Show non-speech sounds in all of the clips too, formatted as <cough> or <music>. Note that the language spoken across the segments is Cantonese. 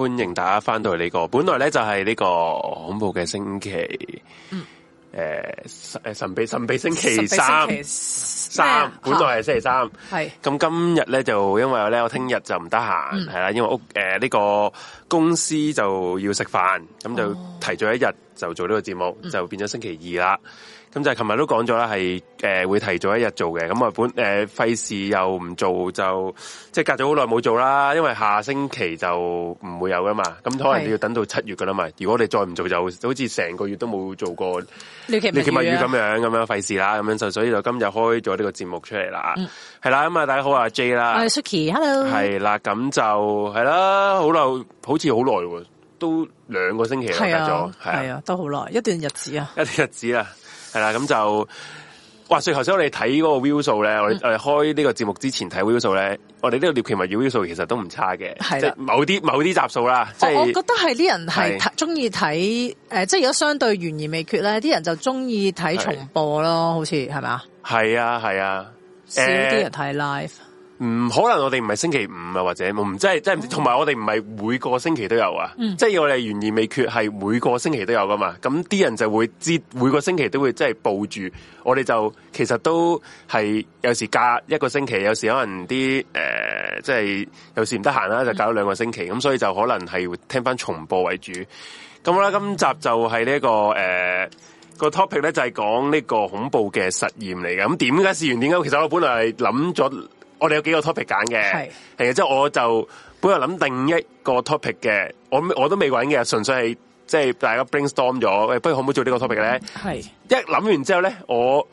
歡迎大家翻到嚟、這、呢個本來咧就係呢個恐怖嘅星期，誒、嗯、誒、呃、神秘神秘星期三三，本來係星期三，係咁、啊、今日咧就因為咧我聽日就唔得閒，係、嗯、啦，因為屋誒呢、呃這個公司就要食飯，咁就提早一日就做呢個節目，哦、就變咗星期二啦。咁就係，琴日都講咗啦，係、呃、誒會提早一日做嘅。咁啊，本、呃、誒費事又唔做就即係隔咗好耐冇做啦。因為下星期就唔會有噶嘛。咁可能你要等到七月噶啦嘛。如果你再唔做，就好似成個月都冇做過，獵奇物語咁樣咁樣費事啦。咁樣就所以就今日開咗呢個節目出嚟啦。係、嗯、啦，咁、嗯、啊，大家好啊，J 啦，Suki，Hello 係啦，咁就係啦，好耐，好似好耐喎，都兩個星期隔咗，係啊，都好耐一段日子啊，一段日子啊。係啦，咁就，話說頭先我哋睇嗰個 view 數咧，嗯、我哋開呢個節目之前睇 view 數咧，我哋呢個獵奇物語 view 數其實都唔差嘅，即係某啲某啲集數啦。即、就、係、是哦、我覺得係啲人係中意睇，誒、呃，即係如果相對懸疑未決咧，啲人就中意睇重播咯，好似係咪啊？係啊，係啊，少啲、嗯、人睇 live。唔可能，我哋唔係星期五啊，或者唔即係即係，同埋我哋唔係每個星期都有啊、嗯。即係我哋懸疑未決，係每個星期都有噶嘛。咁啲人就會知每個星期都會即係報住。我哋就其實都係有時隔一個星期，有時可能啲誒、呃，即係有時唔得閒啦，就隔咗兩個星期。咁所以就可能係會聽翻重播為主。咁好啦，今集就係呢、這個誒、呃、個 topic 咧，就係講呢個恐怖嘅實驗嚟嘅。咁點解試完點解？其實我本來係諗咗。我哋有幾個 topic 揀嘅，係其實即係我就本來諗定一個 topic 嘅，我我都未揾嘅，純粹係即係大家 brainstorm 咗，誒，不如可唔可以做這個呢個 topic 咧？係一諗完之後咧，我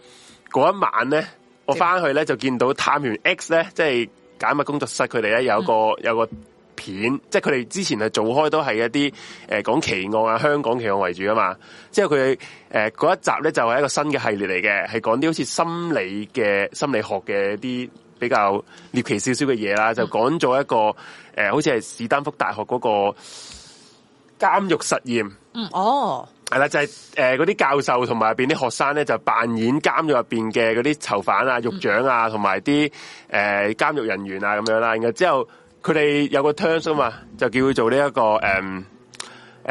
嗰一晚咧，我翻去咧就見到探員 X 咧，即係解密工作室他們呢，佢哋咧有個有個片，即係佢哋之前係做開都係一啲誒講奇案啊香港奇案為主啊嘛，之後佢誒嗰一集咧就係、是、一個新嘅系列嚟嘅，係講啲好似心理嘅心理學嘅啲。比較獵奇少少嘅嘢啦，就講咗一個誒、呃，好似係史丹福大學嗰個監獄實驗。嗯，哦，係啦，就係誒嗰啲教授同埋入邊啲學生咧，就扮演監獄入邊嘅嗰啲囚犯啊、獄長啊，同埋啲誒監獄人員啊咁樣啦。然後之後佢哋有個 terms 嘛，就叫佢做呢一個誒誒。呃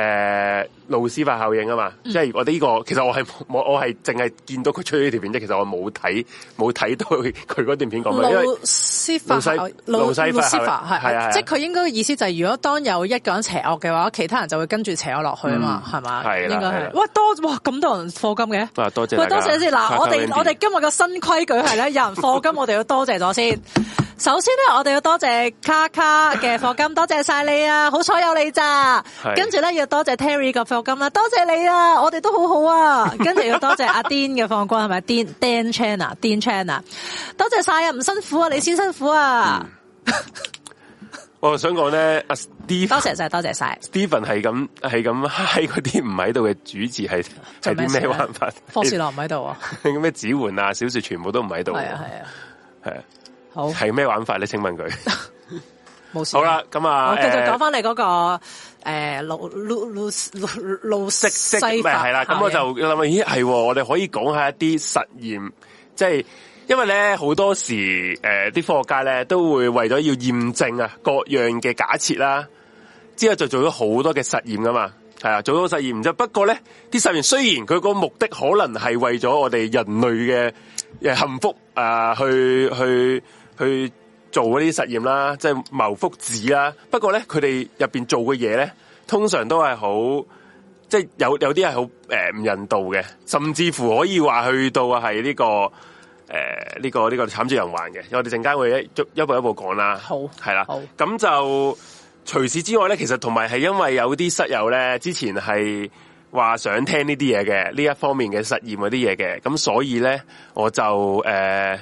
呃路西法效應啊嘛，嗯、即係我哋呢、這個，其實我係我我係淨係見到佢出呢條片啫，其實我冇睇冇睇到佢嗰段片講乜，路因為法路西法路西法係係即係佢應該意思就係、是、如果當有一個人邪惡嘅話，其他人就會跟住邪惡落去啊嘛，係、嗯、嘛，應該係，哇多咁多人課金嘅，喂，多謝一，多謝先嗱，我哋我哋今日嘅新規矩係咧，有人課金我哋要多謝咗先。首先咧，我哋要多謝卡卡嘅課金，多謝晒你啊，好彩有你咋，跟住咧要多謝 Terry 個。咁啦，多謝你啊，我哋都好好啊，跟 <laughs> 住又多謝阿 Dean 嘅放歌係咪？癲 Dan Chan 啊，Dan Chan 啊，多謝晒啊，唔辛苦啊，你先辛苦啊。嗯、 <laughs> 我想講咧，阿、啊、Steven，多謝晒，多謝晒。Steven 係咁係咁嗨嗰啲唔喺度嘅主持係係啲咩玩法？霍士南唔喺度啊？咁 <laughs> 咩指換啊？小說全部都唔喺度啊？係啊係啊係啊。好係咩玩法咧？請問佢冇 <laughs> 事。好啦，咁啊，我、哦、繼續講翻你嗰個。誒、啊，老老老老老式西化係啦，咁、嗯啊、我就諗咦係、啊，我哋可以講下一啲實驗，即、就、係、是、因為咧好多時誒啲、呃、科學家咧都會為咗要驗證啊各樣嘅假設啦，之後就做咗好多嘅實驗噶嘛，係啊，做咗實驗之後，不過咧啲實驗雖然佢個目的可能係為咗我哋人類嘅誒幸福啊、呃，去去去。去做嗰啲實驗啦，即係謀福祉啦。不過咧，佢哋入邊做嘅嘢咧，通常都係好，即係有有啲係好誒唔人道嘅，甚至乎可以話去到係呢、這個誒呢、呃這個呢、這個慘絕人寰嘅。我哋陣間會一一步一步講啦。好係啦。好，咁就除此之外咧，其實同埋係因為有啲室友咧，之前係話想聽呢啲嘢嘅呢一方面嘅實驗嗰啲嘢嘅，咁所以咧我就誒。呃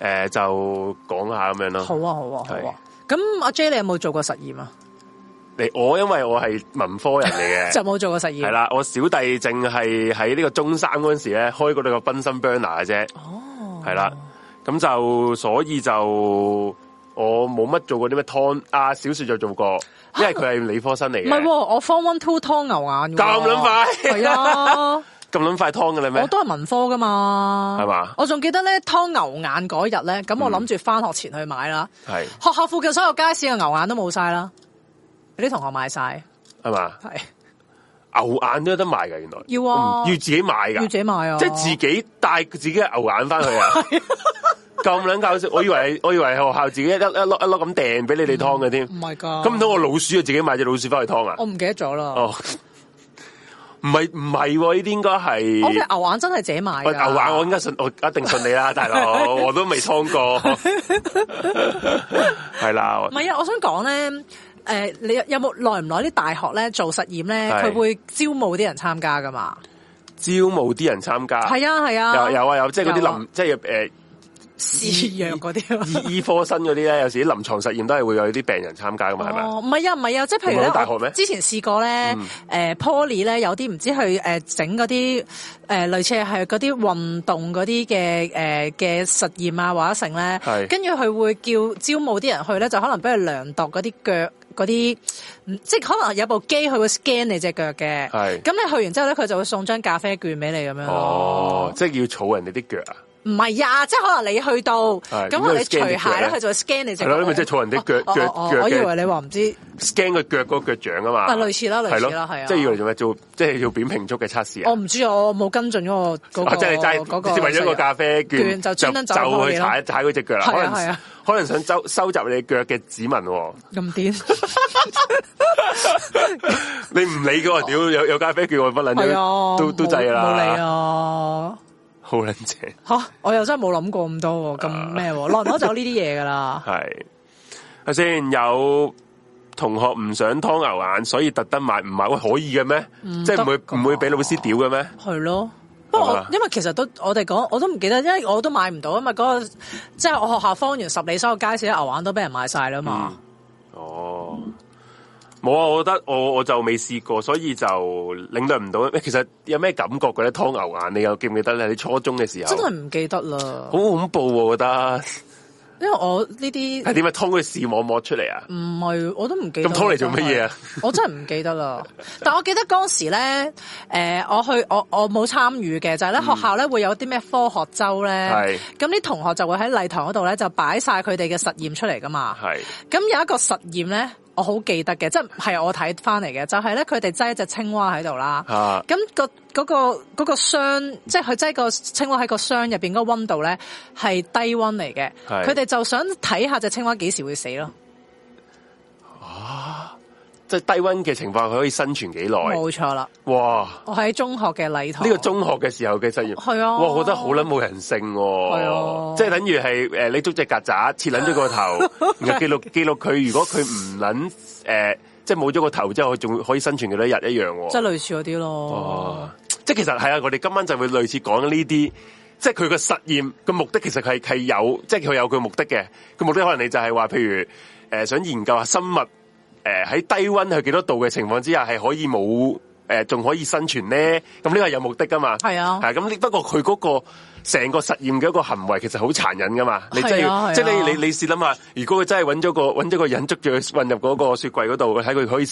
誒、呃，就講下咁樣咯。好啊，好啊，好啊。咁阿 J，你有冇做過實驗啊？你我因為我係文科人嚟嘅， <laughs> 就冇做過實驗。係啦，我小弟淨係喺呢個中三嗰陣時咧，開過呢個 Bunsen burner 嘅啫。哦，係啦，咁就所以就我冇乜做過啲咩湯啊，小雪就做過，因為佢係理科生嚟。嘅、啊。唔係，我 form one two 劏牛眼咁諗法係啊。 <laughs> 咁捻快湯㗎啦咩？我都係文科噶嘛，係嘛？我仲記得咧，湯牛眼嗰日咧，咁我諗住翻學前去買啦。係、嗯、學校附近所有街市嘅牛眼都冇晒啦，啲同學買晒，係嘛？係牛眼都有得賣㗎，原來要、啊、要自己買噶，要自己買啊！即係自己帶自己嘅牛眼翻去啊！咁 <laughs> 捻搞笑，我以為我以為學校自己一一一粒一粒咁掟俾你哋湯嘅添，唔係噶？咁唔通老鼠啊，自己買隻老鼠翻去湯啊？我唔記得咗啦。Oh. 唔係唔係，呢啲應該係我嘅牛眼真係自己買噶。牛眼我應該信，我一定信你啦，大佬， <laughs> 我都未劏過，係 <laughs> 啦。 <laughs> 唔係啊，我想講咧，誒，你有冇耐唔耐啲大學咧做實驗咧？佢會招募啲人參加㗎嘛？招募啲人參加，係啊係啊，有有啊有，即係嗰啲臨，即係誒。就是呃試藥嗰啲，醫醫科生嗰啲咧，有時啲臨床實驗都係會有啲病人參加噶嘛，係咪？哦，唔係啊，唔係啊，即係譬如咧，大學之前試過咧，誒、嗯呃、Poly 咧有啲唔知去誒整嗰啲誒類似係嗰啲運動嗰啲嘅誒嘅實驗啊，或者成咧，跟住佢會叫招募啲人去咧，就可能俾佢量度嗰啲腳嗰啲，即係可能有部機佢會 scan 你隻腳嘅，咁你去完之後咧，佢就會送張咖啡券俾你咁、哦、樣哦，即係要儲人哋啲腳啊！唔係啊，即係可能你去到咁，嗯嗯、你除鞋咧，佢就 scan 你隻腳。係咯，因為即係坐人哋嘅腳腳腳。我以為你話唔知 scan，嗰個腳嗰個腳掌啊嘛。啊，類似啦，類似啦，係啊。即係要嚟做咩？做即係要扁平足嘅測試啊！我唔知，我冇跟進嗰個嗰個嗰個。即為咗個咖啡券就專登走就去踩踩嗰隻腳啦，可能啊，可能想收收集你腳嘅指紋。咁點？ <laughs> <laughs> <laughs> <laughs> 你唔理嘅，屌 <laughs> 有有咖啡券我不撚都都制啦。理啊！好撚正吓！我又真係冇諗過咁多，咁咩？Uh, 落咗就呢啲嘢噶啦。係， <laughs> 係先有同學唔想湯牛眼，所以特登買。唔係可以嘅咩？即係唔會唔、啊、會俾老師屌嘅咩？係咯，不過我、啊、因為其實都我哋講，我都唔記得，因為我都買唔到啊嘛。嗰、那個即係、就是、我學校方圓十里所有街市嘅牛眼都俾人買晒啦嘛。哦、嗯。啊冇啊！我覺得我我就未試過，所以就領略唔到。其實有咩感覺嘅咧？劏牛眼，你又記唔記得咧？你初中嘅時候真係唔記得啦。好恐怖、啊，我覺得。因為我呢啲係點啊？劏佢視網膜出嚟啊？唔係，我都唔記得。咁劏嚟做乜嘢啊？我真係唔記得啦。 <laughs> 但我記得當時咧，誒、呃，我去我我冇參與嘅，就係、是、咧、嗯，學校咧會有啲咩科學周咧。係。咁啲同學就會喺禮堂嗰度咧，就擺晒佢哋嘅實驗出嚟噶嘛。係。咁有一個實驗咧。我好記得嘅，即係我睇翻嚟嘅，就係咧，佢哋擠一隻青蛙喺度啦。咁、啊嗰個、嗰個、嗰個箱，即係佢擠個青蛙喺個箱入邊，嗰個溫度咧係低溫嚟嘅。佢哋就想睇下隻青蛙幾時會死咯。啊！即係低溫嘅情況，佢可以生存幾耐？冇錯啦！哇！我喺中學嘅禮堂，呢、這個中學嘅時候嘅實驗，啊，啊，我覺得好捻冇人性，啊！啊即係等於係誒，你捉隻曱甴切捻咗個頭， <laughs> 然後記錄記錄佢，如果佢唔捻誒，即係冇咗個頭之後，佢仲可以生存幾多日一樣，即係類似嗰啲咯。即係其實係啊，我哋今晚就會類似講呢啲，即係佢個實驗個目，目的，其實係係有，即係佢有佢目的嘅。個目的可能你就係話，譬如誒、呃、想研究下生物。誒、呃，喺低溫係幾多度嘅情況之下，係可以冇誒，仲、呃、可以生存呢？咁呢個係有目的噶嘛？係啊，係咁、啊。不過佢嗰、那個成個實驗嘅一個行為，其實好殘忍噶嘛？你真係要、啊啊，即係你你你試諗下，如果佢真係揾咗個揾咗個人捉住佢，混入嗰個雪櫃嗰度，睇佢可以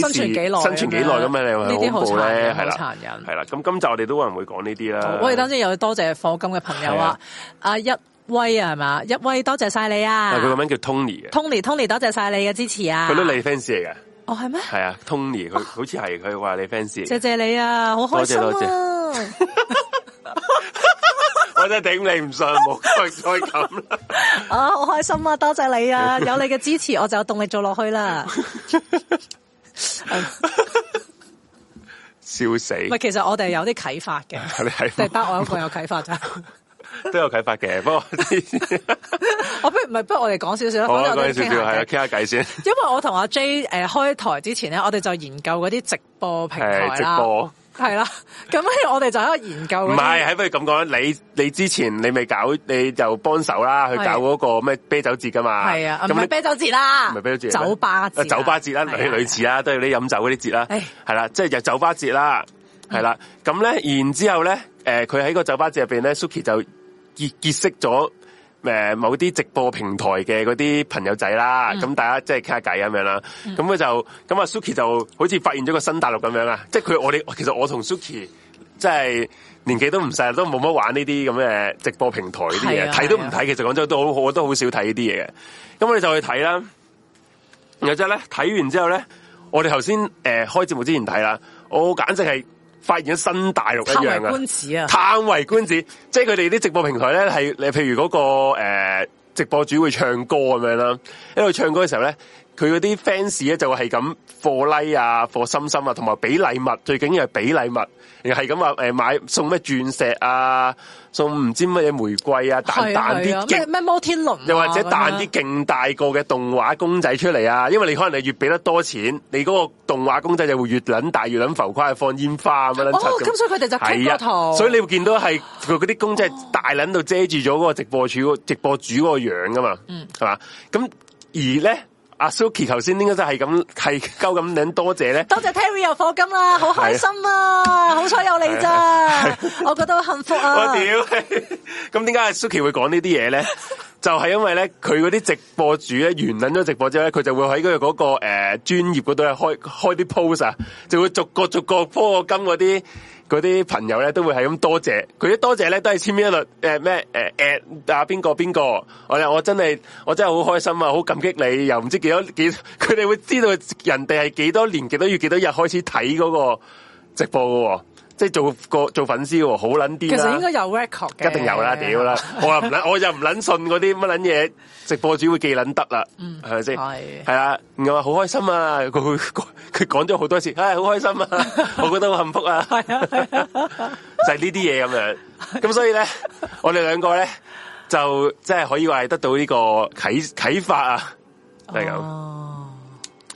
生存幾耐？生存幾耐咁樣，你話呢啲好恐怖咧？係啦，係啦、啊，咁、啊、今集我哋都可能會講呢啲啦。我哋等先，有多謝課金嘅朋友啊，阿、啊、一。威啊，係嘛？一威，多謝晒你啊！佢個名叫 Tony 嘅、啊、，Tony Tony，多謝晒你嘅支持啊！佢都你 fans 嚟㗎！哦係咩？係啊，Tony，佢、oh. 好似係佢話你 fans。謝謝你啊，好開心啊！多謝多謝 <laughs> <laughs> <laughs> 我真係頂你唔上，冇再咁啦！ <laughs> 啊，好開心啊，多謝你啊，有你嘅支持，我就有動力做落去啦！笑、uh, 笑死！喂，其實我哋有啲啟發嘅，啟 <laughs> 發，得我一個有啟發咋。 <laughs> 都有啟發嘅，不過 <laughs> <laughs> 我不如唔係，不，不如我哋講少少啦。好啦，講少少，係啊，傾下偈先。因為我同阿 J 誒開台之前咧，我哋就研究嗰啲直播平台。直播係啦，咁、嗯、我哋就喺度研究。唔係、啊，係不如咁講，你你之前你未搞，你就幫手啦，去搞嗰個咩啤酒節噶嘛？係啊，咁咪啤酒節啦，咪啤酒酒吧節，酒吧節啦，類、啊、似啦，都係你飲酒嗰啲節啦。係、啊、啦，即係又酒吧節啦，係、嗯、啦。咁咧，然之後咧，誒、呃，佢喺個酒吧節入邊咧，Suki 就。結結識咗，誒，某啲直播平台嘅嗰啲朋友仔啦，咁、嗯、大家即係傾下偈咁樣啦。咁、嗯、佢就咁啊，Suki 就好似發現咗個新大陸咁樣啊！即係佢我哋，其實我同 Suki 即係年紀都唔細，都冇乜玩呢啲咁嘅直播平台啲嘢，睇、啊啊、都唔睇。其實廣州都好，我都好少睇呢啲嘢嘅。咁我哋就去睇啦。然之後咧，睇完之後咧，我哋頭先誒開節目之前睇啦，我簡直係。發現咗新大陸啊！嘆為觀止啊！嘆為觀止，即係佢哋啲直播平台咧，係你譬如嗰、那個誒、呃、直播主會唱歌咁樣啦，一路唱歌嘅時候咧。佢嗰啲 fans 咧就係咁放 like 啊，放心心啊，同埋俾禮物，最緊要係俾禮物，又係咁話誒買送咩鑽石啊，送唔知乜嘢玫瑰啊，彈彈啲咩摩天輪，啊，又或者彈啲勁大個嘅動畫公仔出嚟啊！因為你可能你越俾得多錢，你嗰個動畫公仔就會越撚大，越撚浮誇，放煙花咁、哦哦、樣。咁所以佢哋就傾個圖，所以你會見到係佢嗰啲公仔大撚到遮住咗嗰個直播主、哦，直播主嗰個樣噶嘛，係、嗯、嘛？咁而咧。阿 Suki 頭先應該真係咁係鳩咁捻多謝咧，多謝 Terry 又課金啦、啊，好開心啊！好彩有你咋，我覺得好幸福啊我！我屌，咁點解 Suki 會講呢啲嘢咧？ <laughs> 就係因為咧，佢嗰啲直播主咧完捻咗直播之後咧，佢就會喺嗰、那個誒專、那個呃、業嗰度開開啲 post 啊，就會逐個逐個課金嗰啲。嗰啲朋友咧都會係咁多謝佢啲多謝咧，都係千篇一律，誒咩誒 a 啊，邊個邊個我咧，我真係我真係好開心啊，好感激你，又唔知道多幾多幾，佢哋會知道人哋係幾多年幾多月幾多日開始睇嗰個直播噶喎。即係做個做粉絲，好捻啲啦。其實應該有 record 嘅，一定有啦。屌、嗯、啦，我唔捻， <laughs> 我又唔捻信嗰啲乜捻嘢直播主會記捻得啦。嗯，係咪先？係係啊，然後話好開心啊！佢佢講咗好多次，唉、哎，好開心啊！ <laughs> 我覺得好幸福啊！係 <laughs> 啊， <laughs> <laughs> 就係呢啲嘢咁樣。咁所以咧，我哋兩個咧就即係可以話係得到呢個啟啟發啊。係咁，係、哦、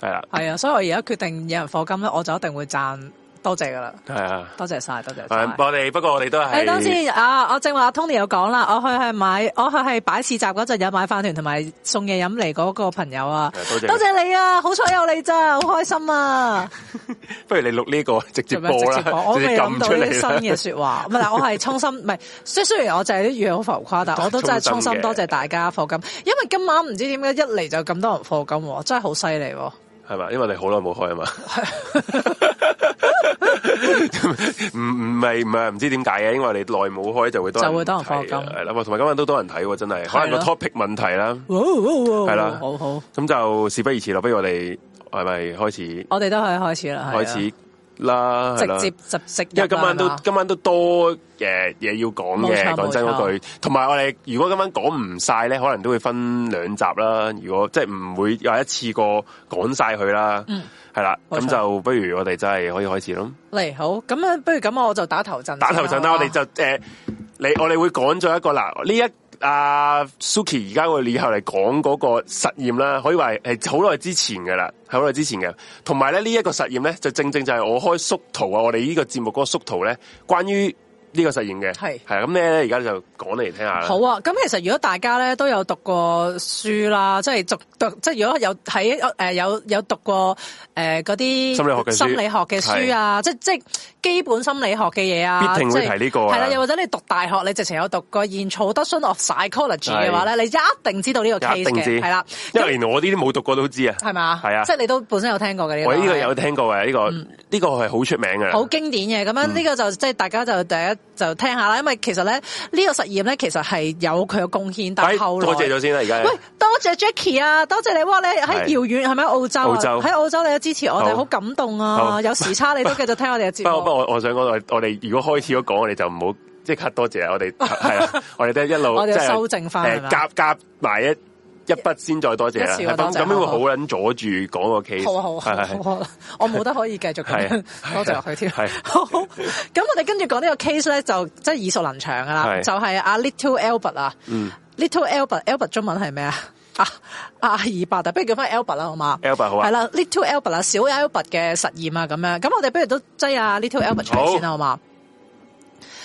啦，係啊。所以我而家決定有人課金咧，我就一定會賺。多謝噶啦，係啊，多謝晒，多謝晒。我、啊、哋不過我哋都係。你等先啊！我正話 Tony 有講啦，我去係買，我去係擺市集嗰陣有買飯團同埋送嘢飲嚟嗰個朋友啊！多謝多謝你啊！好彩有你咋，好開心啊！ <laughs> 不如你錄呢、這個直接播啦，我未諗到啲新嘅說話。唔 <laughs> 係，我係衷心，唔係，雖雖然我就係啲語好浮誇，但我都真係衷心多謝大家課金。因為今晚唔知點解一嚟就咁多人課金，真係好犀利。係嘛？因為你好耐冇開啊嘛 <laughs> <laughs> 唔係，唔唔係唔係唔知點解嘅，因為你耐冇開就會就會多人係啦，同埋今晚都多人睇喎，真係可能個 topic 問題啦，係、哦、啦、哦哦哦，好好，咁就事不宜遲啦，不如我哋係咪開始？我哋都可以開始啦，了開始。啦，直接直食，因為今晚都今晚都多誒嘢要講嘅。講真嗰句，同埋我哋如果今晚講唔晒咧，可能都會分兩集啦。如果即係唔會有一次過講晒佢啦。嗯，係啦，咁就不如我哋真係可以開始咯。嚟，好，咁啊，不如咁，我就打頭陣。打頭陣啦、啊呃，我哋就誒，嚟我哋會講咗一個啦，呢一。阿、uh, Suki 而家我哋以後嚟講嗰個實驗啦，可以話係好耐之前噶啦，係好耐之前嘅。同埋咧呢一個實驗咧，就正正就係我開縮圖啊，我哋呢個節目個縮圖咧，關於。呢、這個實驗嘅係，係咁咧，而家就講嚟聽下好啊。咁其實如果大家咧都有讀過書啦，即係讀、讀即係如果有喺誒、呃、有有讀過誒嗰啲心理學嘅書、心理學嘅書啊，係即即係基本心理學嘅嘢啊，必定會提呢個係、啊、啦。又或者你讀大學，你直情有讀過《Introduction of Psychology》嘅話咧，你一定知道呢個 case 嘅係啦。因為連我呢啲冇讀過都知啊，係嘛？係啊，即係你都本身有聽過嘅呢個。我呢個有聽過嘅呢、這個，呢、嗯這個係好出名嘅，好經典嘅。咁樣呢個就、嗯、即係大家就第一。就聽下啦，因為其實咧呢個實驗咧，其實係有佢嘅貢獻。但係多謝咗先啦，而家喂多謝 Jackie 啊，多謝你哇！你喺遙遠係咪澳洲啊？喺澳洲，你都支持我哋，好感動啊！有時差你都繼續聽我哋嘅節目。不不，我我想講我哋如果開始咗講，我哋就唔好即刻多謝我哋係啊！我哋 <laughs> 都一路 <laughs> 我哋修正翻夾夾埋一。一筆先，再多謝啦。咁樣會 <laughs> 好撚阻住講個 case，就是 Albert，嗯 Albert, Albert 啊啊28。好 Albert, 好啊，我冇得可以繼續講，多謝佢添。咁我哋跟住講呢個 case 咧，就真係耳熟能詳㗎喇。就係阿 Little Albert 啊，Little Albert，Albert 中文係咩啊？啊啊，二百，不如叫返 Albert 啦，好嘛？Albert 好啊。係啦，Little Albert 啦，小 Albert 嘅實驗啊，咁樣。咁我哋不如都擠下 Little Albert 出嚟先啦，好嘛？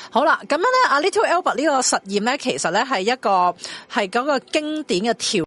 好啦，咁樣咧，阿 Little Albert 呢個實驗咧，其實咧係一個係嗰個個經典嘅調。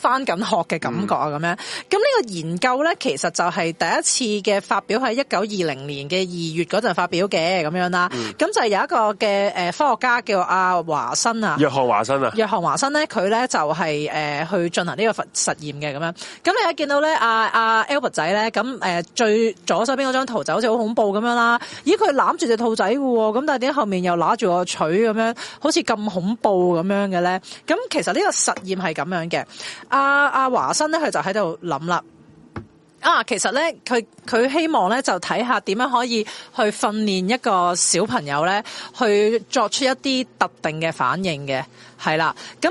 返緊學嘅感覺啊，咁樣咁呢個研究咧，其實就係第一次嘅發表，喺一九二零年嘅二月嗰陣發表嘅咁樣啦。咁、嗯、就有一個嘅誒科學家叫阿華,華生啊，約翰華生啊，約翰華生咧，佢咧就係、是、誒、呃、去進行呢個實驗嘅咁樣。咁你一見到咧阿阿 Albert 仔咧，咁、呃、誒最左手邊嗰張圖就好似好恐怖咁樣啦。咦，佢攬住隻兔仔嘅喎，咁但係點解後面又攬住個鎚咁樣，好似咁恐怖咁樣嘅咧？咁其實呢個實驗係咁樣嘅。阿阿華生咧，佢就喺度諗啦。啊，其實咧，佢佢希望咧就睇下點樣可以去訓練一個小朋友咧，去作出一啲特定嘅反應嘅，係啦。咁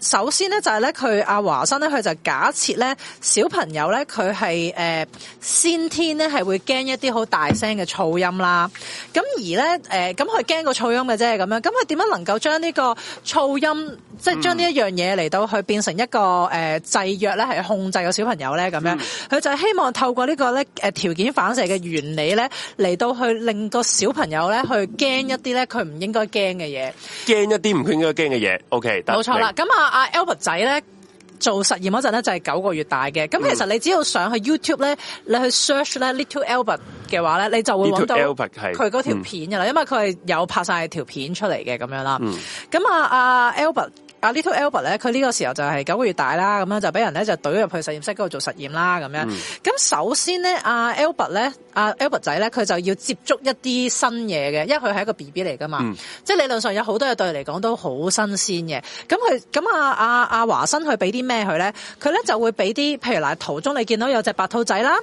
首先咧就係咧，佢阿華生咧，佢就假設咧，小朋友咧佢係誒先天咧係會驚一啲好大聲嘅噪音啦。咁而咧誒，咁佢驚個噪音嘅啫，咁樣咁佢點樣能夠將呢個噪音，即係將呢一樣嘢嚟到去變成一個誒、呃、制約咧，係控制個小朋友咧咁樣。佢、嗯、就希望透過呢、這個咧呃、條件反射嘅原理咧，嚟到去令個小朋友咧去驚一啲咧佢唔應該驚嘅嘢。驚一啲唔應該驚嘅嘢，OK。冇錯啦。咁啊，阿 Albert 仔咧做實驗嗰陣咧就係、是、九個月大嘅。咁、嗯、其實你只要上去 YouTube 咧，你去 search 咧 Little Albert 嘅話咧，你就會揾到 Albert 係佢嗰條片噶啦、嗯，因為佢係有拍晒條片出嚟嘅咁樣啦。咁、嗯、啊，阿 Albert。阿 Little Albert 咧，佢呢個時候就係九個月大啦，咁樣就俾人咧就懟入去實驗室嗰度做實驗啦，咁樣。咁、mm. 首先咧，阿 Albert 咧，阿 Albert 仔咧，佢就要接觸一啲新嘢嘅，因為佢係一個 B B 嚟噶嘛，mm. 即係理論上有好多嘢對佢嚟講都好新鮮嘅。咁佢，咁阿阿阿華生去俾啲咩佢咧？佢咧就會俾啲，譬如嗱，途中你見到有隻白兔仔啦，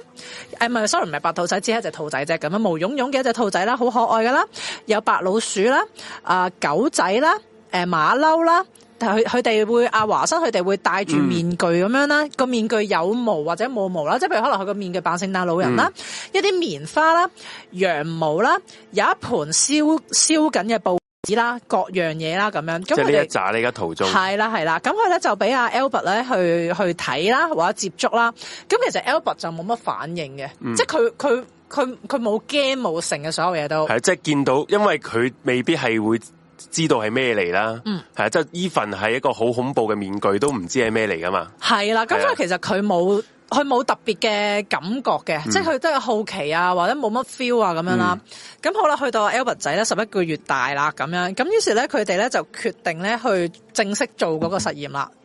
誒、mm. 啊，唔係，sorry，唔係白兔仔，只係一隻兔仔啫，咁樣毛茸茸嘅一隻兔仔啦，好可愛噶啦，有白老鼠啦，啊、呃，狗仔啦，誒、呃，馬騮啦。但佢佢哋會阿、啊、華生佢哋會戴住面具咁樣啦，個、嗯、面具有毛或者冇毛啦，即係譬如可能佢個面具扮聖誕老人啦、嗯，一啲棉花啦、羊毛啦，有一盤燒燒緊嘅報紙啦，各樣嘢啦咁樣。即係呢一扎呢個途中。係啦係啦，咁佢咧就俾阿 Albert 咧去去睇啦，或者接觸啦。咁其實 Albert 就冇乜反應嘅、嗯，即係佢佢佢佢冇驚冇成嘅所有嘢都。係即係見到，因為佢未必係會。知道係咩嚟啦，係、嗯、啊，即係 e 份係一個好恐怖嘅面具，都唔知係咩嚟噶嘛。係啦，咁所以其實佢冇，佢冇特別嘅感覺嘅、嗯，即係佢都係好奇啊，或者冇乜 feel 啊、嗯、咁樣啦。咁好啦，去到 Albert 仔咧十一個月大啦，咁樣，咁於是咧，佢哋咧就決定咧去正式做嗰個實驗啦。嗯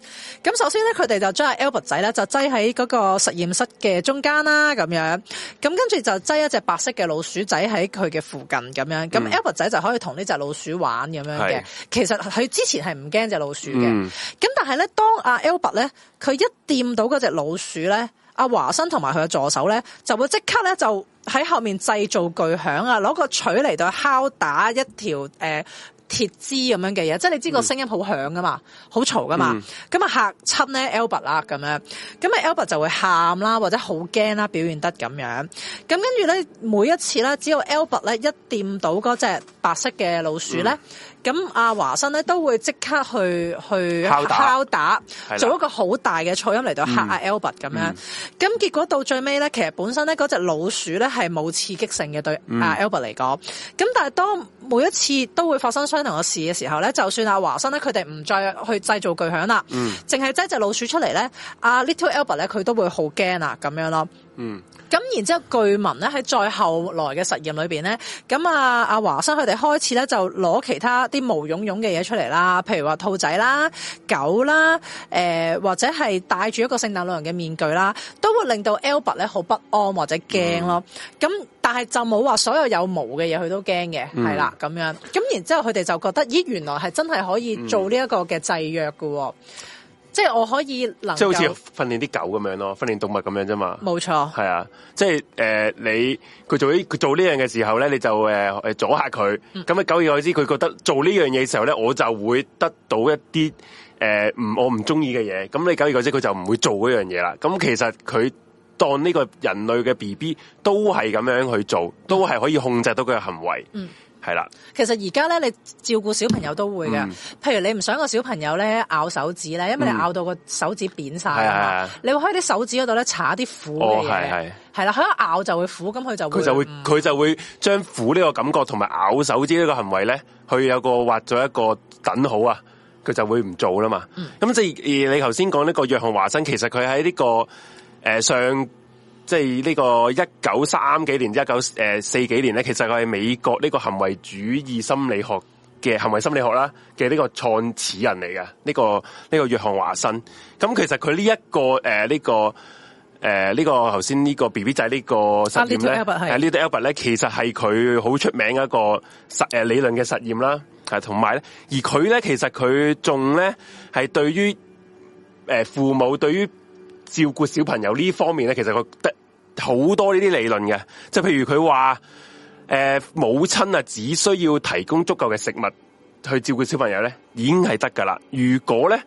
咁首先咧，佢哋就將阿 Albert 仔咧就擠喺嗰個實驗室嘅中間啦，咁樣。咁跟住就擠一隻白色嘅老鼠仔喺佢嘅附近咁樣。咁、嗯、Albert 仔就可以同呢隻老鼠玩咁樣嘅。其實佢之前係唔驚隻老鼠嘅。咁、嗯、但係咧，當阿 Albert 咧，佢一掂到嗰隻老鼠咧，阿華生同埋佢嘅助手咧，就會即刻咧就喺後面製造巨響啊，攞個錘嚟，度敲打一條誒。呃鐵枝咁樣嘅嘢，即係你知個聲音好響噶嘛，好嘈噶嘛，咁啊吓親咧 Albert 啦咁樣，咁啊 Albert 就會喊啦，或者好驚啦，表現得咁樣，咁跟住咧每一次咧，只要 Albert 咧一掂到嗰隻白色嘅老鼠咧。嗯咁阿華生咧都會即刻去去敲打，做一個好大嘅噪音嚟到嚇阿、嗯啊、Albert 咁樣。咁、嗯、結果到最尾咧，其實本身咧嗰隻老鼠咧係冇刺激性嘅對阿 Albert 嚟講。咁、嗯、但係當每一次都會發生相同嘅事嘅時候咧，就算阿、啊、華生咧佢哋唔再去製造巨響啦，淨係擠隻隻老鼠出嚟咧，阿、啊、Little Albert 咧佢都會好驚啊咁樣咯。嗯，咁然之後據聞咧，喺再後來嘅實驗裏邊咧，咁啊阿、啊、華生佢哋開始咧就攞其他啲毛茸茸嘅嘢出嚟啦，譬如話兔仔啦、狗啦，誒、呃、或者係戴住一個聖誕老人嘅面具啦，都會令到 Albert 咧好不安或者驚咯。咁、嗯、但係就冇話所有有毛嘅嘢佢都驚嘅，係啦咁樣。咁然之後佢哋就覺得咦，原來係真係可以做呢一個嘅制約噶。即係我可以能，即係好似訓練啲狗咁樣咯，訓練動物咁樣啫嘛。冇錯，係啊，即係誒、呃，你佢做呢佢做呢樣嘅時候咧，你就誒誒、呃、阻下佢。咁、嗯、啊，久而久之，佢覺得做呢樣嘢嘅時候咧，我就會得到一啲誒，唔、呃、我唔中意嘅嘢。咁你久而久之，佢、嗯嗯、就唔會做嗰樣嘢啦。咁其實佢當呢個人類嘅 B B 都係咁樣去做，都係可以控制到佢嘅行為。嗯係啦，其實而家咧，你照顧小朋友都會嘅。嗯、譬如你唔想個小朋友咧咬手指咧，因為你咬到個手指扁晒啊嘛。嗯、你會喺啲手指嗰度咧搽啲苦嘅，係、哦、啦，喺度咬就會苦，咁佢就會佢就會佢、嗯、就會將苦呢個感覺同埋咬手指呢個行為咧，佢有個畫咗一個，一個等號啊，佢就會唔做啦嘛。咁即係而你頭先講呢個約翰華生，其實佢喺呢個誒、呃、上。即係呢個一九三幾年、一九誒四幾年咧，其實佢係美國呢個行為主義心理學嘅行為心理學啦嘅呢個創始人嚟嘅，呢個呢個約翰華生。咁其實佢呢一個誒呢個誒呢個頭先呢個 B B 仔呢個實驗咧，誒、啊這個啊這個、呢啲 Albert 咧，其實係佢好出名嘅一個實誒、呃、理論嘅實驗啦。係同埋咧，而佢咧其實佢仲咧係對於誒父母對於。呃照顧小朋友呢方面呢，其實佢得好多呢啲理論嘅，即係譬如佢話，誒母親啊，只需要提供足夠嘅食物去照顧小朋友呢，已經係得㗎喇。如果呢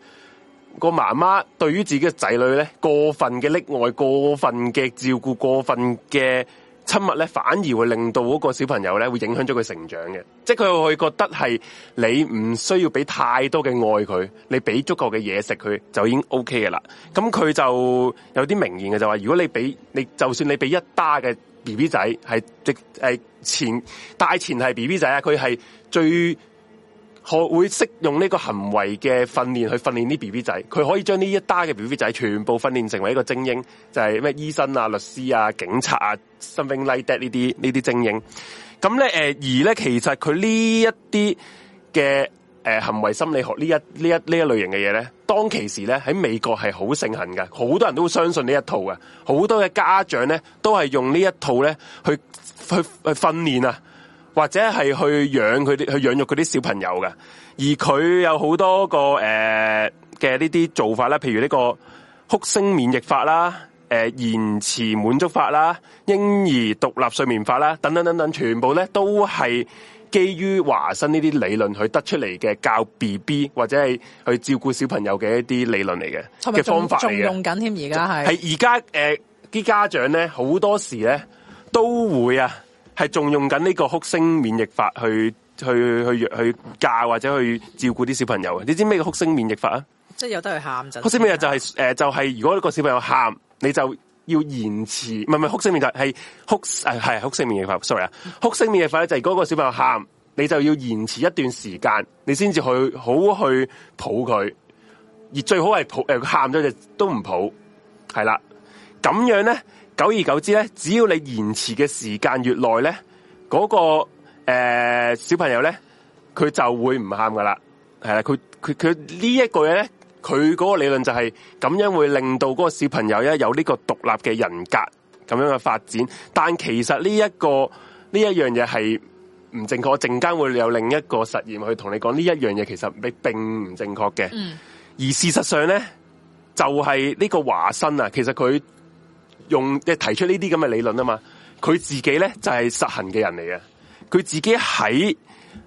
個媽媽對於自己嘅仔女呢，過分嘅溺愛、過分嘅照顧、過分嘅，親密咧，反而會令到嗰個小朋友咧，會影響咗佢成長嘅，即係佢會覺得係你唔需要俾太多嘅愛佢，你俾足夠嘅嘢食佢就已經 OK 嘅啦。咁佢就有啲名言嘅就話，如果你俾你就算你俾一打嘅 BB 仔係即誒前，但係前提係 BB 仔啊，佢係最。學會識用呢個行為嘅訓練去訓練啲 B B 仔，佢可以將呢一打嘅 B B 仔全部訓練成為一個精英，就係、是、咩醫生啊、律師啊、警察啊、something like that 呢啲呢啲精英。咁咧，誒而咧，其實佢呢一啲嘅誒行為心理學呢一呢一呢一呢一類型嘅嘢咧，當其時咧喺美國係好盛行㗎，好多人都會相信呢一套嘅，好多嘅家長咧都係用呢一套咧去去去訓練啊。或者係去養佢啲去養育佢啲小朋友嘅，而佢有好多個誒嘅呢啲做法啦，譬如呢、這個哭聲免疫法啦、誒、呃、延遲滿足法啦、嬰兒獨立睡眠法啦，等等等等，全部咧都係基於華生呢啲理論去得出嚟嘅教 B B 或者係去照顧小朋友嘅一啲理論嚟嘅嘅方法仲用緊添，而家係係而家誒啲家長咧，好多時咧都會啊。係仲用緊呢個哭聲免疫法去去去去教或者去照顧啲小朋友啊！你知咩叫哭聲免疫法啊？即係有得去喊，哭聲免疫法就係、係、誒、呃，就係、係、如果個小朋友喊，你就要延遲，唔係唔係哭聲免疫係哭誒係哭聲免疫法。Sorry 啊，哭聲免疫法咧就係如果個小朋友喊，你就要延遲一段時間，你先至去好去抱佢，而最好係抱誒喊咗就都唔抱，係啦，咁樣咧。久而久之咧，只要你延遲嘅時間越耐咧，嗰、那個誒、呃、小朋友咧，佢就會唔喊噶啦。係啦，佢佢佢呢一個嘢咧，佢嗰個理論就係咁樣會令到嗰個小朋友咧有呢個獨立嘅人格咁樣嘅發展。但其實呢、這、一個呢一樣嘢係唔正確。我陣間會有另一個實驗去同你講呢一樣嘢，這個、其實你並唔正確嘅。嗯，而事實上咧，就係、是、呢個華生啊，其實佢。用即係提出呢啲咁嘅理論啊嘛，佢自己咧就係、是、實行嘅人嚟嘅，佢自己喺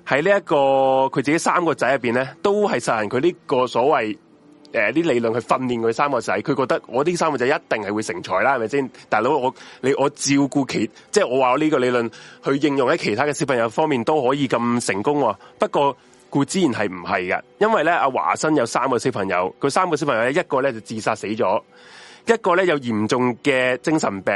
喺呢一個佢自己三個仔入邊咧，都係實行佢呢個所謂誒啲、呃、理論去訓練佢三個仔，佢覺得我呢三個仔一定係會成才啦，係咪先？大佬我你我照顧其即係我話我呢個理論去應用喺其他嘅小朋友方面都可以咁成功，哦，不過固之然係唔係嘅，因為咧阿華生有三個小朋友，佢三個小朋友咧一個咧就自殺死咗。一個咧有嚴重嘅精神病，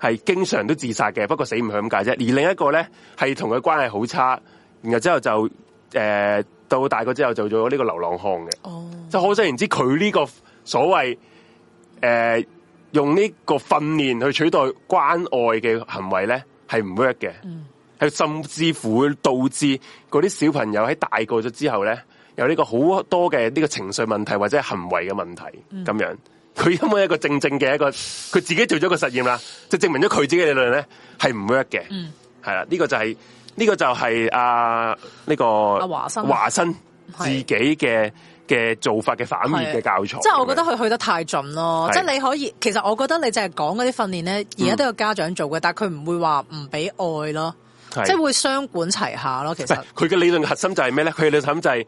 係經常都自殺嘅，不過死唔去咁解啫。而另一個咧係同佢關係好差，然後、呃、之後就誒到大個之後就做咗呢個流浪漢嘅。哦，即係可想而知，佢呢個所謂誒、呃、用呢個訓練去取代關愛嘅行為咧，係唔 work 嘅。係，mm. 係甚至乎會導致嗰啲小朋友喺大個咗之後咧，有呢個好多嘅呢個情緒問題或者行為嘅問題咁、mm. 樣。佢因為一個正正嘅一個佢自己做咗一個實驗啦，就證明咗佢自己嘅理論咧係唔 work 嘅，係啦呢個就係、是、呢、這個就係阿呢個阿華生華生自己嘅嘅做法嘅反面嘅教材。即係、就是、我覺得佢去得太盡咯，即係、嗯、你可以其實我覺得你淨係講嗰啲訓練咧，而家都有家長做嘅，但係佢唔會話唔俾愛咯，即係會雙管齊下咯。其實佢嘅理論核心就係咩咧？佢嘅核心就係、是。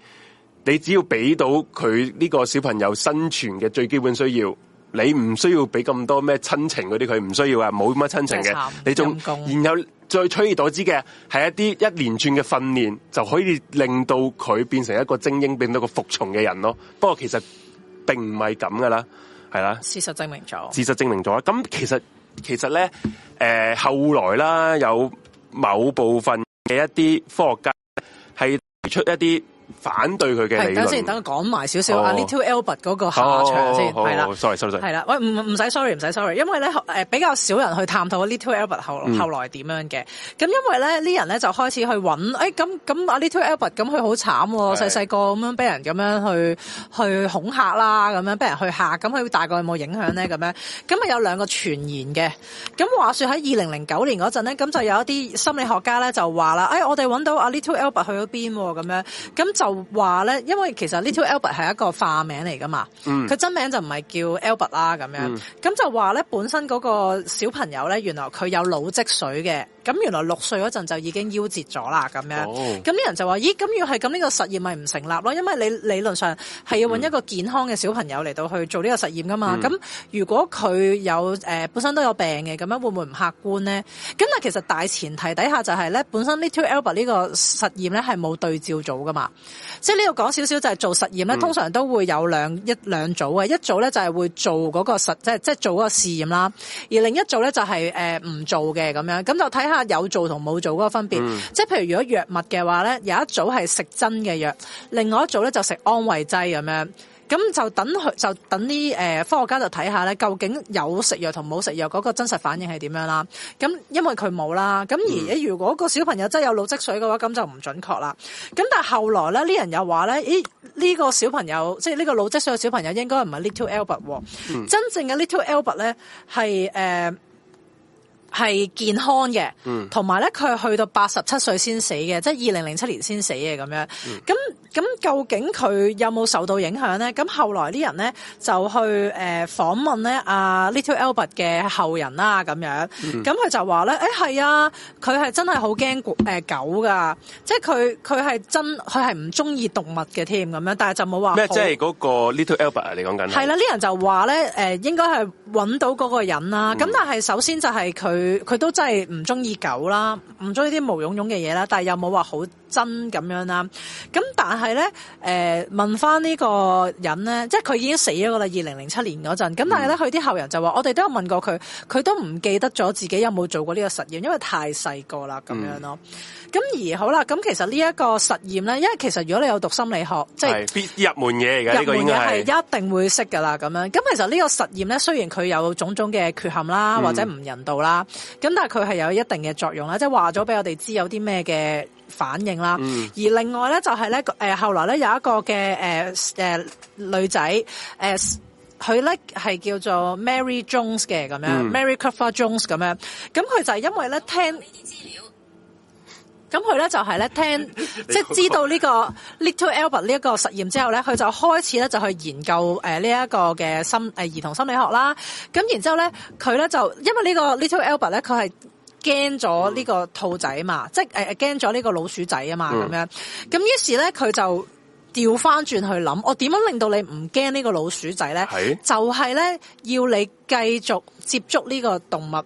你只要俾到佢呢個小朋友生存嘅最基本需要，你唔需要俾咁多咩親情嗰啲，佢唔需要啊，冇乜親情嘅。你仲，然後再取而代之嘅係一啲一連串嘅訓練，就可以令到佢變成一個精英，變到個服從嘅人咯。不過其實並唔係咁噶啦，係啦，事實證明咗，事實證明咗。咁其實其實咧，誒、呃、後來啦，有某部分嘅一啲科學家係提出一啲。反對佢嘅理論。等先，等佢講埋少少。阿 Little Albert 嗰個下場先，oh, oh, oh, oh,，係啦 sorry,，sorry，sorry，係啦，喂，唔唔使，sorry，唔使，sorry，因為咧，誒，比較少人去探討阿 Little Albert 後、嗯、後來點樣嘅。咁因為咧，啲人咧就開始去揾，誒、哎，咁咁阿 Little Albert，咁佢好慘，細細個咁樣俾人咁樣去去恐嚇啦，咁樣俾人去嚇，咁佢大概有冇影響咧？咁 <laughs> 樣，咁啊有兩個傳言嘅。咁話說喺二零零九年嗰陣咧，咁就有一啲心理學家咧就話啦，誒、哎，我哋揾到阿 Little Albert 去咗邊咁樣，咁。就話咧，因為其實 Little Albert 係一個化名嚟噶嘛，佢、嗯、真名就唔係叫 Albert 啦咁樣。咁、嗯、就話咧，本身嗰個小朋友咧，原來佢有腦積水嘅。咁原來六歲嗰陣就已經夭折咗啦，咁樣，咁、oh。啲人就話：咦，咁要係咁呢個實驗咪唔成立咯？因為你理論上係要揾一個健康嘅小朋友嚟到去做呢個實驗噶嘛。咁、mm。如果佢有、呃、本身都有病嘅，咁樣會唔會唔客觀呢？咁但其實大前提底下就係、是、咧，本身呢 Little Albert 呢個實驗咧係冇對照組噶嘛。即係呢度講少少就係做實驗咧，mm。通常都會有兩一兩組嘅，一組咧就係會做嗰個實即係即係做個試驗啦，而另一組咧就係、是、唔、呃、做嘅咁樣，咁就睇下。有做同冇做嗰個分別，即係譬如如果藥物嘅話咧，有一組係食真嘅藥，另外一組咧就食安慰劑咁樣，咁就等佢，就等啲誒科學家就睇下咧，究竟有食藥同冇食藥嗰個真實反應係點樣啦。咁因為佢冇啦，咁而如果個小朋友真係有腦積水嘅話，咁就唔準確啦。咁但係後來咧，啲人又話咧，咦呢、這個小朋友，即係呢個腦積水嘅小朋友，應該唔係 Little Albert，、嗯、真正嘅 Little Albert 咧係誒。係健康嘅，同埋咧佢去到八十七歲先死嘅，即係二零零七年先死嘅咁樣。咁、嗯、咁究竟佢有冇受到影響咧？咁後來啲人咧就去誒訪、呃、問咧阿、啊、Little Albert 嘅後人啦，咁樣。咁、嗯、佢就話咧：，誒、欸、係啊，佢係真係好驚誒狗噶，即係佢佢係真佢係唔中意動物嘅添咁樣。但係就冇話咩，即係嗰個 Little Albert 你講緊係啦？啲、啊、人就話咧：，誒、呃，應該係揾到嗰個人啦。咁、嗯、但係首先就係佢。佢都真係唔中意狗啦，唔中意啲毛茸茸嘅嘢啦，但係又冇話好。真咁樣啦，咁但係咧，誒、呃、問翻呢個人咧，即係佢已經死咗啦。二零零七年嗰陣，咁但係咧，佢啲後人就話，我哋都有問過佢，佢都唔記得咗自己有冇做過呢個實驗，因為太細個啦，咁、嗯、樣咯。咁而好啦，咁其實呢一個實驗咧，因為其實如果你有讀心理學，即係必入門嘢，而家呢個應該係一定會識噶啦。咁樣咁其實呢個實驗咧，雖然佢有種種嘅缺陷啦，或者唔人道啦，咁、嗯、但係佢係有一定嘅作用啦，即係話咗俾我哋知有啲咩嘅。反應啦、嗯，而另外咧就係、是、咧，誒、呃、後來咧有一個嘅誒誒女仔，誒佢咧係叫做 Mary Jones 嘅咁樣，Mary Cover Jones 咁樣，咁、嗯、佢就係因為咧聽呢啲資料，咁佢咧就係、是、咧聽，即、就、係、是、知道呢、這個 <laughs> Little Albert 呢一個實驗之後咧，佢就開始咧就去研究誒呢一個嘅心誒、呃、兒童心理學啦。咁、嗯、然之後咧，佢咧就因為呢個 Little Albert 咧，佢係。驚咗呢個兔仔嘛，即係誒誒驚咗呢個老鼠仔啊嘛，咁、嗯、樣，咁於是咧佢就調翻轉去諗，我點樣令到你唔驚呢個老鼠仔咧？就係、係、咧要你繼續接觸呢個動物。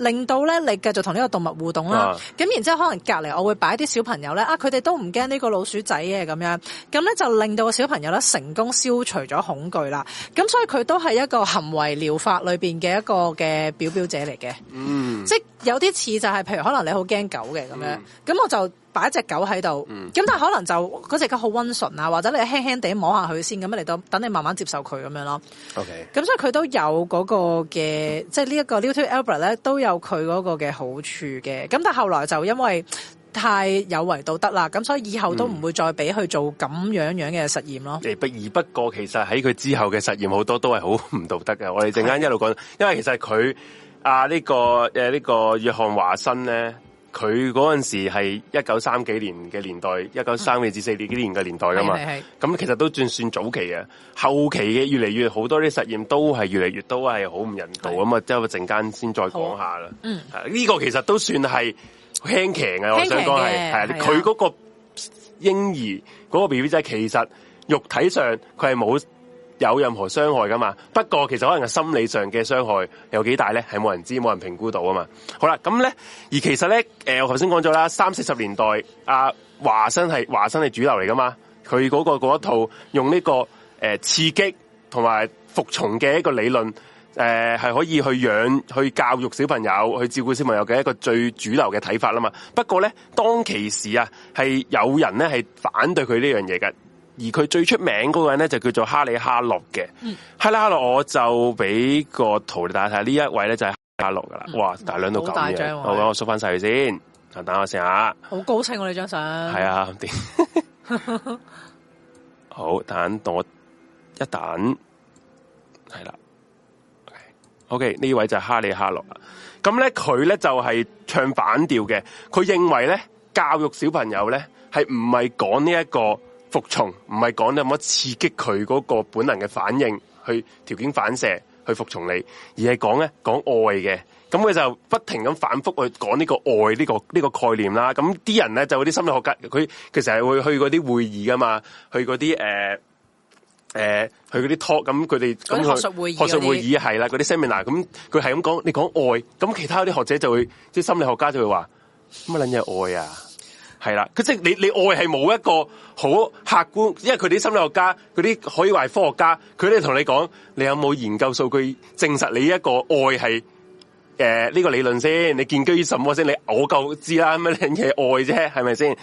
令到咧，你繼續同呢個動物互動啦。咁然之後，可能隔籬我會擺啲小朋友咧，啊佢哋都唔驚呢個老鼠仔嘅咁樣。咁咧就令到個小朋友咧成功消除咗恐懼啦。咁所以佢都係一個行為療法裏邊嘅一個嘅表表者嚟嘅。嗯，即係有啲似就係、是，譬如可能你好驚狗嘅咁樣。咁、嗯、我就。擺一隻狗喺度，咁、嗯、但係可能就嗰隻狗好溫順啊，或者你輕輕地摸下佢先，咁你嚟，到等你慢慢接受佢咁、okay. 樣咯。O K. 咁所以佢都有嗰個嘅、嗯，即係呢一個、這個、Little Albert 咧都有佢嗰個嘅好處嘅。咁但係後來就因為太有違道德啦，咁所以以後都唔會再俾佢做咁樣樣嘅實驗咯。而不而不過，其實喺佢之後嘅實驗好多都係好唔道德嘅。我哋陣間一路講，因為其實佢啊呢、這個誒呢、啊這個、啊這個、約翰華生咧。佢嗰陣時係一九三幾年嘅年代，一九三年至四年幾年嘅年代啊嘛，咁、嗯、其實都算算早期嘅，後期嘅越嚟越好多啲實驗都係越嚟越都係好唔人道啊嘛，即後一陣間先再講下啦。嗯、呢、這個其實都算係輕騎嘅，我想講係係，佢嗰個嬰兒嗰、那個 B B 仔其實肉體上佢係冇。有任何傷害噶嘛。不過其實可能係心理上嘅傷害有幾大咧，係冇人知冇人評估到啊嘛。好啦，咁咧而其實咧，呃、我頭先講咗啦，三四十年代啊，華生係華生係主流嚟噶嘛。佢嗰、嗰個嗰一套用呢、呢個、呃、刺激同埋服從嘅一個理論，係、呃、可以去養去教育小朋友、去照顧小朋友嘅一個最主流嘅睇法啦嘛。不過咧，當其時啊，係有人咧係反對佢呢樣嘢嘅。而佢最出名嗰個人咧，就叫做哈利·哈洛嘅。哈利·哈洛，我就俾個圖你睇下，呢一位咧，就係哈洛噶啦。哇，大兩度咁嘅，我縮翻晒佢先。等等 <laughs> 啊，等我先下。好高清我呢張相。係啊，好，等我一等，係啦。O.K. 呢位就係哈利·哈洛啦。咁咧，佢咧就係唱反調嘅。佢認為咧，教育小朋友咧係唔係講呢一、這個。服從唔係講得咁刺激佢嗰個本能嘅反應，去條件反射去服從你，而係講咧講愛嘅。咁佢就不停咁反復去講呢個愛呢、呢個呢、呢個概念啦。咁啲人咧就嗰、是、啲心理學家，佢其實係會去嗰啲會議㗎嘛，去嗰啲誒誒去嗰啲 talk，咁佢哋咁學術會議，學術會議係啦，嗰啲 seminar。咁佢係咁講，你講愛，咁其他啲學者就會即係、就是、心理學家就會話乜撚嘢愛啊？係啦，佢即係你，你愛係冇一個好客觀，因為佢啲心理學家，佢啲可以話係科學家，佢哋同你講，你有冇研究數據證實你一個愛係誒呢個理論先？你建基於什麼先？你我夠知啦，乜嘢愛啫？係咪先？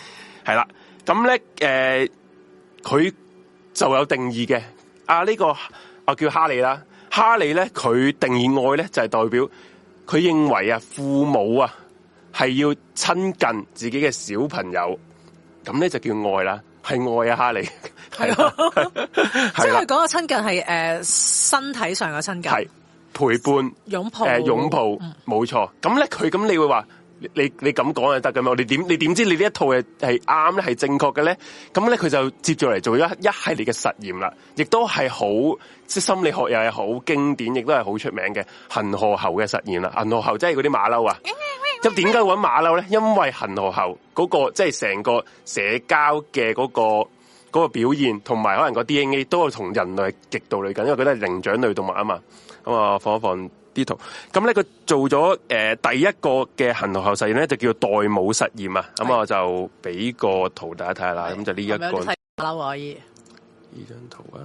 係啦，咁咧誒，佢、呃、就有定義嘅。啊呢、呢個啊叫哈利啦，哈利咧佢定義愛咧就係、是、代表佢認為啊父母啊。係要親近自己嘅小朋友，咁咧就叫愛啦，係愛啊，哈利，係 <laughs> 咯， <laughs> <laughs> 即係佢講個親近係誒身體上嘅親近，係陪伴、擁抱、呃、擁抱，嗯、冇錯。咁咧佢咁你會話？你你咁講就得噶嘛？你點你點知你呢一套係啱咧，係正確嘅咧？咁咧佢就接住嚟做一一系列嘅實驗啦，亦都係好即係心理學又係好經典，亦都係好出名嘅恒河猴嘅實驗啦。恆河猴即係嗰啲馬騮啊，即係點解揾馬騮咧？因為恒河猴嗰、嗰個即係成個社交嘅嗰、嗰個嗰個表現，同埋可能個 DNA 都係同人類極度類近，因為佢都係靈長類動物啊嘛。咁啊，放一放。呢咁呢個做咗、呃、第一個嘅恆河猴實驗咧，就叫做代母實驗啊，咁、嗯、我就俾個圖大家睇下啦，咁就呢一個。點樣睇？樓阿姨，呢張圖啊，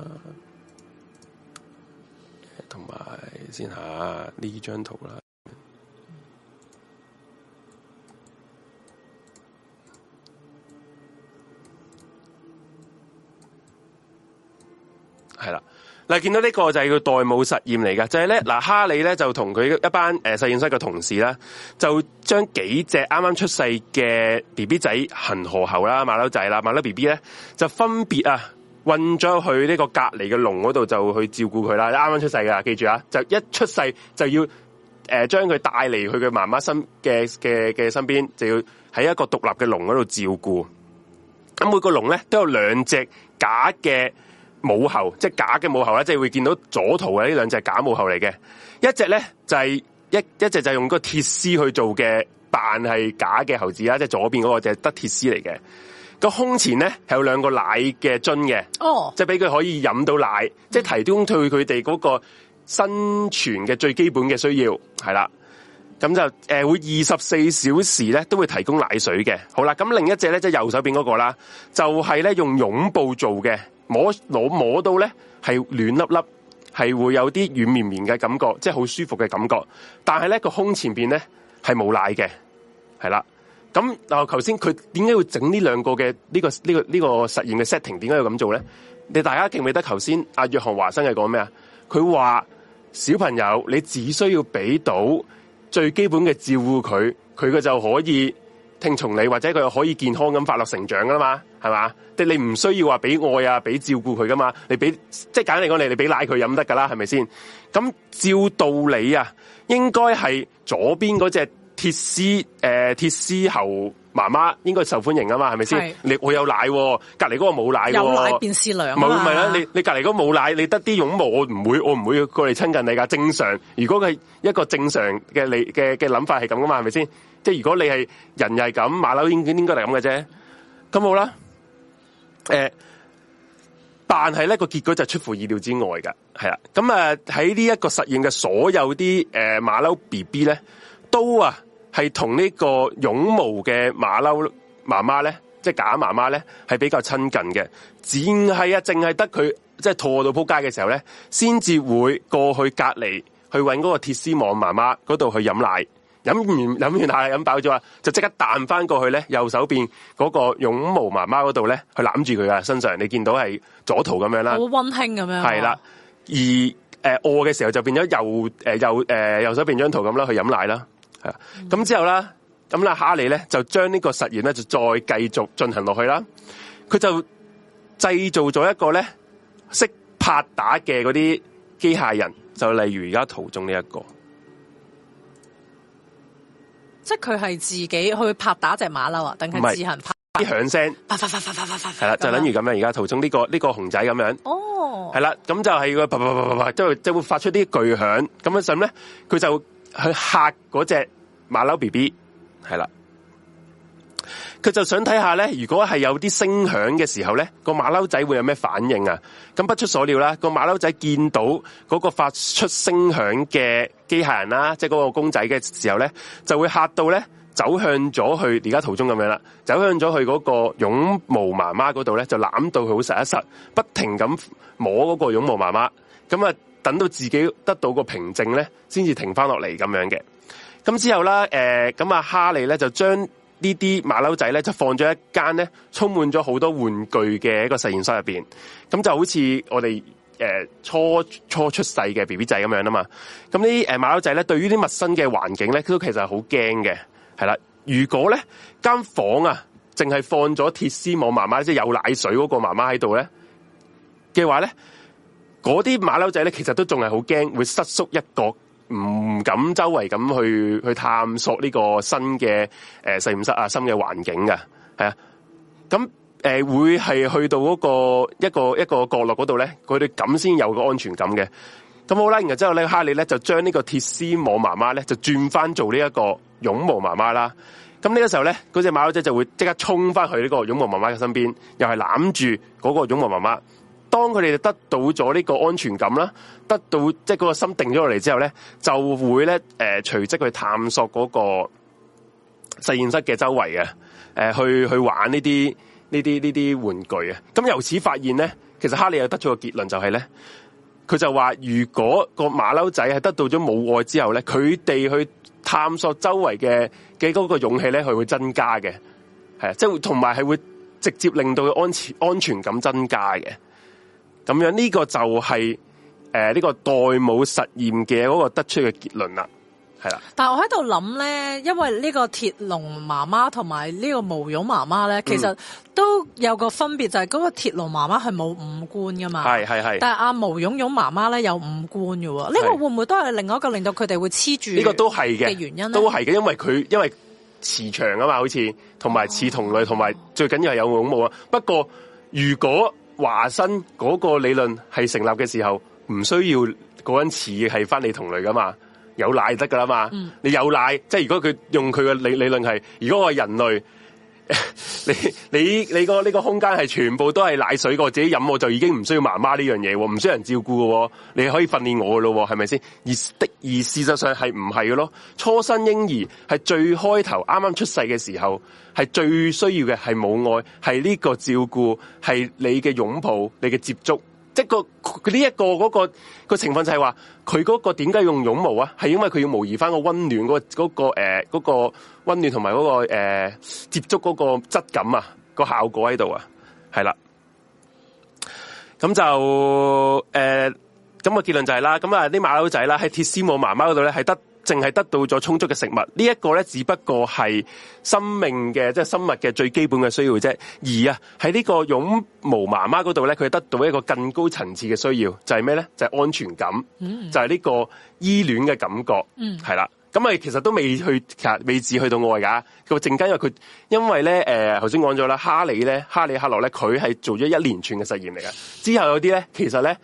同埋先下呢張圖啦、啊，係、嗯、啦。嗱，見到呢個就係個代母實驗嚟㗎。就係咧，嗱，哈利咧就同佢一班誒實驗室嘅同事啦，就將幾隻啱啱出世嘅 B B 仔恆河猴啦、馬騮仔啦、馬騮 B B 咧，就分別啊運咗去呢個隔籬嘅籠嗰度，就去照顧佢啦。啱啱出世噶，記住啊，就一出世就要誒將佢帶嚟佢嘅媽媽身嘅嘅嘅身邊，就要喺一個獨立嘅籠嗰度照顧。咁每個籠咧都有兩隻假嘅。母猴即係假嘅母猴啦，即係會見到左圖嘅呢兩隻假母猴嚟嘅，就是。一隻咧就係一一隻就係用個鐵絲去做嘅，扮係假嘅猴子啦。即係左邊嗰個就係得鐵絲嚟嘅。個胸前咧係有兩個奶嘅樽嘅，哦，oh.，即係俾佢可以飲到奶，即係提供退佢哋嗰個生存嘅最基本嘅需要係啦。咁就誒會二十四小時咧都會提供奶水嘅。好啦，咁另一隻咧即係右手邊嗰個啦，就係、是、咧用絨布做嘅。摸攞摸到咧，係暖粒粒，係會有啲軟綿綿嘅感覺，即係好舒服嘅感覺。但係咧個胸前邊咧係冇奶嘅，係啦。咁嗱，頭先佢點解要整呢兩個嘅呢個呢個呢個實驗嘅 setting？點解要咁做咧？你大家記唔記得頭先阿約翰華生係講咩啊？佢話小朋友你只需要俾到最基本嘅照顧佢，佢嘅就可以。聽從你，或者佢可以健康咁發律成長噶啦嘛，係、啊、嘛？你你唔需要話俾愛啊，俾照顧佢噶嘛，你俾即係簡單嚟講，你你俾奶佢飲得噶啦，係咪先？咁照道理啊，應該係左邊嗰隻鐵絲誒、呃、鐵絲猴媽媽應該受歡迎啊嘛，係咪先？你我有奶、啊，隔離嗰個冇奶、啊。有奶便是娘。唔係啊。你你隔離嗰個冇奶，你得啲絨毛，我唔會，我唔會過嚟親近你噶。正常，如果佢一個正常嘅你嘅嘅諗法係咁噶嘛，係咪先？即係如果你係人又係咁，馬騮應應該係咁嘅啫。咁好啦。誒、呃，但係咧個結果就出乎意料之外㗎。係啊，咁啊喺呢一個實驗嘅所有啲誒馬騮 B B 咧，都啊～係同呢個絨毛嘅馬騮媽媽呢，即係假媽媽呢，係比較親近嘅。只係啊，淨係得佢即係餓到撲街嘅時候呢，先至會過去隔離去搵嗰個鐵絲網媽媽嗰度去飲奶。飲完飲完奶飲，飲，飲飽咗啊，就即刻彈返過去呢，右手邊嗰個絨毛媽媽嗰度呢，去攬住佢啊，身上你見到係左圖咁樣啦。好溫馨咁樣。係啦，而誒、呃、餓嘅時候就變咗右右誒右手邊張圖咁啦，去飲奶啦。咁、嗯、之後咧，咁啦，哈利咧就將呢個實驗咧就再繼續進行落去啦。佢就製造咗一個咧識拍打嘅嗰啲機械人，就例如而家圖中呢一個，即係佢係自己去拍打隻馬騮啊，定係自行拍啲響聲？係啦，就等於咁樣。而家圖中呢、這個呢、這個熊仔咁樣，哦，係啦，咁就係個啪啪啪啪啪，即係即會發出啲巨響，咁樣上咧，佢就。去嚇嗰隻馬騮 B B 係啦，佢就想睇下咧，如果係有啲聲響嘅時候咧，個馬騮仔會有咩反應啊？咁不出所料啦，個馬騮仔見到嗰個發出聲響嘅機械人啦，即係嗰個公仔嘅時候咧，就會嚇到咧，走向咗去而家途中咁樣啦，走向咗去嗰個絨毛媽媽嗰度咧，就攬到佢好實一實，不停咁摸嗰個絨毛媽媽，咁啊。等到自己得到個平靜咧，先至停翻落嚟咁樣嘅。咁之後咧，誒咁阿哈利咧就將呢啲馬騮仔咧就放咗一間咧充滿咗好多玩具嘅一個實驗室入面。咁就好似我哋誒、呃、初初出世嘅 B B 仔咁樣啊嘛。咁呢啲馬騮仔咧對於啲陌生嘅環境咧，佢都其實係好驚嘅。係啦，如果咧間房啊，淨係放咗鐵絲網媽媽，即係有奶水嗰個媽媽喺度咧嘅話咧。嗰啲馬騮仔咧，其實都仲係好驚，會瑟縮一角，唔敢周圍咁去去探索呢個新嘅誒、呃、實驗室啊，新嘅環境嘅，係啊，咁、嗯呃、會係去到嗰個一個一個角落嗰度咧，佢哋咁先有個安全感嘅。咁好啦，然後之後咧，哈利咧就將呢個鐵絲網媽媽咧就轉翻做呢一個絨毛媽媽啦。咁呢個時候咧，嗰隻馬騮仔就會即刻衝翻去呢個絨毛媽媽嘅身邊，又係攬住嗰個絨毛媽媽。當佢哋得到咗呢個安全感啦，得到即係嗰個心定咗落嚟之後咧，就會咧誒，隨、呃、即去探索嗰個實驗室嘅周圍啊，誒、呃，去去玩呢啲呢啲呢啲玩具啊。咁由此發現咧，其實哈利又得咗個結論，佢就係咧，佢就話如果個馬騮仔係得到咗母愛之後咧，佢哋去探索周圍嘅嘅嗰個勇氣咧，佢會增加嘅，係啊，即係同埋係會直接令到佢安全安全感增加嘅。咁樣呢、這個就係誒呢個代母實驗嘅嗰個得出嘅結論啦，係啦。但係我喺度諗咧，因為呢個鐵籠媽媽同埋呢個毛茸媽媽咧，其實都有個分別，就係、是、嗰個鐵籠媽媽係冇五官噶嘛，係係係。但係阿毛茸茸媽媽咧有五官嘅喎，啊、容容媽媽呢、這個會唔會都係另外一個令到佢哋會黐住呢？呢、這個都係嘅原因，都係嘅，因為佢因為磁場啊嘛，好似同埋似同類，同、哦、埋最緊要係有母母啊。不過如果華生嗰個理論係成立嘅時候，唔需要嗰陣詞係翻你同類噶嘛，有奶就得噶啦嘛，嗯，你有奶，即係如果佢用佢嘅理理論係，如果我係人類。 <laughs> 你你你個呢、這個空間係全部都係奶水，我自己飲我就已經唔需要媽媽呢樣嘢，唔需要人照顧嘅，你可以訓練我嘅咯，係咪先？而的而事實上係唔係嘅咯，初生嬰兒係最開頭啱啱出世嘅時候，係最需要嘅係母愛，係呢個照顧，係你嘅擁抱，你嘅接觸，即係個呢一個嗰個個情況就係話，佢嗰個點解用絨毛啊？係因為佢要模擬翻個溫暖嗰嗰個誒個。呃那個溫暖同埋嗰個誒、呃，接觸嗰個質感啊，個效果喺度啊，係啦。咁就誒、咁、呃、個結論就係、是、啦。咁啊，啲馬騮仔啦，喺鐵絲網媽媽嗰度咧，係得淨係得到咗充足嘅食物。這個、呢一個咧，只不過係生命嘅即係生物嘅最基本嘅需要啫。而啊，喺呢個絨毛媽媽嗰度咧，佢得到一個更高層次嘅需要，就係咩咧？就係、是、安全感，就係、是、呢個依戀嘅感覺。嗯，係啦。咁啊，其實都未去，其實未至去到外架。個陣間因為佢，因為咧誒，頭先講咗啦，哈利咧，哈利克羅咧，佢係做咗一連串嘅實驗嚟㗎。之後有啲咧，其實咧，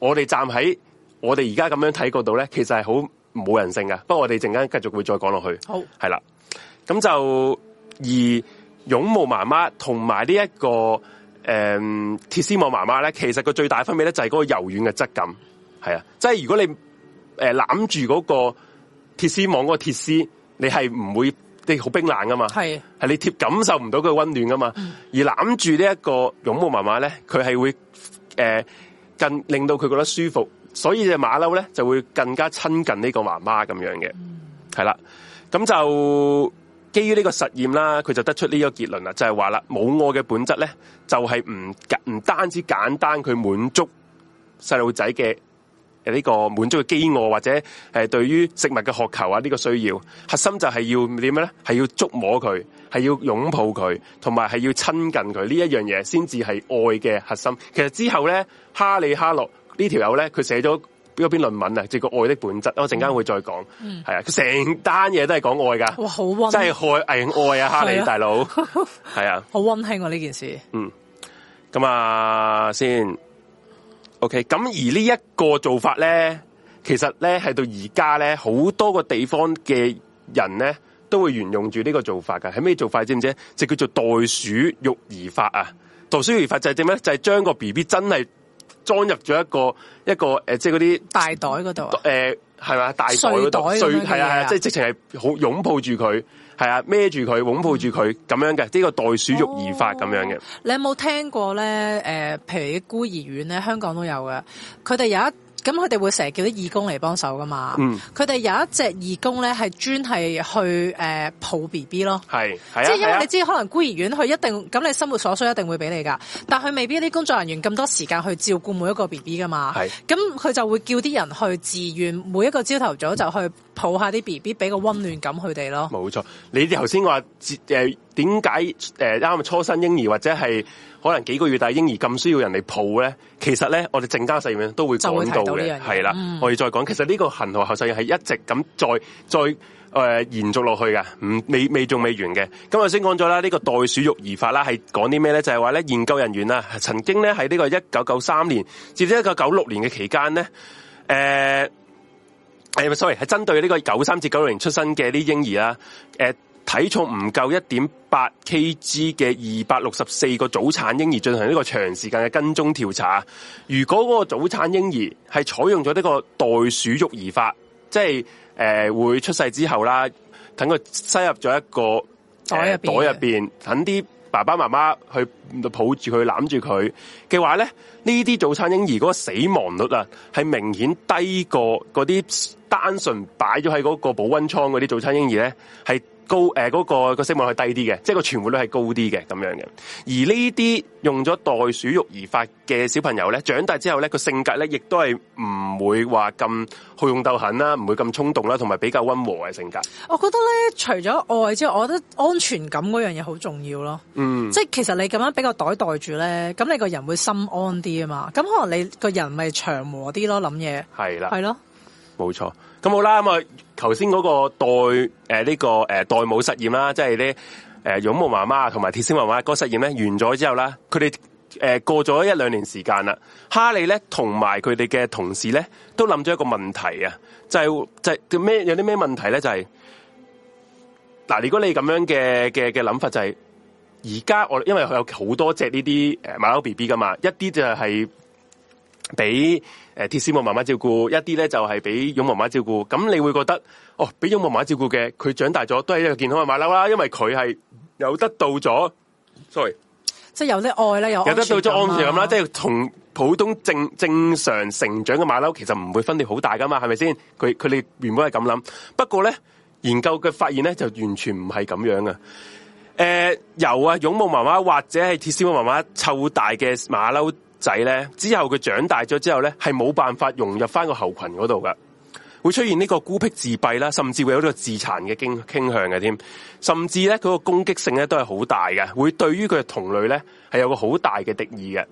我哋站喺我哋而家咁樣睇嗰度咧，其實係好冇人性噶不過我哋陣間繼續會再講落去。好，係啦。咁就而絨毛媽媽同埋呢一個誒鐵絲網媽媽咧，其實個最大分別咧就係嗰個柔軟嘅質感。係啊，即係如果你誒攬住嗰個。鐵絲網嗰個鐵絲，你係唔會即係好冰冷噶嘛？係，係你貼感受唔到佢溫暖噶嘛？嗯、而攬住呢一個絨毛媽媽咧，佢係會誒、呃，更令到佢覺得舒服，所以隻馬騮咧就會更加親近呢個媽媽咁樣嘅，係、嗯、啦。咁就基於呢個實驗啦，佢就得出呢個結論啦，就係話啦，母愛嘅本質咧，就係唔唔單止簡單去滿足細路仔嘅。誒，呢個滿足嘅飢餓或者誒、呃，對於食物嘅渴求啊，呢、這個需要核心就係要點樣咧？係要觸摸佢，係要擁抱佢，同埋係要親近佢呢一樣嘢，先至係愛嘅核心。其實之後咧，哈利·哈洛、這個、呢條友咧，佢寫咗嗰篇論文啊，叫個愛的本質。我陣間會再講，係、嗯、啊，成單嘢都係講愛噶，哇，好温，真係愛，係愛啊，哈利 <laughs> 大佬哥，係 <laughs> 啊，好温馨啊呢件事。嗯，咁啊先。O K，咁而呢一個做法咧，其實咧係到而家咧，好多個地方嘅人咧都會沿用住呢個做法㗎。係咩做法？知唔知？就叫做袋鼠育兒法啊！袋鼠育兒法就係點咧？就係、係、將個 B B 真係裝入咗一個一個、呃、即係嗰啲大袋嗰度。誒，係咪？大袋嗰度、啊呃。碎袋咁樣嘅。係啊，啊，即係直情係好擁抱住佢。係啊，孭住佢，擁抱住佢，咁樣嘅，呢、這個袋鼠育兒法咁樣嘅、哦。你有冇聽過咧？誒、呃，譬如啲孤兒院咧，香港都有嘅。佢哋有一，咁佢哋會成日叫啲義工嚟幫手噶嘛？嗯。佢哋有一隻義工咧，係專係去誒、呃、抱 B B 咯。係、啊。即係因為你知，啊啊、可能孤兒院佢一定咁，咁你生活所需一定會俾你噶。但係佢未必啲工作人員咁多時間去照顧每一個 B B 噶嘛。係。咁佢就會叫啲人去自願，每一個朝頭早就去。抱下啲 B B，俾個溫暖感佢哋咯。冇錯，你哋頭先話，誒，點解誒啱初生嬰兒或者係可能幾個月大嘅嬰兒咁需要人嚟抱咧？其實咧，我哋正佳實驗都會講到嘅，係啦，我哋再講。其實呢個恒河猴實驗係一直咁再再誒、呃、延續落去噶，唔未未仲未完嘅。咁我先講咗啦，這個、呢個袋鼠育兒法啦，係講啲咩咧？就係話咧，研究人員啦，曾經咧喺呢個一九九三年至到一九九六年嘅期間咧，誒、呃。誒，sorry，係針對呢個九三至九六年出生嘅啲嬰兒啦，誒、呃，體重唔夠一點八 kg 嘅二百六十四個早產嬰兒進行呢個長時間嘅跟蹤調查。如果嗰個早產嬰兒係採用咗呢個袋鼠育兒法，即係誒、呃、會出世之後啦，等佢塞入咗一個、呃、袋入袋入邊，等啲。爸爸媽媽去抱住佢攬住佢嘅話呢，呢啲早產嬰兒嗰個死亡率啊，係明顯低過嗰啲單純擺咗喺嗰個保溫倉嗰啲早產嬰兒呢。係。高誒嗰、呃那個、那個死亡率係低啲嘅，即係個存活率係高啲嘅咁樣嘅。而，而呢啲用咗袋鼠育兒法嘅小朋友咧，長大之後咧，個性格咧亦都係唔會話咁好勇鬥狠啦，唔會咁衝動啦，同埋比較溫和嘅性格。我覺得咧，除咗愛之外，我覺得安全感嗰樣嘢好重要咯。嗯即，即係其實你咁樣比較袋袋住咧，咁你個人會心安啲啊嘛。咁可能你個人咪長和啲咯，諗嘢係啦，係咯，冇錯。咁好啦，咁啊，頭先嗰個代誒呢、呃這個誒、呃、代母實驗啦，即係咧誒絨毛媽媽同埋鐵線媽媽個實驗咧完咗之後咧，佢哋誒過咗一兩年時間啦，哈利咧同埋佢哋嘅同事咧都諗咗一個問題啊，就係、是、就咩、是、有啲咩問題咧就係、是、嗱，如果你咁樣嘅嘅嘅諗法就係而家我因為佢有好多隻呢啲誒馬騮 B B 噶嘛，一啲就係俾。誒、呃，鐵絲毛媽媽照顧一啲咧，就係俾絨毛媽媽照顧。咁你會覺得，哦，俾絨毛媽媽照顧嘅，佢長大咗都係一個健康嘅馬騮啦，因為佢係有得到咗，sorry，即係有啲愛啦有、啊、有得到咗安全咁啦。即係同普通正正常成長嘅馬騮，其實唔會分裂好大噶嘛，係咪先？佢佢哋原本係咁諗，不過咧研究嘅發現咧，就完全唔係咁樣嘅。誒、呃，由啊絨毛媽媽或者係鐵絲毛媽媽湊大嘅馬騮。仔咧，之後佢長大咗之後咧，係冇辦法融入翻個猴群嗰度嘅，會出現呢個孤僻自閉啦，甚至會有呢個自殘嘅傾傾向嘅添，甚至咧佢個攻擊性咧都係好大嘅，會對於佢嘅同類咧係有個好大嘅敵意嘅。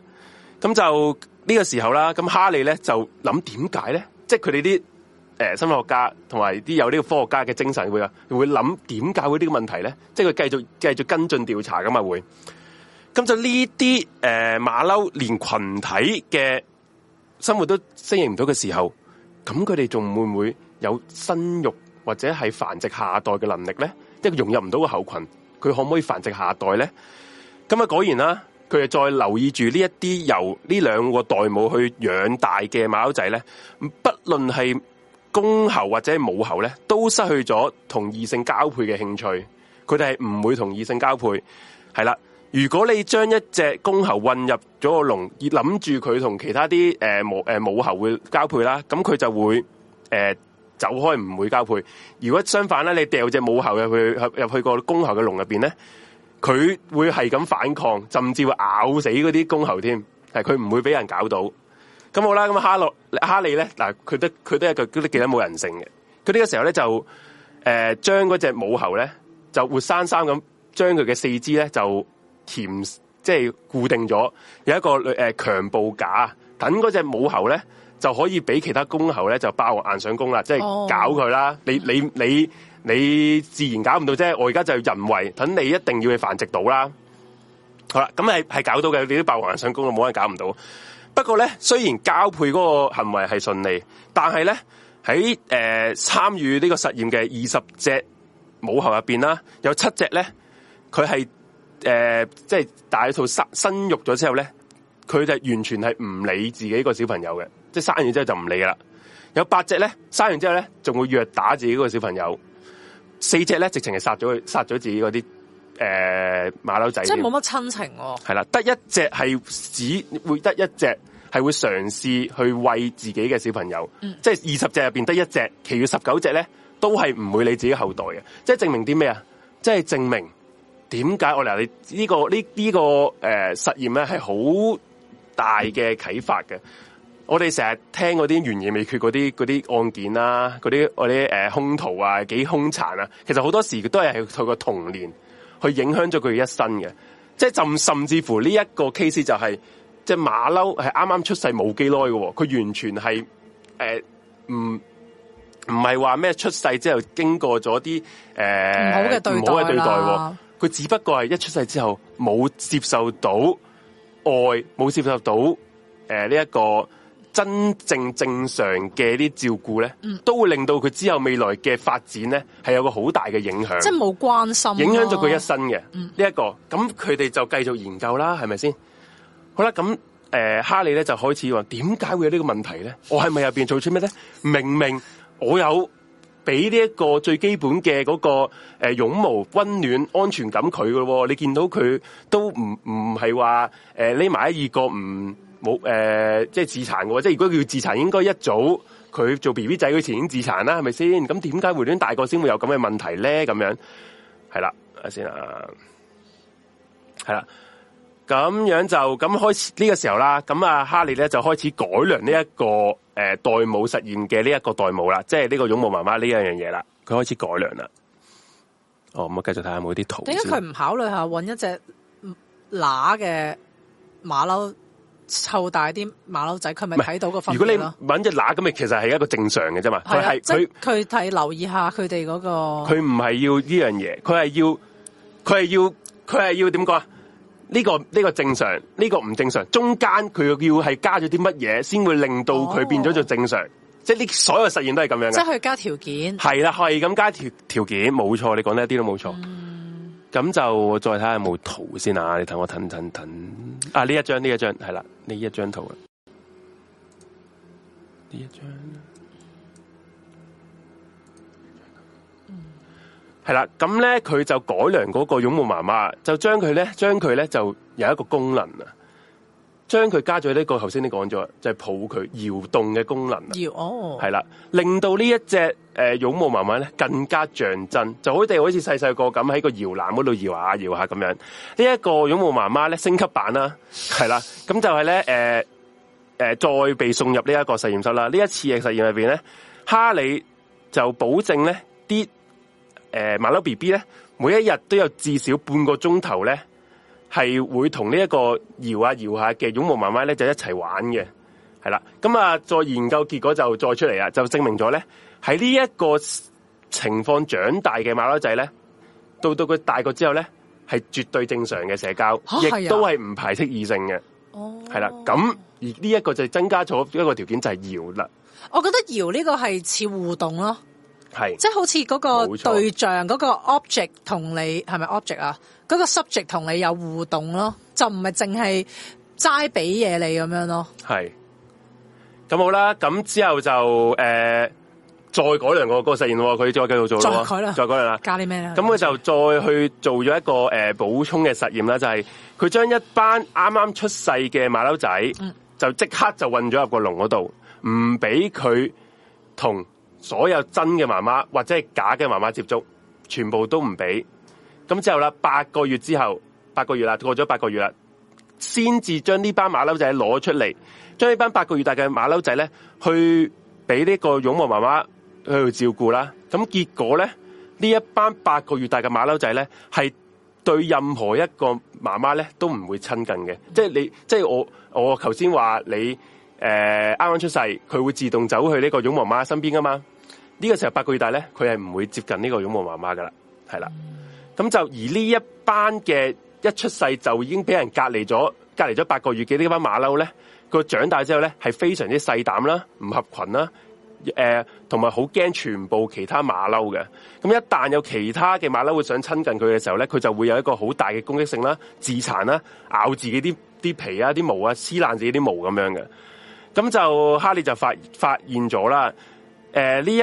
咁就呢個時候啦，咁哈利咧就諗點解咧？即係佢哋啲誒心理學家同埋啲有呢個科學家嘅精神會啊，會諗點解會呢個問題咧？即係佢繼續繼續跟進調查嘅嘛會。咁就呢啲誒馬騮連群體嘅生活都適應唔到嘅時候，咁佢哋仲會唔會有生育或者係繁殖下一代嘅能力咧？即係融入唔到個猴群，佢可唔可以繁殖下一代咧？咁啊果然啦，啊，佢哋再留意住呢一啲由呢兩個代母去養大嘅馬騮仔咧，不論係公猴或者母猴咧，都失去咗同異性交配嘅興趣，佢哋係唔會同異性交配，係啦。如果你將一隻公猴混入咗個籠，要諗住佢同其他啲誒、呃、母誒、呃、母猴會交配啦，咁佢就會誒、呃、走開，唔會交配。如果相反呢，你掉隻母猴入去入去個公猴嘅籠入邊咧，佢會係咁反抗，甚至會咬死嗰啲公猴添。係，佢唔會俾人搞到。咁好啦，咁哈洛，哈利哈利咧嗱，佢都佢都係佢都記得冇人性嘅。佢呢個時候咧就誒將嗰隻母猴咧就活生生咁將佢嘅四肢咧就。填即係固定咗，有一個誒強暴架，等嗰隻母猴咧就可以俾其他公猴咧就霸王硬上弓啦，oh. 即係搞佢啦。你你你你自然搞唔到啫。我而家就人為等你一定要去繁殖到啦。好啦，咁係係搞到嘅，你都霸王硬上弓冇人搞唔到。不過咧，雖然交配嗰個行為係順利，但係咧喺誒參與呢、呃、個實驗嘅二十隻母猴入邊啦，有七隻咧，佢係。誒、呃，即係大套生生育咗之後咧，佢就完全係唔理自己個小朋友嘅，即係生完之後就唔理噶啦。有八隻咧，生完之後咧，仲會虐打自己個小朋友。四隻咧，直情係殺咗佢，殺咗自己嗰啲誒馬騮仔。即係冇乜親情，啊。係啦，得一隻係只，只隻會得一隻係會嘗試去餵自己嘅小朋友。嗯、即係二十隻入邊得一隻，其餘十九隻咧都係唔會理自己後代嘅。即係證明啲咩啊？即係證明。點解我哋呢、這個呢呢、這個誒、呃、實驗咧係好大嘅啟發嘅？我哋成日聽嗰啲懸疑未決嗰啲啲案件啦、啊，嗰啲嗰啲誒兇徒啊，幾兇殘啊！其實好多時都係佢個童年去影響咗佢一生嘅，即係甚甚至乎呢一個 case 就係、是，即係馬騮係啱啱出世冇幾耐嘅，佢完全係誒唔唔係話咩出世之後經過咗啲誒唔好嘅對唔好嘅對待。佢只不過係一出世之後冇接受到愛，冇接受到誒呢一個真正正常嘅啲照顧咧、嗯，都會令到佢之後未來嘅發展咧係有個好大嘅影響，即係冇關心、啊，影響咗佢一生嘅呢一個。咁佢哋就繼續研究啦，係咪先？好啦，咁誒、呃，哈利咧就開始話：點解會有呢個問題咧？我係咪入邊做出咩咧？明明我有。俾呢一個最基本嘅嗰、那個誒，絨毛、呃、溫溫暖安全感佢噶咯，你見到佢都唔唔係話誒匿埋喺一角唔冇誒，即係自殘嘅，即係如果佢要自殘，應該一早佢做 B B 仔佢前已經自殘啦，係咪先？咁點解會卵大個先會有咁嘅問題咧？咁樣係啦，啊先啊，係啦。咁樣就咁開始呢、呢個時候啦，咁啊哈利咧就開始改良呢、呢、一個誒、呃、代母實驗嘅呢一個代母啦，即係呢個絨毛媽媽呢樣嘢啦，佢開始改良啦。哦，咁我繼續睇下冇啲圖。點解佢唔考慮下搵一隻乸嘅馬騮湊大啲馬騮仔？佢咪睇到個如果你搵隻乸咁咪其實係一個正常嘅啫嘛。佢係佢佢睇留意下佢哋嗰個。佢唔係要呢樣嘢，佢係要佢係要佢係要點講啊？呢、這個呢、這個正常，呢、這個唔正常。中間佢要係加咗啲乜嘢？先會令到佢變咗做正常。Oh. 即係呢所有實驗都係咁樣嘅。即係去加條件。係啦，係咁加條條件，冇錯。你講得一啲都冇錯。咁、嗯、就再睇下有冇圖先啊！你等我等等等。啊，呢一張呢一張係啦，呢一張圖啦，呢一張。係啦，咁咧佢就改良嗰個擁抱媽媽，就將佢咧，將佢咧就有一個功能啊，將佢加咗呢、這個，頭先你講咗就係、抱佢搖動嘅功能搖哦，係啦，令到、這個呃、媽媽呢一隻誒擁抱媽媽咧更加像真，就好似好似細細個咁喺個搖籃嗰度搖下搖下咁樣。這個、勇武媽媽呢一個擁抱媽媽咧升級版啦，係啦，咁就係咧誒誒再被送入呢一個實驗室啦。呢一次嘅實驗裏邊咧，哈里就保證咧啲。誒、呃，馬騮 B B 咧，每一日都有至少半個鐘頭咧，係會同、啊啊、呢一個搖啊搖下嘅絨毛媽媽咧，就一齊玩嘅，係啦。咁啊，再研究結果就再出嚟呀，就證明咗咧，喺呢一個情況長大嘅馬騮仔咧，到到佢大個之後咧，係絕對正常嘅社交，亦、啊、都係唔排斥異性嘅。哦、oh...，係啦，咁而呢一個就係增加咗一個條件就係搖啦。我覺得搖呢個係似互動咯。係，即係好似嗰個對象，嗰個 object 同你係咪 object 啊？嗰個 subject 同你有互動咯，就唔係淨係齋俾嘢你咁樣咯。係，咁好啦，咁之後就誒再改良個個實驗，佢再繼續做啊，再改良啦。加你咩啦？咁、嗯、佢就再去做咗一個誒補充嘅實驗啦，就係佢將一班啱啱出世嘅馬騮仔，就即刻就韞咗入個籠嗰度，唔俾佢同。所有真嘅媽媽或者係假嘅媽媽接觸，全部都唔俾。咁之後啦，八個月之後，八個月啦，過咗八個月啦，先至將呢班馬騮仔攞出嚟，將呢班八個月大嘅馬騮仔咧，去俾呢個絨毛媽媽去照顧啦。咁結果咧，呢一班八個月大嘅馬騮仔咧，係對任何一個媽媽咧都唔會親近嘅。即係你，即係我，我頭先話你。誒、呃，啱啱出世，佢會自動走去呢個絨毛媽媽身邊噶嘛？呢、這個時候八個月大咧，佢係唔會接近呢個絨毛媽媽噶啦，係啦。咁就而呢一班嘅一出世就已經俾人隔離咗，隔離咗八個月嘅呢班馬騮咧，佢個長大之後咧係非常之細膽啦、啊，唔合群啦、啊，誒、呃，同埋好驚全部其他馬騮嘅。咁一旦有其他嘅馬騮會想親近佢嘅時候咧，佢就會有一個好大嘅攻擊性啦、啊，自殘啦、啊，咬自己啲啲皮啊，啲毛啊，撕爛自己啲毛咁樣嘅。咁就哈利就發發現咗啦，誒、呃、呢一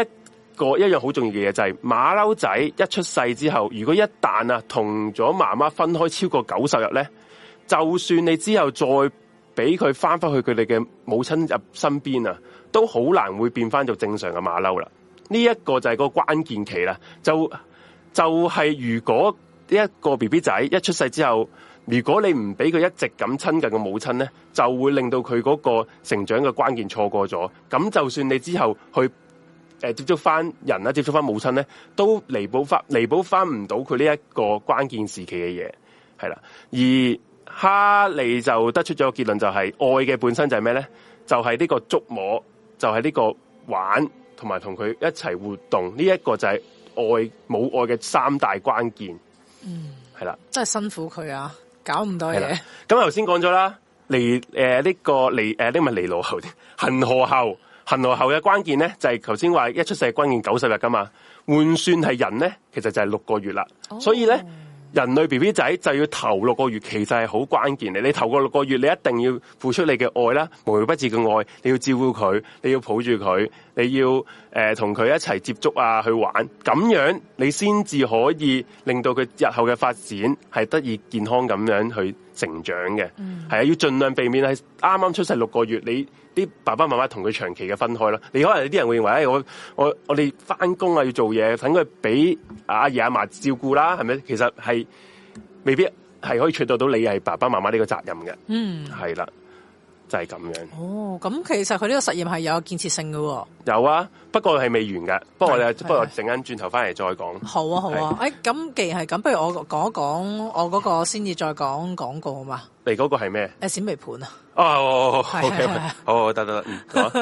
個一樣好重要嘅嘢就係馬騮仔一出世之後，如果一旦啊同咗媽媽分開超過九十日咧，就算你之後再俾佢翻翻去佢哋嘅母親入身邊啊，都好難會變翻做正常嘅馬騮啦。呢、這個就是、一個就係個關鍵期啦，就就係如果呢一個 BB 仔一出世之後。如果你唔俾佢一直咁親近個母親咧，就會令到佢嗰個成長嘅關鍵錯過咗。咁就算你之後去誒接觸翻人啦，接觸翻母親咧，都彌補翻彌補翻唔到佢呢一個關鍵時期嘅嘢。係啦，而哈利就得出咗個結論，就是，就係愛嘅本身就係咩咧？就係、是、呢個觸摸，就係、是、呢個玩，同埋同佢一齊活動。呢、這、一個就係愛母愛嘅三大關鍵。嗯，係啦，真係辛苦佢啊！搞唔多嘢。咁頭先講咗啦，嚟誒呢個嚟誒呢咪尼羅猴，恆河猴，恆河猴嘅關鍵咧就係頭先話一出世關鍵九十日噶嘛，換算係人咧其實就係六個月啦、oh.。所以咧，人類 B B 仔就要頭六個月，其實係好關鍵嘅。你頭個六個月，你一定要付出你嘅愛啦，無微不至嘅愛，你要照顧佢，你要抱住佢。你要誒同佢一齊接觸啊，去玩咁樣，你先至可以令到佢日後嘅發展係得以健康咁樣去成長嘅。係、嗯、啊，要盡量避免係啱啱出世六個月，你啲爸爸媽媽同佢長期嘅分開啦。你可能有啲人會認為，哎、我我我哋翻工啊，要做嘢，等佢俾阿爺阿嫲照顧啦，係咪？其實係未必係可以取得到你係爸爸媽媽呢個責任嘅。嗯，係啦。就係、是、咁樣。哦，咁其實佢呢個實驗係有建設性嘅喎、哦。有啊，不過係未完㗎。不過我哋，不過我陣間轉頭翻嚟再講。好啊，好啊。誒，咁、欸、既然係咁，不如我講一講我嗰個先至再講廣告好嘛？你嗰個係咩？誒、欸，閃微盤啊！哦、啊，好， <laughs> 好，好，OK，好，得得得，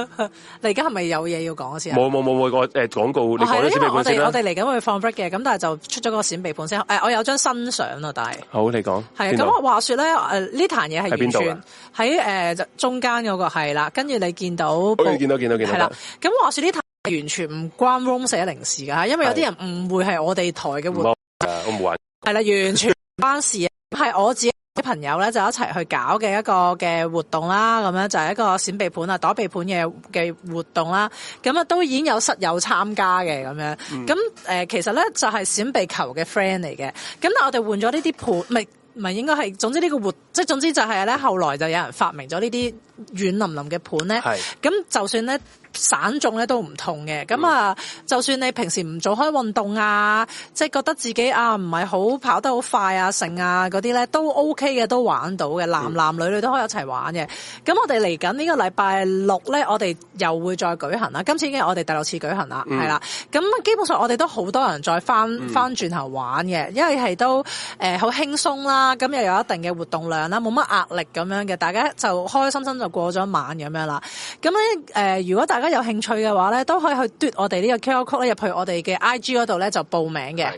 你而家係咪有嘢要講先？冇冇冇冇，我誒、uh, 廣告，oh, 你講啲咩本我哋嚟緊會放 b r e a k 嘅，咁但係就出咗個閃避盤先、啊。誒、哎，我有張新相啊，但係好，你講係咁話説咧，誒、呃、呢壇嘢係喺邊喺誒就中間嗰、那個係啦，跟住你見到可以見到見到見到係啦。咁話説呢壇完全唔關 room 四一零事噶，因為有啲人誤會係我哋台嘅活動，係啦，完全唔關事，係 <laughs> 我自己。啲朋友咧就一齊去搞嘅一個嘅活動啦，咁樣就係、是、一個閃避盤啊、躲避盤嘅嘅活動啦。咁啊都已經有室友參加嘅咁樣。咁、嗯、誒，其實咧就係閃避球嘅 friend 嚟嘅。咁但我哋換咗呢啲盤，唔係唔係應該係，總之呢個活，即係總之就係咧，後來就有人發明咗呢啲軟腍腍嘅盤咧。係咁，就算咧。散眾咧都唔同嘅，咁啊，就算你平時唔做開運動啊，嗯、即係覺得自己啊唔係好跑得好快啊，剩啊嗰啲咧都 OK 嘅，都玩到嘅，男男女女都可以一齊玩嘅。咁我哋嚟緊呢個禮拜六咧，我哋又會再舉行啦。今次已經我哋第六次舉行，嗯、啦，係啦。咁基本上我哋都好多人再翻翻轉頭玩嘅，因為係都好，呃、輕鬆啦，咁又有一定嘅活動量啦，冇乜壓力咁樣嘅，大家就開開心心就過咗一晚咁樣啦。咁咧、呃、如果大家如果有興趣嘅話咧，都可以去嘟我哋呢個 QR Code，咧入去我哋嘅 IG 嗰度咧就報名嘅，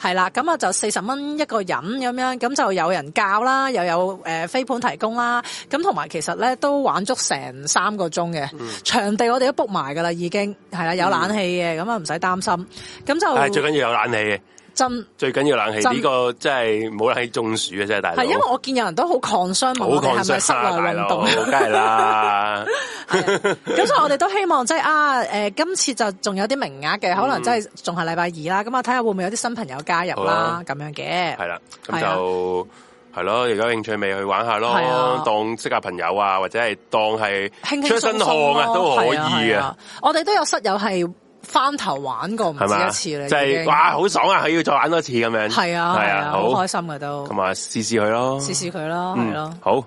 係啦，咁啊就四十蚊一個人咁樣，咁就有人教啦，又有誒、呃、飛盤提供啦，咁同埋其實咧都玩足成三個鐘嘅，嗯、場地我哋都 book 埋噶啦，已經係啦，有冷氣嘅，咁啊唔使擔心，咁就係最緊要有冷氣嘅。真最緊要冷氣呢、這個真係冇冷氣中暑嘅，真係大係，因為我見有人都好抗霜冇抗，咪室內運動梗係啦，咁所以我哋都希望即係、就是、啊誒、呃、今次就仲有啲名額嘅、嗯、可能真係仲係禮拜二啦，咁我睇下會唔會有啲新朋友加入啦咁、啊、樣嘅係啦，咁就係咯，如果有興趣未去玩一下咯，當識下朋友啊，或者係當係出一身汗啊輕輕素素，都可以啊，我哋都有室友係。翻頭玩過唔止一次啦，就係、是、哇好爽啊！佢要再玩多次咁樣，係啊係啊，啊，啊，啊，好開心噶都，同埋試試佢咯，試試佢咯，係、嗯、咯、啊，好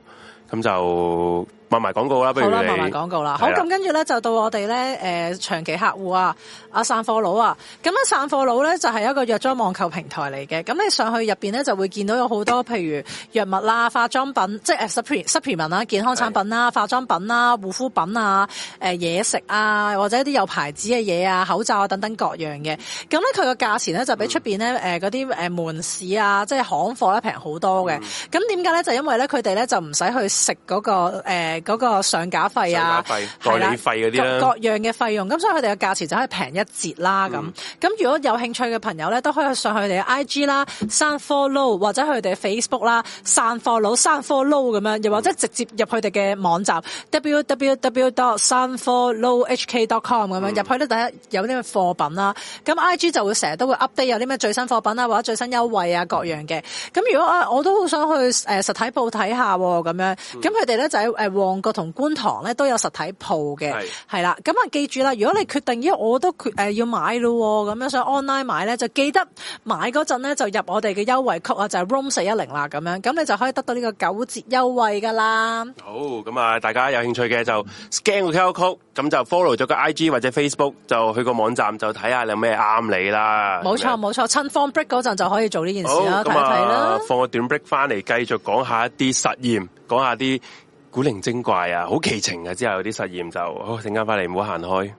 咁就。賣埋廣告啦，不如你好啦，賣埋廣告啦。好，咁跟住咧就到我哋咧誒長期客戶啊，阿散貨佬啊。咁咧散貨佬咧就係、是、一個藥妝網購平台嚟嘅。咁你上去入邊咧就會見到有好多譬如藥物啦、啊、化妝品，即係 s u p 健康產品啦、啊、化妝品啦、啊、護膚品啊、誒、呃、嘢食啊，或者一啲有牌子嘅嘢啊、口罩啊等等各樣嘅。咁咧佢個價錢咧就比出邊咧誒嗰啲誒門市啊，即係行貨咧平好多嘅。咁點解咧？就是、因為咧佢哋咧就唔使去食嗰、那個、呃嗰、那個上架費啊，費代理費啲、啊、各、各樣嘅費用，咁所以佢哋嘅價錢就係平一截啦咁。咁、嗯、如果有興趣嘅朋友咧，都可以上佢哋嘅 IG 啦，山科 low 或者佢哋嘅 Facebook 啦，山科 low 山科 low 咁樣，又或者直接入佢哋嘅網站、嗯、www.dot 山科 lowhk.com 咁、嗯、樣入去咧第一有啲咩貨品啦。咁 IG 就會成日都會 update 有啲咩最新貨品啦，或者最新優惠啊各樣嘅。咁、嗯、如果啊，我都好想去、呃、實體鋪睇下喎咁樣。咁佢哋咧就喺旺角同觀塘咧都有實體鋪嘅，係啦，咁啊，記住啦，如果你決定，因為我都決誒要買咯，咁樣所以 online 買咧，就記得買嗰陣咧就入，入我哋嘅優惠 code 啊，就係 room 四一零啦，咁樣，咁你就可以得到呢個九折優惠噶啦。好，咁啊，大家有興趣嘅就 scan 個 code 咁就 follow 咗個 IG 或者 Facebook，就去個網站就睇下有咩啱你啦。冇錯，冇錯，趁放 break 嗰陣就可以做呢件事啦，睇睇啦。看看放個短 break 翻嚟，繼續講下一啲實驗，講下啲。古靈精怪啊，好奇情啊，之後有啲實驗就，好，陣間翻嚟，唔好行開。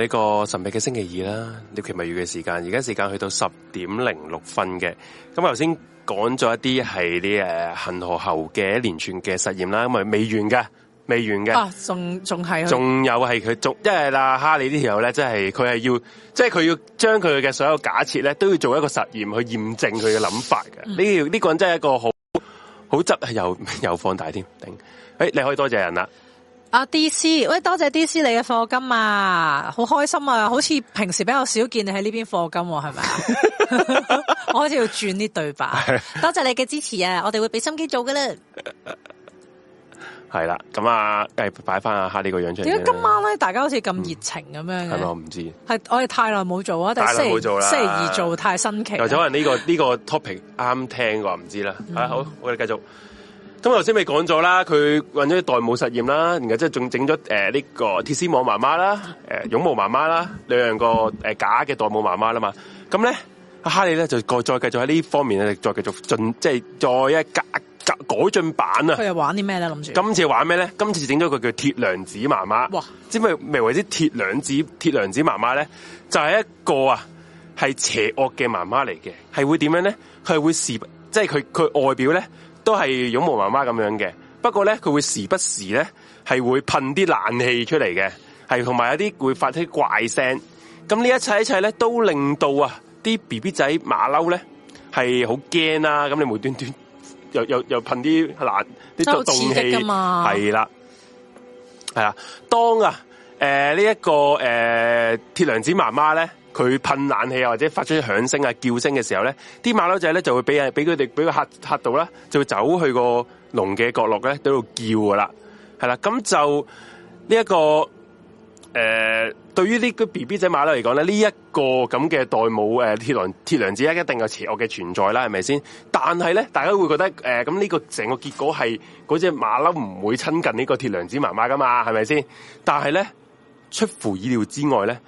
呢、這個神秘嘅星期二啦，獵奇物語嘅時間，而家時間去到十點零六分嘅。咁頭先講咗一啲係啲誒，恒河猴嘅一連串嘅實驗啦。因啊，未完嘅，未完嘅，啊，仲仲係，仲有係佢，仲即係嗱，哈利呢條友咧，即係佢係要，即係佢要將佢嘅所有假設咧，都要做一個實驗去驗證佢嘅諗法嘅。呢 <laughs> 呢個人真係一個好好執又又放大添。誒、哎，你可以多謝人啦。阿、啊、DC 喂，多謝 DC 你嘅課金啊，好開心啊，好似平時比較少見你喺呢邊課金係、啊、咪 <laughs> <laughs> 我我哋要轉啲對白， <laughs> 多謝你嘅支持啊！我哋會俾心機做噶啦。係啦，咁啊，誒，擺翻阿下呢個樣子出嚟。點解今晚咧、嗯，大家好似咁熱情咁樣，係咪我唔知？係我哋太耐冇做啊，太星期做啦，星期二做太新奇。有可能呢、呢個呢、呢個 topic 啱聽嘅話，唔知啦、嗯。啊，好，我哋繼續。咁我頭先咪講咗啦，佢用咗啲代母實驗啦，然後即係仲整咗誒呢個鐵絲網媽媽啦，誒絨毛媽媽啦，兩樣個誒、呃、假嘅代母媽媽啦嘛。咁咧，哈利咧就再再繼續喺呢方面啊，再繼續進即係再一改改進版啊。佢又玩啲咩咧諗住？今次玩咩咧？今次整咗個叫鐵娘子媽媽。哇！知唔知咩為之鐵娘子？鐵娘子媽媽咧，就係、是、一個啊，係邪惡嘅媽媽嚟嘅，係會點樣咧？係會視即係佢佢外表咧？都係絨毛媽媽咁樣嘅，不過咧佢會時不時咧係會噴啲冷氣出嚟嘅，係同埋有啲會發啲怪聲。咁呢一切一切咧都令到啊啲 B B 仔馬騮咧係好驚啦。咁、啊、你無端端又又又噴啲冷啲凍氣㗎嘛，係啦，係啦。當啊誒、呃這個呃、呢一個誒鐵娘子媽媽咧。佢噴冷氣啊，或者發出啲響聲啊、叫聲嘅時候咧，啲馬騮仔咧就會俾人，俾佢哋俾佢嚇嚇到啦，就會走去那個籠嘅角落咧，喺度叫噶啦，係啦，咁就呢一、這個誒、呃，對於呢個 B B 仔馬騮嚟講咧，呢、這、一個咁嘅代母誒鐵娘、鐵娘子一定有邪惡嘅存在啦，係咪先？但係咧，大家會覺得誒，咁、呃、呢個成個結果係嗰隻馬騮唔會親近呢個鐵娘子媽媽噶嘛，係咪先？但係咧，出乎意料之外咧，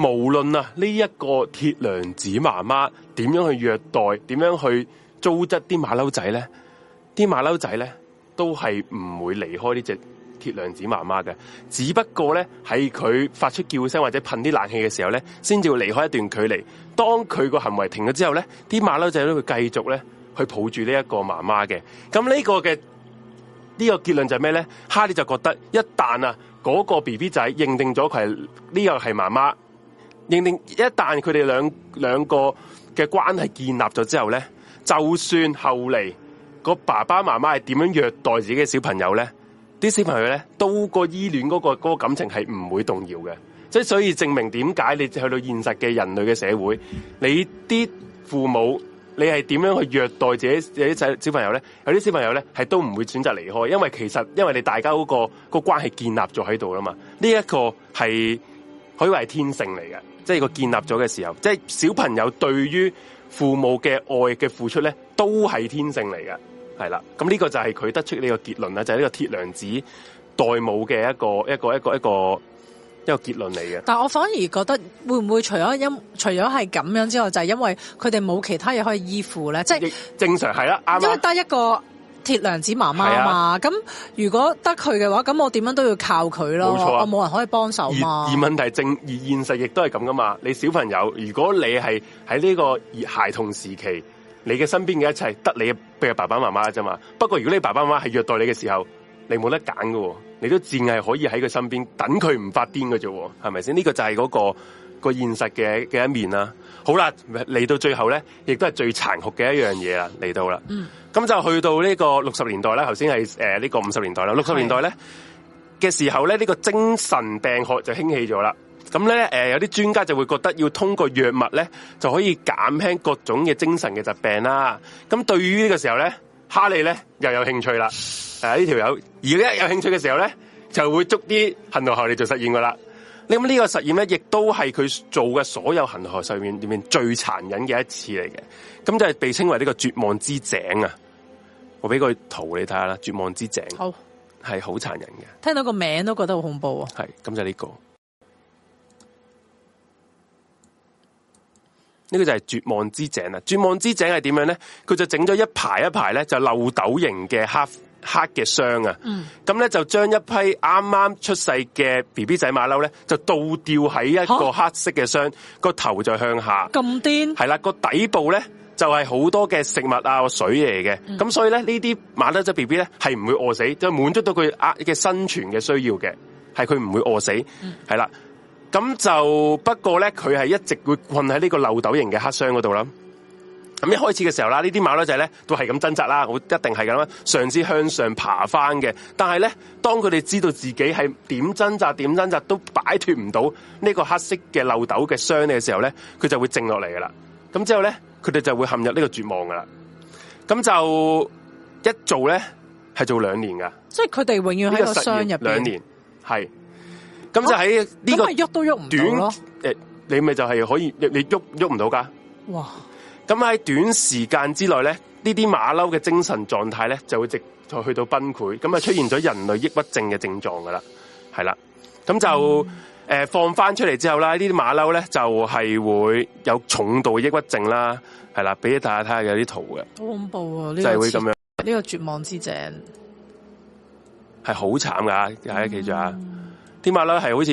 無論啊呢一個鐵娘子媽媽點樣去虐待，點樣去糟質啲馬騮仔咧，啲馬騮仔咧都係唔會離開呢隻鐵娘子媽媽嘅。只不過咧喺佢發出叫聲或者噴啲冷氣嘅時候咧，先至會離開一段距離。當佢個行為停咗之後咧，啲馬騮仔都會繼續咧去抱住呢一個媽媽嘅。咁呢個嘅呢個結論就係咩咧？哈利就覺得一旦啊嗰個 BB 仔認定咗佢係呢個係媽媽。認定一旦佢哋兩兩個嘅關係建立咗之後咧，就算後嚟個爸爸媽媽係點樣虐待自己嘅小朋友咧，啲小朋友咧，都個依戀嗰個嗰、嗰個感情係唔會動搖嘅。即係所以證明點解你去到現實嘅人類嘅社會，你啲父母你係點樣去虐待自己自己仔小朋友咧？有啲小朋友咧係都唔會選擇離開，因為其實因為你大家嗰、嗰個、嗰個關係建立咗喺度啦嘛，呢、呢、一個係可以話係天性嚟嘅。即係個建立咗嘅時候，即係小朋友對於父母嘅愛嘅付出咧，都係天性嚟嘅，係啦。咁呢個就係佢得出呢個結論啦，就係、是、呢個鐵娘子代母嘅一個一個一個一個一個結論嚟嘅。但係我反而覺得，會唔會除咗因，除咗係咁樣之外，就係因為佢哋冇其他嘢可以依附咧？即係正常係啦，啱啊，因為得一個。鐵娘子媽媽啊嘛，咁、啊、如果得佢嘅話，咁我點樣都要靠佢咯。冇錯、啊，我冇人可以幫手嘛。而而問題正而現實亦都係咁噶嘛。你小朋友，如果你係喺呢個孩童時期，你嘅身邊嘅一切得你嘅爸爸媽媽啫嘛。不過如果你爸爸媽媽係虐待你嘅時候，你冇得揀噶，你都淨係可以喺佢身邊等佢唔發癲噶啫，係咪先？呢、這個就係嗰、那個個現實嘅嘅一面啦。好啦，嚟到最後咧，亦都係最殘酷嘅一樣嘢啦，嚟到啦。咁、嗯、就去到呢個六十年代啦，頭先係誒呢個五十年代啦。六十年代咧嘅時候咧，呢、呢個精神病學就興起咗啦。咁咧誒，有啲專家就會覺得要通過藥物咧就可以減輕各種嘅精神嘅疾病啦。咁對於呢個時候咧，哈利咧又有興趣啦。誒呢條友而一有興趣嘅時候咧，就會捉啲恆河猴嚟做實驗噶啦。你咁呢個實驗咧，亦都係佢做嘅所有恆河猴實驗裏面最殘忍嘅一次嚟嘅，咁就係被稱為呢個絕望之井啊！我俾個圖你睇下啦，絕望之井，好係好殘忍嘅，聽到個名都覺得好恐怖啊、哦！係咁就係呢、這個，呢、這個就係絕望之井啊。絕望之井係點樣咧？佢就整咗一排一排咧，就漏斗形嘅黑。黑嘅箱啊，咁、嗯、咧就將一批啱啱出世嘅 B B 仔馬騮咧，就倒吊喺一個黑色嘅箱，個頭就向下。咁癲係啦，個底部咧就係、是、好多嘅食物啊水嚟嘅，咁、嗯、所以咧呢啲馬騮仔 B B 咧係唔會餓死，就係滿足到佢嘅生存嘅需要嘅，係佢唔會餓死。係、嗯、啦，咁就不過咧，佢係一直會困喺呢個漏斗型嘅黑箱嗰度啦。咁一開始嘅時候啦，呢啲馬騮仔咧都係咁掙扎啦，我一定係咁樣啦，嘗試向上爬翻嘅。但係咧，當佢哋知道自己係點掙扎點掙扎都擺脫唔到呢個黑色嘅漏斗嘅箱嘅時候咧，佢就會靜落嚟噶啦。咁之後咧，佢哋就會陷入呢個絕望噶啦。咁就一做咧係做兩年噶，即係佢哋永遠喺個箱入邊兩年係。咁就喺呢個喐、啊、都喐唔到誒，你咪就係可以你喐喐唔到噶。哇！咁喺短時間之內咧，呢啲馬騮嘅精神狀態咧，就會直去到崩潰，咁啊出現咗人類抑鬱症嘅症狀噶啦，係啦，咁就誒、嗯、放翻出嚟之後啦，呢啲馬騮咧就係會有重度抑鬱症啦，係啦，俾大家睇下有啲圖嘅，好恐怖啊、哦這個！就係、是、會咁樣，呢、這個絕望之症係好慘噶，大家記住啊，啲馬騮係好似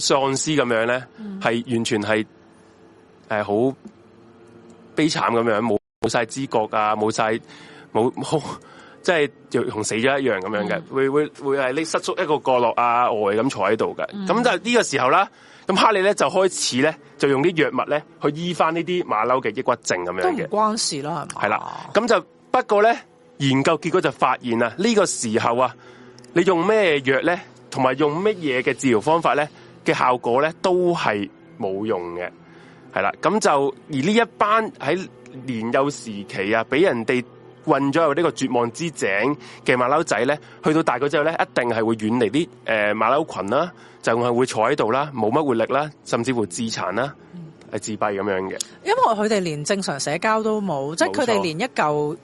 喪屍咁樣咧，係、嗯、完全係誒好。悲慘咁樣，冇冇晒知覺啊，冇晒冇冇，即係就同死咗一樣咁樣嘅、mm.，會會會係你失足一個角落啊，呆咁坐喺度嘅。咁、mm. 就呢個時候啦，咁哈利咧就開始咧就用啲藥物咧去醫翻呢啲馬騮嘅抑鬱症咁樣嘅。都唔關事啦，係咪？係啦，咁就不過咧，研究結果就發現啊，呢個時候啊，你用咩藥咧，同埋用乜嘢嘅治療方法咧嘅效果咧，都係冇用嘅。係啦，咁就而呢一班喺年幼時期啊，俾人哋韞咗入呢個絕望之井嘅馬騮仔咧，去到大個之後咧，一定係會遠離啲誒馬騮群啦，就係會坐喺度啦，冇乜活力啦，甚至乎自殘啦，係、嗯、自閉咁樣嘅。因為佢哋連正常社交都冇，即係佢哋連一嚿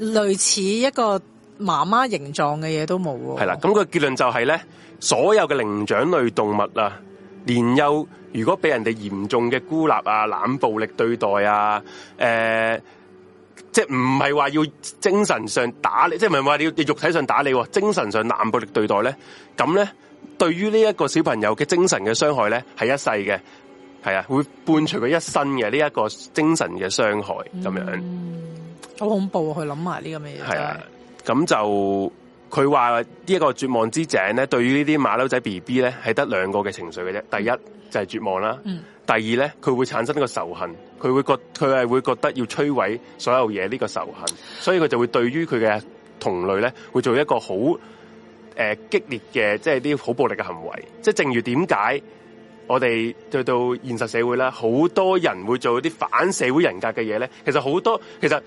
類似一個媽媽形狀嘅嘢都冇、啊。係啦，咁個結論就係咧，所有嘅靈長類動物啊，年幼。如果俾人哋嚴重嘅孤立啊、冷暴力對待啊，呃、即係唔係話要精神上打你，即係唔係話要要肉體上打你，精神上冷暴力對待咧，咁咧，對於呢一個小朋友嘅精神嘅傷害咧，係一世嘅，係啊，會伴隨佢一生嘅呢一個精神嘅傷害咁樣，好、嗯、恐怖去啊！佢諗埋呢咁嘅嘢，係啊，咁就。佢話呢一個絕望之井咧，對於呢啲馬騮仔 BB 咧，係得兩個嘅情緒嘅啫。第一就係絕望啦，嗯，第二咧佢會產生呢個仇恨，佢會覺佢係會覺得要摧毀所有嘢呢個仇恨，所以佢就會對於佢嘅同類咧，會做一個好誒激烈嘅，即係啲好暴力嘅行為。即係正如點解我哋對到現實社會啦，好多人會做啲反社會人格嘅嘢咧，其實好多其實。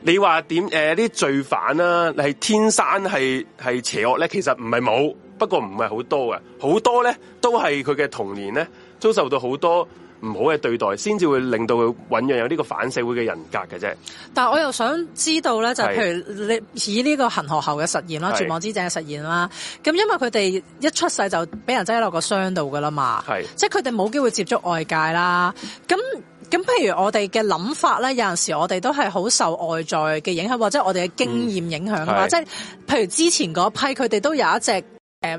你話點誒？啲、呃、罪犯啦、啊，係天生係係邪惡咧？其實唔係冇，不過唔係好多嘅，好多咧都係佢嘅童年咧，遭受到好多唔好嘅對待，先至會令到佢醞釀有呢個反社會嘅人格嘅啫。但係我又想知道咧，就係、譬如你以呢個恆河猴嘅實驗啦，絕望之井嘅實驗啦，咁因為佢哋一出世就俾人擠落個箱度噶啦嘛，即係佢哋冇機會接觸外界啦，咁。咁譬如我哋嘅諗法咧，有陣時我哋都係好受外在嘅影響，或者我哋嘅經驗影響啊。即、嗯、係譬如之前嗰批佢哋都有一隻誒、呃、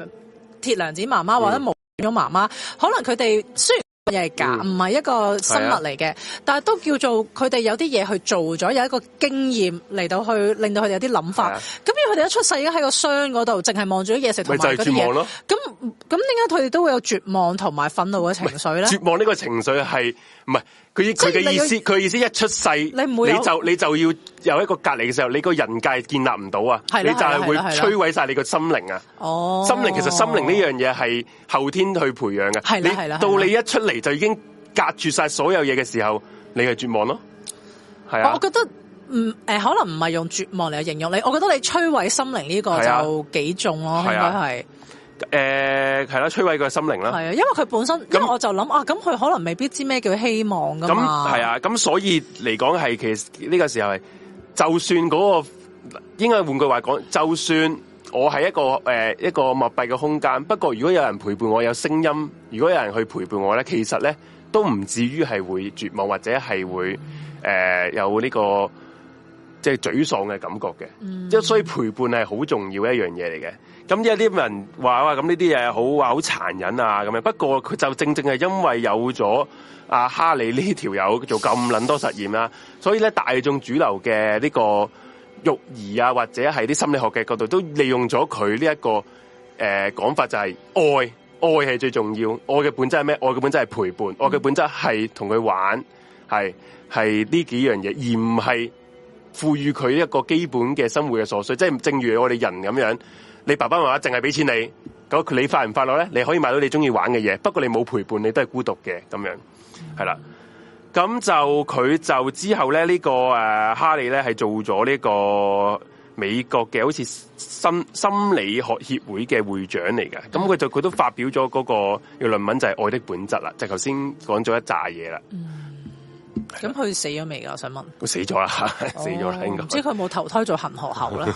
鐵娘子媽媽或者冇咗媽媽，嗯、可能佢哋雖然嘢係假，唔、嗯、係一個生物嚟嘅、啊，但係都叫做佢哋有啲嘢去做咗，有一個經驗嚟到去令到佢哋有啲諗法。咁因為佢哋一出世已經喺個箱嗰度，淨係望住啲嘢食同埋嗰啲嘢咯，咁咁點解佢哋都會有絕望同埋憤怒嘅情緒咧？絕望呢個情緒係唔係？佢佢嘅意思，佢意思一出世你唔會,你就你就要有一個隔離嘅時候，你個人格建立唔到啊，你就係會摧毀晒你個心靈啊。哦，心靈其實心靈呢樣嘢係後天去培養嘅。係係啦到你一出嚟就已經隔住晒所有嘢嘅時候，你係絕望咯。係啊，我覺得唔誒、呃，可能唔係用絕望嚟形容你，我覺得你摧毀心靈呢個就幾重咯，應該係。誒、呃，係啦，摧毀佢嘅心靈啦。係啊，因為佢本身，因為我就諗啊，咁佢可能未必知咩叫希望嘛。咁係啊，咁所以嚟講係其實呢個時候係，就算嗰、那個應該換句話講，就算我係一個、呃、一個密閉嘅空間，不過如果有人陪伴我，有聲音，如果有人去陪伴我咧，其實咧都唔至於係會絕望或者係會誒、呃、有呢、這個。即係沮喪嘅感覺嘅、嗯，即係所以陪伴係好重要一樣嘢嚟嘅。咁一啲人話哇，咁呢啲嘢好話好殘忍啊咁樣。不過佢就正正係因為有咗阿、啊、哈利呢條友做咁捻多實驗啦、啊，所以咧大眾主流嘅呢個育兒啊，或者係啲心理學嘅角度都利用咗佢呢一個誒講、呃、法就愛，就係愛愛係最重要，愛嘅本質係咩？愛嘅本質係陪伴，愛嘅本質係同佢玩，係係呢幾樣嘢，而唔係。賦予佢一個基本嘅生活嘅所需，即係正如我哋人咁樣，你爸爸媽媽淨係俾錢你，咁你快唔快樂咧？你可以買到你中意玩嘅嘢，不過你冇陪伴，你都係孤獨嘅咁樣，係、嗯、啦。咁就佢就之後咧呢、這個、啊、哈利咧係做咗呢個美國嘅好似心心理學協會嘅會長嚟嘅，咁、嗯、佢就佢都發表咗嗰個嘅論文就係、是、愛的本質啦，就頭先講咗一紮嘢啦。嗯咁佢死咗未噶？我想問。佢死咗啦， <laughs> 死咗啦。我唔知佢有冇投胎做恆河猴咧，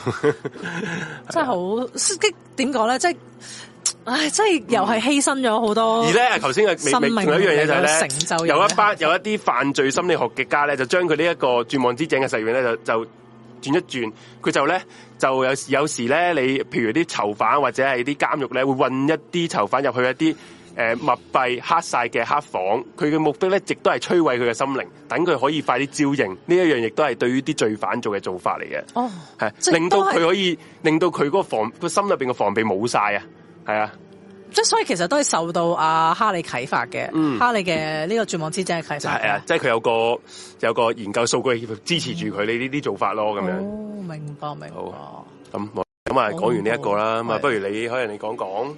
真係好激。點講咧？即係，唉，即係又係犧牲咗好多、嗯。而咧，頭先嘅生命、是、嘅成就有，有一班有一啲犯罪心理學嘅家咧，就將佢呢一個絕望之井嘅實驗咧，就就轉一轉，佢就咧就有時有時咧，你譬如啲囚犯或者係啲監獄咧，會混一啲囚犯入去一啲。誒、呃，密閉黑晒嘅黑房，佢嘅目的咧，亦都係摧毀佢嘅心靈，等佢可以快啲招認，呢一樣亦都係對於啲罪犯做嘅做法嚟嘅。哦，係令到佢可以，令到佢嗰個防個心入邊嘅防備冇晒啊。係啊，即係所以其實都係受到阿、啊、哈利啟發嘅。嗯，哈利嘅呢個絕望之症嘅啟發。係啊，啊，啊，即係佢有個有個研究數據支持住佢呢呢啲做法咯。咁、哦、樣，明白，明白。好，咁咁啊，講完呢一個啦，咁、哦、啊，不如你可以你講講，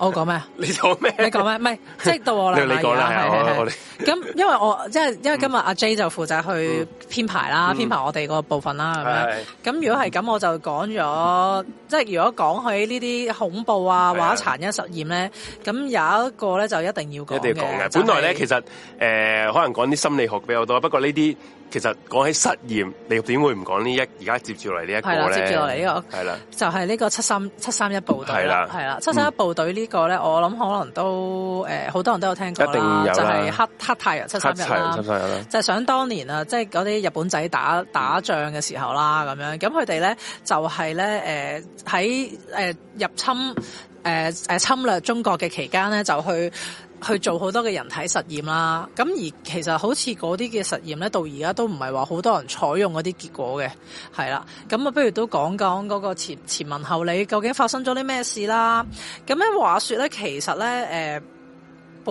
我講咩？你講咩？ <laughs> 你講咩？唔係，即係到我啦。你講講啦，我。咁因為我即係因為今日阿 J 就負責去編排啦、嗯，編排我哋個部分啦咁樣。咁如果係咁，我就講咗、嗯，即係如果講起呢啲恐怖啊、或者、啊、殘忍實驗咧，咁有一個咧就一定要講一定要講嘅、就是。本來咧其實誒、呃，可能講啲心理學比較多，不過呢啲。其實講起實驗，你點會唔講呢一？而家接住嚟，呢一個係啦，接住落嚟呢個係啦，就係、是、呢個七三七三一部隊啦，係啦，七三一部隊呢、這個咧，我諗可能都誒好、呃、多人都有聽過就係黑黑太陽七三一啦，就係、是嗯就是、想當年啊，即係嗰啲日本仔打打仗嘅時候啦，咁樣咁佢哋咧就係咧誒喺誒入侵誒誒、呃、侵略中國嘅期間咧就去。去做好多嘅人體實驗啦，咁而其實好似嗰啲嘅實驗咧，到而家都唔係話好多人採用嗰啲結果嘅，係啦，咁啊不如都講講嗰個前前文後理，究竟發生咗啲咩事啦？咁咧話說咧，其實咧誒。呃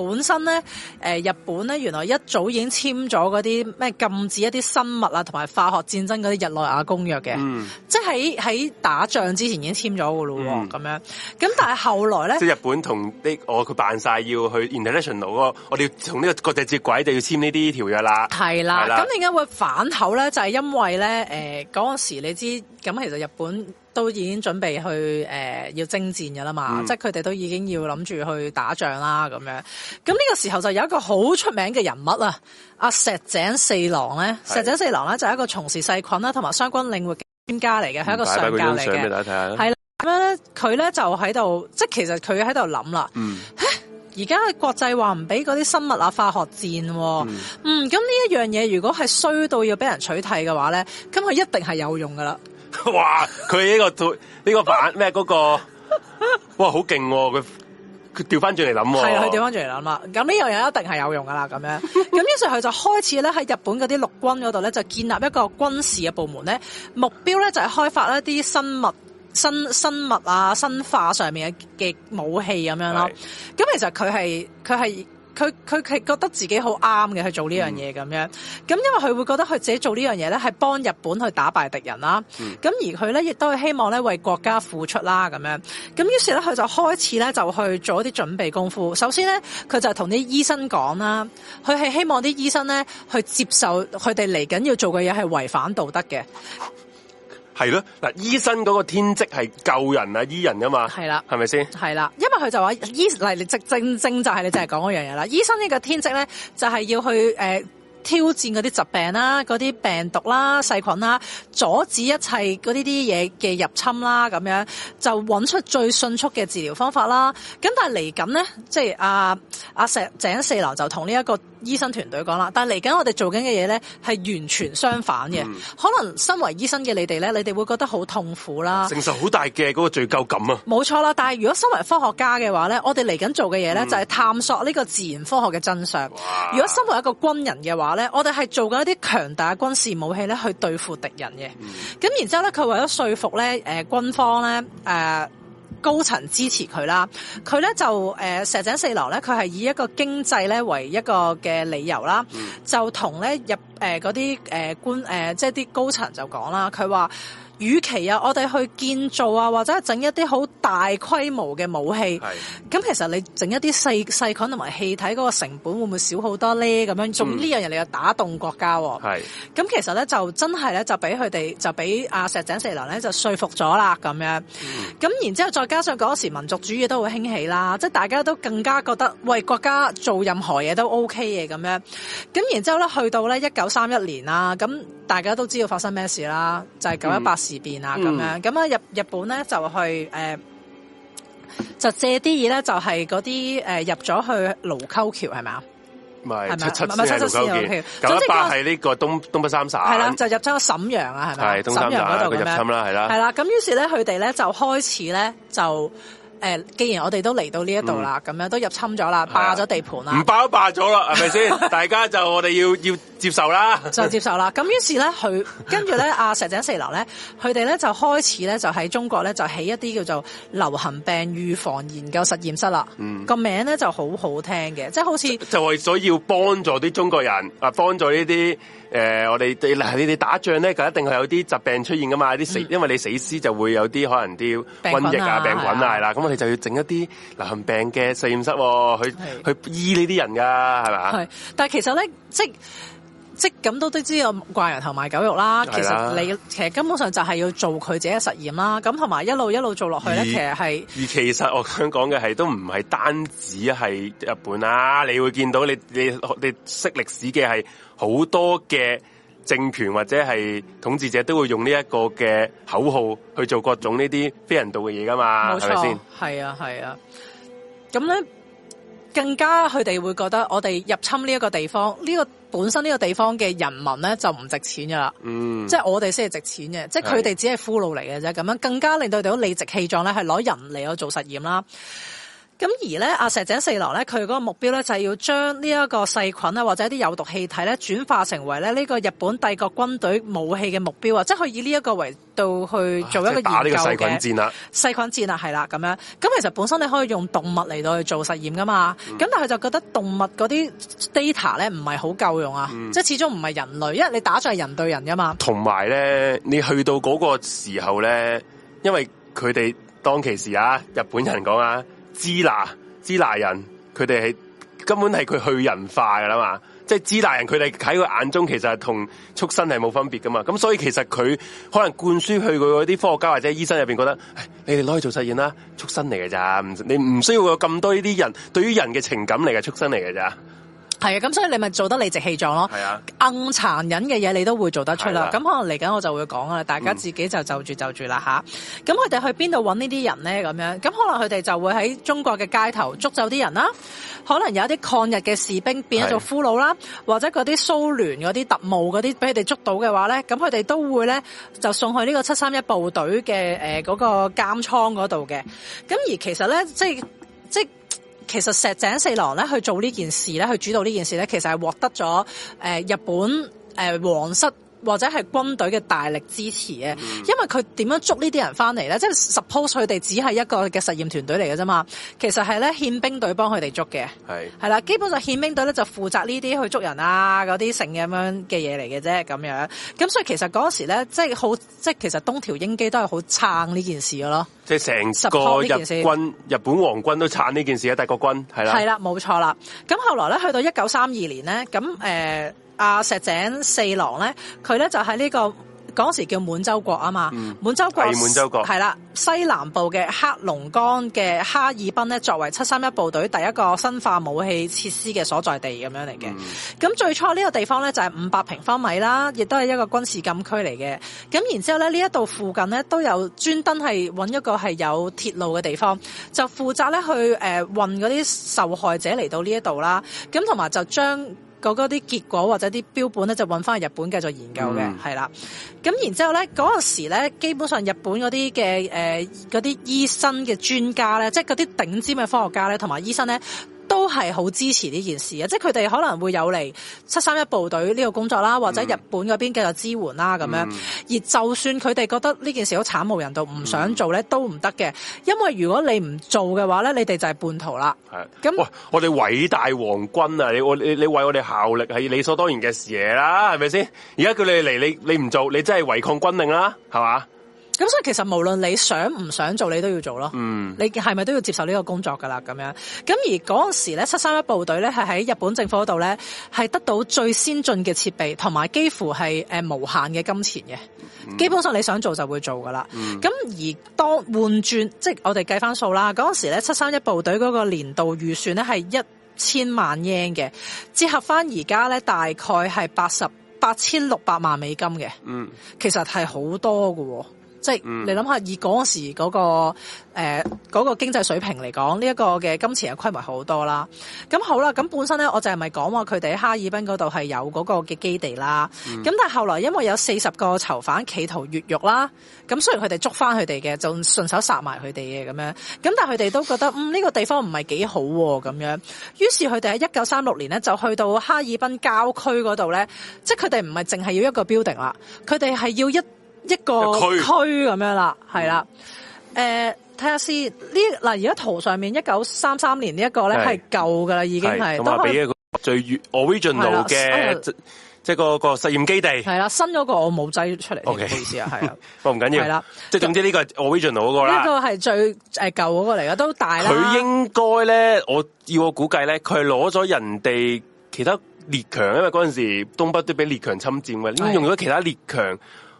本身咧，誒日本咧，原來一早已經簽咗嗰啲咩禁止一啲生物啊，同埋化學戰爭嗰啲日內瓦公約嘅、嗯，即係喺喺打仗之前已經簽咗㗎咯，咁、嗯、樣。咁但係後來咧、啊，即係日本同啲我佢扮晒要去 international 嗰我哋要同呢個國際接軌就要簽呢啲條約啦是啦。係啦，咁點解會反口咧？就係、是、因為咧，誒嗰陣時你知，咁其實日本。都已經準備去誒、呃，要征戰㗎啦嘛，嗯、即係佢哋都已經要諗住去打仗啦咁樣。咁呢個時候就有一個好出名嘅人物啊，阿石井四郎咧，石井四郎咧就係、一個從事細菌啦同埋相關領域嘅專家嚟嘅，係、嗯、一個上將嚟嘅。擺個張相俾大家睇下。係咁樣咧，佢咧就喺度，即係其實佢喺度諗啦。而、嗯、家國際話唔俾嗰啲生物啊化學戰、啊，嗯咁呢一樣嘢，如果係衰到要俾人取締嘅話咧，咁佢一定係有用噶啦。哇！佢呢、這個呢、這個版咩？嗰、那個哇好勁！佢佢調翻轉嚟諗，係啊，佢調翻轉嚟諗啦。咁呢樣嘢一定係有用噶啦。咁樣咁 <laughs> 於是佢就開始咧喺日本嗰啲陸軍嗰度咧就建立一個軍事嘅部門咧，目標咧就係開發一啲生物、生、生物啊、生化上面嘅武器咁樣咯。咁其實佢係佢係。佢佢覺得自己好啱嘅去做呢樣嘢咁樣，咁因為佢會覺得佢自己做呢樣嘢咧，係幫日本去打敗敵人啦。咁、嗯、而佢咧亦都係希望咧為國家付出啦咁樣。咁於是咧佢就開始咧就去做一啲準備功夫。首先咧佢就同啲醫生講啦，佢係希望啲醫生咧去接受佢哋嚟緊要做嘅嘢係違反道德嘅。係咯，嗱，醫生嗰個天職係救人啊醫人啊嘛，係啦，係咪先？係啦，因為佢就話醫，嗱，你正正正就係你就係講嗰樣嘢啦。醫生呢個天職咧，就係要去誒。呃挑戰嗰啲疾病啦、嗰啲病毒啦、細菌啦，阻止一切嗰啲啲嘢嘅入侵啦，咁樣就揾出最迅速嘅治療方法啦。咁但係嚟緊呢，即係阿阿石井四郎就同呢一個醫生團隊講啦。但係嚟緊我哋做緊嘅嘢呢，係完全相反嘅，嗯。可能身為醫生嘅你哋呢，你哋會覺得好痛苦啦，承受好大嘅嗰個罪疚感啊。冇錯啦，但係如果身為科學家嘅話呢，我哋嚟緊做嘅嘢呢，就係探索呢個自然科學嘅真相。如果身為一個軍人嘅話我哋係做緊一啲強大嘅軍事武器咧，去對付敵人嘅。咁然之後咧，佢為咗說服咧，誒，軍方咧，誒，高層支持佢啦。佢咧就誒，石井四郎咧，佢係以一個經濟咧為一個嘅理由啦，就同咧入誒嗰啲誒官誒，即係啲高層就講啦，佢話。與其啊，我哋去建造啊，或者整一啲好大規模嘅武器，咁其實你整一啲細細菌同埋氣體嗰個成本會唔會少好多呢？咁樣做呢樣嘢嚟，又打動國家喎。咁其實呢，就真係呢，就俾佢哋就俾阿石井四郎呢，就説服咗啦咁樣。咁然之後再加上嗰時民族主義都會興起啦，即係大家都更加覺得為國家做任何嘢都 OK 嘅咁樣。咁然之後呢，去到呢，一九三一年啦，咁大家都知道發生咩事啦，就係九一八。事變啊，咁樣咁啊、嗯，日日本咧就去誒、呃，就借啲嘢咧，就係嗰啲誒入咗去盧溝橋係咪？唔係七咪？七七,七,九一八係呢個東東北三省，係啦、嗰個、就入咗個瀋陽啊，係係，瀋陽嗰個入侵啦，係啦，係啦，咁於是咧佢哋咧就開始咧就。誒，既然我哋都嚟到呢一度啦，咁、嗯、樣都入侵咗啦，霸咗地盤啦，唔霸都霸咗啦，係咪先？ <laughs> 大家就我哋要要接受啦，就接受啦。咁於是咧，佢跟住咧，阿石井四郎咧，佢哋咧就開始咧就喺中國咧就起一啲叫做流行病預防研究實驗室啦。嗯，個名咧就好好聽嘅，即、就、係、是、好似就係所以要幫助啲中國人啊，幫助呢啲。誒、呃，我哋對嗱，你哋打仗咧，就一定係有啲疾病出現噶嘛，啲死、嗯，因為你死屍就會有啲可能啲瘟疫啊、病菌啊，係啦、啊，咁我哋就要整一啲流行病嘅實驗室、啊，去去醫呢啲人噶，係嘛？但係其實咧，即係。即咁都都知有掛人頭賣狗肉啦。其實你、啊、其實根本上就係要做佢自己嘅實驗啦。咁同埋一路一路做落去咧，其實係而，而其實我想講嘅係都唔係單止係日本啦。你會見到你你你，你識歷史嘅係好多嘅政權或者係統治者都會用呢一個嘅口號去做各種呢啲非人道嘅嘢噶嘛？冇錯。係咪先？係啊係啊。咁咧、啊、更加佢哋會覺得我哋入侵呢一個地方呢、呢個。本身呢個地方嘅人民呢，就唔值錢㗎喇、嗯，即係我哋先係值錢嘅，即係佢哋只係俘虜嚟嘅啫，咁樣更加令到佢哋好理直氣壯呢，係攞人嚟去做實驗啦。咁而咧，阿石井四郎咧，佢嗰個目標咧，就係要將呢一個細菌啊，或者啲有毒氣體咧，轉化成為咧呢個日本帝國軍隊武器嘅目標啊！即係佢以呢一個為度去做一個研究嘅細菌、啊啊、菌戰啊，細菌戰啊，係啦咁樣。咁其實本身你可以用動物嚟到去做實驗噶嘛。咁、嗯、但係就覺得動物嗰啲 data 咧唔係好夠用啊，即、嗯、係始終唔係人類，因為你打仗係人對人噶嘛。同埋咧，你去到嗰個時候咧，因為佢哋當其時啊，日本人講啊。 <laughs> 知拿支那人，佢哋係根本係佢去人化噶啦嘛，即係支那人，佢哋喺佢眼中其實係同畜生係冇分別噶嘛，咁所以其實佢可能灌輸去佢嗰啲科學家或者醫生入邊，覺得，唉你哋攞去做實驗啦，畜生嚟嘅咋，你唔需要有咁多呢啲人，對於人嘅情感嚟嘅畜生嚟嘅咋。係啊，咁所以你咪做得理直氣壯咯，硬殘忍嘅嘢，你都會做得出啦。咁可能嚟緊我就會講啦，大家自己就就住就住啦吓。咁佢哋去邊度搵呢啲人咧？咁樣，咁可能佢哋就會喺中國嘅街頭捉走啲人啦。可能有一啲抗日嘅士兵變咗做俘虜啦，或者嗰啲蘇聯嗰啲特務嗰啲，俾佢哋捉到嘅話咧，咁佢哋都會咧就送去呢個七三一部隊嘅誒、嗰個監倉嗰度嘅。咁而其實咧，即係即係。其實石井四郎咧去做呢件事咧，去主導呢件事咧，其實係獲得咗誒、呃、日本誒、呃、皇室或者係軍隊嘅大力支持嘅，嗯、因為佢點樣捉呢啲人翻嚟咧？即係 suppose 佢哋只係一個嘅實驗團隊嚟嘅啫嘛，其實係咧憲兵隊幫佢哋捉嘅，係係啦。基本上憲兵隊咧就負責呢啲去捉人啊嗰啲城咁樣嘅嘢嚟嘅啫，咁樣。咁所以其實嗰時咧，即係好，即係其實東條英機都係好撐呢件事嘅咯。即係成個日軍、日本皇軍都撐呢件事啊！帝國軍係啦，係啦，冇錯啦。咁後來咧，去到一九三二年咧，咁誒阿、啊、石井四郎咧，佢咧就喺、是、呢、這個嗰時叫滿洲國啊嘛、嗯，滿洲國，係滿洲國，係啦，西南部嘅黑龍江嘅哈爾濱咧，作為七三一部隊第一個生化武器設施嘅所在地咁樣嚟嘅。咁、嗯、最初呢個地方咧就係五百平方米啦，亦都係一個軍事禁區嚟嘅。咁然之後咧，呢一度附近咧都有專登係揾一個係有鐵路嘅地方，就負責咧去誒、呃、運嗰啲受害者嚟到呢一度啦。咁同埋就將。嗰啲結果或者啲標本咧，就揾翻去日本繼續研究嘅，係、嗯、啦、啊。咁然之後咧，嗰陣時咧，基本上日本嗰啲嘅誒，嗰啲醫生嘅專家咧，即係嗰啲頂尖嘅科學家咧，同埋醫生咧。都係好支持呢件事嘅，即係佢哋可能會有嚟七三一部隊呢個工作啦，或者日本嗰邊繼續支援啦咁、嗯、樣。而就算佢哋覺得呢件事好慘無人道，唔想做咧、嗯，都唔得嘅，因為如果你唔做嘅話咧，你哋就係叛徒啦。係咁，喂，我哋偉大皇軍啊，你為你你為我哋效力係理所當然嘅事嘢、啊、啦，係咪先？而家叫你嚟，你你唔做，你真係違抗軍令啦、啊，係嘛？咁所以其實無論你想唔想做，你都要做咯。嗯，你係咪都要接受呢個工作㗎啦？咁樣咁而嗰陣時咧，七三一部隊咧係喺日本政府嗰度咧係得到最先進嘅設備，同埋幾乎係誒無限嘅金錢嘅。基本上你想做就會做㗎啦。咁、嗯、而當換轉即係我哋計翻數啦，嗰陣時咧七三一部隊嗰個年度預算咧係一千萬日圓嘅，折合翻而家咧大概係八十八千六百萬美金嘅。嗯，其實係好多喎。即係，嗯，你諗下，以嗰時嗰個誒嗰個經濟水平嚟講，呢一個嘅金錢嘅規模好多啦。咁好啦，咁本身咧，我就係咪講話佢哋喺哈爾濱嗰度係有嗰個嘅基地啦。咁，嗯，但係後來因為有四十個囚犯企圖越獄啦，咁雖然佢哋捉翻佢哋嘅，就順手殺埋佢哋嘅咁樣。咁但係佢哋都覺得嗯呢個地方唔係幾好喎咁樣。於是佢哋喺一九三六年咧就去到哈爾濱郊區嗰度咧，即係佢哋唔係淨係要一個 building 啦，佢哋係要一。一個區咁樣啦，係啦，誒、嗯、呃，睇下先呢嗱。而家圖上面一九三三年呢一個咧係舊噶啦，已經係都係俾一個最 original 嘅，即係個、嗰個實驗基地係啦。新嗰個我冇製出嚟，唔好意思啊，係啊，唔緊要係啦。即係總之呢個 original 嗰個啦，呢、呢個係最誒舊嗰個嚟噶，都大啦。佢應該咧，我要我估計咧，佢係攞咗人哋其他列強，因為嗰陣時東北都俾列強侵佔啊，用咗其他列強。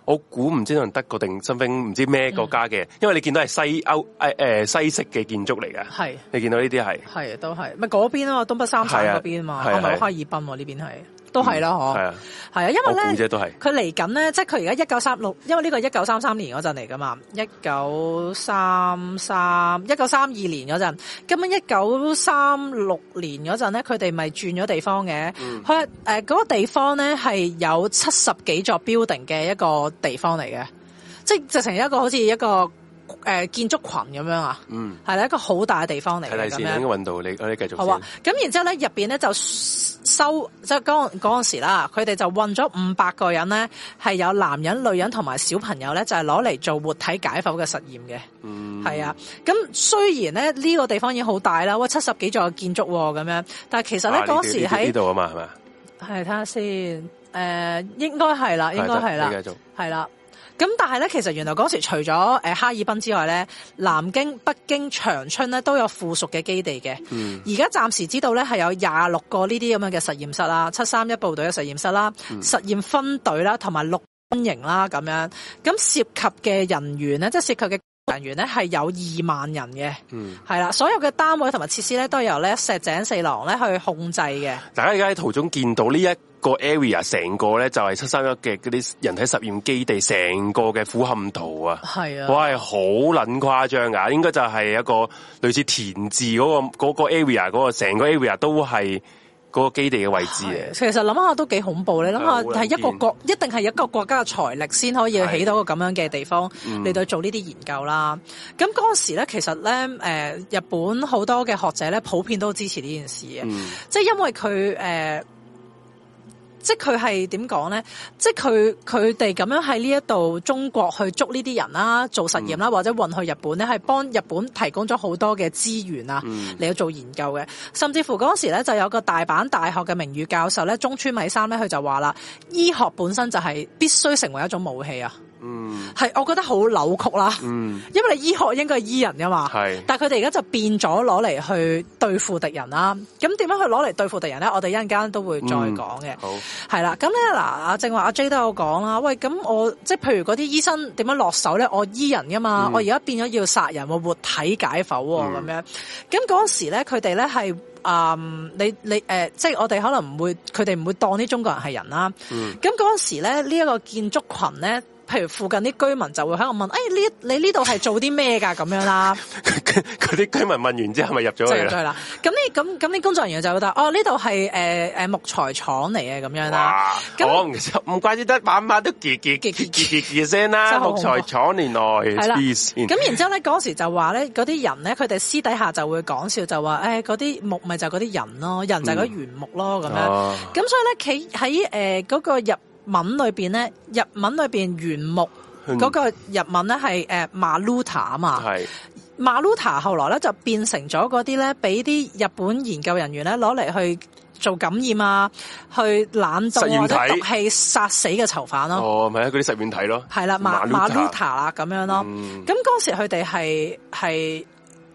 我估唔知可能德國定新兵唔知咩國家嘅。嗯、因為你見到係西歐、哎呃、西式嘅建築嚟嘅，你見到呢啲係係都係咪嗰邊啊？東北三省嗰邊啊嘛，唔咪、啊啊、哈爾濱喎，呢邊係。都係咯嗬，係、嗯、啊，啊，因為咧，佢嚟緊咧，即係佢而家一九三六，因為呢個一九三三年嗰陣嚟噶嘛，一九三三、一九三二年嗰陣，咁樣一九三六年嗰陣咧，佢哋咪轉咗地方嘅。佢、嗯、誒、呃嗰個地方咧係有七十幾座 building 嘅一個地方嚟嘅，即係直情一個好似一個。誒、呃，建築群咁樣啊，係、嗯、啦一個好大嘅地方嚟嘅咁樣。應該運到，你繼續。繼續。好啊，咁然之後咧，入邊咧就收，即係嗰嗰時啦，佢哋就運咗五百個人咧，係有男人、女人同埋小朋友咧，就係攞嚟做活體解剖嘅實驗嘅。嗯，係啊。咁雖然咧呢、這個地方已經好大啦，哇，七十幾座嘅建築咁、啊、樣，但係其實咧嗰、啊、時喺呢度啊嘛，係咪？係睇下先，誒、呃，應該係啦，應該係啦，係、啊、啦。咁但係咧，其實原來嗰時除咗哈爾濱之外咧，南京、北京、長春咧都有附屬嘅基地嘅。嗯。而家暫時知道咧係有廿六個呢啲咁樣嘅實驗室啦，七三一部隊嘅實驗室啦、嗯，實驗分隊啦，同埋六軍營啦咁樣。咁涉及嘅人員咧，即係涉及嘅人員咧係有二萬人嘅，嗯、係啦，所有嘅單位同埋設施咧都由咧石井四郎咧去控制嘅。大家而家喺途中見到呢一個 area，成個咧就係七三一嘅嗰啲人體實驗基地整的，成個嘅俯瞰圖啊，係啊，哇，好撚誇張噶，應該就係一個類似田字嗰個 area 嗰個成個 area 都係。嗰個基地嘅位置啊，其實諗下都幾恐怖，你諗下，係一個國，嗯、一定係一個國家嘅財力先可以起到個咁樣嘅地方嚟到、嗯、做呢啲研究啦。咁嗰時咧，其實咧，誒日本好多嘅學者咧，普遍都支持呢件事嘅，嗯、即係因為佢誒即佢係點講呢？即佢佢哋咁樣喺呢一度中國去捉呢啲人啦，做實驗啦，嗯、或者運去日本咧，係幫日本提供咗好多嘅資源啊，嚟、嗯、做研究嘅。甚至乎嗰時咧就有個大阪大學嘅名譽教授咧，中村米山咧，佢就話啦：醫學本身就係必須成為一種武器啊！嗯，係，我覺得好扭曲啦。嗯，因為你醫學應該係醫人噶嘛，係，但係佢哋而家就變咗攞嚟去對付敵人啦。咁點樣去攞嚟對付敵人咧？我哋一陣間都會再講嘅、嗯。好，係啦。咁咧嗱，啱正話阿 J 都有講啦。喂，咁我即係譬如嗰啲醫生點樣落手咧？我醫人噶嘛，嗯、我而家變咗要殺人喎，我活體解剖咁樣。咁嗰時咧，佢哋咧係，嗯，呃、你你誒、呃，即係我哋可能唔會，佢哋唔會當啲中國人係人啦。嗯。咁嗰時咧，呢、這、一個建築群咧。譬如附近啲居民就會喺度問，誒、哎、呢你呢度係做啲咩㗎？咁樣啦。佢 <laughs> 啲居民問完之後，咪入咗去啦。咁你咁咁你工作人員就會覺得：哦「哦呢度係誒誒木材廠嚟嘅咁樣啦。講唔唔怪之得把把都傑傑傑傑傑先啦。木材廠年代啲先。咁 <laughs> 廠 <laughs> 對了 <laughs> 然之後咧，嗰時就話咧，嗰啲人咧，佢哋私底下就會講笑，就話，誒嗰啲木咪就嗰啲人咯，人就係嗰啲原木咯，咁、嗯、樣。咁、啊、所以咧，企喺誒嗰個入文裏邊咧，日文裏邊原木嗰個日文咧係誒馬魯塔啊嘛，馬魯塔後來咧就變成咗嗰啲咧，俾啲日本研究人員咧攞嚟去做感染啊，去冷凍、啊、或者毒氣殺死嘅囚犯咯、啊。哦，咪喺嗰啲實驗體咯。係啦、啊，馬馬魯塔啦咁樣咯、啊。咁、嗯、嗰時佢哋係係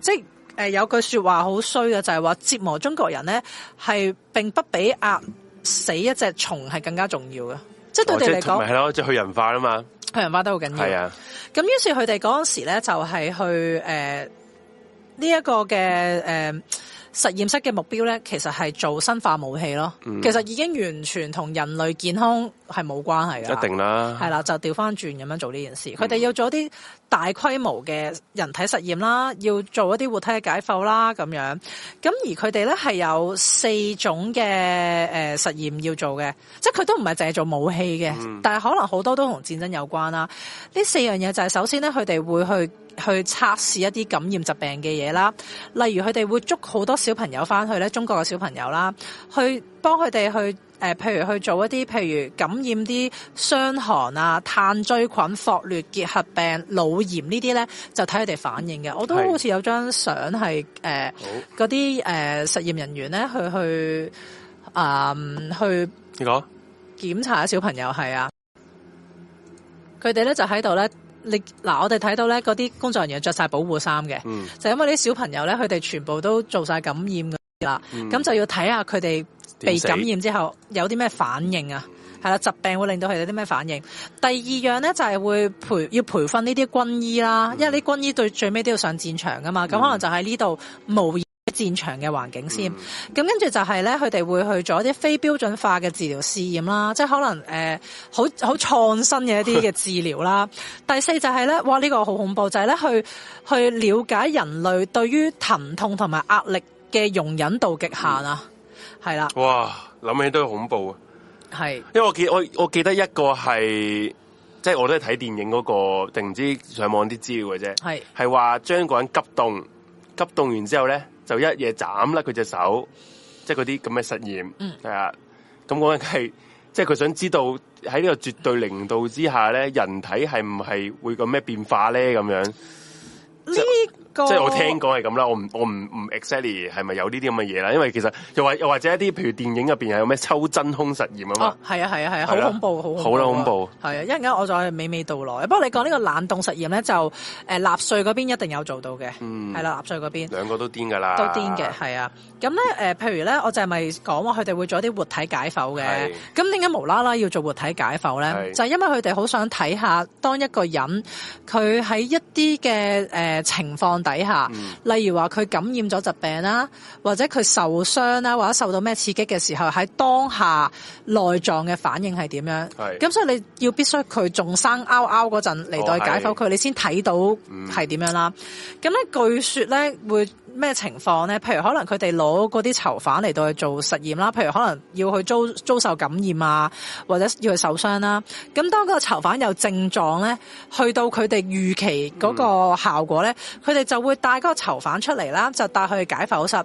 即係誒有句説話好衰嘅，就係、是、話、就是、折磨中國人咧係並不比壓死一隻蟲係更加重要嘅。即係對佢哋嚟講，咪係咯，即、就、係、是就是、去人化啊嘛，去人化都好緊要。係啊，咁於是佢哋嗰時咧就係去誒呢一個嘅誒、呃、實驗室嘅目標咧，其實係做生化武器咯。嗯、其實已經完全同人類健康，係冇關係嘅，一定啦。係啦，就調翻轉咁樣做呢件事。佢哋要做啲大規模嘅人體實驗啦，要做一啲活體嘅解剖啦，咁樣。咁而佢哋咧係有四種嘅誒實驗要做嘅，即係佢都唔係淨係做武器嘅，嗯、但係可能好多都同戰爭有關啦。呢四樣嘢就係首先咧，佢哋會去去測試一啲感染疾病嘅嘢啦，例如佢哋會捉好多小朋友翻去咧，中國嘅小朋友啦，去幫佢哋去。誒、呃，譬如去做一啲，譬如感染啲傷寒啊、炭疽菌、霍亂結核病、腦炎呢啲咧，就睇佢哋反應嘅。我都好似有張相係誒，嗰啲誒實驗人員咧去去啊去，講檢、呃這個、查下小朋友係啊，佢哋咧就喺度咧，你嗱我哋睇到咧嗰啲工作人員着晒保護衫嘅，就因為啲小朋友咧，佢哋全部都做晒感染啦，咁、嗯、就要睇下佢哋。被感染之後有啲咩反應啊？係啦，疾病會令到佢有啲咩反應？第二樣呢，就係、是、會培要培訓呢啲軍醫啦、嗯，因為啲軍醫對最尾都要上戰場噶嘛，咁、嗯、可能就喺呢度模擬戰場嘅環境先。咁、嗯、跟住就係呢，佢哋會去做一啲非標準化嘅治療試驗啦，即係可能誒好好創新嘅一啲嘅治療啦。 <laughs> 第四就係、是、呢，哇呢、呢個好恐怖，就係、是、呢，去去了解人類對於疼痛同埋壓力嘅容忍度極限啊！嗯係啦，哇！諗起都恐怖啊，係。因為我記我我記得一個係，即係我都係睇電影嗰個定唔知上網啲資料嘅啫，係係話將個人急凍，急凍完之後咧就一夜斬甩佢隻手，即係嗰啲咁嘅實驗，嗯，係啊，咁講緊係即係佢想知道喺呢個絕對零度之下咧，人體係唔係會個咩變化咧咁樣。嗯那個、即係我聽講係咁啦，我唔我唔唔 exactly 係咪有呢啲咁嘅嘢啦？因為其實又或又或者一啲譬如電影入邊有咩抽真空實驗啊嘛，係啊係啊係啊，好恐怖好恐怖，係啊！一陣間我再娓娓道來。不過你講呢個冷凍實驗咧，就誒、呃、納粹嗰邊一定有做到嘅，係、嗯、啦、啊、納粹嗰邊兩個都癲㗎啦，都癲嘅係啊！咁咧誒，譬如咧，我就係咪講話佢哋會做一啲活體解剖嘅？咁點解無啦啦要做活體解剖咧？就係、因為佢哋好想睇下當一個人佢喺一啲嘅誒情況。底、嗯、下，例如話佢感染咗疾病啦，或者佢受傷啦，或者受到咩刺激嘅時候，喺當下內臟嘅反應係點樣？咁所以你要必須佢仲生勾勾嗰陣嚟到解剖佢、哦，你先睇到係點樣啦。咁、嗯、咧，據說咧會。咩情況呢？譬如可能佢哋攞嗰啲囚犯嚟到去做實驗啦，譬如可能要去遭遭受感染啊，或者要去受傷啦、啊。咁當個囚犯有症狀呢，去到佢哋預期嗰個效果呢，佢哋就會帶嗰個囚犯出嚟啦，就帶去解剖室。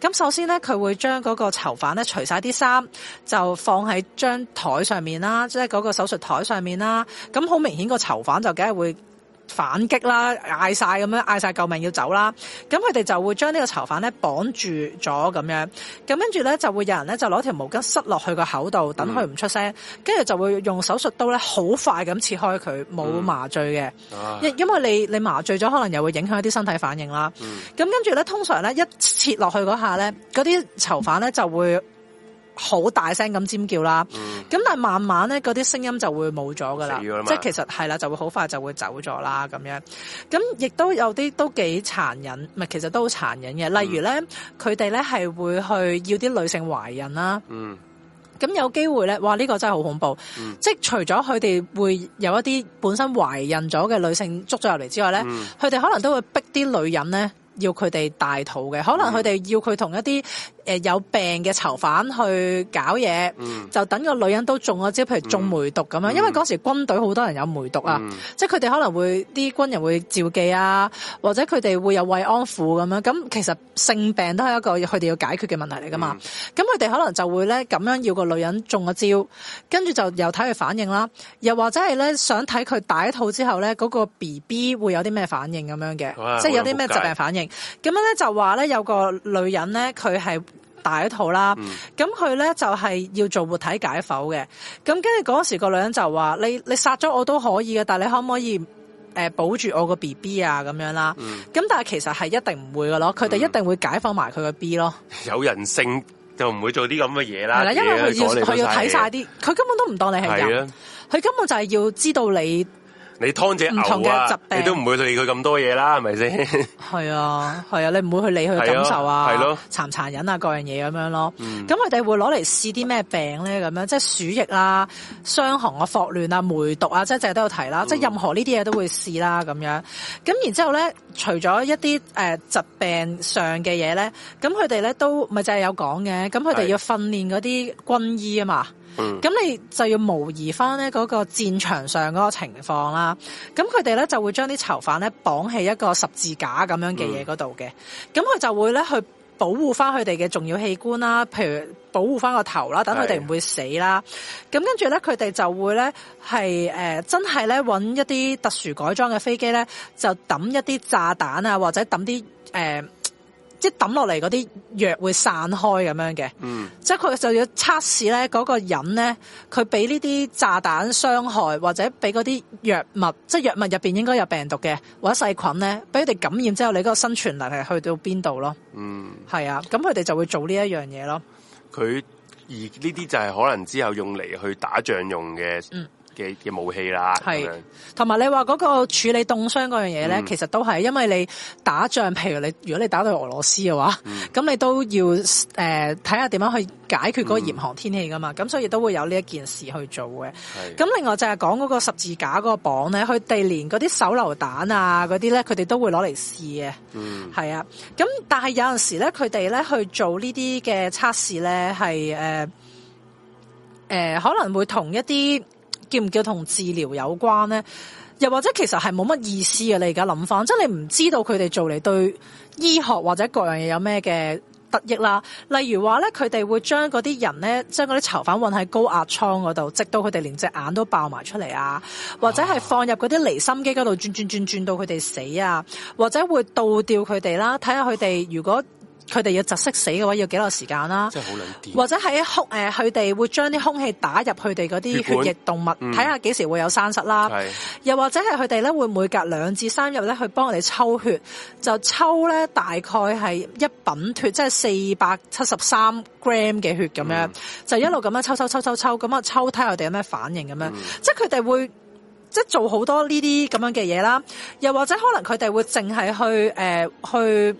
咁首先呢，佢會將嗰個囚犯呢除晒啲衫，就放喺張台上面啦，即係嗰個手術台上面啦。咁好明顯個囚犯就梗係會。反擊啦，嗌曬咁樣，嗌曬救命要走啦，咁佢哋就會將呢個囚犯咧綁住咗咁樣，咁跟住咧就會有人咧就攞條毛巾塞落去個口度，等佢唔出聲，跟住就會用手術刀咧好快咁切開佢，冇麻醉嘅，因、嗯、因為你你麻醉咗，可能又會影響一啲身體反應啦。咁跟住咧，通常咧一切落去嗰下咧，嗰啲囚犯咧就會。好大聲咁尖叫啦，咁、嗯、但係慢慢咧，嗰啲聲音就會冇咗噶啦，即係其實係啦，就會好快就會走咗啦咁樣。咁亦都有啲都幾殘忍，唔係其實都好殘忍嘅。例如咧，佢哋咧係會去要啲女性懷孕啦，咁、嗯、有機會咧，哇呢、呢個真係好恐怖，嗯、即係除咗佢哋會有一啲本身懷孕咗嘅女性捉咗入嚟之外咧，佢、嗯、哋可能都會逼啲女人咧要佢哋大肚嘅，可能佢哋要佢同一啲。嗯誒、呃、有病嘅囚犯去搞嘢、嗯，就等個女人都中咗招，譬如中梅毒咁樣、嗯。因為嗰時軍隊好多人有梅毒啊，嗯、即係佢哋可能會啲軍人會召妓啊，或者佢哋會有慰安婦咁樣。咁其實性病都係一個佢哋要解決嘅問題嚟噶嘛。咁佢哋可能就會咧咁樣要個女人中咗招，跟住就又睇佢反應啦。又或者係咧想睇佢大肚之後咧嗰、那個 B B 會有啲咩反應咁樣嘅、哎，即係有啲咩疾病反應。咁、哎、樣咧就話咧有個女人咧佢係。大一套啦，咁佢咧就係、是、要做活體解剖嘅。咁跟住嗰時個女人就話：你你殺咗我都可以嘅，但係你可唔可以誒、呃、保住我個 B B 啊，咁樣啦？咁、嗯、但係其實係一定唔會嘅咯，佢哋一定會解剖埋佢個 B 咯。嗯、有人性就唔會做啲咁嘅嘢啦。係啦，因為佢要佢要睇晒啲，佢根本都唔當你係人，佢根本就係要知道你。你劏隻牛，啊、唔同嘅疾病，你都唔會理佢咁多嘢啦，係咪先？係 <laughs> 啊，係啊，你唔會去理佢感受啊，殘殘，啊啊、忍啊，各樣嘢咁，啊嗯、樣咯。咁佢哋會攞嚟試啲咩病咧？咁樣即係鼠疫啦，啊、傷寒啊、霍亂啊、梅毒啊，即係成日都有提啦。嗯、即係任何呢啲嘢都會試啦，咁樣。咁然之後咧，除咗一啲誒、呃、疾病上嘅嘢咧，咁佢哋咧都咪就係有講嘅。咁佢哋要訓練嗰啲軍醫啊嘛。嗯嗯咁、嗯、你就要模擬翻咧嗰個戰場上嗰個情況啦。咁佢哋咧就會將啲囚犯咧綁喺一個十字架咁樣嘅嘢嗰度嘅。咁、嗯、佢就會咧去保護翻佢哋嘅重要器官啦，譬如保護翻個頭啦，等佢哋唔會死啦。咁跟住咧佢哋就會咧係、呃、真係咧揾一啲特殊改裝嘅飛機咧，就抌一啲炸彈啊，或者抌啲、呃即抌落嚟嗰啲藥會散開咁樣嘅，嗯，即係佢就要測試咧嗰個人咧，佢俾呢啲炸彈傷害或者俾嗰啲藥物，即係藥物入邊應該有病毒嘅或者細菌咧，俾佢哋感染之後，你嗰個生存能力係去到邊度咯？嗯，係啊，咁佢哋就會做呢一樣嘢咯。佢而呢啲就係可能之後用嚟去打仗用嘅。嗯。嘅嘅武器啦，係同埋你話嗰個處理凍傷嗰樣嘢咧，其實都係，因為你打仗，譬如你如果你打到俄羅斯嘅話，咁、嗯、你都要誒睇下點樣去解決嗰個嚴寒天氣噶嘛，咁、嗯、所以都會有呢一件事去做嘅。咁另外就係講嗰個十字架嗰個綁咧，佢哋連嗰啲手榴彈啊嗰啲咧，佢哋都會攞嚟試嘅。係、嗯、啊，咁但係有陣時咧，佢哋咧去做呢啲嘅測試咧，係誒誒可能會同一啲。叫唔叫同治療有關呢？又或者其實係冇乜意思啊？你而家諗返，即係你唔知道佢哋做嚟對醫學或者各樣嘢有咩嘅得益啦。例如話咧，佢哋會將嗰啲人咧，將嗰啲囚犯運喺高壓倉嗰度，直到佢哋連隻眼都爆埋出嚟啊！或者係放入嗰啲離心機嗰度轉轉轉轉到佢哋死啊！或者會倒吊佢哋啦，睇下佢哋如果。佢哋要窒息死嘅話，要幾耐時間啦、啊？或者喺空，誒，佢哋會將啲空氣打入佢哋嗰啲血液動物，睇下幾時會有生室啦、嗯。又或者係佢哋咧，會每隔兩至三日咧去幫人哋抽血，就抽咧大概係一品脱，即係四百七十三 gram 嘅血咁樣、嗯，就一路咁樣抽抽抽抽抽，咁啊抽睇下佢哋有咩反應咁樣。嗯、即係佢哋會即係做好多呢啲咁樣嘅嘢啦。又或者可能佢哋會淨係去，誒、呃，去。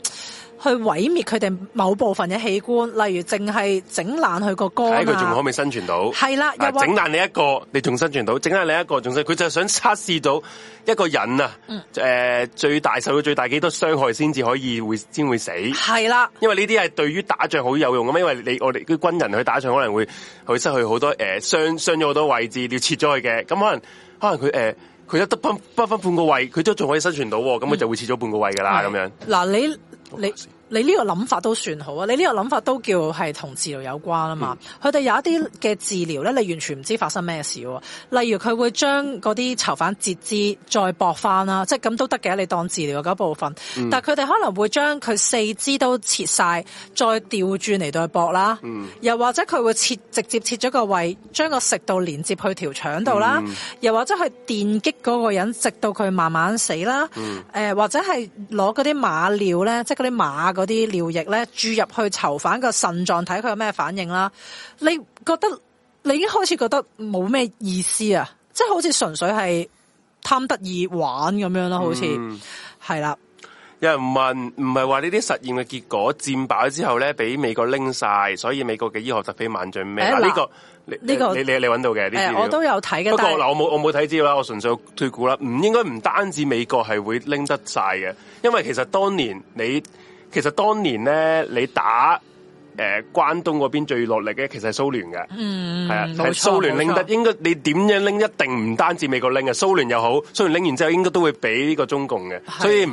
去毀滅佢哋某部分嘅器官，例如淨係整爛佢個肝啊！睇佢仲可唔可以生存到？係啦，整爛你一個，你仲生存到？整爛你一個仲生？佢就係想測試到一個人啊，誒、嗯呃、最大受到最大幾多傷害先至可以會先會死？係啦，因為呢啲係對於打仗好有用咁嘛，因為你我哋啲軍人去打仗可能會去失去好多誒、呃、傷傷咗好多位置要切咗佢嘅，咁可能可能佢誒佢一得分不分半個位，佢都仲可以生存到，咁、嗯、佢就會切咗半個位噶啦咁樣。嗱、啊，你你。你你呢個諗法都算好啊！你呢個諗法都叫係同治療有關啊嘛。佢、嗯、哋有一啲嘅治療咧，你完全唔知發生咩事喎。例如佢會將嗰啲囚犯截肢再搏翻啦，即係咁都得嘅，你當治療嘅一部分。嗯、但係佢哋可能會將佢四肢都切曬，再調轉嚟到去搏啦。又或者佢會切直接切咗個胃，將個食道連接去條腸度啦。又或者去電擊嗰個人，直到佢慢慢死啦。誒、嗯呃、或者係攞嗰啲馬尿咧，即係嗰啲馬。嗰啲尿液咧，注入去囚犯個腎臟，睇佢有咩反應啦。你覺得你已經開始覺得冇咩意思啊，即係好似純粹係貪得意玩咁樣咯，好似係啦。有人問，唔係話呢啲實驗嘅結果戰敗之後咧，俾美國拎晒，所以美國嘅醫學突飛猛進咩？嗱、欸、呢、啊，這個呢、這個你你、這個，你揾到嘅？誒、欸，我都有睇嘅。不過嗱，我冇我冇睇資料，我純粹推估啦。唔應該唔單止美國係會拎得晒嘅，因為其實當年你。其實當年咧，你打誒、呃、關東嗰邊最落力嘅，其實係蘇聯嘅，係、嗯、啊，係蘇聯拎得應該，你點樣拎一定唔單止美國拎嘅，蘇聯又好，蘇聯拎完之後應該都會俾呢個中共嘅，所以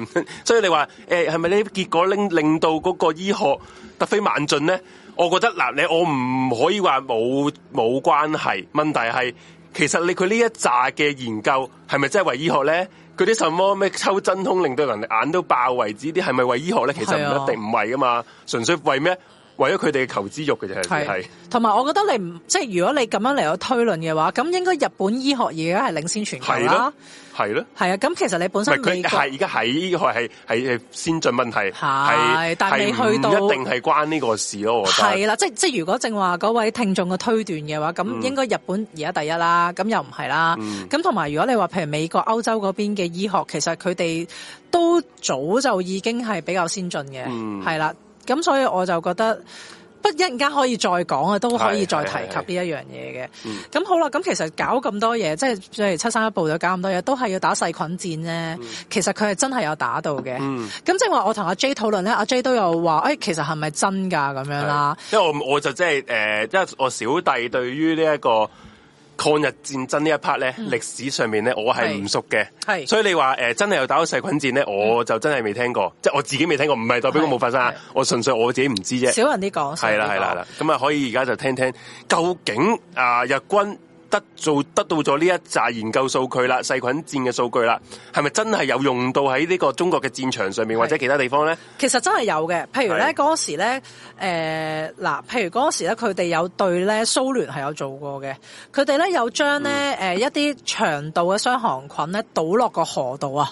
所以你話誒係咪呢結果拎令到嗰個醫學突飛猛進咧？我覺得嗱，你我唔可以話冇冇關係，問題係其實你佢呢一紮嘅研究係咪真係為醫學咧？佢啲什麼咩抽真空令到人哋眼都爆為止。啲係咪為醫學咧？其實唔一定唔係噶嘛，純、啊、粹為咩？為咗佢哋嘅求知欲嘅就係同埋，我覺得你唔即係，如果你咁樣嚟到推論嘅話，咁應該日本醫學而家係領先全球啦，係咯，係啊，咁其實你本身佢係而家喺醫學係係係先進問題，係但係去到一定係關呢個事咯，我覺得係啦，即係即係如果正話嗰位聽眾嘅推斷嘅話，咁應該日本而家第一啦，咁、嗯、又唔係啦，咁同埋如果你話譬如美國、歐洲嗰邊嘅醫學，其實佢哋都早就已經係比較先進嘅，係、嗯、啦。咁所以我就覺得不一陣間可以再講啊，都可以再提及呢一樣嘢嘅。咁好啦，咁其實搞咁多嘢，即係即係七三一部隊搞咁多嘢，都係要打細菌戰呢、嗯。其實佢係真係有打到嘅。咁即係話我同阿 J 討論咧，阿 J 都有話，誒、哎，其實係咪真㗎咁樣啦？即係我我就即係誒，即、呃、係我小弟對於呢、這、一個。抗日戰爭呢一 part 咧、嗯，歷史上面咧，我係唔熟嘅，所以你話、呃、真係有打到細菌戰咧，我就真係未聽過，嗯、即係我自己未聽過，唔係代表我冇發生，我純粹我自己唔知啫。少人啲、這、講、個，係啦係啦係啦，咁啊、嗯、可以而家就聽聽究竟啊、呃、日軍。得做得到咗呢一紮研究數據啦，細菌戰嘅數據啦，係咪真係有用到喺呢個中國嘅戰場上面或者其他地方咧？其實真係有嘅，譬如咧嗰時咧，誒、呃、嗱，譬如嗰時咧，佢哋有對咧蘇聯係有做過嘅，佢哋咧有將咧誒、嗯呃、一啲腸道嘅傷寒菌咧倒落個河道啊，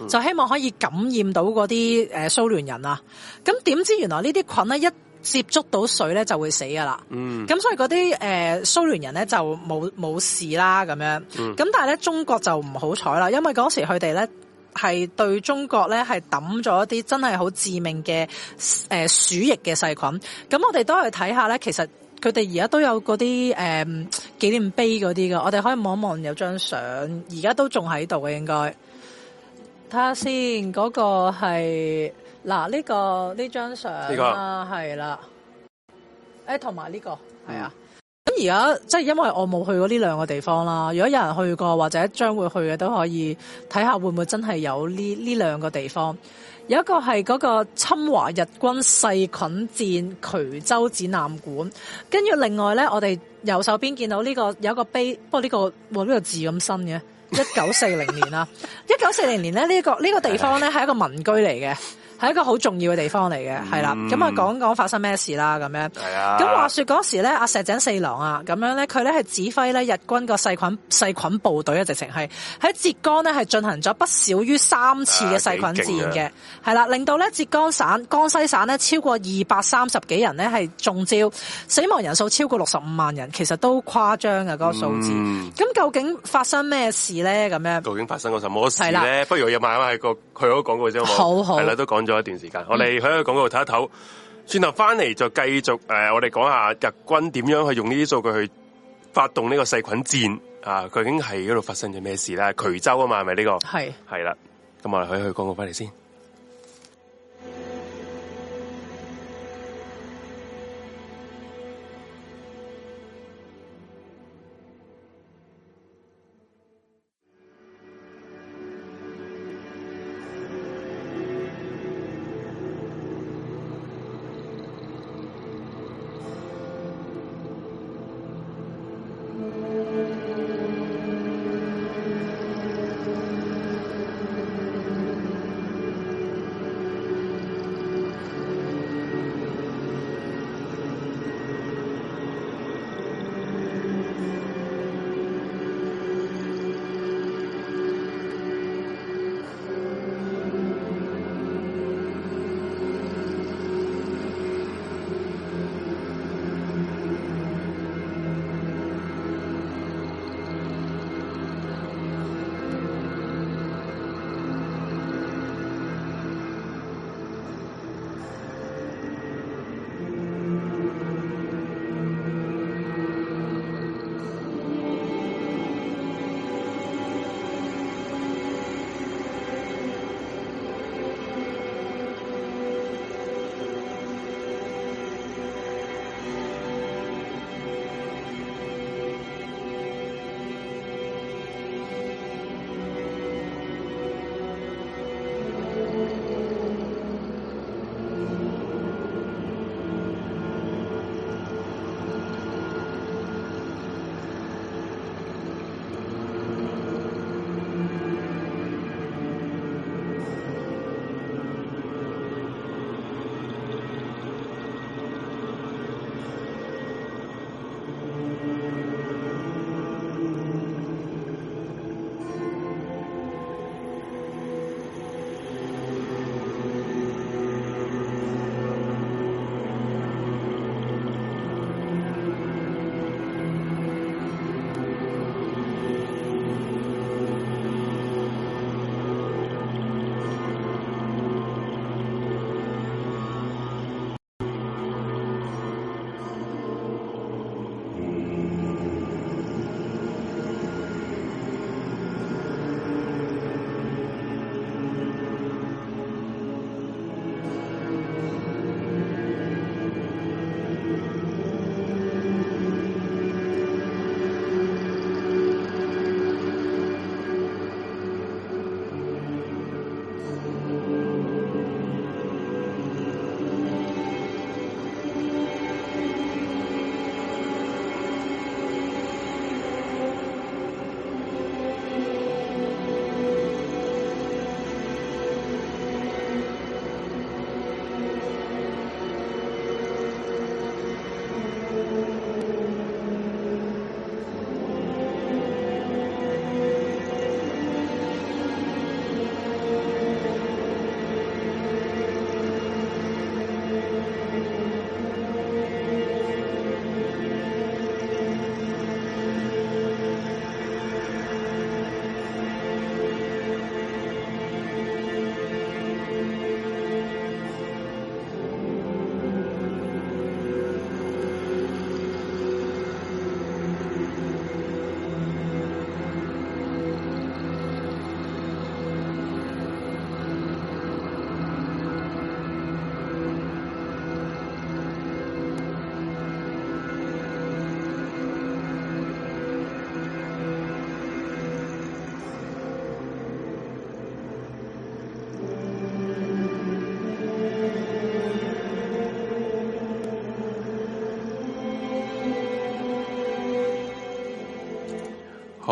嗯、就希望可以感染到嗰啲誒蘇聯人啊，咁點知原來呢啲菌咧一接觸到水咧就會死噶啦，咁、嗯、所以嗰啲誒蘇聯人咧就冇冇事啦咁樣，咁、嗯、但係咧中國就唔好彩啦，因為嗰時佢哋咧係對中國咧係抌咗一啲真係好致命嘅、呃、鼠疫嘅細菌，咁我哋都去睇下咧，其實佢哋而家都有嗰啲誒紀念碑嗰啲㗎。我哋可以望一望有張相，而家都仲喺度嘅應該。睇下先，嗰、嗰個係。嗱、這個，呢個呢張相啊，係、這、啦、個，誒同埋呢個係啊。咁而家即係因為我冇去過呢兩個地方啦。如果有人去過或者將會去嘅，都可以睇下會唔會真係有呢呢兩個地方。有一個係嗰個侵華日軍細菌戰衢州展覽館。跟住另外呢，我哋右手邊見到呢、這個有一個碑，不過呢、這個冇呢、這個字咁新嘅，一九四零年啦了。一九四零年呢、這個呢、這個地方呢係一個民居嚟嘅。係一個好重要嘅地方嚟嘅，係、嗯、啦，咁啊，講講發生咩事啦，咁樣。係啊。咁話說嗰時咧，阿石井四郎啊，咁樣咧，佢咧係指揮咧日軍個細菌細菌部隊啊，直情係喺浙江呢，係進行咗不少於三次嘅細菌戰嘅，係、啊、啦，令到咧浙江省江西省呢，超過二百三十幾人呢係中招，死亡人數超過六十五萬人，其實都誇張嘅嗰個數字。咁、嗯、究竟發生咩事咧？咁樣。究竟發生過什麼事咧？不如有冇係個？去咗廣告先，好，好，好。係啦，都講咗一段時間。我哋去個廣告睇一睇，轉頭翻嚟，就繼續誒、呃，我哋講下日軍點樣去用呢啲數據去發動呢個細菌戰啊？究竟係嗰度發生咗咩事呢？衢州啊嘛，係咪呢個係係啦？咁我哋去去廣告翻嚟先。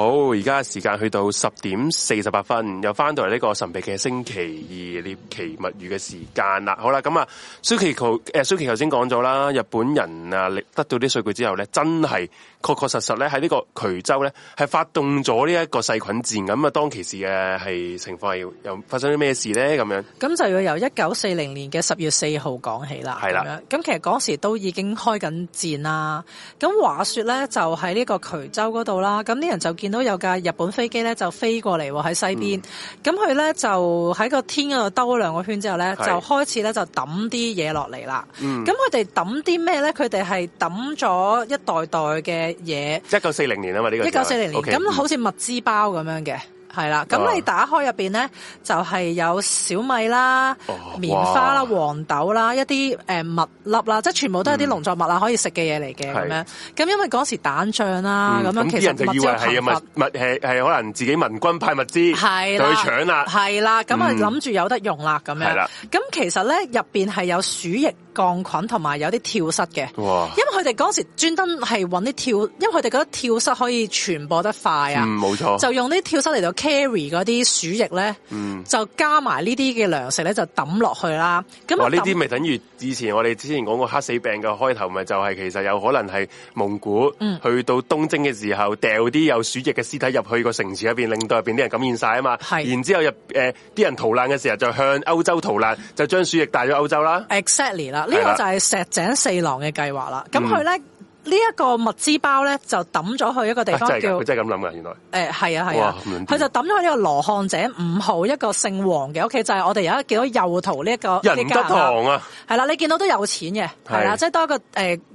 好，而家時間去到十點四十八分，又翻到嚟呢個神秘嘅星期二，奇物語嘅時間啦，好啦，咁啊，Suki，誒 Suki 頭先講咗啦，日本人啊，得到啲數據之後咧，真係確確實實咧，喺呢個衢州咧，係發動咗呢一個細菌戰咁啊，當其時嘅係情況係又發生啲咩事咧？咁樣咁就要由一九四零年嘅十月四號講起啦，係啦，咁其實嗰時都已經開緊戰啦。咁話說咧，就喺呢個衢州嗰度啦，咁啲人就見到有架日本飛機咧，就飛過嚟喎喺西邊，咁佢咧就喺個天嗰度兜兩。兩個圈之後咧，就開始咧就抌啲嘢落嚟啦。嗯，咁佢哋抌啲咩咧？佢哋係抌咗一袋袋嘅嘢，即係一九四零年啊嘛，呢、這個一九四零年，咁、okay，嗯、好似物資包咁樣嘅。係啦，咁你打開入邊咧，就係、是、有小米啦、哦、棉花啦、黃豆啦，一啲誒麥粒啦，即係全部都係啲農作物啦，嗯、可以食嘅嘢嚟嘅咁樣。咁因為嗰時蛋醬啦，咁、嗯、樣其實啲人就以為物資貧乏，物係係可能自己民軍派物資，去搶啦，係、嗯、啦，咁啊諗住有得用啦，咁樣。係啦，咁其實咧入邊係有鼠疫。鋼菌同埋有啲跳蚤嘅，因為佢哋嗰時專登係揾啲跳，因為佢哋覺得跳蚤可以傳播得快啊。冇、嗯、錯。就用啲跳蚤嚟到 carry 嗰啲鼠疫咧，就加埋呢啲嘅糧食咧，就抌落去啦。咁呢啲咪等於以前我哋之前講過黑死病嘅開頭咪就係、是、其實有可能係蒙古、嗯、去到東征嘅時候，掉啲有鼠疫嘅屍體入去個城市入邊，令到入邊啲人感染晒啊嘛。然之後入誒啲人逃難嘅時候，就向歐洲逃難，就將鼠疫帶咗歐洲啦。exactly 啦。呢、這個就係石井四郎嘅計劃啦。咁佢咧呢一、這個物資包咧就抌咗去一個地方叫，佢、啊、真係咁諗噶原來。誒係啊係啊，佢、啊啊嗯、就抌咗去呢個羅漢井五號一個姓黃嘅屋企，就係、是、我哋而家見到右圖呢一個仁德堂啊。係啦，你見到都有錢嘅係啊，即、就、係、是、多一個誒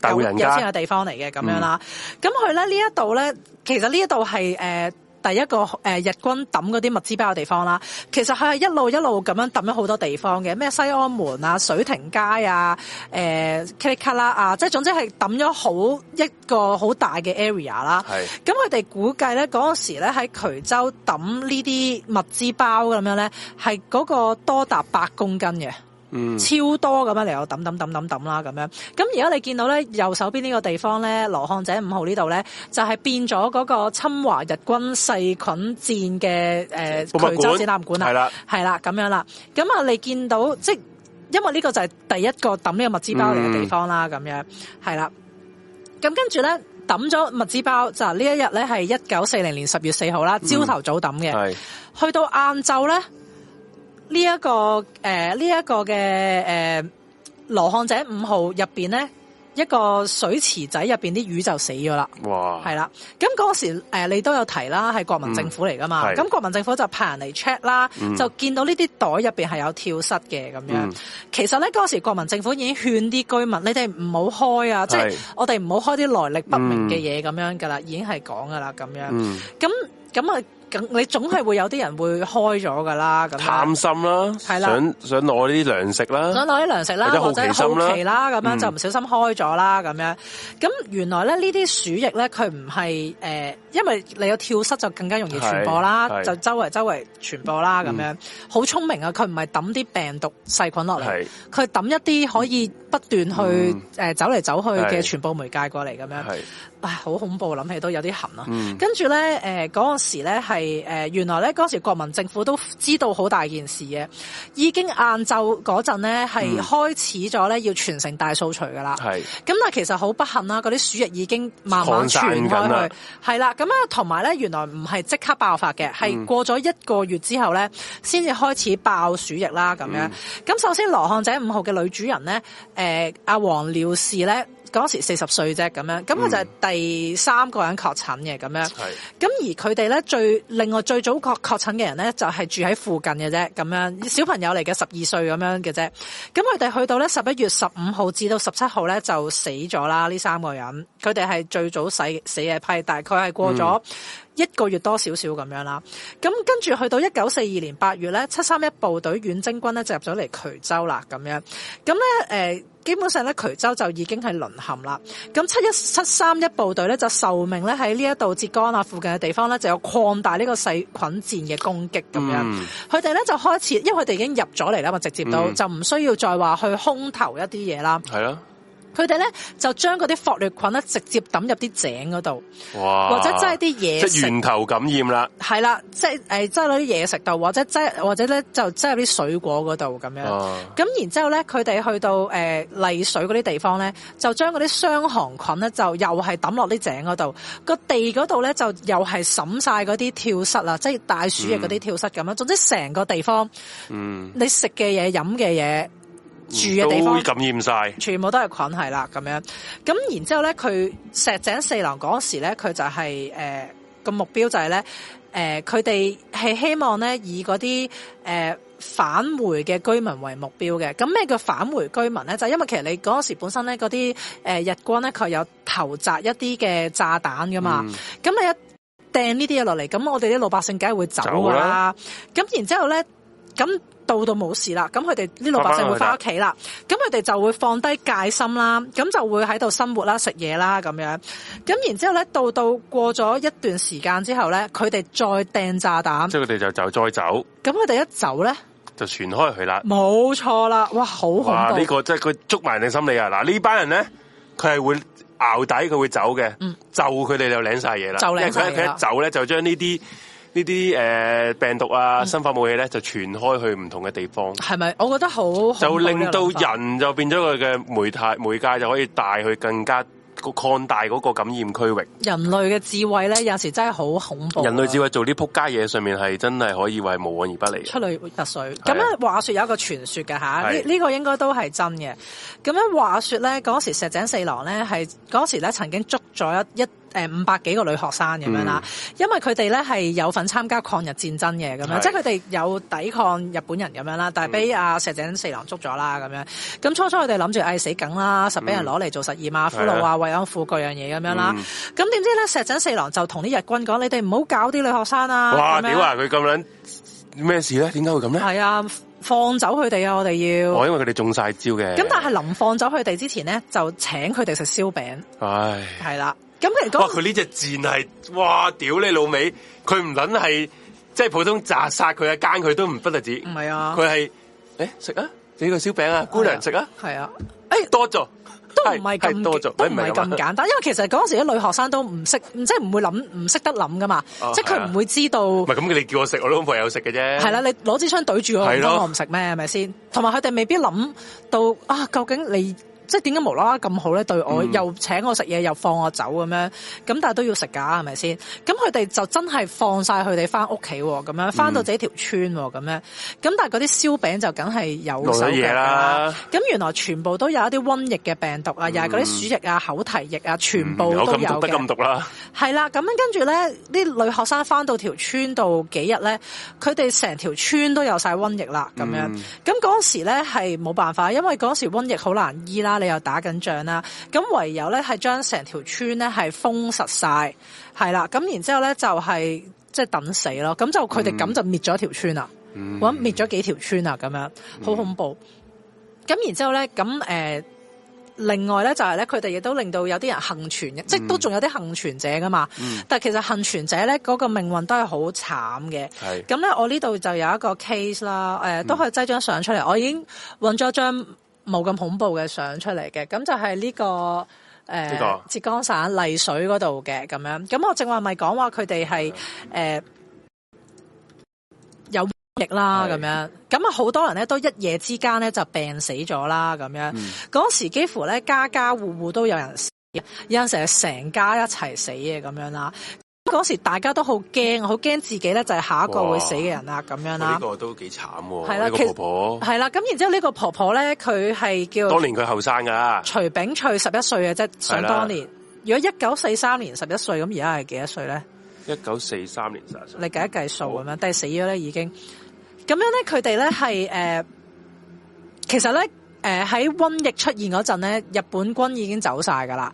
有錢嘅地方嚟嘅咁樣啦。咁佢咧呢一度咧，其實呢一度係誒。呃第一個、呃、日軍抌嗰啲物資包嘅地方啦，其實佢係一路一路咁樣抌咗好多地方嘅，咩西安門啊、水亭街啊、誒克卡啦啊，即係總之係抌咗好一個好大嘅 area 啦。係。咁佢哋估計咧，嗰陣時咧喺衢州抌呢啲物資包咁樣咧，係嗰個多達八公斤嘅。嗯、超多咁樣嚟，我抌抌抌抌抌啦，咁樣。咁而家你見到咧，右手邊呢個地方咧，羅漢仔五號呢度咧，就係、是、變咗嗰個侵華日軍細菌戰嘅誒、呃、州展覽館啦，係啦，係啦，咁樣啦。咁啊，你見到即係因為呢個就係第一個抌呢個物資包嚟嘅地方啦，咁、嗯、樣係啦。咁跟住咧抌咗物資包，就是、一呢一日咧係一九四零年十月四號啦，朝頭早抌嘅、嗯，去到晏晝咧。呢、這、一個誒、呢、呃、一、這個嘅誒、呃、羅漢仔五號入邊咧，一個水池仔入邊啲魚就死咗啦。哇！係啦，咁嗰時、呃、你都有提啦，係國民政府嚟噶嘛？咁、嗯、國民政府就派人嚟 check 啦、嗯，就見到呢啲袋入邊係有跳蚤嘅咁樣、嗯。其實咧，嗰時國民政府已經勸啲居民，你哋唔好開啊！即、嗯、係、就是、我哋唔好開啲來歷不明嘅嘢咁樣噶啦、嗯，已經係講噶啦咁樣。咁咁啊～那那你總係會有啲人會開咗噶啦，貪心啦，嗯、想想攞啲糧食啦，想攞啲糧食啦，或者好奇心啦，或者好奇啦，咁、嗯、樣就唔小心開咗啦，咁樣。咁原來咧呢啲鼠疫咧，佢唔係誒，因為你有跳蚤就更加容易傳播啦，就周圍周圍傳播啦，咁、嗯、樣。好聰明啊！佢唔係抌啲病毒細菌落嚟，佢抌一啲可以不斷去、嗯、走嚟走去嘅傳播媒介過嚟咁樣，唉，好恐怖，諗起都有啲痕咯。嗯、跟住咧嗰陣時咧係。誒、呃，原來咧嗰時國民政府都知道好大件事嘅，已經晏晝嗰陣咧係開始咗咧要全城大掃除噶啦。係咁但係其實好不幸啦，嗰啲鼠疫已經慢慢傳開去。係啦，咁啊同埋咧，原來唔係即刻爆發嘅，係、嗯、過咗一個月之後咧，先至開始爆鼠疫啦咁、嗯、樣。咁首先羅漢仔五號嘅女主人咧，誒阿黃廖氏咧。嗰時四十歲啫，咁樣，咁我就係第三個人確診嘅，咁樣。係。咁而佢哋咧最另外最早確確診嘅人咧，就係住喺附近嘅啫，咁樣。小朋友嚟嘅，十二歲咁樣嘅啫。咁佢哋去到咧十一月十五號至到十七號咧就死咗啦。呢三個人，佢哋係最早死死嘅批，大概係過咗，嗯一個月多少少咁樣啦，咁跟住去到一九四二年八月咧，七三一部隊遠征軍咧就入咗嚟衢州啦，咁樣，咁咧、呃、基本上咧衢州就已經係淪陷啦。咁七一七三一部隊咧就受命咧喺呢一度浙江啊附近嘅地方咧就有擴大呢個細菌戰嘅攻擊咁樣，佢哋咧就開始，因為佢哋已經入咗嚟啦嘛，直接到、mm. 就唔需要再話去空投一啲嘢啦。係咯。佢哋咧就將嗰啲霍亂菌咧直接抌入啲井嗰度，或者真係啲嘢食，即係源頭感染啦。係啦，即係誒，即係嗰啲嘢食度，或者擠、或者咧就擠入啲水果嗰度咁樣。咁然之後咧，佢哋去到誒、呃、泥水嗰啲地方咧，就將嗰啲傷寒菌咧就又係抌落啲井嗰度，個地嗰度咧就又係抌曬嗰啲跳蚤啦，即係大鼠嘅嗰啲跳蚤咁樣。總之成個地方，嗯，你食嘅嘢飲嘅嘢。住嘅地方感染晒，全部都係菌係啦，咁樣。咁然之後咧，佢石井四郎嗰時咧，佢就係誒個目標就係、是、咧，誒佢哋係希望咧以嗰啲誒返回嘅居民為目標嘅。咁咩叫返回居民咧？就是、因為其實你嗰時本身咧嗰啲誒日軍咧佢有投擲一啲嘅炸彈噶嘛。咁、嗯、你一掟呢啲嘢落嚟，咁我哋啲老百姓梗係會走啦、啊。咁然之後咧，咁。到到冇事啦，咁佢哋呢啲老百姓會翻屋企啦，咁佢哋就會放低戒心啦，咁就會喺度生活啦、食嘢啦咁樣，咁然之後咧，到到過咗一段時間之後咧，佢哋再掟炸彈，即係佢哋就就再走，咁佢哋一走咧就傳開去啦，冇錯啦，哇，好恐怖，呢、呢個即係佢捉埋你心理啊，嗱，呢班人咧佢係會捱底，佢會走嘅、嗯，就佢哋就領晒嘢啦，因為佢佢一走咧就將呢啲。呢啲、呃、病毒啊、生化武器咧、嗯，就傳開去唔同嘅地方。係咪？我覺得好就令到人就變咗佢嘅媒體媒介，就可以帶去更加擴大嗰個感染區域。人類嘅智慧咧，有時真係好恐怖。人類智慧做啲撲街嘢上面係真係可以為無往而不利。出類拔萃。咁話說有一個傳說嘅嚇，呢呢、呢個應該都係真嘅。咁樣話說咧，嗰時石井四郎咧係嗰時咧曾經捉咗一誒五百幾個女學生咁樣啦，因為佢哋咧係有份參加抗日戰爭嘅咁樣，即係佢哋有抵抗日本人咁樣啦，但係俾阿石井四郎捉咗啦咁樣。咁、嗯、初初佢哋諗住誒死梗啦，實俾人攞嚟做實驗、嗯、啊、俘虜啊、慰安婦嗰樣嘢咁樣啦。咁點知咧，石井四郎就同啲日軍講、嗯：你哋唔好搞啲女學生啊！哇！屌啊！佢咁撚咩事咧？點解會咁咧？係啊，放走佢哋啊！我哋要。哦，因為佢哋中晒招嘅。咁但係臨放走佢哋之前咧，就請佢哋食燒餅。唉。係啦、啊。咁嚟講，佢呢隻箭係，哇！屌你老味，佢唔捻係即係普通扎殺佢啊，奸佢都唔不搭止。唔、欸、係啊，佢係誒食啊，畀個燒餅啊，姑娘食啊，係啊，誒、啊、多咗、欸，都唔係係多咗，都唔係咁簡單。因為其實嗰時啲女學生都唔識，即係唔會諗，唔識得諗噶嘛，即係佢唔會知道。唔係咁，你叫我食，我都好朋友食嘅啫。係啦、啊，你攞支槍懟住我，啊、我唔食咩係咪先？同埋佢哋未必諗到啊，究竟你。即係點解無啦啦咁好咧？對我又請我食嘢，又放我走咁、嗯、樣。咁但係都要食㗎，係咪先？咁佢哋就真係放晒佢哋翻屋企喎，咁樣翻到自己條村喎，咁樣。咁但係嗰啲燒餅就梗係有嘢啦。咁、啊、原來全部都有一啲瘟疫嘅病毒啊、嗯，又係嗰啲鼠疫啊、口蹄疫啊，全部都有嘅。有、嗯、得咁毒啦。係 <laughs> 啦，咁樣跟住咧，啲女學生翻到條村度幾日咧，佢哋成條村都有晒瘟疫啦。咁樣咁嗰、嗯、時咧係冇辦法，因為嗰時瘟疫好難醫啦。又打緊仗啦，咁唯有咧係將成條村咧係封實晒，係啦，咁然之後咧就係即係等死咯，咁就佢哋咁就滅咗條村啦，咁滅咗幾條村啊，咁樣好恐怖。咁、嗯、然之後咧，咁誒，另外咧就係咧，佢哋亦都令到有啲人幸存，嗯、即係都仲有啲幸存者噶嘛、嗯。但係其實幸存者咧嗰個命運都係好慘嘅。係咁咧，我呢度就有一個 case 啦，誒，都可以擠張相出嚟。我已經搵咗張。冇咁恐怖嘅相出嚟嘅，咁就係呢、這個誒、呃這個，浙江省麗水嗰度嘅咁樣，咁我正話咪講話佢哋係誒有疫啦咁樣，咁啊好多人咧都一夜之間咧就病死咗啦咁樣，嗰、嗯、時幾乎咧家家戶戶都有人死，有陣時係成家一齊死嘅咁樣啦。嗰時大家都好驚，好驚自己咧，就係下一個會死嘅人啦，咁樣啦。呢個都幾慘，啊呢個婆婆係啦。咁、啊、然之後呢個婆婆咧，佢係叫當年佢後生噶，徐炳翠十一歲呀，即係。想當年，如果一九四三年十一歲，咁而家係幾多歲咧？一九四三年十一歲，你計一計數咁樣，但係死咗咧已經。咁樣咧，佢哋咧係誒，其實咧。誒、呃、喺瘟疫出現嗰陣咧，日本軍已經走晒噶啦。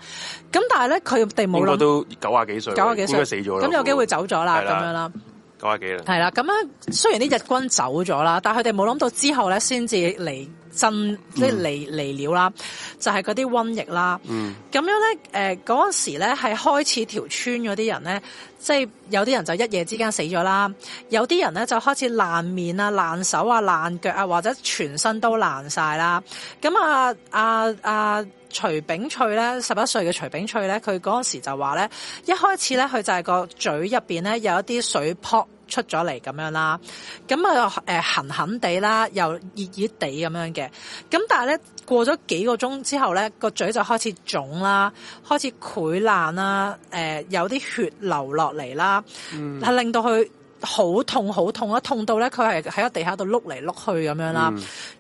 咁但係咧，佢哋冇應該都九廿幾，幾歲，九廿幾歲應該死咗啦。咁有機會走咗啦，咁樣啦，九廿幾啦。係啦，咁樣雖然啲日軍走咗啦，但係佢哋冇諗到之後咧，先至嚟。真即係嚟嚟了啦，就係嗰啲瘟疫啦。嗯，咁樣咧，呃，嗰陣時咧係開始條村嗰啲人咧，即係有啲人就一夜之間死咗啦，有啲人咧就開始爛面啊、爛手啊、爛腳啊，或者全身都爛晒啦。咁啊啊啊，徐炳翠咧，十一歲嘅徐炳翠咧，佢嗰陣時就話咧，一開始咧佢就係個嘴入面咧有一啲水泡。出咗嚟咁樣啦，咁啊誒痕痕地啦，又熱熱地咁樣嘅，咁但係咧過咗幾個鐘之後咧，個嘴就開始腫啦，開始潰爛啦，誒、呃、有啲血流落嚟啦，係、嗯、令到佢。好痛好痛啊！痛到咧，佢係喺個地下度碌嚟碌去咁樣啦。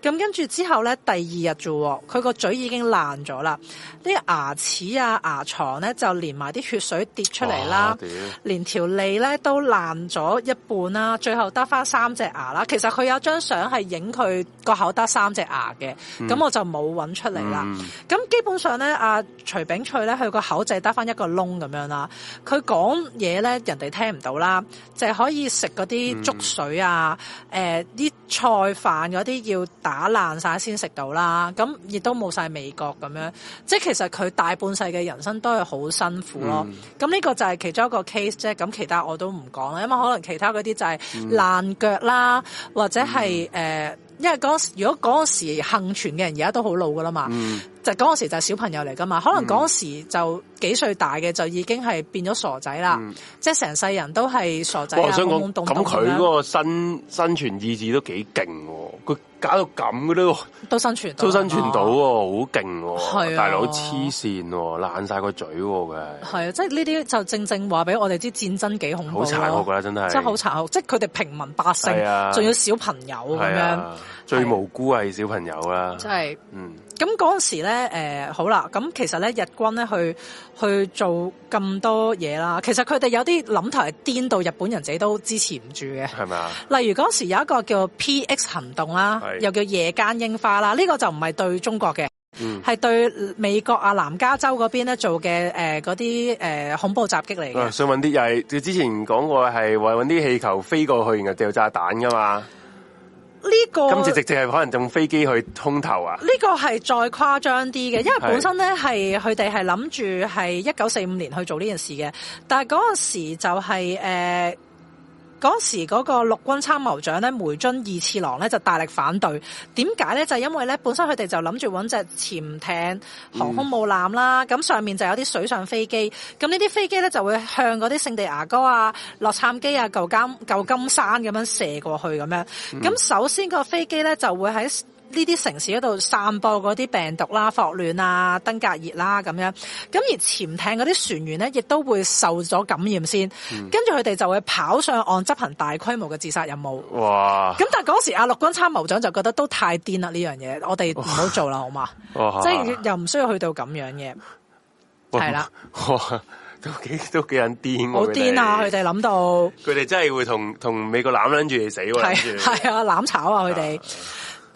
咁跟住之後咧，第二日啫，佢個嘴已經爛咗啦、啲、這個、牙齒啊牙床咧就連埋啲血水跌出嚟啦，連條脷咧都爛咗一半啦。最後得翻三隻牙啦。其實佢有張相係影佢個口得三隻牙嘅，咁、嗯、我就冇揾出嚟啦。咁、嗯、基本上咧，阿徐炳翠咧，佢個口就係得翻一個窿咁樣啦。佢講嘢咧，人哋聽唔到啦，就係、是、可以。食嗰啲粥水啊，誒、嗯、啲、呃、菜飯嗰啲要打爛晒先食到啦，咁亦都冇晒味覺咁樣，即係其實佢大半世嘅人生都係好辛苦咯。咁、嗯、呢個就係其中一個 case 啫，咁其他我都唔講啦，因為可能其他嗰啲就係爛腳啦，嗯、或者係誒、嗯呃，因為嗰時如果嗰時幸存嘅人而家都好老噶啦嘛。嗯其嗰時就係小朋友嚟噶嘛，可能嗰時就幾歲大嘅就已經係變咗傻仔啦，嗯嗯，即係成世人都係傻仔。我想講，咁佢嗰個生生存意志都幾勁，佢搞到咁嘅都，都生存到，都生存到。好、哦、勁、哦，大佬黐線，爛晒個嘴嘅。係啊，啊，即係呢啲就正正話俾我哋知戰爭幾恐怖，好殘酷噶真係，真係好殘酷。即係佢哋平民百姓，仲要小朋友咁樣，最無辜係小朋友啦，真係嗯。咁嗰時咧、呃，好啦，咁其實咧，日軍咧去去做咁多嘢啦，其實佢哋有啲諗頭係顛到日本人自己都支持唔住嘅，係咪啊？例如嗰時有一個叫 PX 行動啦，又叫夜間櫻花啦，呢、呢個就唔係對中國嘅，係、嗯、對美國啊南加州嗰邊咧做嘅誒嗰啲誒恐怖襲擊嚟嘅。想揾啲又係，之前講過係話揾啲氣球飛過去，然後掉炸彈噶嘛。呢個今次直直係可能用飛機去空投啊？呢個係再誇張啲嘅，因為本身咧係佢哋係諗住係一九四五年去做呢件事嘅，但係嗰陣時就係、是、誒。呃嗰時嗰個陸軍參謀長咧，梅津二次郎咧就大力反對。點解咧？就係，因為咧，本身佢哋就諗住揾隻潛艇、航空母艦啦。咁、嗯、上面就有啲水上飛機。咁呢啲飛機咧就會向嗰啲聖地牙哥啊、洛杉磯啊、舊金舊金山咁樣射過去咁樣。咁首先個飛機咧就會喺呢啲城市嗰度散播嗰啲病毒啦、霍亂啊、登革熱啦咁樣，咁而潛艇嗰啲船員咧，亦都會受咗感染先，跟住佢哋就會跑上岸執行大規模嘅自殺任務。哇！咁但係嗰時阿陸軍參謀長就覺得都太癲啦呢樣嘢，我哋唔好做啦，好嘛？即係又唔需要去到咁樣嘅，係啦。哇！都幾都幾人癲啊！好癲啊！佢哋諗到，佢哋真係會同同美國攬住嚟死嘅，係係啊，攬炒啊，佢哋。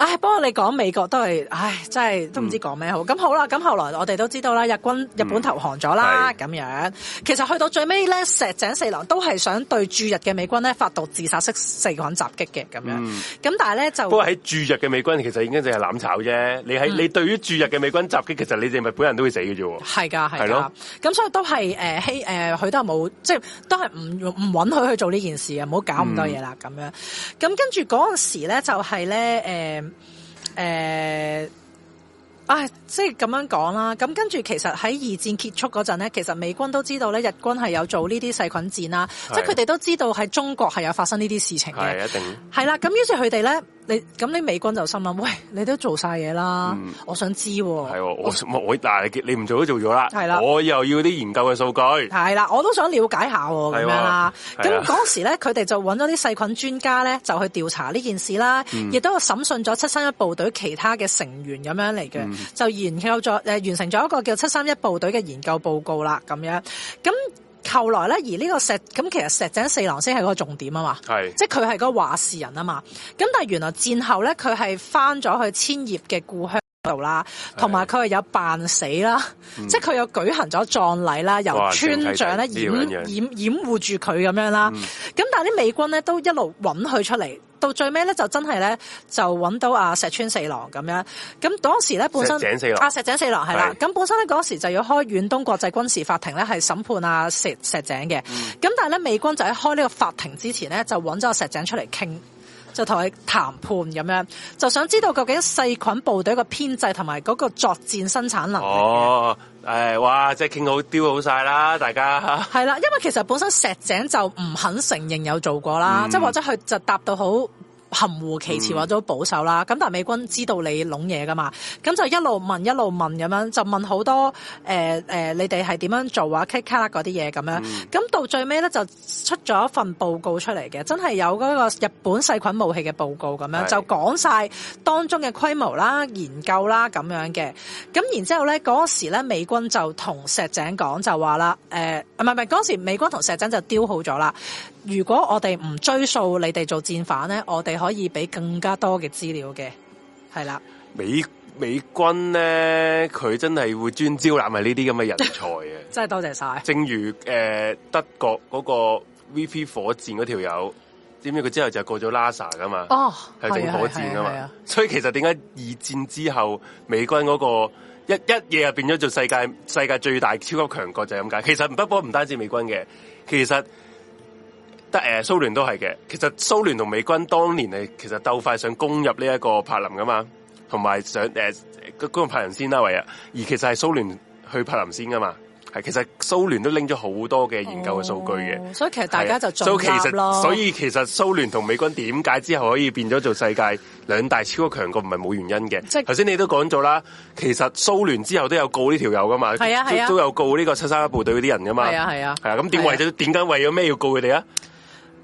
唉不過你講美國都係，唉，真係都唔知講咩好。咁、嗯、好啦，咁後來我哋都知道啦，日軍日本投降咗啦，咁、嗯、樣其實去到最尾咧，石井四郎都係想對駐日嘅美軍咧發動自殺式四個人襲擊嘅咁樣。咁、嗯、但係咧就不過喺駐日嘅美軍其實已經淨係攬炒啫。你喺、嗯、你對於駐日嘅美軍襲擊，其實你哋咪本人都會死嘅啫喎。係㗎，係㗎。咁、嗯、所以都係誒希誒，佢、呃呃、都冇即係都係唔唔允許去做呢件事嘅，唔好搞咁多嘢啦咁樣。咁跟住嗰陣時咧，就係咧誒。呃誒、呃，啊、哎，即係咁樣講啦。咁跟住，其實喺二戰結束嗰陣呢，其實美軍都知道咧，日軍係有做呢啲細菌戰啦。即係佢哋都知道喺中國係有發生呢啲事情嘅。係啦，咁於是佢哋咧。你咁，你美軍就心諗，喂，你都做晒嘢啦，我想知、啊。係我、哦、我，但係你唔做都做咗啦。係啦，我又要啲研究嘅數據。係啦，我都想了解下咁、啊哦、樣啦。咁嗰、啊、時咧，佢 <laughs> 哋就搵咗啲細菌專家咧，就去調查呢件事啦。亦都審訊咗七三一部隊其他嘅成員咁樣嚟嘅、嗯，就研究咗、呃、完成咗一個叫七三一部隊嘅研究報告啦，咁樣咁。後來咧，而呢個石咁其實石井四郎先係個重點啊嘛，係，即係佢係個話事人啊嘛。咁但係原來戰後咧，佢係翻咗去千葉嘅故鄉。度啦，同埋佢係有扮死啦，即係佢有舉行咗葬禮啦，由村長咧掩妓妓掩掩護住佢咁樣啦。咁、嗯、但係啲美軍咧都一路揾佢出嚟，到最尾咧就真係咧就揾到阿石川四郎咁樣。咁當時咧本身阿石井四郎係啦，咁、啊、本身咧嗰時就要開遠東國際軍事法庭咧係審判阿石石井嘅。咁、嗯、但係咧美軍就喺開呢個法庭之前咧就揾咗個石井出嚟傾，就同佢談判咁樣，就想知道究竟細菌部隊嘅編制同埋嗰個作戰生產能力。哦，誒，哇，即係傾好丟好曬啦，大家吓係啦，因為其實本身石井就唔肯承認有做過啦、嗯，即係或者佢就答到好。含糊其詞或都保守啦，咁、嗯、但係美軍知道你弄嘢㗎嘛，咁就一路問一路問咁樣，就問好多誒誒、呃呃，你哋係點樣做啊？K 卡嗰啲嘢咁樣，咁、嗯、到最尾咧就出咗一份報告出嚟嘅，真係有嗰個日本細菌武器嘅報告咁樣，就講晒當中嘅規模啦、研究啦咁樣嘅，咁然之後咧嗰時咧美軍就同石井講就話啦，誒唔係唔係嗰時美軍同石井就丟好咗啦。如果我哋唔追溯你哋做戰犯咧，我哋可以俾更加多嘅資料嘅，係啦。美美軍咧，佢真係會專招攬埋呢啲咁嘅人才嘅。 <laughs> 真係多謝晒。正如誒、呃、德國嗰個 V P 火箭嗰條友，知唔知佢之後就過咗拉薩噶嘛？哦，係整火箭㗎嘛。所以其實點解二戰之後美軍嗰、嗰個一一夜入變咗做世界世界最大超級強國就係咁解。其實不光唔單止美軍嘅，其實。得、呃、誒，蘇聯都係嘅。其實蘇聯同美軍當年係其實鬥快想攻入呢一個柏林噶嘛，同埋想誒嗰、呃、柏林先啦，為啊。而其實係蘇聯去柏林先噶嘛。係其實蘇聯都拎咗好多嘅研究嘅數據嘅，哦。所以其實大家就進踏。所以其實蘇聯同美軍點解之後可以變咗做世界兩大超級強國，唔係冇原因嘅。即係頭先你都講咗啦，其實蘇聯之後都有告呢條友噶嘛。係啊係啊，都有告呢個七三一部隊嗰啲人噶嘛。係啊係啊。係啊咁點、啊啊、為咗點解為咗咩、啊、要告佢哋啊？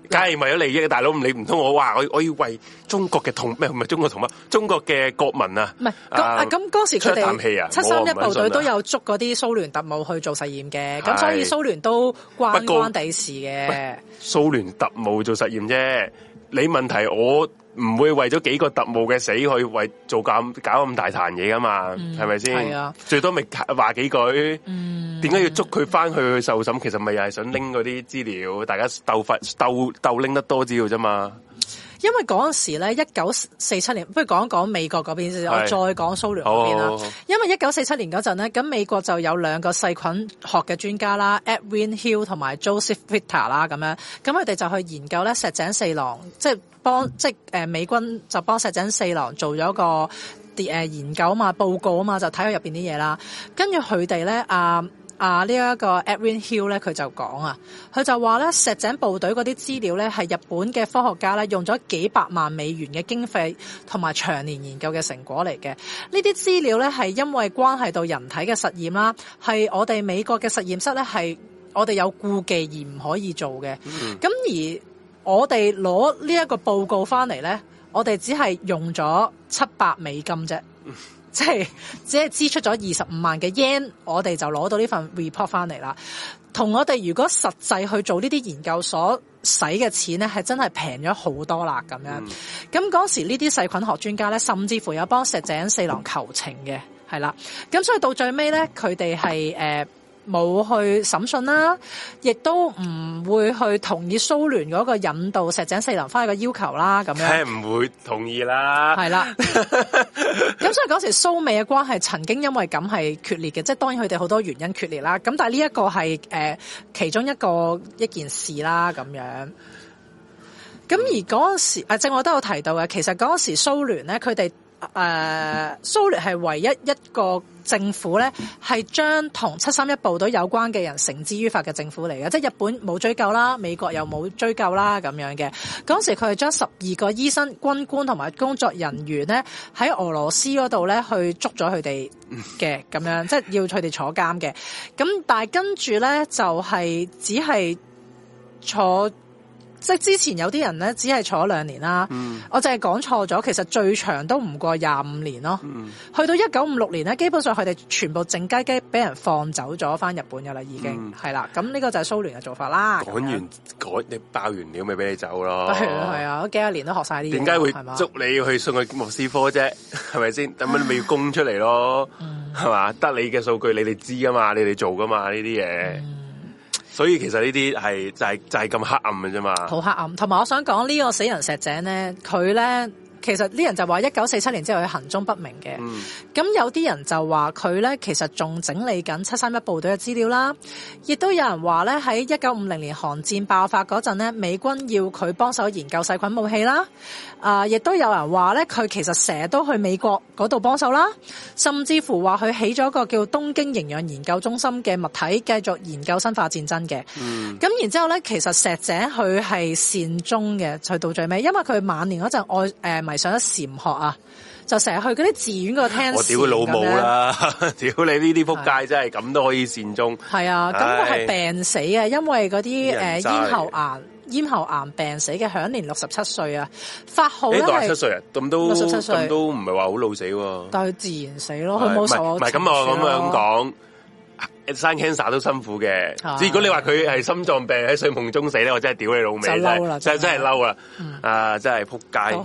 假如為咗利益，大佬你唔通我話我我要為中國嘅同咩？唔係中國同胞，中國嘅國民啊！唔係咁咁嗰時佢哋出啖氣啊！七三一部隊都有捉嗰啲蘇聯特務去做實驗嘅，咁所以蘇聯都關關地事嘅、那個。蘇聯特務做實驗啫，你問題我。唔會為咗幾個特務嘅死去為做咁搞咁大壇嘢㗎嘛，係咪先？啊、最多咪話幾句。點、嗯、解要捉佢翻去去受審？嗯、其實咪又係想拎嗰啲資料，大家鬥法鬥鬥拎得多資料啫嘛。因為嗰陣時咧，一九四七年，不如講一講美國嗰邊先，我再講蘇聯嗰邊啦。好好好，因為一九四七年嗰陣咧，咁美國就有兩個細菌學嘅專家啦，Edwin Hill 同埋 Joseph Victor 啦咁樣，咁佢哋就去研究咧石井四郎，嗯、即係幫即係誒美軍就幫石井四郎做咗個啲研究啊嘛，報告啊嘛，就睇佢入邊啲嘢啦。跟住佢哋咧啊。啊！呢、這、一個 Edwin Hill 咧，佢就講啊，佢就話咧，石井部隊嗰啲資料咧，係日本嘅科學家咧，用咗幾百萬美元嘅經費同埋長年研究嘅成果嚟嘅。呢啲資料咧係因為關係到人體嘅實驗啦，係我哋美國嘅實驗室咧係我哋有顧忌而唔可以做嘅。咁、mm-hmm. 而我哋攞呢一個報告翻嚟咧，我哋只係用咗七百美金啫。即係即係支出咗二十五萬嘅 yen，我哋就攞到呢份 report 翻嚟啦。同我哋如果實際去做呢啲研究所，使嘅錢呢，係真係平咗好多啦咁樣。咁嗰時呢啲細菌學專家呢，甚至乎有幫石井四郎求情嘅，係啦。咁所以到最尾呢，佢哋係誒。冇去審訊啦，亦都唔會去同意蘇聯嗰個引渡石井四郎翻去嘅要求啦，咁樣。梗係唔會同意啦。係啦。咁 <laughs> 所以嗰時蘇美嘅關係曾經因為咁係決裂嘅，即係當然佢哋好多原因決裂啦。咁但係呢一個係、呃、其中一個一件事啦，咁樣。咁而嗰時啊，正如我都有提到嘅，其實嗰時蘇聯咧，佢哋。誒、uh, 蘇聯係唯一一個政府呢係將同七三一部隊有關嘅人繩之於法嘅政府嚟嘅，即係日本冇追究啦，美國又冇追究啦咁樣嘅。嗰時佢係將十二個醫生、軍官同埋工作人員呢喺俄羅斯嗰度呢去捉咗佢哋嘅咁樣，即係要佢哋坐監嘅。咁但係跟住呢，就係、是、只係坐。即係之前有啲人咧，只係坐兩年啦、啊嗯。我淨係講錯咗，其實最長都唔過廿五年咯。嗯、去到一九五六年咧，基本上佢哋全部靜雞雞俾人放走咗，翻日本㗎啦、嗯，已經係啦。咁呢個就係蘇聯嘅做法啦。講完改你、啊、包完料，咪俾你走咯。係啊係啊，啊幾年都學曬啲嘢。點解會捉你要去送去莫斯科啫？係咪先？咁你咪要供出嚟咯？係 <laughs> 嘛、嗯？得你嘅數據，你哋知啊嘛？你哋做噶嘛？呢啲嘢。嗯所以其實呢啲係就係就係咁黑暗嘅啫嘛，好黑暗。同埋我想講呢個死人石井咧，佢咧。其實啲人就話一九四七年之後佢行蹤不明嘅，咁、嗯、有啲人就話佢呢，其實仲整理緊七三一部隊嘅資料啦，亦都有人話呢，喺一九五零年韓戰爆發嗰陣呢，美軍要佢幫手研究細菌武器啦，啊、呃，亦都有人話呢，佢其實成日都去美國嗰度幫手啦，甚至乎話佢起咗個叫東京營養研究中心嘅物體，繼續研究生化戰爭嘅，咁、嗯、然之後呢，其實石井佢係善終嘅，去到最尾，因為佢晚年嗰陣愛、呃係上咗禪學 <laughs> 啊，就成日去嗰啲寺院嗰個聽禪，我屌佢老母啦！屌你呢啲扑街，真係咁都可以善終。係啊，咁佢係病死嘅，因為嗰啲誒咽喉癌、咽喉癌病死嘅，享年六十七歲啊。發號咧係七歲啊，咁都六十七歲，都唔係話好老死。但係自然死咯，佢冇受唔係咁啊咁樣講、啊。生 cancer 都辛苦嘅，如果、啊、你話佢係心臟病喺睡夢中死咧，我真係屌你老味，真係真係嬲啦！啊，真係扑街。都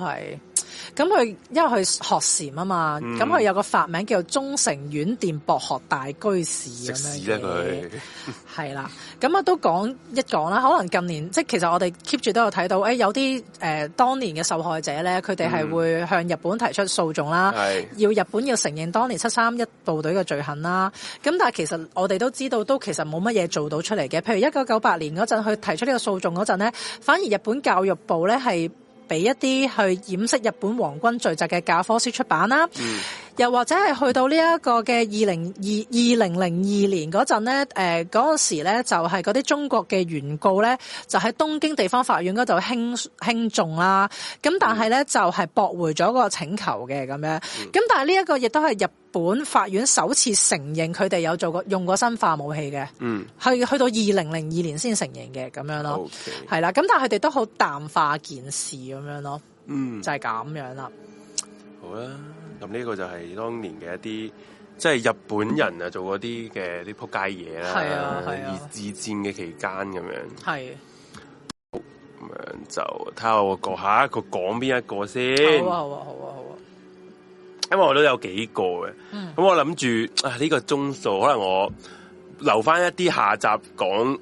咁佢因為佢學禪啊嘛，咁、嗯、佢有個法名叫做中誠院殿博學大居士咁樣嘅佢，係啦、啊。咁啊 <laughs> 都講一講啦。可能近年即係其實我哋 keep 住都有睇到，誒有啲誒、呃、當年嘅受害者咧，佢哋係會向日本提出訴訟啦、嗯，要日本要承認當年七三一部隊嘅罪行啦。咁但係其實我哋都知道，都其實冇乜嘢做到出嚟嘅。譬如一九九八年嗰陣，佢提出呢個訴訟嗰陣咧，反而日本教育部咧係。俾一啲去掩飾日本皇軍罪責嘅教科書出版啦。嗯。又或者係去到這個 202, 2002年那呢一個嘅二零二二零零二年嗰陣咧，誒、呃、嗰時咧就係嗰啲中國嘅原告咧，就喺東京地方法院嗰度輕輕重啦。咁但係咧就係、是、駁回咗個請求嘅咁樣。咁但係呢一個亦都係日本法院首次承認佢哋有做過用過生化武器嘅。嗯，去去到二零零二年先承認嘅咁樣咯。係、okay. 啦。咁但係佢哋都好淡化件事咁樣咯。嗯，就係、是、咁樣啦。好啦。呢個就係當年嘅一啲，即係日本人啊做嗰啲嘅啲撲街嘢啦，啊，而自、啊、戰嘅期間咁樣。係，咁樣就睇下我個下一個講邊一個先。好啊好啊好啊好啊，好啊，因為我都有幾個嘅。嗯，咁我諗住啊呢個鐘數，可能我留翻一啲下集講，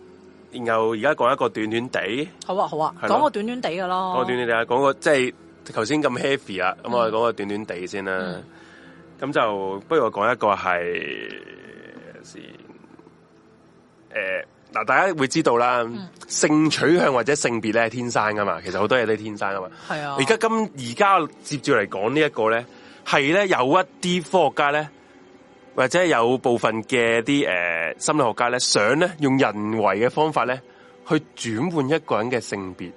然後而家講一個短短地。好啊好啊，講個短短地嘅咯。講個短短地啊，講個即係。就是頭先咁 happy 啊，咁我哋講個短短地先啦。咁、嗯嗯、就不如我講一個係先。誒，嗱，大家會知道啦、嗯，性取向或者性別咧係天生噶嘛，其實好多嘢都係天生噶嘛。係、嗯、啊。而家今而家接住嚟講呢一個咧，係咧有一啲科學家咧，或者有部分嘅啲誒心理學家咧，想咧用人為嘅方法咧，去轉換一個人嘅性別。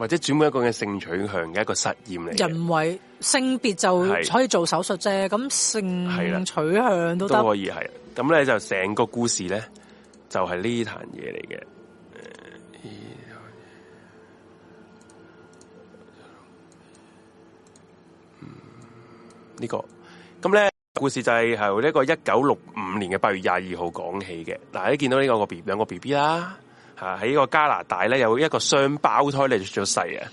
或者轉換一個嘅性取向嘅一個實驗嚟，人為性別就可以做手術啫。咁性取向都都可以係。咁咧就成個故事咧就係、是嗯這個，呢壇嘢嚟嘅。呢個咁咧，故事就係喺呢個一九六五年嘅八月廿二號講起嘅。嗱，你見到呢個個 B 兩個 B B 啦。啊，喺呢個加拿大咧有一個雙胞胎嚟出咗世啊！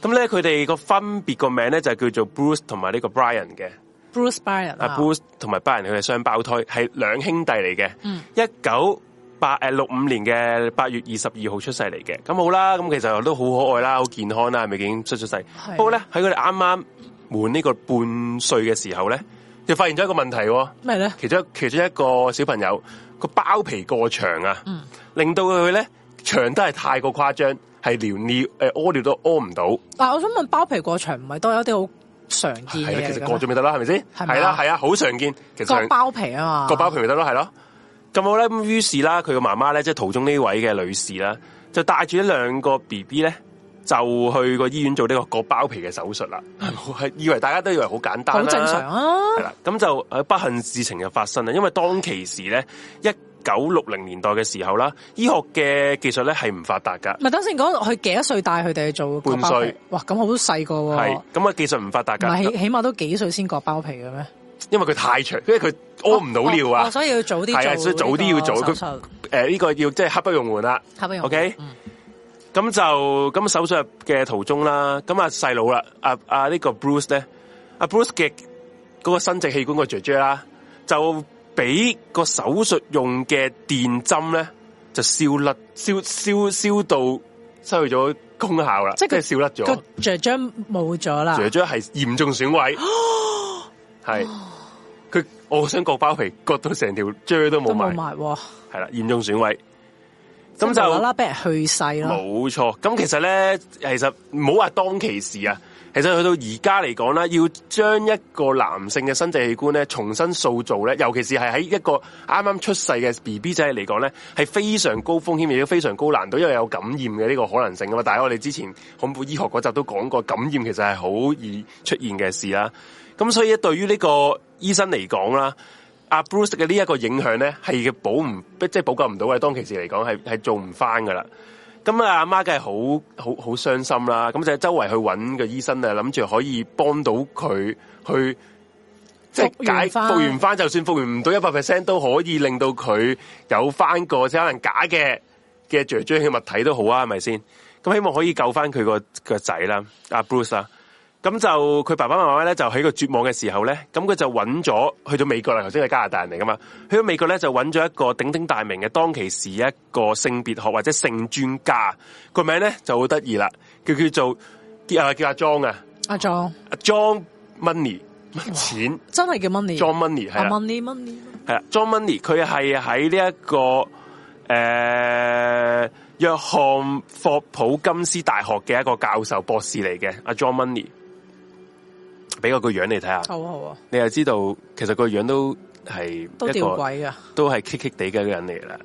咁咧佢哋個分別個名咧就叫做 Bruce 同埋呢個 Brian 嘅，Bruce, Bryant, Bruce Brian 啊 Bruce 同埋 Brian 佢哋雙胞胎係兩兄弟嚟嘅。一九八誒六五年嘅八月二十二號出世嚟嘅。咁好啦，咁其實都好可愛啦，好健康啦，係咪已經出咗世。不過咧喺佢哋啱啱滿呢剛剛這個半歲嘅時候咧，就發現咗一個問題，咩咧？其中其中一個小朋友個包皮過長啊，嗯，令到佢咧。長都係太過誇張，係尿，尿尿誒屙尿都屙唔到。嗱、啊，我想問包皮過長唔係都有啲好常見嘅？係啦，其實過咗咪得啦，係咪先？係啦，係啊，好常見。其實割包皮啊嘛，割包皮咪得咯，係咯咁好咧。咁於是啦，佢個媽媽咧，即係途中呢位嘅女士啦，就帶住一兩個 B B 咧，就去個醫院做呢個割包皮嘅手術啦。係、嗯、以為大家都以為好簡單、啊，好正常啊。係啦，咁就不幸事情就發生啦，因為當其時咧一。九六零年代嘅時候啦，醫學嘅技術咧係唔發達噶。咪等先講佢幾多歲帶佢哋做半歲哇，咁好細個喎。係咁啊，技術唔發達噶。係起碼都幾歲先割包皮嘅咩？因為佢太長，因為佢屙唔到尿啊、哦哦哦，所以要早啲做。所以早啲要做誒，呢、這個呃這個要即係、就是、刻不容緩啦。刻不容 OK、嗯。咁就咁手術嘅途中啦，咁啊細佬啦，啊，呢、啊這個 Bruce 咧，阿 Bruce 嘅嗰個生殖器官個 JJ 啦，就。俾個手術用嘅電針咧，就燒甩燒燒燒到失去咗功效啦，即係燒甩咗，雀雀冇咗啦，雀雀係嚴重損毀，係佢 <coughs> 我想割包皮割到成條雀都冇埋，係啦嚴重損毀，咁就啦俾人去世咯，冇錯。咁其實咧，其實唔好話當其時啊。其實去到而家嚟講啦，要將一個男性嘅生殖器官咧，重新塑造咧，尤其是係喺一個啱啱出世嘅 BB 仔嚟講咧，係非常高風險，亦都非常高難度，因為有感染嘅呢個可能性啊！但係我哋之前恐怖醫學嗰集都講過，感染其實係好易出現嘅事啦。咁所以對於呢個醫生嚟講啦，阿 Bruce 嘅呢一個影響咧，係、就是、保唔即係補救唔到嘅。當其時嚟講，係係做唔翻噶啦。咁阿阿媽梗係好好好傷心啦，咁就周圍去揾個醫生啊，諗住可以幫到佢去，即係解復原翻，就算復原唔到一百 percent，都可以令到佢有翻個即可能假嘅嘅 z e 器嘅物體都好啊，係咪先？咁希望可以救翻佢個個仔啦，阿 Bruce 啦。咁就佢爸爸媽媽咧就喺個絕望嘅時候咧，咁佢就揾咗去到美國啦。頭先係加拿大人嚟噶嘛？去到美國咧就揾咗一個鼎鼎大名嘅，當其時一個性別學或者性專家。個名咧就好得意啦，叫叫做啊叫阿莊啊，阿莊阿莊 Money 錢真係叫 Money，John Money 係啊 Money Money 係啊 John，John Money 佢係喺呢一個誒、呃、約翰霍普金斯大學嘅一個教授博士嚟嘅，阿莊 Money。俾我個樣你睇下，你又知道其實個樣都係一個都吊鬼噶，都係棘棘地嘅一個人嚟啦。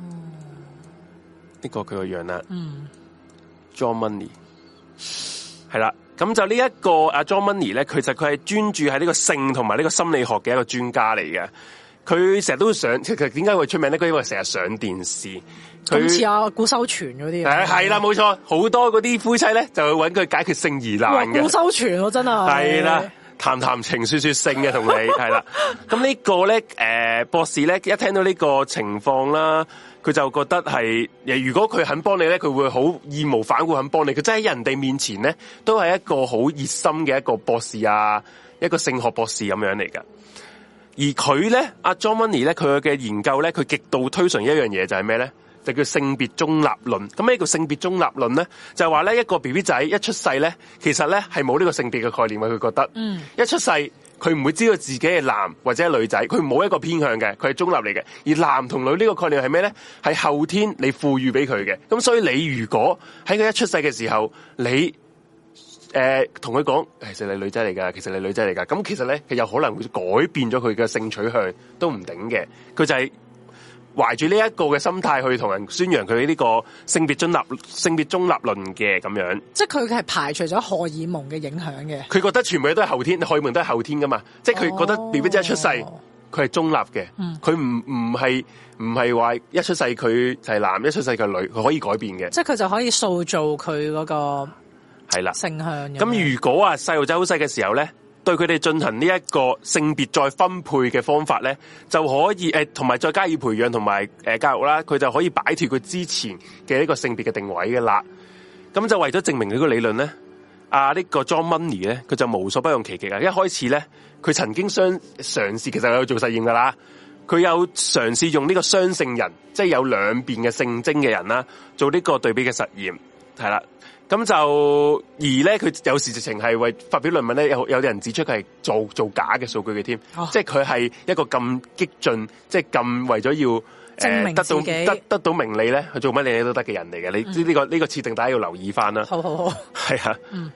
嗯，呢、這個佢個樣啦。嗯，John Money 係啦，咁就呢、這、一個阿、啊、John Money 咧，其實佢係專注喺呢個性同埋呢個心理學嘅一個專家嚟嘅。佢成日都上，其實點解會出名咧？佢因為成日上電視，佢似阿古修全嗰啲。係係啦，冇錯，好多嗰啲夫妻咧，就會揾佢解決性疑難嘅、哦、古修全，我真係係啦，談談情，說說性嘅，同你係啦。咁呢個咧，誒、呃，博士咧，一聽到呢個情況啦，佢就覺得係，如果佢肯幫你咧，佢會好義無反顧肯幫你。佢真係喺人哋面前咧，都係一個好熱心嘅一個博士啊，一個性學博士咁樣嚟嘅。而佢咧，阿 John Money 咧，佢嘅研究咧，佢極度推崇一樣嘢就係咩咧？就叫性別中立論。咁咩叫性別中立論咧？就係話咧，一個 B B 仔一出世咧，其實咧係冇呢個性別嘅概念嘅。佢覺得，嗯，一出世佢唔會知道自己係男或者係女仔，佢冇一個偏向嘅，佢係中立嚟嘅。而男同女呢個概念係咩咧？係後天你賦予俾佢嘅。咁所以你如果喺佢一出世嘅時候，你誒、呃，同佢講，其實你女仔嚟噶，其實你女仔嚟噶。咁其實咧，佢有可能會改變咗佢嘅性取向，都唔頂嘅。佢就係懷住呢一個嘅心態去同人宣揚佢呢個性別中立、性別中立論嘅咁樣。即係佢係排除咗荷爾蒙嘅影響嘅。佢覺得全部嘢都係後天，荷爾蒙都係後天噶嘛。哦、即係佢覺得 B B、嗯、一出世，佢係中立嘅，佢唔唔係唔係話一出世佢就係男，一出世佢係女，佢可以改變嘅。即係佢就可以塑造佢嗰、嗰個。係啦，性向，咁如果啊細路仔好細嘅時候咧，對佢哋進行呢一個性別再分配嘅方法咧，就可以誒，同埋再加以培養同埋誒教育啦，佢就可以擺脫佢之前嘅一個性別嘅定位嘅啦。咁就為咗證明佢個理論咧，啊呢個 John Money 咧，佢就無所不用其極啦！一開始咧，佢曾經相嘗試其實有做實驗噶啦，佢有嘗試用呢個雙性人，即係有兩邊嘅性徵嘅人啦，做呢個對比嘅實驗，係啦。咁就而咧，佢有時直情係為發表論文咧，有有啲人指出佢係做做假嘅數據嘅添，oh. 即係佢係一個咁激進，即係咁為咗要誒得到得得到名利咧，去做乜嘢都得嘅人嚟嘅。Mm. 你呢、這、呢個呢、呢個設定，大家要留意翻啦。好好好，係啊，係、mm.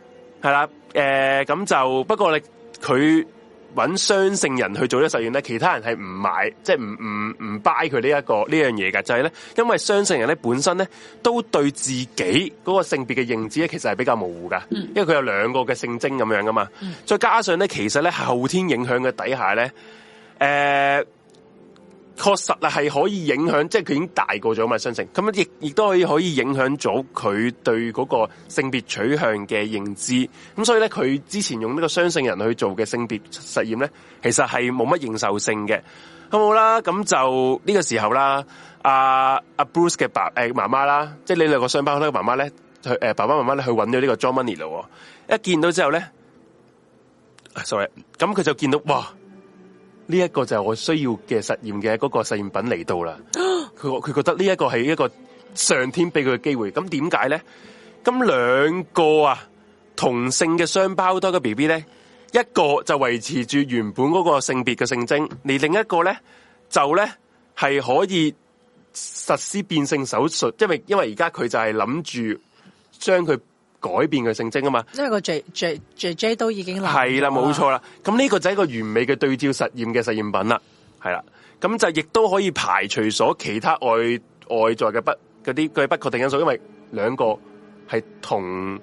啦、啊，誒、呃、咁就不過呢，佢。揾雙性人去做咗實驗咧，其他人係唔買，即係唔唔唔 buy 佢呢一個呢樣嘢嘅。就係咧，因為雙性人咧本身咧都對自己嗰個性別嘅認知咧，其實係比較模糊噶，因為佢有兩個嘅性徵咁樣噶嘛，再加上咧，其實咧後天影響嘅底下咧，呃確實啊，係可以影響，即係佢已經大過咗嘛，雙性咁亦亦都可以可以影響咗佢對嗰個性別取向嘅認知。咁所以咧，佢之前用呢個雙性人去做嘅性別實驗咧，其實係冇乜認受性嘅，好冇好啦？咁就呢、呢個時候啦，阿、啊、阿 Bruce 嘅爸誒媽媽啦，即係你兩個雙胞胎媽媽咧，佢誒爸爸媽媽咧去揾咗呢個 John Money 咯。一見到之後咧，sorry，咁佢就見到哇！呢、這、一個就係我需要嘅實驗嘅個實驗品嚟到啦。佢佢覺得呢一個係一個上天俾佢嘅機會，咁點解咧？咁兩個啊同性嘅雙胞胎嘅 B B 咧，一個就維持住原本嗰個性別嘅性徵，而另一個咧就咧係可以實施變性手術，因為因為而家佢就係諗住將佢改變嘅性徵啊嘛，因為個 J J J J 都已經係啦，冇錯啦。咁呢個就係一個完美嘅對照實驗嘅實驗品啦，係啦。咁就亦都可以排除所其他外外在嘅不嗰啲嘅不確定因素，因為兩個係同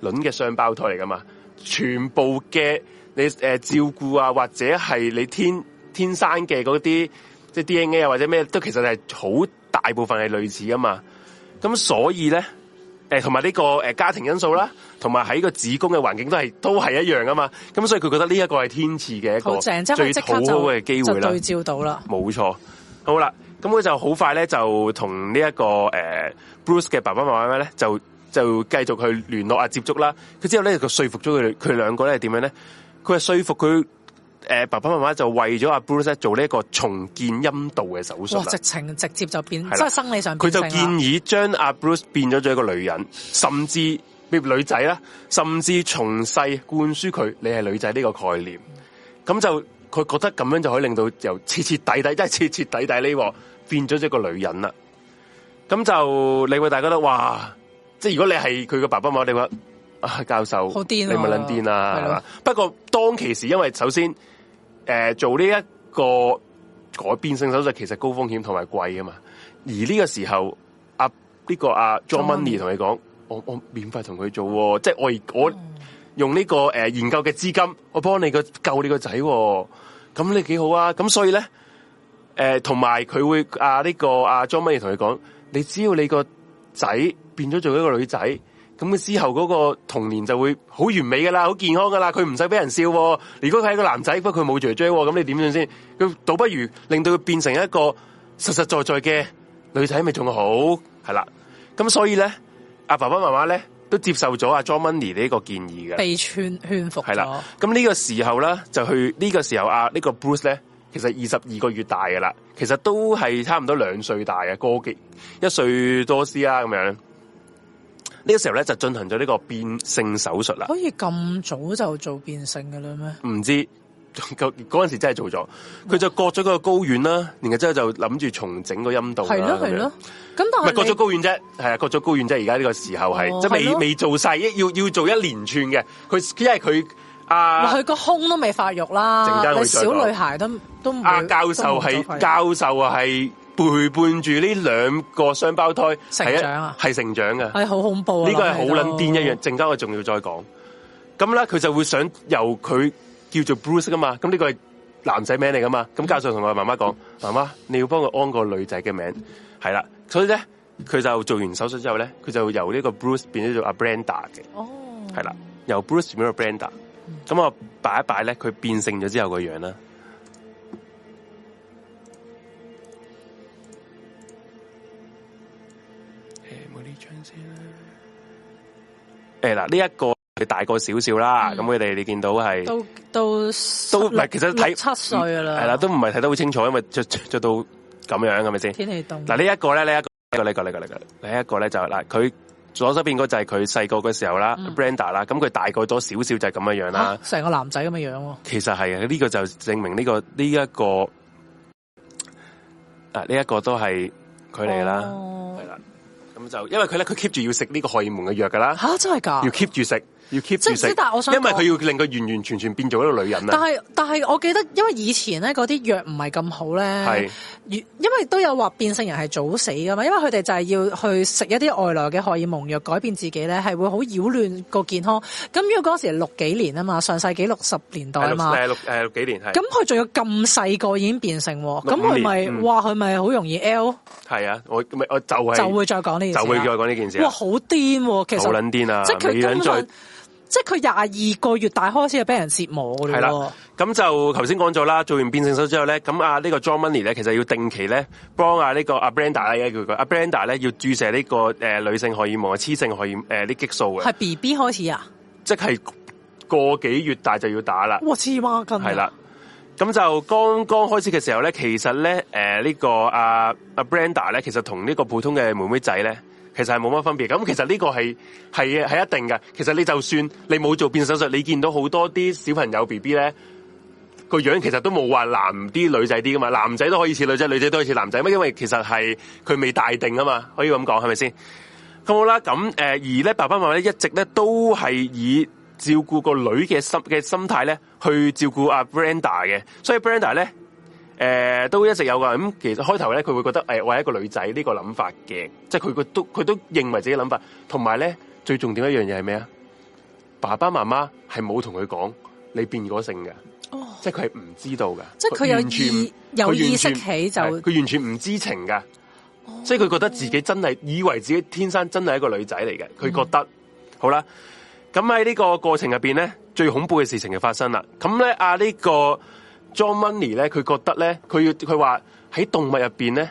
卵嘅雙胞胎嚟㗎嘛，全部嘅你、呃、照顧啊，或者係你天天生嘅嗰啲即係 D N A 啊，或者咩都其實係好大部分係類似㗎嘛。咁所以咧。誒，同埋呢個誒家庭因素啦，同埋喺個子宮嘅環境都係都係一樣噶嘛。咁所以佢覺得呢一個係天賜嘅一個最好嘅機會啦。就對照到啦，冇錯。好啦，咁佢就好快咧，就同呢一個誒 Bruce 嘅爸爸媽媽咧，就就繼續去聯絡啊接觸啦。佢之後咧，佢說服咗佢佢兩個咧係點樣咧？佢係說，說服佢。誒，爸爸媽媽就為咗阿 Bruce 做呢一個重建陰道嘅手術，哇！直情直接就變，即係生理上，佢就建議將阿 Bruce 變咗做一個女人，甚至變女仔啦，甚至從細灌輸佢你係女仔呢個概念。咁、嗯、就佢覺得咁樣就可以令到由徹徹底底，即係徹徹底底呢個變咗做一個女人啦。咁就你會大家覺得哇，即係如果你係佢個爸爸媽媽，你話啊教授好癲、啊，你咪撚癲啦，係嘛？不過當其時，因為首先。誒、呃，做呢一個改變性手術其實高風險同埋貴啊嘛，而呢個時候阿呢、啊這個阿 John Money 同你講，我我免費同佢做、哦，即係我我用呢、這個誒、呃、研究嘅資金，我幫你個救你個仔、哦，咁你幾好啊？咁所以咧，誒、呃，同埋佢會啊呢、這個阿、啊、John Money 同佢講，你只要你個仔變咗做一個女仔。咁佢之後嗰個童年就會好完美噶啦，好健康噶啦，佢唔使俾人笑。如果佢係個男仔，不過佢冇姐姐，咁你點算先？佢倒不如令到佢變成一個實實在在嘅女仔，咪仲好係啦。咁所以咧，阿爸爸媽媽咧都接受咗阿 John Money 呢個建議嘅，被勸勸服係啦。咁呢個時候咧就去呢、這個時候阿、啊、呢、這個 Bruce 咧，其實二十二個月大噶啦，其實都係差唔多兩歲大嘅，歌幾一歲多啲啦咁樣。呢、這個時候咧就進行咗呢個變性手術啦。可以咁早就做變性嘅啦咩？唔知，嗰陣時真係做咗，佢就割咗嗰個高院啦，然後之後就諗住重整個陰道。係咯係咯，咁但係割咗高院啫，係啊，割咗高院啫。而家呢個時候係即係未未做晒，要要做一連串嘅。佢，因為佢阿佢個胸都未發育啦，你小女孩都都。啊教授係教授啊係。陪伴住呢兩個雙胞胎成長啊，係成長嘅，哎，係好恐怖。啊！呢個係好捻癲一樣，陣間我仲要再講。咁咧，佢就會想由佢叫做 Bruce 㗎嘛，咁呢個係男仔名嚟噶嘛。咁加上同我媽媽講，媽，嗯，媽你要幫佢安個女仔嘅名，係，嗯，啦。所以咧，佢就做完手術之後咧，佢就由呢個 Bruce 變咗做阿 Brenda 嘅。哦，係啦，由 Bruce 變咗 Brenda。咁我擺一擺咧，佢變性咗之後個樣啦。誒、哎，嗱、這個，呢一個佢大個少少啦，咁佢哋你見到係都都都唔係，其實睇七歲噶啦，係、嗯、啦，都唔係睇得好清楚，因為着着到咁樣，係咪先？天氣凍。嗱，呢一個咧，呢一個呢、這個呢、這個呢、這個呢一、這個咧、這個這個、就嗱，佢左手邊嗰就係佢細個嘅時候啦 Brenda 啦，咁、嗯、佢大個多少少就係咁樣樣啦，成、啊啊、個男仔咁嘅樣喎。其實係啊，呢、這個就證明呢、這個呢一、這個、這個、啊，呢、這、一個都係佢哋啦，係、哦、啦。就因為佢咧，佢 keep 住要食呢個荷爾蒙嘅藥㗎啦。吓、啊、真係㗎，要 keep 住食。要 keep 住食，因為佢要令佢完完全全變做一個女人啊！但係但係，我記得因為以前咧嗰啲藥唔係咁好咧，係，因為都有話變性人係早死㗎嘛，因為佢哋就係要去食一啲外來嘅荷爾蒙藥改變自己咧，係會好擾亂個健康。咁因為嗰時候係六幾年啊嘛，上世紀六十年代啊嘛，係六誒六幾年係。咁佢仲有咁細個已經變性喎，咁佢咪哇佢咪好容易 L？係啊，我咪我就係就會再講呢件事。就會再講呢件事啊，件事啊。哇！好癲喎、啊，其實好撚癲啊！即佢即係佢廿二個月大開始就俾人折磨嘅啦。係啦，咁就頭先講咗啦，做完變性手之後咧，咁啊呢個 John Money 咧，其實要定期咧幫啊呢個阿 Brenda 叫佢阿 Brenda 咧要注射呢、這個誒、呃、女性荷爾蒙啊，雌性荷爾誒啲激素嘅。係 B B 開始啊？即係個幾月大就要打啦？哇！黐孖筋！係啦，咁就剛剛開始嘅時候咧，其實咧誒呢、呃這個 A 阿、啊啊、Brenda 咧，其實同呢個普通嘅妹妹仔咧。其實係冇乜分別，咁其實呢個係係係一定噶。其實你就算你冇做變性手術，你見到好多啲小朋友 BB 咧個樣，其實都冇話男啲女仔啲噶嘛。男仔都可以似女仔，女仔都可以似男仔，乜因為其實係佢未大定啊嘛，可以咁講係咪先？咁好啦，咁誒而咧爸爸媽媽咧一直咧都係以照顧個女嘅心嘅心態咧去照顧阿 Brenda 嘅，所以 Brenda 咧。誒、呃，都一直有噶咁，其實開頭咧，佢會覺得誒、哎，我係一個女仔呢、這個諗法嘅，即係佢都佢都認為自己諗法。同埋咧，最重點的一樣嘢係咩啊？爸爸媽媽係冇同佢講你變嗰性嘅、哦，即係佢係唔知道嘅，即係佢有意完全有意識起就佢完全唔知情噶、哦，即係佢覺得自己真係以為自己天生真係一個女仔嚟嘅，佢覺得、嗯、好啦。咁喺呢個過程入邊咧，最恐怖嘅事情就發生啦。咁咧啊呢、這個。John Money 咧，佢覺得咧，佢要佢話，喺動物入邊咧，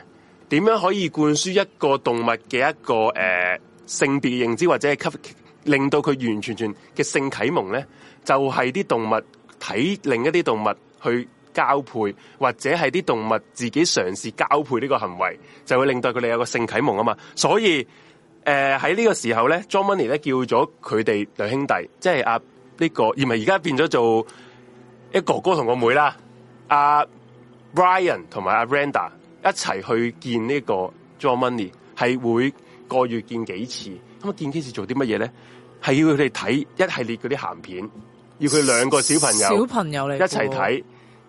點樣可以灌輸一個動物嘅一個誒、呃、性別認知，或者係吸令到佢完完全全嘅性啟蒙咧，就係、是、啲動物睇另一啲動物去交配，或者係啲動物自己嘗試交配呢個行為，就會令到佢哋有個性啟蒙啊嘛。所以誒、喺、呃、呢個時候咧，John Money 咧，叫咗佢哋兩兄弟，即係阿呢個，而唔係而家變咗做一個哥哥同個妹啦。阿、uh, Brian 同埋阿 Brenda 一齊去見呢個 John Money 係會個月見幾次。咁啊，見幾次做啲乜嘢咧？係要佢哋睇一系列啲鹹片，要佢兩個小朋友小朋友嚟一齊睇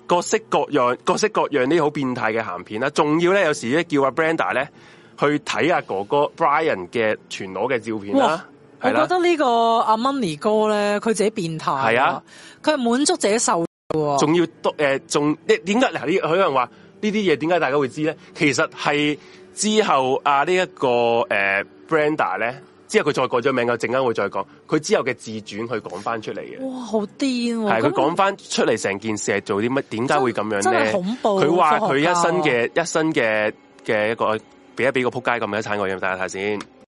各式各樣各式各樣啲好變態嘅鹹片啦。仲要咧，有時咧叫阿 Brenda 咧去睇阿、啊、哥哥 Brian 嘅全裸嘅照片啦。我覺得呢個阿 Money 哥咧，佢自己變態，係啊，佢係滿足自己受。仲要誒，仲點解？你有人話呢啲嘢，點解大家會知咧？其實係之後啊，這個呃 Brenda、呢一個誒 Brenda 咧,之後佢再改咗名，我陣間會再講。佢之後嘅自傳，佢講翻出嚟嘅。哇，好癲、啊！係佢講翻出嚟成件事係做啲乜？點解會咁樣咧？恐怖！佢話佢一身嘅、啊、一身嘅嘅一,一個，俾一俾個扑街咁樣撐我，樣大家睇先。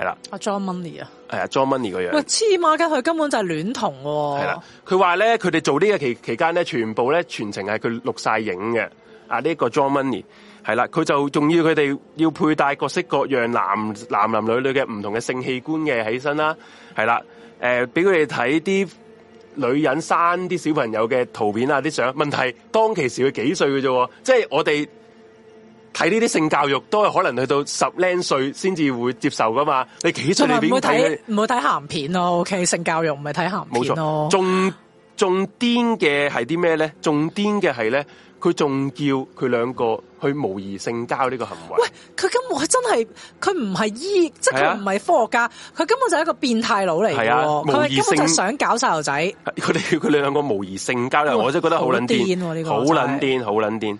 係啦，阿 John Money 啊，係啊，John Money 個樣，喂，黐孖筋，佢根本就係孌童。係啦，佢話咧，佢哋做呢個期期間咧，全部咧全程係佢錄晒影嘅。啊，呢個 John Money 係啦，佢就仲要佢哋要佩戴各式各樣男男男女女嘅唔同嘅性器官嘅起身啦。係啦，誒，俾佢哋睇啲女人生啲小朋友嘅圖片啊，啲相。問題當其時佢幾歲嘅啫，即係我哋。睇呢啲性教育都係可能去到十零歲先至會接受噶嘛？你幾歲你會睇？唔會睇鹹片咯，OK？性教育唔係睇鹹片咯。仲仲癲嘅係啲咩咧？仲癲嘅係咧，佢仲叫佢兩個去模擬性交呢個行為。喂，佢根本真係佢唔係醫，即係佢唔係科學家，佢、啊、根本就係一個變態佬嚟嘅。係啊，模擬性想搞細路仔，佢哋佢兩個模擬性交、哎、我真係覺得好撚癲，好撚癲，好撚癲。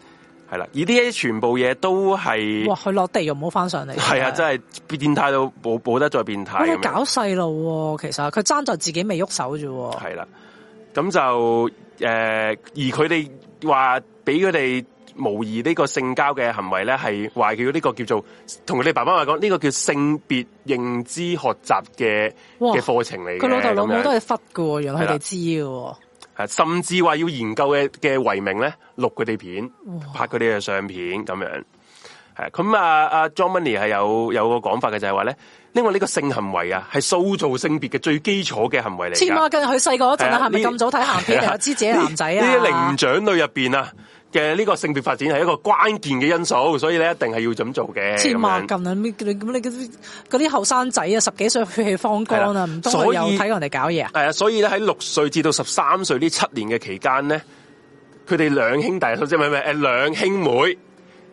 係啦，而啲全部嘢都係哇，佢落地又唔好翻上嚟，係啊，真係變態到冇冇得再變態。佢搞細路，啊，其實佢爭在自己未喐手啫。係啦，咁就誒、呃，而佢哋話俾佢哋模擬呢個性交嘅行為咧，係壞佢呢個叫做同佢哋爸爸話講呢個叫性別認知學習嘅嘅課程嚟嘅。佢老豆老母，就是，都係忽原來佢哋知嘅。甚至話要研究嘅嘅遺明咧，錄佢哋片，拍佢哋嘅相片咁樣，係咁啊，阿、啊、John Money 係有有個講法嘅，就係話咧，因為呢個性行為啊，係塑造性別嘅最基礎嘅行為嚟。黐孖筋，今日佢細個嗰陣係咪咁早睇鹹片啊？知自己男仔啊？呢啲靈長類入邊啊？嗯嘅呢個性別發展係一個關鍵嘅因素，所以咧一定係要咁做嘅。千萬咁啊！咁你嗰啲後生仔啊，十幾歲血氣方剛啊，唔多去睇人哋搞嘢啊。係啊，所以咧喺六歲至到十三歲呢七年嘅期間咧，佢哋兩兄弟或者唔係唔兩兄妹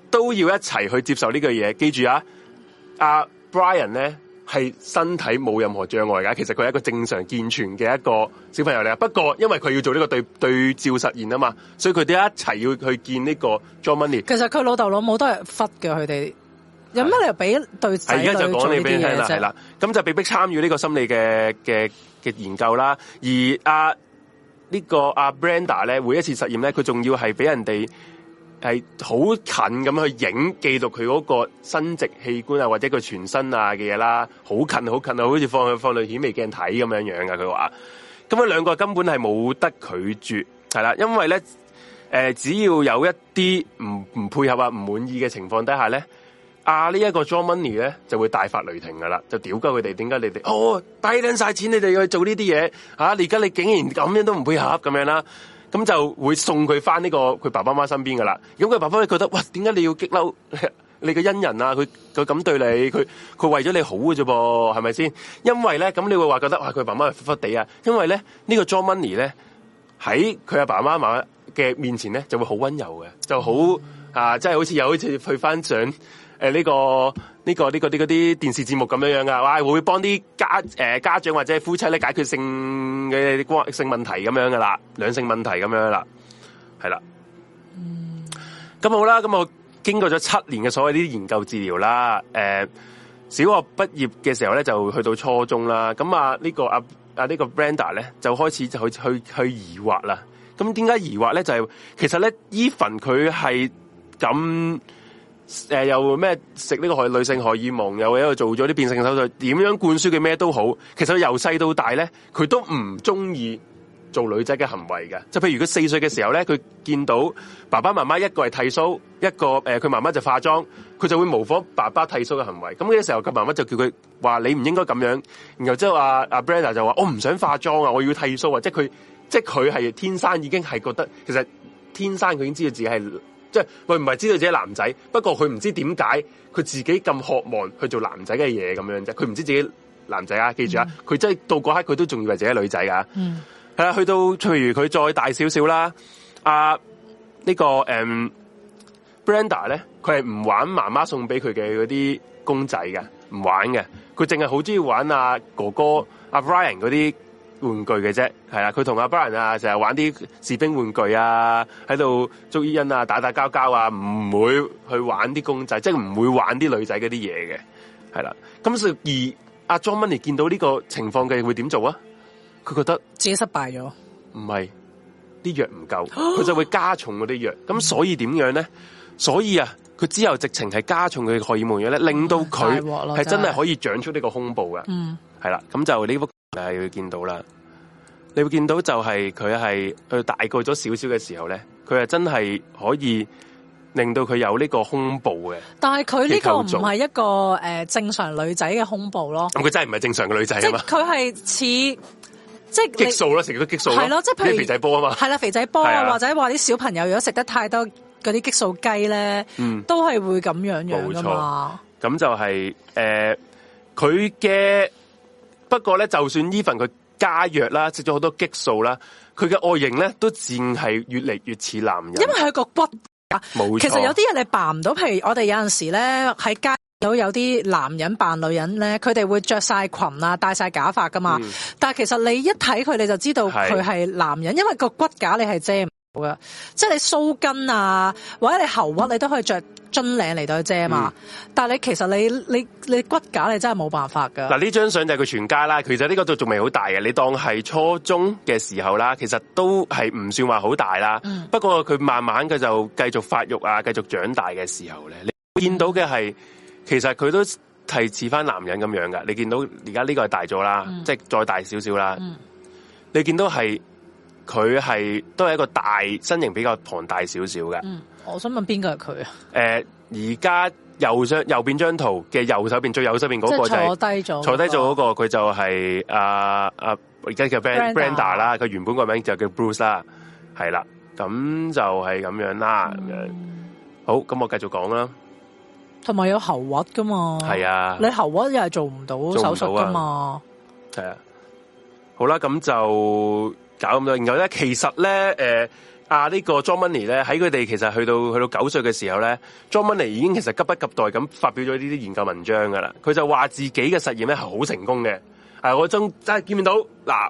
都要一齊去接受呢個嘢。記住啊，阿、啊、Brian 咧。係身體冇任何障礙噶，其實佢係一個正常健全嘅一個小朋友嚟啊。不過因為佢要做呢個對對照實驗啊嘛，所以佢哋一齊要去見呢個 John Money。其實佢老豆老母都係忽嘅，佢哋有咩理由俾對仔女做呢啲嘢啫？係啦，咁就被迫參與呢個心理嘅嘅嘅研究啦。而阿、啊這個啊、呢個阿 Brenda 咧，每一次實驗咧，佢仲要係俾人哋。係好近咁去影記錄佢嗰個生殖器官啊，或者佢全身啊嘅嘢啦，好近好近啊，好似放去放去顯微鏡睇咁樣樣噶。佢話咁樣兩個根本係冇得拒絕，係啦，因為咧誒、呃，只要有一啲唔唔配合啊、唔滿意嘅情況底下咧，啊呢一個 John Money 咧就會大發雷霆噶啦，就屌鳩佢哋，點解你哋哦低捻晒錢，你哋要去做呢啲嘢吓？你而家你竟然咁樣都唔配合咁樣啦！咁就會送佢翻呢個佢爸爸媽身邊嘅啦。咁佢爸爸媽覺得，喂，點解你要激嬲你個恩人啊？佢佢咁對你，佢佢為咗你好嘅啫噃，係咪先？因為咧，咁你會話覺得，哇！佢爸爸媽係忽忽地啊是是呢。因為咧，乏乏為呢、呢個 John Money 咧喺佢阿爸爸媽嘅面前咧，就會好溫柔嘅，就好啊，即係好似有好似去翻上。誒、呃，呢、這個呢、這個呢、這個啲嗰啲電視節目咁樣樣噶，哇，會會幫啲家誒、呃、家長或者夫妻咧解決性嘅關性問題咁樣噶啦，兩性問題咁樣啦，係啦。咁、嗯、好啦，咁我經過咗七年嘅所謂啲研究治療啦，誒、呃，小學畢業嘅時候咧就去到初中啦，咁、這個、啊、這個、呢個啊阿呢個 Brenda 咧就開始就去去去疑惑啦。咁點解疑惑咧？就係、是、其實咧 Even 佢係咁。誒、呃，又咩食呢個荷女性荷爾蒙，又喺度做咗啲變性手術，點樣灌輸佢咩都好，其實由細到大咧，佢都唔中意做女仔嘅行為嘅。就譬如佢四歲嘅時候咧，佢見到爸爸媽媽一個係剃鬚，一個誒佢媽媽就化妝，佢就會模仿爸爸剃鬚嘅行為。咁呢個時候，佢媽媽就叫佢話你唔應該咁樣。然後即係阿阿 Brenda 就話，啊啊、我唔想化妝啊，我要剃鬚啊。即係佢即係佢係天生已經係覺得，其實天生佢已經知道自己係。佢唔係知道自己男仔，不過佢唔知點解佢自己咁渴望去做男仔嘅嘢咁樣啫。佢唔知自己男仔啊，記住啊，佢、mm. 真係到嗰刻佢都仲以為自己女仔啊。嗯，係啊，去到譬如佢再大少少啦，啊、這個 um, Brenda 呢個誒 b r e n d a 咧，佢係唔玩媽媽送俾佢嘅嗰啲公仔嘅，唔玩嘅，佢淨係好中意玩阿、啊、哥哥阿、mm. 啊、Brian 嗰啲。玩具嘅啫，係啦，佢同阿 Brian 啊，成日玩啲士兵玩具啊，喺度捉伊人啊，打打交交啊，唔會去玩啲公仔，即係唔會玩啲女仔嗰啲嘢嘅，係啦。咁所以而阿 John Money 見到呢個情況嘅會點做啊？佢覺得自己失敗咗，唔係啲藥唔夠，佢就會加重嗰啲藥。咁 <coughs> 所以點樣咧？所以啊，佢之後直情係加重佢荷爾蒙藥咧、嗯，令到佢係真係可以長出呢個胸部噶。嗯，係啦，咁就呢幅。你係會見到啦，你會見到就係佢係佢大個咗少少嘅時候咧，佢係真係可以令到佢有呢個胸部嘅。但係佢呢個唔係一個誒、呃、正常女仔嘅胸部咯。咁佢真係唔係正常嘅女仔啊嘛。即佢係似即係激素啦，食咗激素係咯。即係譬如肥仔波啊嘛，係啦，肥仔波啊，或者話啲小朋友如果食得太多嗰啲激素雞咧、嗯，都係會咁樣樣冇錯嘛。咁就係誒佢嘅。呃不過咧，就算 e 份，佢加藥啦，食咗好多激素啦，佢嘅外形咧都淨係越嚟越似男人。因為佢個骨架，其實有啲人你扮唔到，譬如我哋有陣時咧喺街度有啲男人扮女人咧，佢哋會着晒裙啊，戴晒假髮噶嘛。嗯、但係其實你一睇佢，你就知道佢係男人，因為個骨架你係遮唔到噶，即係你鬚根啊，或者你喉核你都可以着、嗯。真領嚟到遮嘛、嗯，但係你其實你你你骨架你真係冇辦法噶。嗱呢張相就係佢全家啦，其實呢個就仲未好大嘅，你當係初中嘅時候啦，其實都係唔算話好大啦，嗯。不過佢慢慢嘅就繼續發育啊，繼續長大嘅時候咧，你見到嘅係、嗯、其實佢都係似翻男人咁樣噶。你見到而家呢個係大咗啦，嗯，即係再大少少啦。你見到係佢係都係一個大身形比較龐大少少嘅。嗯我想問邊個係佢啊？誒、呃，而家右上右邊張圖嘅右手邊最右手邊嗰個就坐低咗，坐低咗嗰個佢、那個、就係啊啊而家叫 Brenda 啦，佢原本個名就叫 Bruce, 那就叫 Bruce 啦，係啦，咁就係咁樣啦。好，咁我繼續講啦。同埋有喉核噶嘛？係啊，你喉核又係做唔到手術噶嘛？係啊，好啦，咁就搞咁多。然後咧，其實咧，誒、呃。啊！呢個、John Money 呢個 John Money 咧，喺佢哋其實去到去到九歲嘅時候咧 John Money 已經其實急不及待咁發表咗呢啲研究文章噶啦。佢就話自己嘅實驗咧係好成功嘅。係、啊、我中真係、啊、見到嗱，誒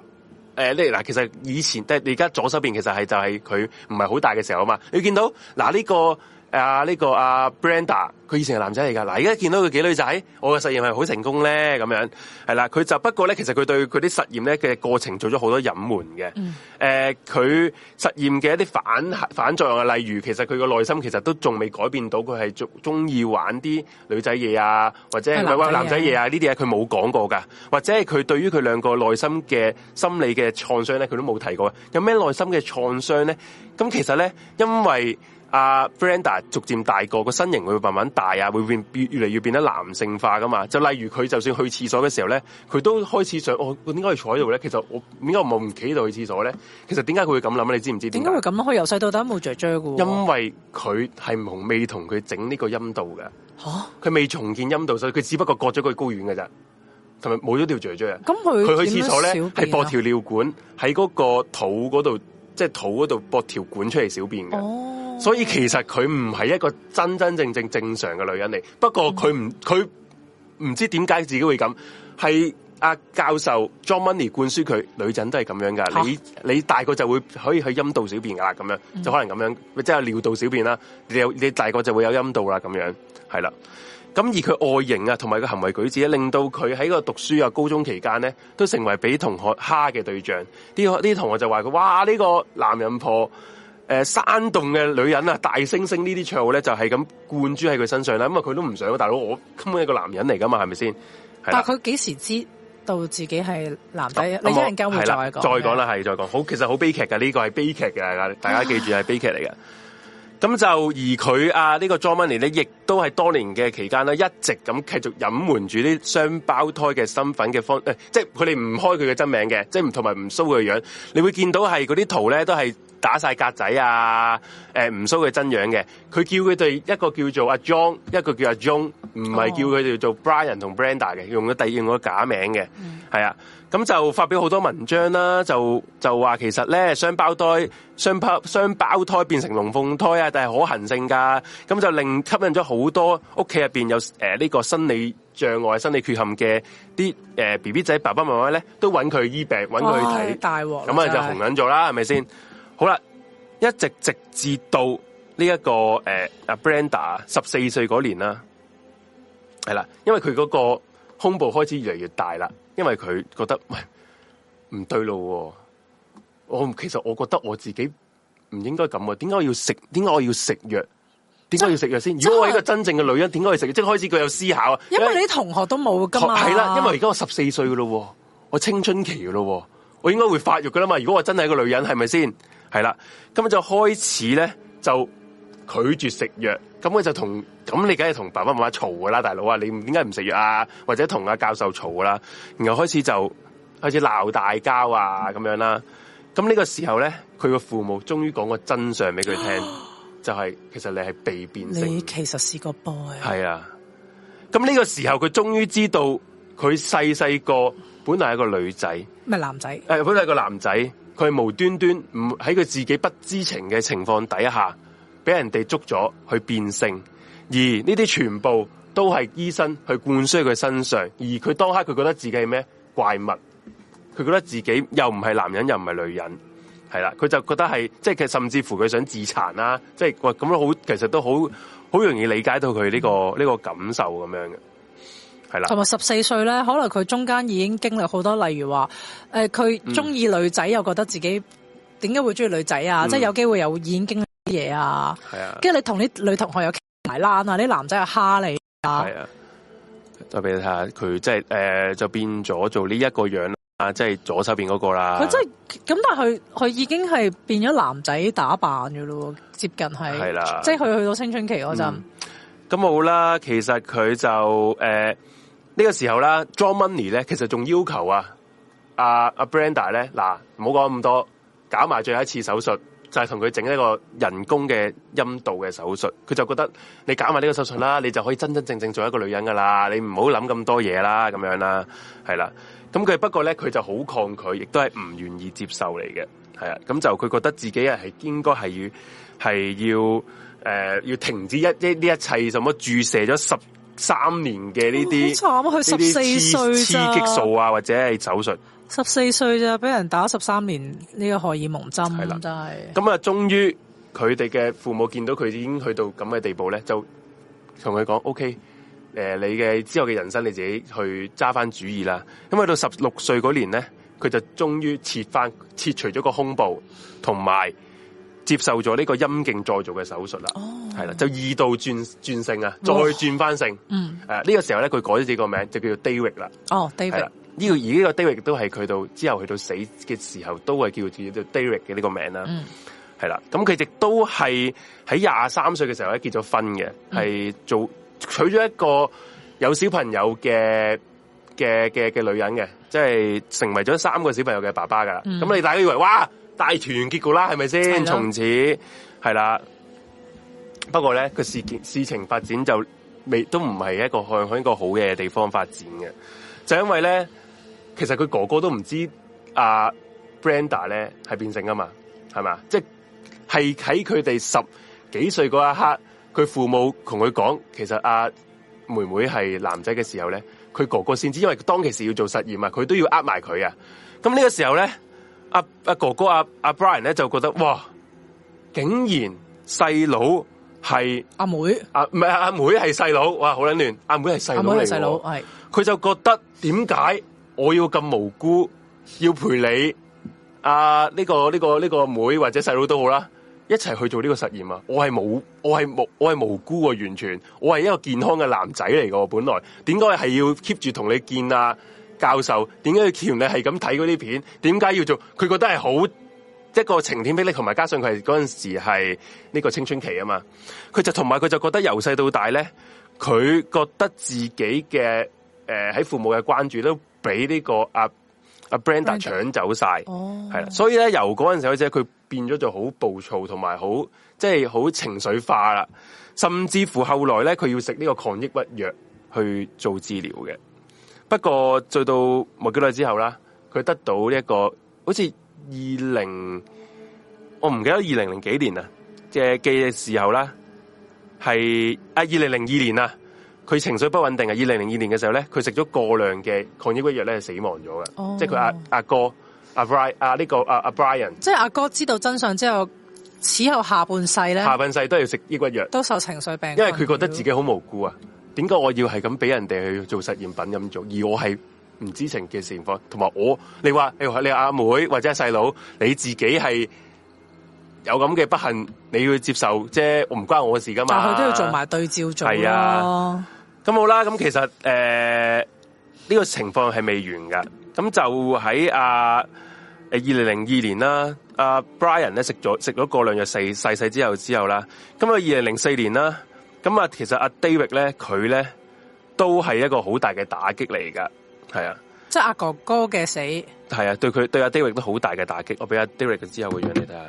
呢嗱，其實以前即係你而家左手邊其實係就係佢唔係好大嘅時候啊嘛。你見到嗱呢、啊呢個。啊！呢、這個阿、啊、Brenda 佢以前係男仔嚟噶，嗱而家見到佢幾女仔，我嘅實驗係好成功咧，咁樣係啦。佢就不過咧，其實佢對佢啲實驗咧嘅過程做咗好多隱瞞嘅。誒、嗯呃，佢實驗嘅一啲反反作用，例如其實佢個內心其實都仲未改變到，佢係中中意玩啲女仔嘢啊，或者係玩男仔嘢啊呢啲嘢，佢冇講過噶。或者係佢對於佢兩個內心嘅心理嘅創傷咧，佢都冇提過。有咩內心嘅創傷咧？咁其實咧，因為。阿、uh, Brenda 逐漸大個，個身形會慢慢大啊，會變越越嚟越變得男性化噶嘛。就例如佢就算去廁所嘅時候咧，佢都開始想：我點解要坐喺度咧？其實我點解我冇唔企喺度去廁所咧？其實點解佢會咁諗？你知唔知點解會咁咯？佢由細到大冇雀雀嘅。因為佢係同未同佢整呢個陰道嘅佢，啊、未重建陰道，所以佢只不過割咗佢睾丸嘅咋，同埋冇咗條雀雀啊。咁佢佢去廁所咧，係駁，啊、條尿管喺嗰個肚嗰度，即、就、係、是、肚嗰度駁條管出嚟小便嘅。哦。所以其實佢唔係一個真真正正正常嘅女人嚟，不過佢唔佢唔知點解自己會咁，係阿教授 John Money 灌輸佢女人都係咁樣噶、啊，你你大個就會可以去陰道小便噶啦，咁樣就可能咁樣、嗯、即係尿道小便啦，你有你大個就會有陰道啦，咁樣係啦。咁而佢外形啊，同埋個行為舉止咧，令到佢喺個讀書啊高中期間咧，都成為俾同學蝦嘅對象。啲啲同學就話佢：哇，呢、呢個男人婆！誒、呃，山洞嘅女人啊、大猩猩，呢啲綽號咧，就係咁灌注喺佢身上啦。咁啊，佢都唔想大佬，我根本係一個男人嚟噶嘛係咪先？但佢幾時知道自己係男仔、啊啊？你只能夠再講，再講啦，係再講。好，其實好悲劇噶，呢、這個係悲劇嘅，大家大家記住係悲劇嚟嘅。咁 <laughs> 就而佢啊，呢、這個 John Money 咧，亦都係多年嘅期間咧，一直咁繼續隱瞞住啲雙胞胎嘅身份嘅方、呃、即係佢哋唔開佢嘅真名嘅，即係唔同埋唔 show 佢嘅樣。你會見到係嗰啲圖咧，都係。打晒格仔啊！誒、呃，唔蘇佢真樣嘅，佢叫佢哋一個叫做阿 John，一個叫阿 John，h 唔係叫佢哋做 Brian 同 Brenda 嘅，用咗第二個假名嘅，係、嗯、啊，咁就發表好多文章啦，就就話其實咧雙胞胎雙胞雙胞胎變成龍鳳胎啊，但係可行性㗎。咁就令吸引咗好多屋企入面有呢、呃呢個生理障礙、生理缺陷嘅啲誒 BB 仔爸爸媽媽咧，都揾佢醫病揾佢睇，大咁啊就紅緊咗啦，係咪先？嗯。好啦，一直直至到呢、這、一個誒，阿 Brenda 十四歲嗰年啦，係啦，因為佢嗰個胸部開始越嚟越大啦，因為佢覺得喂唔對路、啊，我其實我覺得我自己唔應該咁啊，點解我要食？點解我要食藥？點解要食藥先？如果我係一個真正嘅女人，點解要食藥？即係開始佢有思考啊，因為你啲同學都冇咁。嘛，係、啊、啦，因為而家我十四歲噶咯，我青春期噶咯，我應該會發育噶啦嘛。如果我真係一個女人，係咪先？係啦，咁就開始咧就拒絕食藥，咁佢就同咁你梗係同爸爸媽媽嘈噶啦，大佬啊，你點解唔食藥啊？或者同阿教授嘈噶啦，然後開始就開始鬧大交啊咁樣啦。咁呢個時候咧，佢個父母終於講個真相俾佢聽， <coughs> 就係、是、其實你係被變性，你其實是個 boy。係啊，咁呢、啊、個時候佢終於知道佢細細個本來係個女仔，咪男仔，誒，本來係個,、呃、個男仔。佢係無端端唔喺佢自己不知情嘅情況底下，俾人哋捉咗去變性，而呢啲全部都係醫生去灌輸佢身上，而佢當刻佢覺得自己係咩怪物，佢覺得自己又唔係男人又唔係女人，係啦，佢就覺得係即係，甚至乎佢想自殘啦，即係咁樣好，其實都好好容易理解到佢呢個呢個感受咁樣嘅。係啦，同埋十四歲咧，可能佢中間已經經歷好多，例如話，誒、呃，佢中意女仔、嗯，又覺得自己點解會中意女仔啊？嗯、即係有機會又已經經歷啲嘢啊？係、嗯、啊，跟住你同啲女同學有埋拉啊，啲男仔又蝦你啊？係啊，就俾你睇下佢即係誒，就變咗做呢一個樣啦，即、就、係、是、左手邊嗰個啦。佢即係咁，但係佢已經係變咗男仔打扮噶咯，接近係，係啦，即係佢去到青春期嗰陣，咁、嗯、冇啦。其實佢就誒。呃呢、這個時候咧，John Money 咧，其實仲要求啊，阿 Brenda 咧，嗱、啊，唔好講咁多，搞埋最後一次手術，就係同佢整一個人工嘅陰道嘅手術。佢就覺得你搞埋呢個手術啦，你就可以真真正正做一個女人噶啦，你唔好諗咁多嘢啦，咁樣啦，係啦。咁佢不過咧，佢就好抗拒，亦都係唔願意接受嚟嘅，係啊。咁就佢覺得自己啊係應該係要係要誒要停止一一呢一,一,一,一切甚至注射咗十。三年嘅呢啲，佢十四歲，刺激素啊，或者係手術，十四歲就俾人打咗十三年呢、呢個荷爾蒙針，係咁啊，終於佢哋嘅父母見到佢已經去到咁嘅地步咧，就同佢講：OK，誒、呃，你嘅之後嘅人生你自己去揸翻主意啦。咁去到十六歲嗰年咧，佢就終於切翻切除咗個胸部，同埋，接受咗呢個陰莖再做嘅手術啦，係、oh. 啦，就二度轉轉性，轉性、oh. mm. 啊，再轉翻性，誒呢個時候咧佢改咗自己個名，就叫做、oh, David 啦。哦，David，呢個而呢個 David 都係佢到之後去到死嘅時候都係叫住叫 David 嘅呢個名啦。係、mm. 啦，咁佢亦都係喺廿三歲嘅時候咧結咗婚嘅，係、mm. 做娶咗一個有小朋友嘅嘅嘅嘅女人嘅，即、就、係、是、成為咗三個小朋友嘅爸爸噶。咁、mm. 你大家以為哇？大團結局啦，係咪先？從此係啦。不過咧，佢事件事情發展就未都唔係一個向向一個好嘅地方發展嘅，就因為咧，其實佢哥哥都唔知阿、啊、Brenda 咧係變性㗎嘛，係咪？即係喺佢哋十幾歲嗰一刻，佢父母同佢講，其實阿、啊、妹妹係男仔嘅時候咧，佢哥哥先知，因為當其時要做實驗啊，佢都要呃埋佢啊。咁呢個時候咧。阿、啊、阿、啊、哥哥阿阿、啊啊、Brian 咧就覺得哇，竟然細佬係阿妹，阿唔係阿妹係細佬哇，好撚亂，阿、啊、妹係細佬嚟嘅，佢就覺得點解我要咁無辜要陪你？啊，呢、這個呢、這個呢、這個妹或者細佬都好啦，一齊去做呢個實驗啊！我係冇，我係冇，我係無，無辜啊！完全，我係一個健康嘅男仔嚟嘅，本來點解係要 keep 住同你見啊？教授點解佢喬你係咁睇嗰啲片？點解要做？佢覺得係好一個晴天霹靂，同埋加上佢係嗰陣時係呢個青春期啊嘛。佢就同埋佢就覺得由細到大咧，佢覺得自己嘅誒喺父母嘅關注都俾呢、這個阿阿、啊啊、Brenda 搶走晒，係、right. 啦、oh.。所以咧，由嗰陣時候開始，佢變咗就好暴躁，同埋好即係好情緒化啦。甚至乎後來咧，佢要食呢個抗抑鬱藥去做治療嘅。不過再到冇幾耐之後啦，佢得到、這個像 20, 啊、他他一個好似二零，我唔記得二零零幾年啊嘅嘅時候啦，係啊二零零二年啊，佢情緒不穩定啊，二零零二年嘅時候咧，佢食咗過量嘅抗抑鬱藥咧，死亡咗嘅，即係佢阿阿哥阿 Brian 阿呢個阿阿 Brian，即係阿、啊、哥知道真相之後，此後下半世咧，下半世都要食抑鬱藥，都受情緒病，因為佢覺得自己好無辜啊。點解我要係咁俾人哋去做實驗品咁做，而我係唔知情嘅情況？同埋我，你話你說你阿妹，妹或者係細佬，你自己係有咁嘅不幸，你要接受即係我唔關我嘅事噶嘛，但佢都要做埋對照組。係啊，咁好啦。咁其實誒呢、呃這個情況係未完噶。咁就喺阿誒二零零二年啦，阿、呃、Brian 咧，食咗食咗過量藥細細細之後之後啦，咁啊二零零四年啦。咁、嗯、啊，其實阿 David 咧，佢咧都係一個好大嘅打擊嚟噶，係啊，即係阿哥哥嘅死，係啊，對佢對阿 David 都好大嘅打擊。我俾阿 David 之後嘅樣你睇下。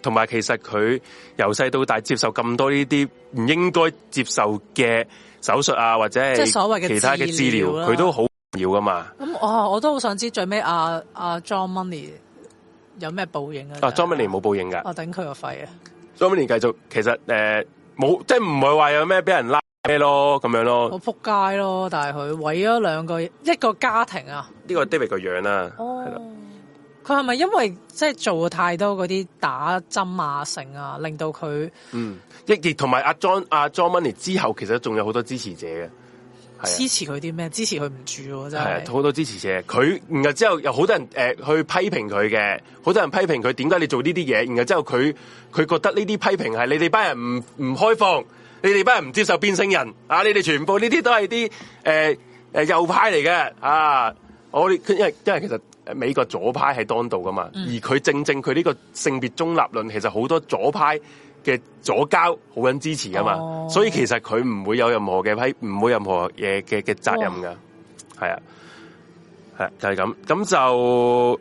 同埋其實佢由細到大接受咁多呢啲唔應該接受嘅手術啊，或者其他資料即係所謂嘅其他嘅治療，啊，佢都好要噶嘛。咁、嗯、我我都好想知道最尾阿阿 John Money 有咩報應啊？阿 John Money 冇報應㗎，我頂佢個肺啊！John Money 繼續，其實誒冇、呃，即係唔係話有咩俾人拉咩咯，咁樣咯，好仆街咯，但係佢毀咗兩個一個家庭啊！呢、這個 David 個樣啊，係啦，佢係咪因為即係做太多嗰啲打針啊性啊，令到佢嗯，亦亦同埋阿 John 阿 John Money 之後，其實仲有好多支持者嘅。支持佢啲咩？支持佢唔住喎、啊，真係好、啊、多支持者。佢，然後之後有好多人、呃、去批評佢嘅，好多人批評佢點解你做呢啲嘢。然後之後佢，佢覺得呢啲批評係你哋班人唔唔開放，你哋班人唔接受變性人啊！你哋全部呢啲都係啲誒右派嚟嘅啊！我哋，因為因為其實美國左派係當道噶嘛，嗯、而佢正正佢呢個性別中立論，其實好多左派。嘅左交好多人支持啊嘛，oh. 所以其實佢唔會有任何嘅批，唔會有任何嘢嘅嘅責任噶，係、oh. 啊，係就係、是、咁，咁就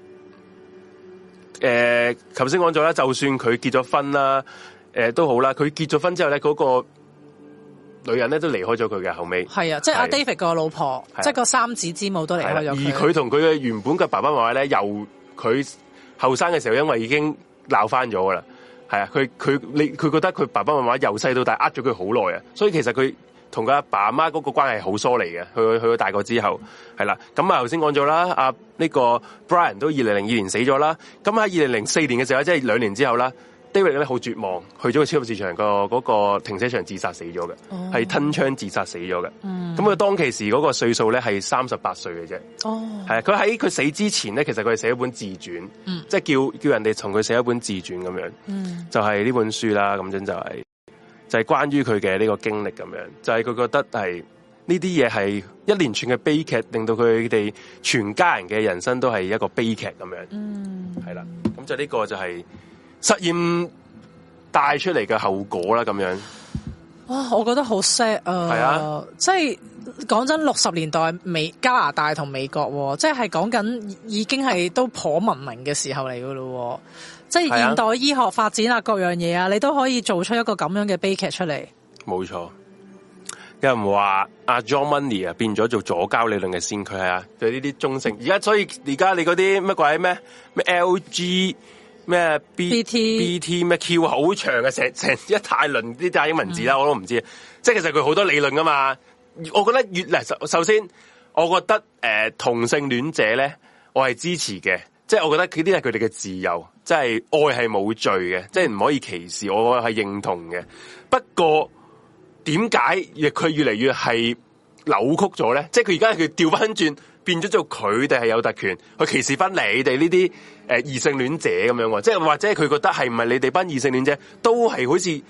誒，頭先講咗啦，就算佢結咗婚啦，誒、呃、都好啦，佢結咗婚之後咧，嗰、那個女人咧都離開咗佢嘅後尾，係啊，即係阿 David 個老婆，即係個三子之母都離開咗，而佢同佢嘅原本嘅爸爸媽媽咧，由佢後生嘅時候，因為已經鬧翻咗噶啦。係啊，佢佢你佢覺得佢爸爸媽媽由細到大呃咗佢好耐啊，所以其實佢同佢阿爸阿媽嗰個關係好疏離嘅。去去到大個之後，係啦，咁啊頭先講咗啦，啊，呢個 Brian 都二零零二年死咗啦，咁喺二零零四年嘅時候，即係兩年之後啦。David 咧好絕望，去咗個超級市場個嗰、嗰個停車場自殺死咗嘅，係、oh. 吞槍自殺死咗嘅。咁、mm. 佢當其時嗰個歲數咧係三十八歲嘅啫。係、oh. 啊，佢喺佢死之前咧，其實佢係寫一本自傳，即、mm. 係叫叫人哋同佢寫一本自傳咁樣，就係呢本書啦。咁樣就係就係關於佢嘅呢個經歷咁樣，就係、是、佢覺得係呢啲嘢係一連串嘅悲劇，令到佢哋全家人嘅人生都係一個悲劇咁樣。係、mm. 啦，咁就呢個就係、是。實驗帶出嚟嘅後果啦，咁樣哇，我覺得好 sad 啊！係啊，即係講真，六十年代美加拿大同美國，即係講緊已經係都頗文明嘅時候嚟噶咯，即係現代醫學發展啊，各樣嘢啊，你都可以做出一個咁樣嘅悲劇出嚟。冇錯，有人話阿 John Money 了啊，變咗做左膠理論嘅先驅係啊，對呢啲中性。而家所以而家你嗰啲乜鬼咩咩 LG。咩 B, B T B T 咩 Q 好長嘅，成成一大輪啲大英文字啦，我都唔知。Mm -hmm. 即係其實佢好多理論噶嘛。我覺得越，嗱，首先，我覺得誒、呃、同性戀者咧，我係支持嘅。即係我覺得呢啲係佢哋嘅自由，即係愛係冇罪嘅，即係唔可以歧視，我係認同嘅。不過點解越佢越嚟越係扭曲咗咧？即係佢而家佢調返轉。變咗做佢哋係有特權，去歧視翻你哋呢啲誒異性戀者咁樣，即係或者佢覺得係唔係你哋班異性戀者，都係好似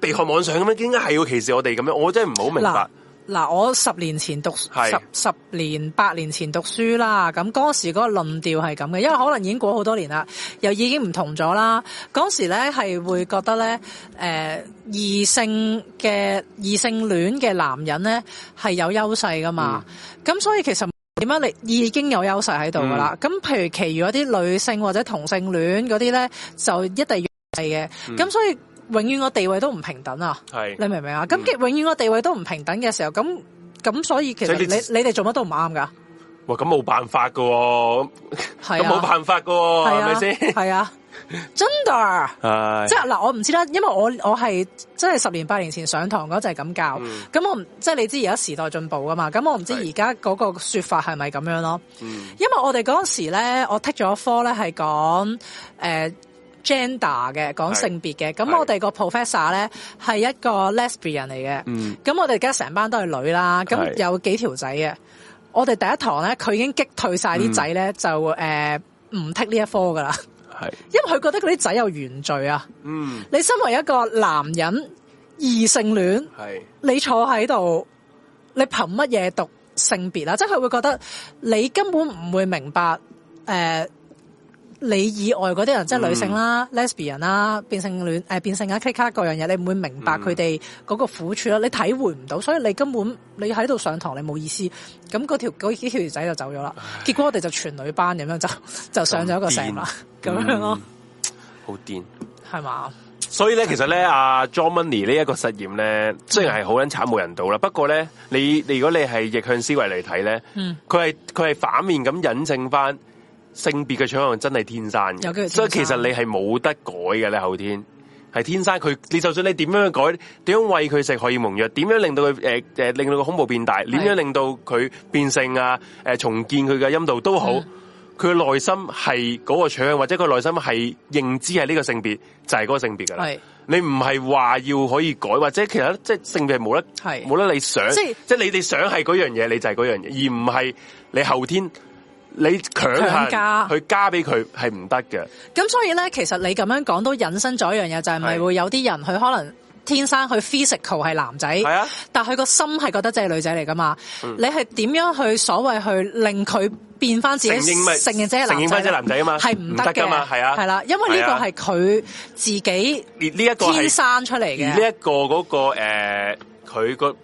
被害妄想咁樣，點解係要歧視我哋咁樣，我真係唔好明白。嗱，我十年前讀十十,十年八年前讀書啦，咁嗰時嗰個論調係咁嘅，因為可能已經過好多年啦，又已經唔同咗啦。嗰時咧係會覺得咧，誒、呃、異性嘅異性戀嘅男人咧係有優勢噶嘛，咁、嗯、所以其實點解你已經有優勢喺度噶啦。咁、嗯、譬如其餘嗰啲女性或者同性戀嗰啲咧，就一定弱勢嘅，咁、嗯、所以。永遠個地位都唔平等啊！係，你明唔明啊？咁、嗯、永遠個地位都唔平等嘅時候，咁咁所以其實你你哋做乜都唔啱㗎。哇，咁冇辦法㗎、喎，係、啊，咁冇辦法㗎、喎，係咪先？係啊 gender <laughs> 即係嗱，我唔知啦，因為我我係真係十年八年前上堂嗰陣係咁教，咁、嗯、我唔即係你知而家時代進步㗎嘛，咁我唔知而家嗰個說法係咪咁樣咯、嗯。因為我哋嗰時咧，我剔咗科咧係講誒。Gender 嘅講性別嘅，咁我哋個 professor 咧，係一個 lesbian 嚟嘅。咁、嗯、我哋而家成班都係女啦，咁有幾條仔嘅，我哋第一堂咧，佢已經擊退晒啲仔咧，嗯、就誒唔剔呢一科噶啦，係，因為佢覺得嗰啲仔有原罪啊。嗯，你身為一個男人異性戀，係，你坐喺度，你憑乜嘢讀性別啦、啊、即係佢會覺得你根本唔會明白，誒、呃。你以外嗰啲人，即係女性啦、啊嗯、lesbian 啦、啊、變性戀、呃、變性啊、queer 各樣嘢，你唔會明白佢哋嗰個苦處咯、嗯，你體會唔到，所以你根本你喺度上堂你冇意思。咁嗰條嗰幾條仔就走咗啦，結果我哋就全女班咁樣就就上咗一個成啦，咁樣咯。好癲係嘛？所以咧，其實咧，阿、啊、John Money 呢一個實驗咧，雖然係好撚慘無人道啦，不過咧，你如果你係逆向思維嚟睇咧，佢係佢係反面咁引證翻。性別嘅取向真係天生嘅，所以其實你係冇得改嘅，你後天係天生，佢你就算你點樣改，點樣餵佢食荷爾蒙藥，點樣令到佢誒誒令到個胸部變大，點樣令到佢變性啊？誒、呃，重建佢嘅陰道都好，佢內心係嗰個取向，或者佢內心係認知係呢個性別，就係、是、嗰個性別噶啦。你唔係話要可以改，或者其實即係、就是、性別冇得係冇得你想，即係你哋想係嗰樣嘢，你就係嗰樣嘢，而唔係你後天。你強加，去加俾佢係唔得嘅。咁所以咧，其實你咁樣講都引申咗一樣嘢，就係咪會有啲人佢可能天生佢 physical 係男仔，係啊，但係佢個心係覺得即係女仔嚟噶嘛？你係點樣去所謂去令佢變翻自己？承認咪承認即係承認翻即係男仔啊嘛？係唔得嘅嘛？係啊，係啦，因為呢個係佢自己呢一個天生出嚟嘅呢一個嗰個佢個。嗰個呃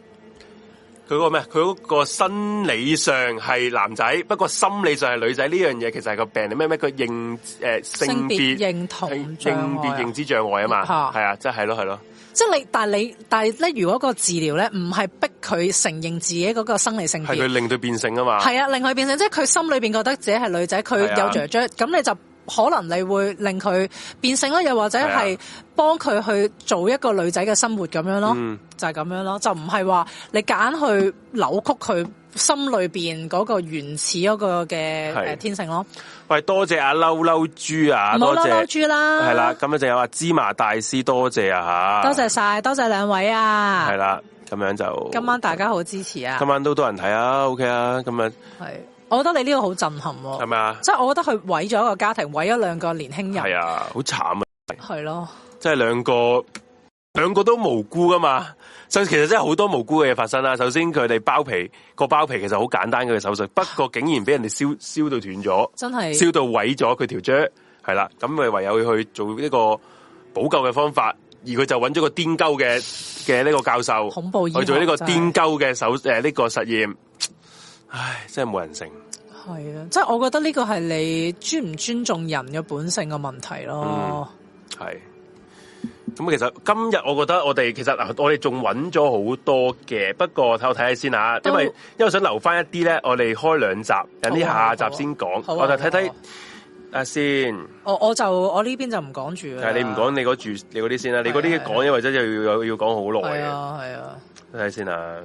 佢個個咩？佢個個生理上係男仔，不過心理上係女仔呢樣嘢，其實係個病你咩咩？佢認誒、呃、性別認同性別認知障礙啊嘛，係啊，即係咯，係、就、咯、是，即係你，但係你，但係咧，如果個治療咧，唔係逼佢承認自己嗰個生理性別，係佢令佢變性啊嘛，係啊，令佢變性，即係佢心裏面覺得自己係女仔，佢有雀雀，咁、啊、你就。可能你會令佢變性咯，又或者係幫佢去做一個女仔嘅生活咁、啊嗯、樣咯，就係咁樣咯，就唔係話你揀去扭曲佢心裏面嗰個原始嗰個嘅天性咯、啊。喂，多謝阿嬲嬲豬啊，唔好嬲嬲豬啦、啊，係啦，咁啊就有阿芝麻大師，多謝啊嚇，多謝曬，多謝兩位啊，係啦，咁、啊啊、樣就今晚大家好支持啊，今晚都多人睇啊，OK 啊，今日係。我覺得你呢個好震撼喎，係咪啊？即係我覺得佢毀咗一個家庭，毀咗兩個年輕人，係啊，好慘啊！係咯、啊，即係兩個兩個都無辜噶嘛、啊。其實真係好多無辜嘅嘢發生啦。首先佢哋包皮個包皮，其實好簡單嘅手術，不過竟然俾人哋燒燒到斷咗，真係燒到毀咗佢條脹。係啦、啊，咁咪唯有去做呢個補救嘅方法，而佢就揾咗個癲鳩嘅嘅呢個教授，恐怖！去做呢個癲鳩嘅手呢、就是呃呢個實驗。唉，真係冇人性。係啊，即係我覺得呢個係你尊唔尊重人嘅本性嘅問題咯。係、嗯。咁其實今日我覺得我哋其實我哋仲揾咗好多嘅，不過睇睇下先啊，哦、因為因為想留翻一啲咧，我哋開兩集，等啲下集先講、啊啊啊啊啊。我就睇睇啊先。我我就我呢邊就唔講住但係你唔講你嗰住你嗰啲先啦，你嗰啲講，因為真係要要要講好耐嘅。係啊係啊。睇睇先啊。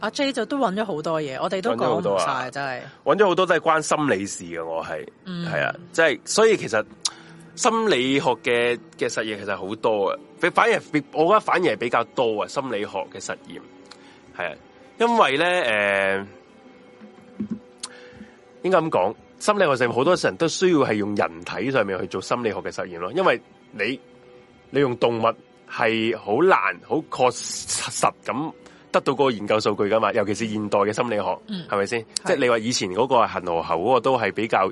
阿 J 就都揾咗好多嘢，我哋都講好多啊，真係揾咗好多都係關心理事嘅，我係，係、嗯、啊，即係，所以其實心理學嘅嘅實驗其實好多啊，反而，我覺得反而係比較多啊，心理學嘅實驗係啊，因為咧，呃，應該咁講，心理學上面好多時人都需要係用人體上面去做心理學嘅實驗咯，因為你你用動物係好難好確實咁。得到個研究數據㗎嘛？尤其是現代嘅心理學，係咪先？即係、就是、你話以前嗰個係恒河猴嗰個都係比較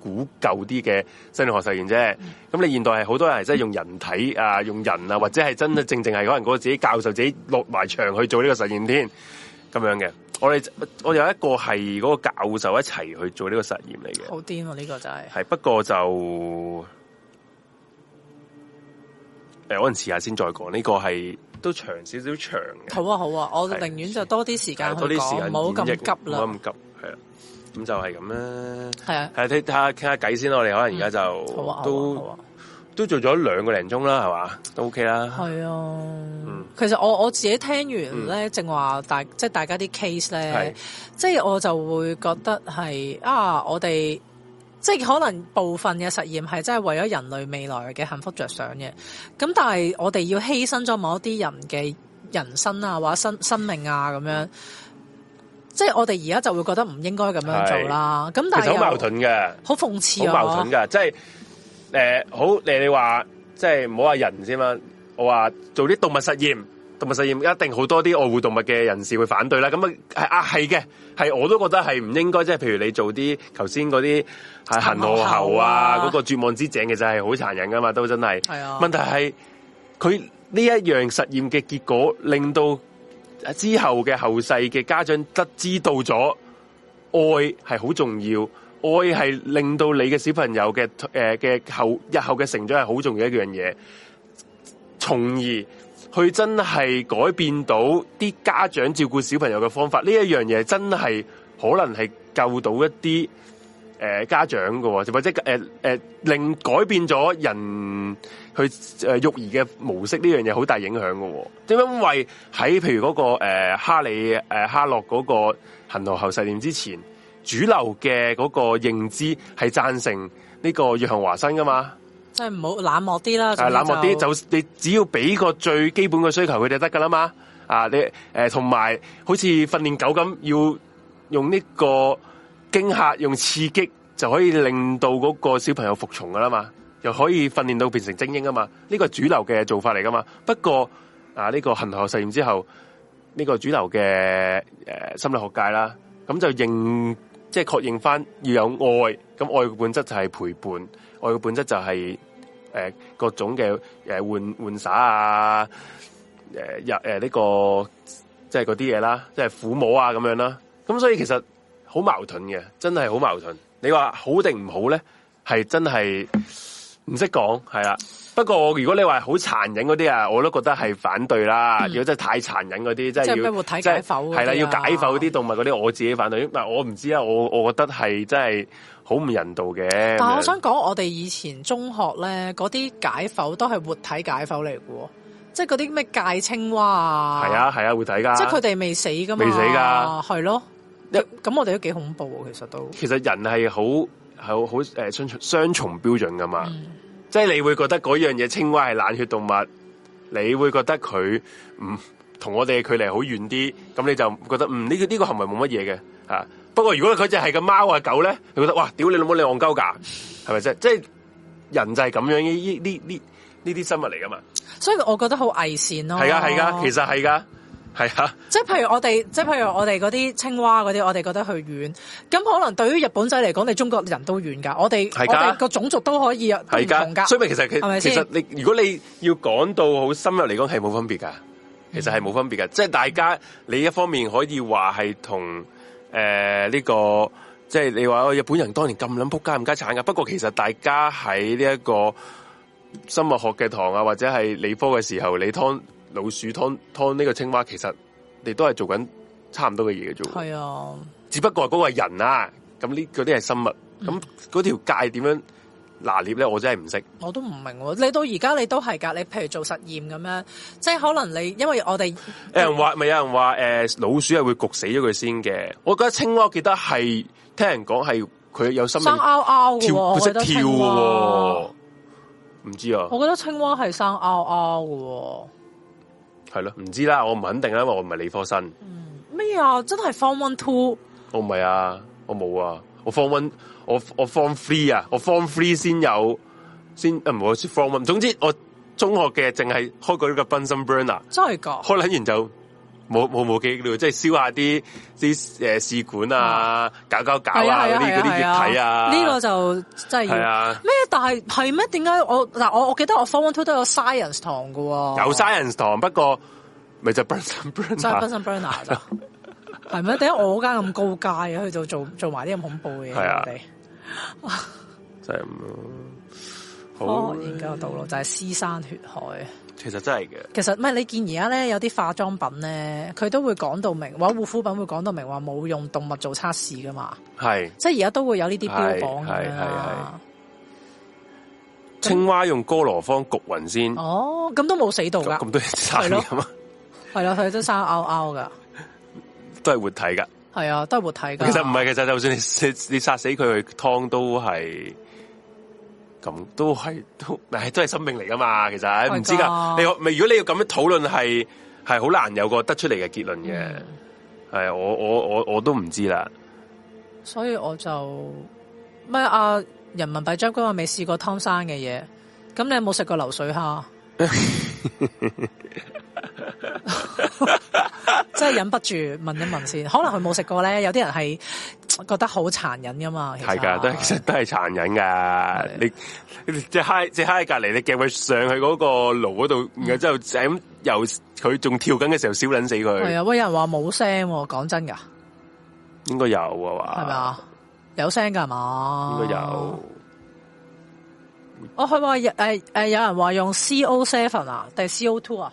古舊啲嘅心理學實驗啫。咁、嗯、你現代係好多人真係用人體啊、嗯，用人啊，或者係真真正正係可能嗰個自己教授自己落埋場去做呢個實驗添。咁樣嘅，我哋我有一個係嗰個教授一齊去做呢個實驗嚟嘅。好癲、啊！呢、這個就係、是、係不過就誒，可能遲下先再講呢、這個係。都長少少長，好啊好啊，我寧願就多啲時間去講，唔好咁急啦，唔好咁急，係啊，咁就係咁啦。係、嗯、啊，睇下傾下偈先，我哋可能而家就都都做咗兩個零鐘啦，係嘛？都 OK 啦。係啊、嗯，其實我我自己聽完咧，正話大即係大家啲 case 咧，即係、啊就是、我就會覺得係啊，我哋。即係可能部分嘅實驗係真係為咗人類未來嘅幸福着想嘅，咁但係我哋要犧牲咗某一啲人嘅人生啊，或者生生命啊咁樣，即係我哋而家就會覺得唔應該咁樣做啦。咁但係好矛盾嘅，好諷刺，好矛盾嘅，即係誒，好你你話即係唔好話人先啦，我話做啲動物實驗。動物實驗一定好多啲愛護動物嘅人士會反對啦，咁啊係啊係嘅，係我都覺得係唔應該，即係譬如你做啲頭先嗰啲係行路猴啊，嗰個絕望之井其實係好殘忍噶嘛，都真係。係啊，問題係佢呢一樣實驗嘅結果，令到之後嘅後世嘅家長得知道咗愛係好重要，愛係令到你嘅小朋友嘅誒嘅後日後嘅成長係好重要一樣嘢，從而。佢真係改變到啲家長照顧小朋友嘅方法，呢一樣嘢真係可能係救到一啲誒、呃、家長嘅，或者誒誒、呃呃、令改變咗人去誒、呃、育兒嘅模式，呢樣嘢好大影響嘅。點因為，喺譬如嗰、那個誒、呃、哈利誒、呃、哈洛嗰個恆河猴實驗之前，主流嘅嗰個認知係贊成呢個約翰華生嘅嘛？即係唔好冷漠啲啦，冷漠啲就你只要俾個最基本嘅需求佢哋就得噶啦嘛。啊，你誒同埋好似訓練狗咁，要用呢個驚嚇、用刺激就可以令到嗰個小朋友服從噶啦嘛，又可以訓練到變成精英啊嘛。呢個主流嘅做法嚟噶嘛。不過啊，呢個恆河實驗之後，呢個主流嘅誒、呃、心理學界啦，咁就認即係確認翻要有愛，咁愛嘅本質就係陪伴。愛嘅本質就係、是、誒、呃、各種嘅誒換換耍啊誒入誒呢個即係嗰啲嘢啦，即係父母啊咁樣啦、啊，咁所以其實好矛盾嘅，真係好矛盾。你話好定唔好咧，係真係唔識講，係啊。不過如果你話好殘忍嗰啲啊，我都覺得係反對啦。嗯、如果真係太殘忍嗰啲，即係要，即係活體解剖，係啦、啊啊，要解剖啲動物嗰啲，我自己反對。我唔知啊，我我覺得係真係好唔人道嘅。但係我想講，我哋以前中學咧嗰啲解剖都係活體解剖嚟喎，即係嗰啲咩解青蛙啊，係啊係啊，活體噶，即係佢哋未死噶嘛，未死噶，係咯。咁我哋都幾恐怖，其實都。其實人係好係好誒，雙重雙重標準噶嘛。嗯即係你會覺得嗰樣嘢青蛙係冷血動物，你會覺得佢唔同我哋嘅距離好遠啲，咁你就覺得唔呢呢個行為冇乜嘢嘅吓。不過如果佢淨係個貓啊狗咧，你覺得哇，屌你老母你戇鳩噶，係咪先？即係人就係咁樣呢呢呢呢啲生物嚟噶嘛。所以我覺得好危險咯、哦。係噶係噶，其實係噶。係啊，即係譬如我哋，即係譬如我哋嗰啲青蛙嗰啲，我哋覺得佢遠，咁可能對於日本仔嚟講，你中國人都遠噶，我哋、啊、我哋個種族都可以啊，唔同噶，所以咪其實其，是是其實你如果你要講到好深入嚟講，係冇分別噶，其實係冇分別噶，即、嗯、係、就是、大家你一方面可以話係同誒呢個，即、就、係、是、你話我日本人當年咁捻仆街咁家產噶，不過其實大家喺呢一個生物學嘅堂啊，或者係理科嘅時候，你湯。老鼠劏劏呢個青蛙，其實你都係做緊差唔多嘅嘢嘅啫喎。係啊、嗯，只不過嗰個人啊，咁呢啲係生物，咁嗰條界點樣拿捏咧？我真係唔識。我都唔明喎、哦。你到而家你都係㗎。你譬如做實驗咁樣，即係可能你因為我哋有人話咪、呃、有人話、呃、老鼠係會焗死咗佢先嘅。我覺得青蛙記得係聽人講係佢有生命生凹凹嘅，佢識跳喎。唔、哦、知啊。我覺得青蛙係生凹凹嘅喎。係咯，唔知啦，我唔肯定啦，因為我唔係理科生。嗯，咩啊？真係 form one two？我唔係啊，我冇啊，我 form one，我我 form three 啊，我 form three 先有先，唔好說 form one。總之我中學嘅淨係開過呢個 Bunsen burner，真係噶，開撚完就。冇冇冇記錄，即係燒一下啲啲試管啊，搞搞搞啊啲啲啊。呢個就真係咩？但係係咩？點解我嗱我我記得我 form one two 都有 science 堂嘅喎。有 science 堂，不過咪就係 burner burner，burner burner, burner, burner。係 <laughs> 咩？點解我間咁高階嘅去到做做埋啲咁恐怖嘅嘢？係啊，真係咁咯。科學研究道路就係屍山血海。其實真係嘅，其實唔係你見而家咧有啲化妝品咧，佢都會講到明，或者護膚品會講到明話冇用動物做測試噶嘛。係，即係而家都會有呢啲標榜係啊、嗯，青蛙用哥羅芳焗勻。先。哦，咁都冇死到噶，咁都殺噶嘛？係啦，佢 <laughs> <laughs> 都生勾勾噶，都係活體噶。係啊，都係活體噶。其實唔係，其實就算你你殺死佢去湯都係。咁都係都，唉，都係生命嚟噶嘛，其實唔知噶，你，咪如果你要咁樣討論，係係好難有個得出嚟嘅結論嘅，係、嗯、我我我我都唔知啦。所以我就咩啊？人民幣將軍嗰個未試過湯生嘅嘢，咁你有冇食過流水蝦？ <laughs> <laughs> 真係忍不住問一問先，可能佢冇食過咧。有啲人係覺得好殘忍噶嘛，係噶，都係其實都係殘忍噶。你即係揩即係揩喺隔籬，你夾佢上去嗰個爐嗰度，然後之後咁又佢仲跳緊嘅時候燒撚死佢。係啊，喂，有人話冇聲，講真噶，應該有啊話？係咪啊？有聲噶係嘛？應該有。哦，佢話誒誒，有人話用 C O seven 啊，定 C O two 啊？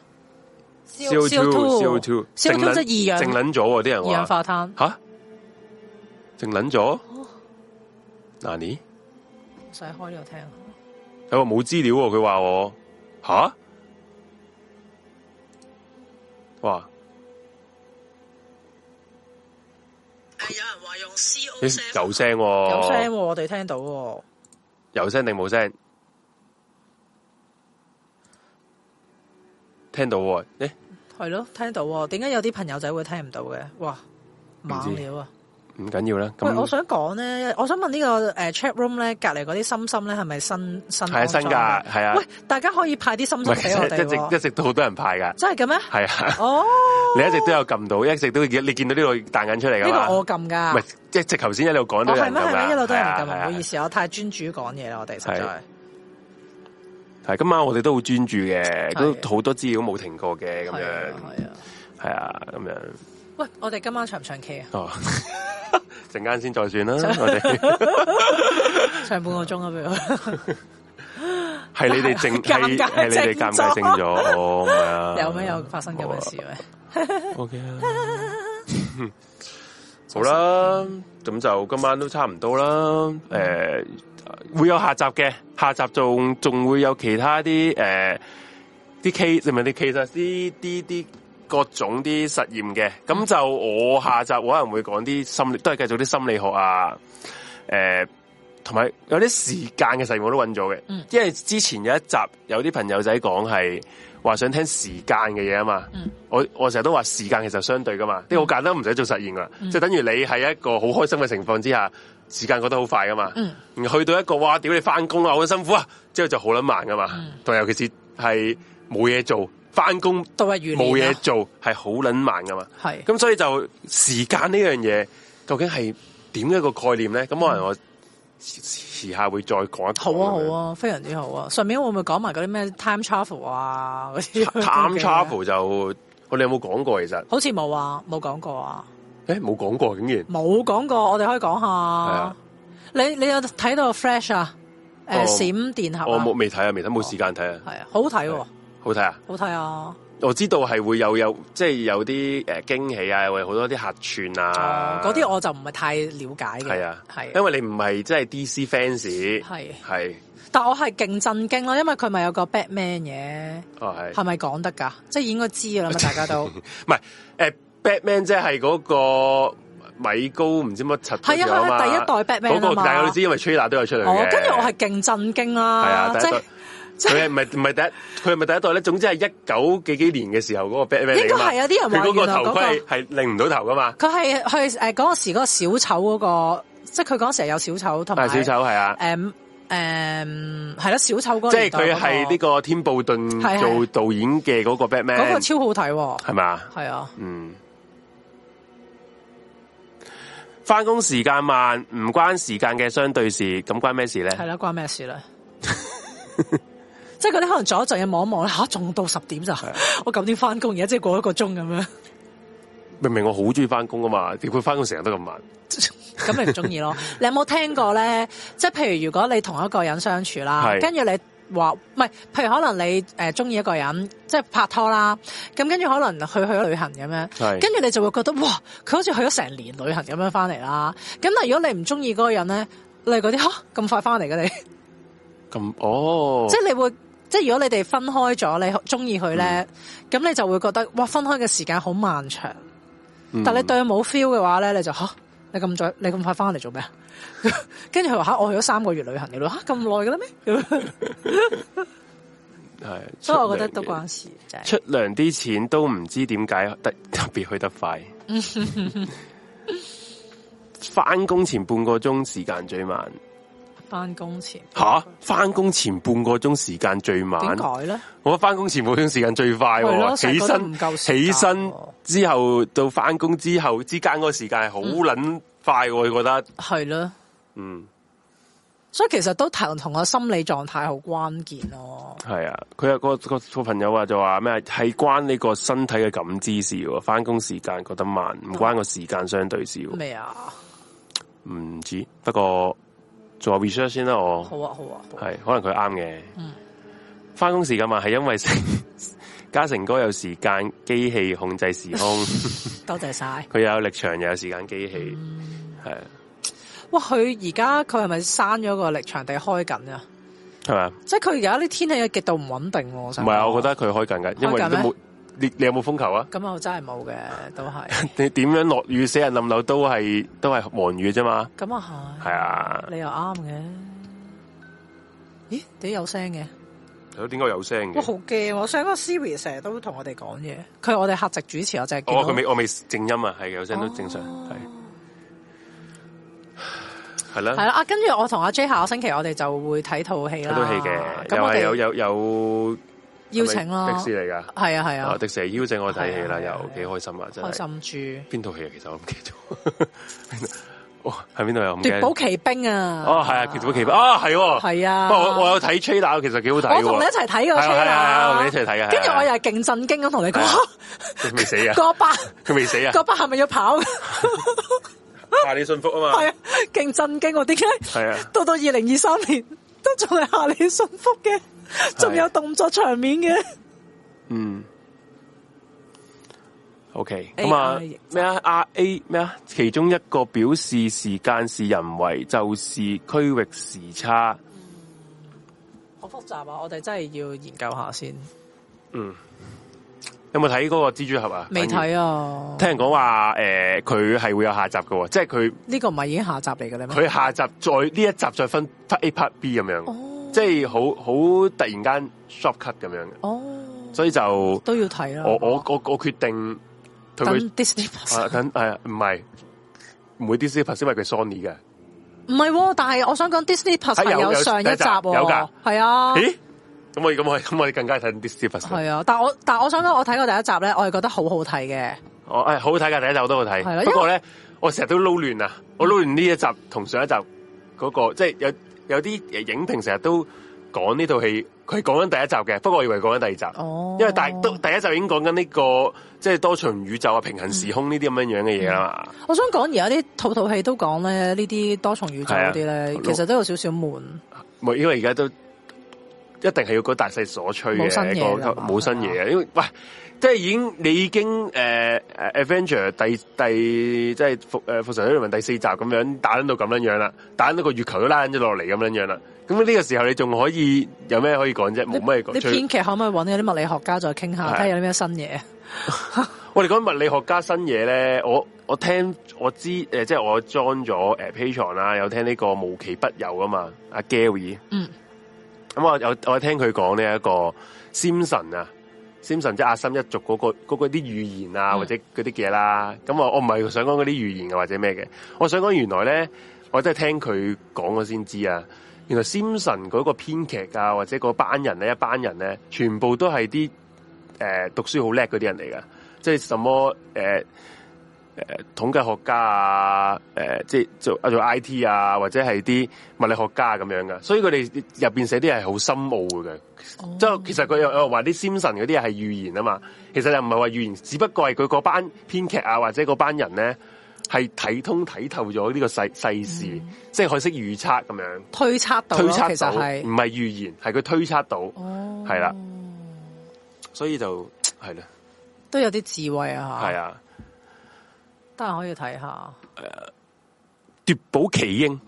C O two，C O two，C O two，淨撚咗，啲人話二氧化碳。吓、啊，淨撚咗？嗱你，唔使開呢度聽。佢話冇資料，啊，佢話我吓、啊嗯。哇！誒、 <laughs> <laughs> 欸，有人話用 C O 聲有聲，有聲，啊，我哋聽到，啊。有聲定冇聲？聽到喎，誒、欸，係咯，聽到喎，點解有啲朋友仔會聽唔到嘅？哇，猛料啊！唔緊要啦。喂，我想講咧，我想問個呢個誒 chat room 咧，隔籬嗰啲心心咧，係咪新新係新噶？係啊。喂，大家可以派啲心心畀我哋。一直一直都好多人派噶。真係噉咩？係啊。哦。你一直都有撳到，一直都你見到呢個彈緊出嚟噶呢個我撳噶。唔係，即係頭先一路講到，係咩係咪？一路都、哦、有人撳，唔好意思，我太專注講嘢啦，我哋實在。係今晚我哋都好專注嘅，都好多資料都冇停過嘅咁樣，係啊，係啊，咁樣。喂，我哋今晚唱唔唱 K？啊有有？哦，陣間先再算啦，我哋唱半個鐘啊，不如係你哋靜係，你哋尷尬靜咗，有咩有發生咁嘅事咩？O K 好啦，咁 <laughs> 就今晚都差唔多啦，誒、呃。會有下集嘅，下集仲仲會有其他啲誒啲 K，係咪啲即係啲啲啲各種啲實驗嘅。咁、嗯、就我下集我可能會講啲心理，都係繼續啲心理學啊。誒、呃，同埋有啲時間嘅實驗我都揾咗嘅，因為之前有一集有啲朋友仔講係話想聽時間嘅嘢啊嘛。嗯、我我成日都話時間其實相對噶嘛，啲好簡單，唔使做實驗噶，即、嗯、係等於你喺一個好開心嘅情況之下。時間過得好快噶嘛，嗯，去到一個哇，屌你翻工啊，好辛苦啊，之後就好捻慢噶嘛，嗯。對，尤其是係冇嘢做，翻工都係冇嘢做係好捻慢噶嘛，嗯。係。咁所以就時間呢樣嘢，究竟係點樣一個概念咧？咁、嗯、可能我遲下會再講一講。好啊，好啊，非常之好啊！上面會唔會講埋嗰啲咩 time travel 啊？嗰啲 time travel <laughs> 就，你有冇講過？其實好似冇啊，冇講過啊。誒，冇講過，竟然冇講過，我哋可以講下。啊、你你有睇到 Flash 啊？誒、呃，閃、哦、電俠。我冇未睇啊，未睇冇時間睇啊。係、哦、啊，好好睇喎，好睇啊，好睇啊，啊。我知道係會有有即係有啲誒驚喜啊，者好多啲客串啊。嗰、哦、啲我就唔係太了解嘅。係啊，係、啊啊，因為你唔係即係 DC fans。係係、啊啊，但我係勁震驚咯、啊，因為佢咪有個 Batman 嘢、啊，係咪講得噶？ <laughs> 即係應該知噶啦嘛，大家都唔係誒。呃 Batman 即係嗰個米高唔知乜柒係啊，係第一代 Batman 嗰、那個，但係我哋知因為 trailer 都有出嚟哦，跟住我係勁震驚啦。係啊，第一代，即佢係唔係唔係第一，佢係咪第一代咧？總之係一九幾幾年嘅時候嗰個 Batman 啊嘛。應該係有啲人。佢嗰個頭盔係擰唔到頭噶嘛。佢係去誒嗰時嗰個小丑嗰、那個，即係佢成日有小丑同。埋小丑係啊。誒誒、嗯，係、嗯嗯、小丑嗰個、那個。即係佢係呢個天布頓做導演嘅嗰個 Batman。嗰、那個超好睇，係嘛？係啊，嗯。翻工時間慢唔關時間嘅相對事，咁關咩事咧？係啦，關咩事咧？ <laughs> <laughs> 即係嗰啲可能做左陣嘢望一望吓仲到十點就，我九點翻工，而家即係過一個鐘咁樣。明明我好中意翻工啊嘛，點解翻工成日都咁慢？咁 <laughs> 你唔中意咯？你有冇聽過咧？即係譬如如果你同一個人相處啦，跟住你。話唔係，譬如可能你誒中意一個人，即係拍拖啦，咁跟住可能去去咗旅行咁樣，跟住你就會覺得哇，佢好似去咗成年旅行咁樣翻嚟啦。咁但係如果你唔中意嗰個人呢，你嗰啲咁快翻嚟嘅你，咁哦，即係你會，即係如果你哋分開咗，你中意佢呢，咁你就會覺得哇，分開嘅時間好漫長。但係你對佢冇 feel 嘅話呢，你就吓。啊你咁早，你咁快翻嚟做咩啊？跟住佢話吓，我去咗三個月旅行，你話吓咁耐嘅啦咩？係、啊，所以 <laughs> <laughs> <laughs> 我覺得都怪事。出糧啲錢都唔知點解得特別去得快。翻工前半個鐘時間最慢。翻工前吓，翻工前半個鐘時間、啊、最慢。點解咧？我翻工前半個鐘時間最快喎，起身起身之後到翻工之後之間嗰個時間係好捻快、嗯、我覺得係咯。嗯，所以其實都同同個心理狀態好關鍵咯。係啊，佢有、嗰個、嗰個朋友話就話咩係關呢個身體嘅感知事喎，翻工時間覺得慢，唔關個時間相對事。咩、嗯、啊？唔知，不過。做下 research 先啦，我好、啊。好啊，好啊。係，可能佢啱嘅。嗯。翻工時間嘛，係因為成嘉誠哥有時間機器控制時空。 <laughs> 多謝晒。佢 <laughs> 有力場又有時間機器，係、嗯。哇！佢而家佢係咪閂咗個力場地開緊啊？係咪啊？即係佢而家啲天氣係極度唔穩定。唔係啊！我覺得佢開緊嘅，因為你，你有冇風球啊？咁啊，真係冇嘅，都係 <laughs> 。你點樣落雨，死人冧樓都係都係黃雨啫嘛。咁啊係。係啊。你又啱嘅。咦？點有聲嘅？係咯？點解有聲嘅？我好驚，我想個 Siri 成日都同我哋講嘢，佢我哋客席主持，我就驚。佢、哦、未我未靜音啊，係有聲都正常。係、啊。係啦。係啦。啊，跟住我同阿 J，下個星期我哋就會睇套戲啦。睇套戲嘅，咁我哋有有有。有有有邀請咯、啊，迪士尼噶，係啊係啊、哦，是啊迪士尼邀請我睇戲啦，啊、又幾開心啊，真係開心住。邊套戲啊？其實我唔記得。哇、 <laughs> 哦，係邊度又？奪寶奇兵啊，啊，哦啊奇兵！哦，係啊，啊，啊，奪寶奇兵啊，係喎，係啊。我我有睇吹打，其實幾好睇。我同你一齊睇嘅，係啊同你、啊、一齊睇嘅。跟住、啊、我又係勁震驚咁同你講，未、啊、死啊？哥巴，佢未死啊？哥巴係咪要跑？夏里信福啊嘛，係啊，勁震驚點解？係啊，到到二零二三年都仲係夏里信福嘅。仲 <laughs> 有動作場面嘅、 <laughs> 嗯，嗯，OK，咁啊咩啊 RA 咩啊，其中一個表示時間是人為，就是區域時差，好複雜啊！我哋真係要研究一下先。嗯，有冇睇嗰個蜘蛛俠啊？未睇啊！聽人講話誒，佢、呃、係會有下集嘅，即係佢呢個唔係已經下集嚟嘅咩？佢下集再呢一集再分 part A part B 咁樣。哦即係好好突然間 short cut 咁樣嘅、oh,，所以就都要睇啦。我我我我決定同佢 Disney 等係啊，唔係唔會 Disney Plus 因為佢 Sony 嘅。唔係，但係我想講 Disney Plus 有上一集，一集有噶，係啊咦。咁我咁我咁我更加睇 Disney Plus 係啊，但係我但係我想講，我睇過第一集咧，我係覺得好好睇嘅。哦，誒，好睇㗎，第一集，我,好、啊哎、第一集我都好睇、啊。不過咧，我成日都撈亂啊，我撈亂呢一集同上一集嗰、嗰個，即係有。有啲影評成日都講呢套戲，佢係講緊第一集嘅，不過我以為講緊第二集，oh. 因為大都第一集已經講緊呢個即係多重宇宙啊、平行時空呢啲咁樣樣嘅嘢啦。我想講而家啲套套戲都講咧呢啲多重宇宙嗰啲咧，其實都有少少悶，因為而家都。一定係要大、那個大勢所趨嘅，冇新嘢、冇新嘢啊！因為喂，即係已經你已經誒誒、呃、Avenger 第第即係復誒復仇者聯盟第四集咁樣打到咁樣樣啦，打到個月球都躝咗落嚟咁樣樣啦。咁呢個時候你仲可以有咩可以講啫？冇咩講。你編劇可唔可以搵啲物理學家再傾下，睇下有啲咩新嘢？ <laughs> 我哋講物理學家新嘢咧，我我聽我知誒，即係我 join 咗誒 Patreon 啦，有聽呢個無奇不有啊嘛，阿 Gary 嗯。咁、嗯、我有我聽佢講呢一個先神啊，先神即係亞心一族嗰那個啲語言，嗯、語言啊，或者嗰啲嘢啦。咁我我唔係想講嗰啲語言啊，或者咩嘅。我想講原來咧，我真係聽佢講咗先知啊。原來先神嗰個編劇啊，或者個班人咧，一班人咧，全部都係啲誒讀書好叻嗰啲人嚟噶，即係什麼誒。呃統計學家啊，誒、呃，即係做做 I T 啊，或者係啲物理學家咁樣噶，所以佢哋入邊寫啲嘢係好深奧嘅，即、oh. 係其實佢又又話啲 Simpson 嗰啲係預言啊嘛，其實又唔係話預言，只不過係佢嗰班編劇啊或者嗰班人咧係睇通睇透咗呢個世、oh. 世事，即係可以識預測咁樣，推測到，推測到，其實係唔係預言，係佢推測到，係、oh. 啦，所以就係啦，都有啲智慧啊，係啊。都係可以睇下。奪、uh, 寶奇英。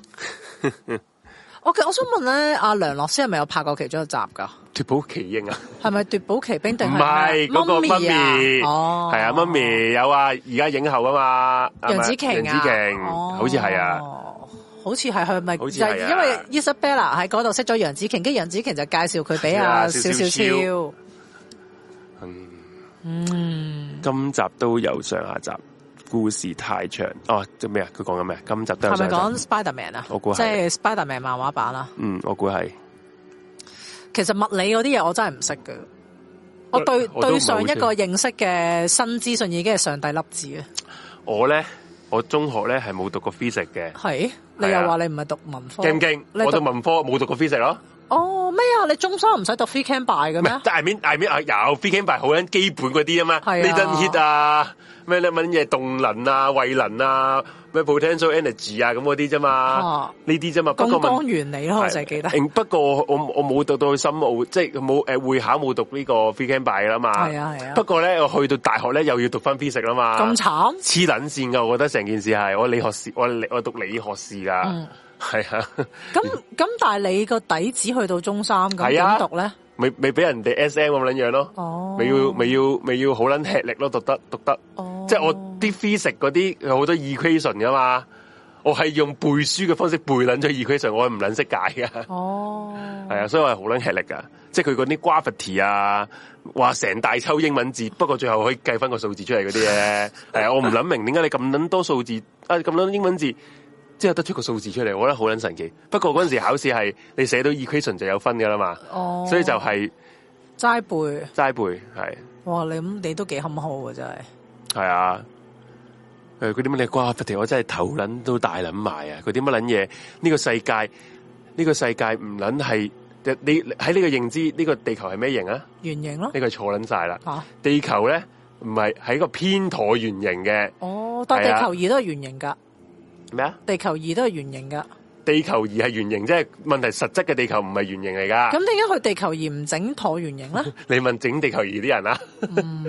我、 <laughs> okay, 我想問咧，阿梁洛施係咪有拍過其中一集噶？奪寶奇英啊？係咪奪寶奇兵？定唔係嗰個媽咪，係、哦、啊，媽咪有啊，而家影后啊嘛。楊紫瓊，啊，是是子哦、好似係啊，哦、好似係佢咪就係、是、因為 Isabella 喺嗰度識咗楊紫瓊，跟住楊紫瓊就介紹佢俾阿小小超。嗯，今集都有上下集。故事太長哦，即咩啊？佢講緊咩啊？今集都係咪講 Spiderman 啊？我估即係 Spiderman 漫畫版啊？嗯，我估係。其實物理嗰啲嘢我真係唔識嘅，我對我對上一個認識嘅新資訊已經係上帝粒子啊！我咧，我中學咧係冇讀過 physics 嘅。係你又話你唔係讀文科？驚唔驚？我讀文科，冇讀，讀過 physics 咯。哦，咩啊？你中三唔使讀 phy chem bio 嘅咩？但係，I mean 啊，有 phy chem bio 好緊 I mean, I mean, I mean,、yeah, 基本嗰啲啊嘛。係啊，呢 hit 啊！咩乜嘢動能啊、位能啊、咩 potential energy 啊咁嗰啲啫嘛，呢啲啫嘛。咁當原理咯，就係記得。不過我我冇讀到深奧，即係冇誒會考冇讀呢個 physics 啦嘛。係啊係啊。不過咧，我去到大學咧，又要讀翻 physics 嘛。咁慘。黐撚線噶，我覺得成件事係我理學士，我我讀理學士噶，係、嗯、啊。咁 <laughs> 咁，但係你個底子去到中三咁點讀咧？未未俾人哋 S.M. 咁撚樣咯，未、oh. 要未要未要好撚吃力咯，讀得讀得，oh. 即係我啲 physics 嗰啲有好多 equation 噶嘛，我係用背書嘅方式背撚咗 equation，我係唔撚識解嘅，係、oh. 啊， <laughs> 所以我係好撚吃力噶，即係佢嗰啲 gravity 啊，話成大抽英文字，不過最後可以計翻個數字出嚟嗰啲嘢。係 <laughs> 啊，我唔撚明點解你咁撚多數字啊咁撚英文字。之後得出個數字出嚟，我覺得好捻神奇。不過嗰陣時考試係你寫到 equation 就有分噶啦嘛，哦，所以就係齋背齋背係。哇，你咁你都幾坎坷啊，真係。係啊，誒嗰啲乜嘢瓜菩提，我真係頭捻都大捻埋啊！嗰啲乜捻嘢？呢個世界，呢個世界唔捻係，你喺呢個認知，呢個地球係咩形啊？圓形咯？呢個錯捻晒啦。地球咧唔係係一個偏橢圓形嘅。哦，但地球儀，啊，都係圓形噶。咩啊？地球儀都係圓形噶？地球儀係圓形啫，即問題實質嘅地球唔係圓形嚟噶。咁點解佢地球儀唔整橢圓形咧？ <laughs> 你問整地球儀啲人啦、啊 <laughs> 嗯。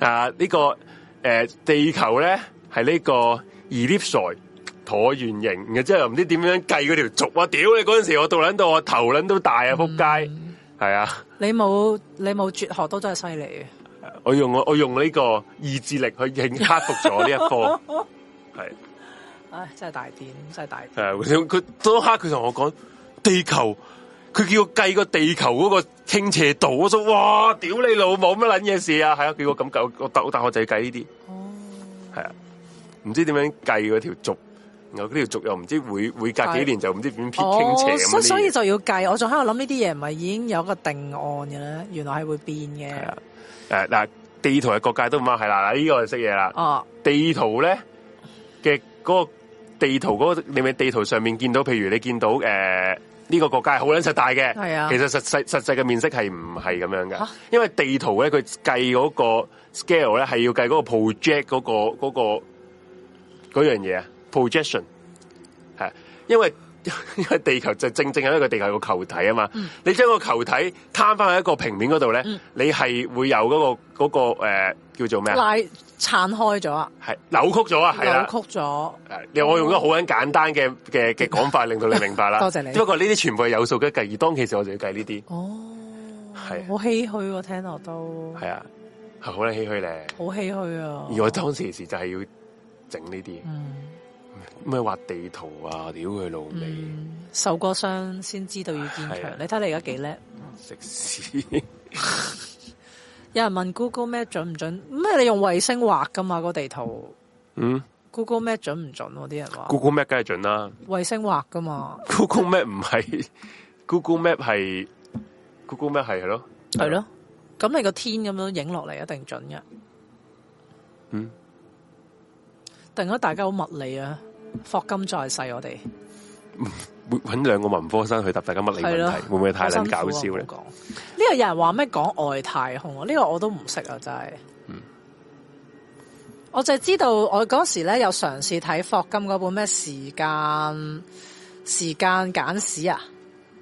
啊，呢、這個誒、呃，地球咧係呢是這個 Ellipsoid 橢圓形，然之後又唔知點樣計嗰條軸啊！屌你嗰陣時，我度捻到我頭捻都大啊！仆、嗯、街，係 <laughs> 啊！你冇你冇絕學都真係犀利嘅。我用我我用呢個意志力去硬克服咗呢一科，係。 <laughs> 唉，真係大點，真係大點。係佢嗰刻，佢同我講地球，佢叫我計個地球嗰個傾斜度。我話哇，屌你老母乜撚嘢事啊！係啊，叫我咁搞，我大我大學仔計呢啲。哦，係啊，唔知點樣計嗰條軸，然後呢條軸又唔知會會隔幾年就唔知點撇傾斜咁、哦、所以就要計，我仲喺度諗呢啲嘢，唔係已經有個定案嘅咧？原來係會變嘅。係啊，誒嗱，地圖嘅各界都唔啱，係啦，呢、這個我識嘢啦。哦，地圖咧嘅嗰個。地圖嗰、那個你咪地圖上面見到，譬如你見到誒呢、呃這個國家係好撚實大嘅，啊、其實實細實際嘅面積係唔係咁樣嘅、啊，因為地圖咧佢計嗰個 scale 咧係要計嗰個 project 嗰、那個嗰、那個、樣嘢啊 projection 係，因為。因 <laughs> 為地球就正正有一個地球個球體啊嘛、嗯，你將個球體攤翻去一個平面嗰度咧，嗯、你係會有嗰、那個、那個誒、呃、叫做咩拉撐開咗啊，係扭曲咗啊，係扭曲咗。你我用一個好簡單嘅嘅嘅講法，令到你明白啦。多謝你。不過呢啲全部係有數嘅計，而當其時我就要計呢啲。哦，係、啊。好唏噓喎、啊，聽落都係啊，好啦唏噓咧，好唏噓啊。而我當其時就係要整呢啲。嗯。咩畫地圖啊！屌佢老味、嗯，受過傷先知道要堅強、啊。你睇你而家幾叻，食屎！ <laughs> <laughs> 有人問 Google Map 準唔準？咩你用衛星畫噶嘛個地圖？嗯，Google Map 準唔準、啊？啲人話 Google Map 梗係準啦、啊，衛星畫噶嘛。Google Map 唔係 <laughs> ，Google Map 係 Google Map 係咯，係咯。咁你個天咁樣影落嚟一定準㗎，嗯。令到大家好物理啊，霍金再世，我哋揾兩個文科生去答大家物理問題，會唔會太撚搞笑咧？呢、這個有人話咩講外太空啊？呢、這個我都唔識啊，真係、嗯。我就知道我嗰時咧有嘗試睇霍金嗰本咩時間時間簡史啊，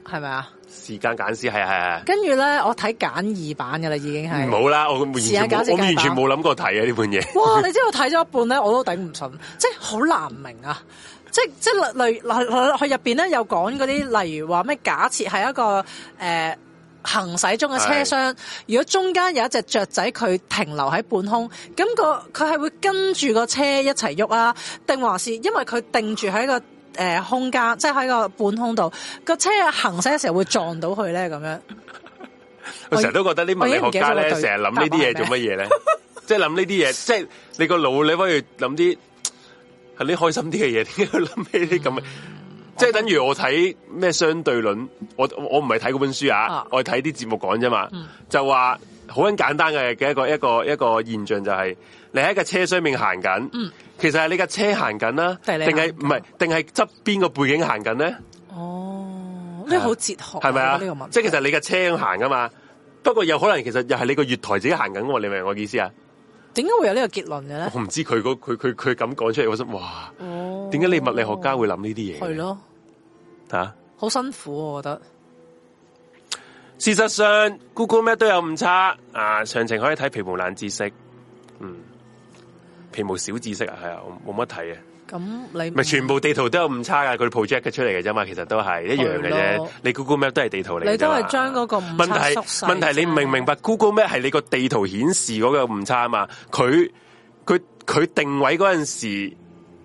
係咪啊？時間簡史，係啊係啊，跟住咧我睇簡二版㗎啦已經係。唔好啦，我完全試試，我完全冇諗過睇啊呢本嘢。哇！你知道我睇咗一半咧，我都頂唔順， <laughs> 即係好難明啊！即係即係佢入面咧有講嗰啲，例如話咩？假設係一個誒、呃、行駛中嘅車廂，如果中間有一隻雀仔佢停留喺半空，咁、那個佢係會跟住個車一齊喐啊？定話是因為佢定住喺一個？誒、呃，空間即係喺個半空度，個車行駛嘅時候會撞到佢咧，咁樣。 <laughs> 我成日都覺得啲物理學家咧，成日諗呢啲嘢做乜嘢咧？即係諗呢啲嘢，即、就、係、是、你個腦你可以諗啲係啲開心啲嘅嘢，點解諗起啲咁嘅？即、嗯、係、就是、等於我睇咩相對論，我我唔係睇嗰本書啊，我睇啲節目講啫嘛，就話好簡單嘅嘅一個一個一個現象就係、是、你喺個車廂面行緊。嗯其實係你架車行緊啦，定係唔係？定係側邊個背景行緊咧？哦，呢個好哲學，係咪啊？呢個即係其實你架車行噶嘛？不過有可能其實又係你個月台自己行緊喎，你明唔明我意思啊？點解會有呢個結論嘅咧？我唔知佢佢佢佢咁講出嚟，我心哇，點解你物理學家會諗呢啲嘢？係咯，吓、啊，好辛苦啊，我覺得。事實上，Google 咩都有誤差啊！詳情可以睇皮毛冷知識，嗯。全部小知識啊，係啊，冇乜睇啊。咁你咪全部地圖都有誤差噶，佢 project 嘅出嚟嘅啫嘛，其實都係一樣嘅啫。你 Google Map 都係地圖嚟嘅，你都係將嗰個誤差縮細。問題，問題，問題你明唔明白，Google Map 係你個地圖顯示嗰個誤差啊嘛，佢、嗯、佢佢定位嗰陣時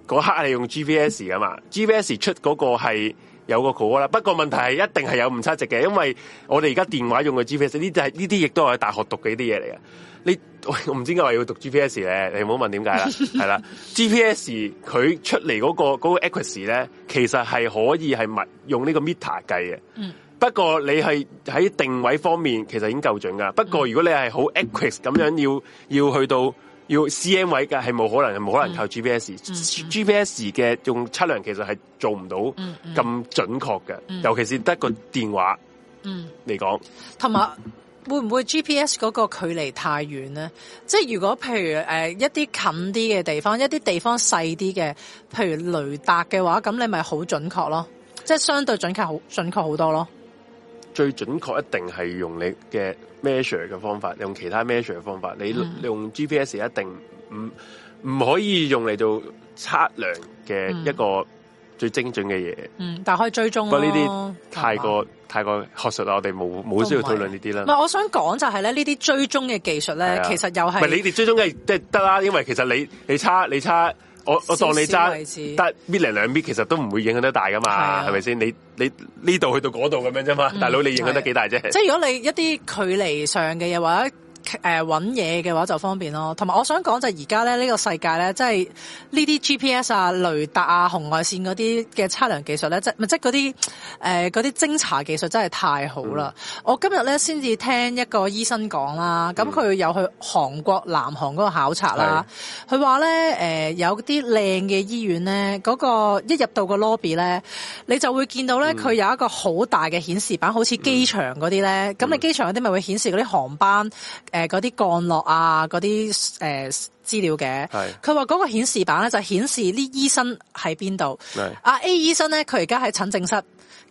嗰刻係用 GPS 噶嘛，GPS 出嗰個係有個誤差啦。不過問題係一定係有誤差值嘅，因為我哋而家電話用嘅 GPS 呢啲係呢啲亦都係大學讀嘅呢啲嘢嚟嘅。你喂，我唔知點解我要讀 GPS 咧，你唔好問點解啦，係啦。GPS 佢出嚟嗰個嗰個 accuracy 咧，其實係可以係物用呢個 meter 計嘅。嗯。不過你係喺定位方面，其實已經夠準噶。不過如果你係好 accuracy 咁樣要要去到要 cm 位嘅，係冇可能，係冇可能靠 GPS。嗯。GPS 嘅用測量其實係做唔到咁準確嘅。嗯嗯，尤其是得個電話。嗯。嚟講。同埋。會唔會 GPS 嗰個距離太遠呢？即係如果譬如誒、呃、一啲近啲嘅地方，一啲地方細啲嘅，譬如雷達嘅話，咁你咪好準確咯。即係相對準確好準確好多咯。最準確一定係用你嘅 measure 嘅方法，用其他 measure 嘅方法，嗯，你，你用 GPS 一定唔唔可以用嚟做測量嘅一個、嗯。最精準嘅嘢，嗯，但係可以追蹤咯。不過呢啲太過太過學術啦，我哋冇冇需要討論呢啲啦。唔係，我想講就係咧，呢啲追蹤嘅技術咧，其實又係。唔係你哋追蹤嘅，即係得啦，因為其實你你差你差，我我當你差，得搣嚟兩搣，其實都唔會影響得大噶嘛，係咪先？你你呢度去到嗰度咁樣啫嘛，大佬你影響得幾大啫，嗯？即係如果你一啲距離上嘅嘢或者……誒揾嘢嘅話就方便咯，同埋我想講就而家咧呢、呢個世界咧，即係呢啲 GPS 啊、雷達啊、紅外線嗰啲嘅測量技術咧，即咪即嗰啲誒嗰啲偵查技術真係太好啦、嗯！我今日咧先至聽一個醫生講啦，咁、嗯、佢有去韓國南韓嗰個考察啦，佢話咧誒有啲靚嘅醫院咧，嗰、嗰個一入到個 lobby 咧，你就會見到咧佢、嗯、有一個好大嘅顯示板，好似機場嗰啲咧，咁、嗯、你機場嗰啲咪會顯示嗰啲航班。誒、呃，嗰啲降落啊，嗰啲誒資料嘅，係佢話嗰個顯示板咧就顯、是、示啲醫生喺邊度，係、啊、A 醫生咧佢而家喺診症室，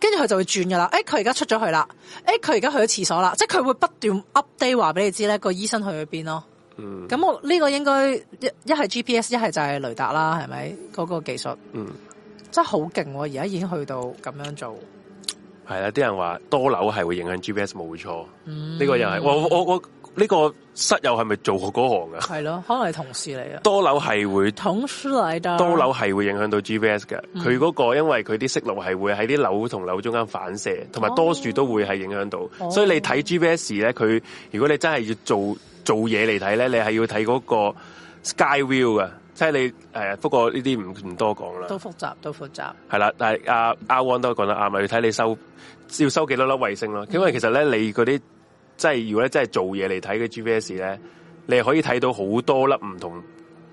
跟住佢就會轉噶啦，誒佢而家出咗去啦，誒佢而家去咗廁所啦，即係佢會不斷 update 話俾你知咧個醫生去咗邊咯，咁、嗯、我呢、這個應該一係 GPS，一係就係雷達啦，係咪嗰個技術，嗯，真係好勁，而家已經去到咁樣做，係啦，啲人話多樓係會影響 GPS 冇錯，呢、嗯，這個又係我我我。我我呢個室友係咪做嗰行㗎、啊？係咯，可能係同事嚟啊。多樓係會，多樓係會影響到 GPS 嘅。佢、嗯、嗰個因為佢啲色路係會喺啲樓同樓中間反射，同埋多樹都會係影響到、哦。所以你睇 GPS 咧，佢如果你真係要做做嘢嚟睇咧，你係要睇嗰個 sky view 嘅，即、就、係、是、你誒。不過呢啲唔唔多講啦，都複雜，都複雜。係啦，但係阿阿 One 都講得啱咪要睇你收要收幾多粒衛星啦。因為其實咧，你嗰啲。即係如果咧，真係做嘢嚟睇嘅 GPS 咧，你可以睇到好多粒唔同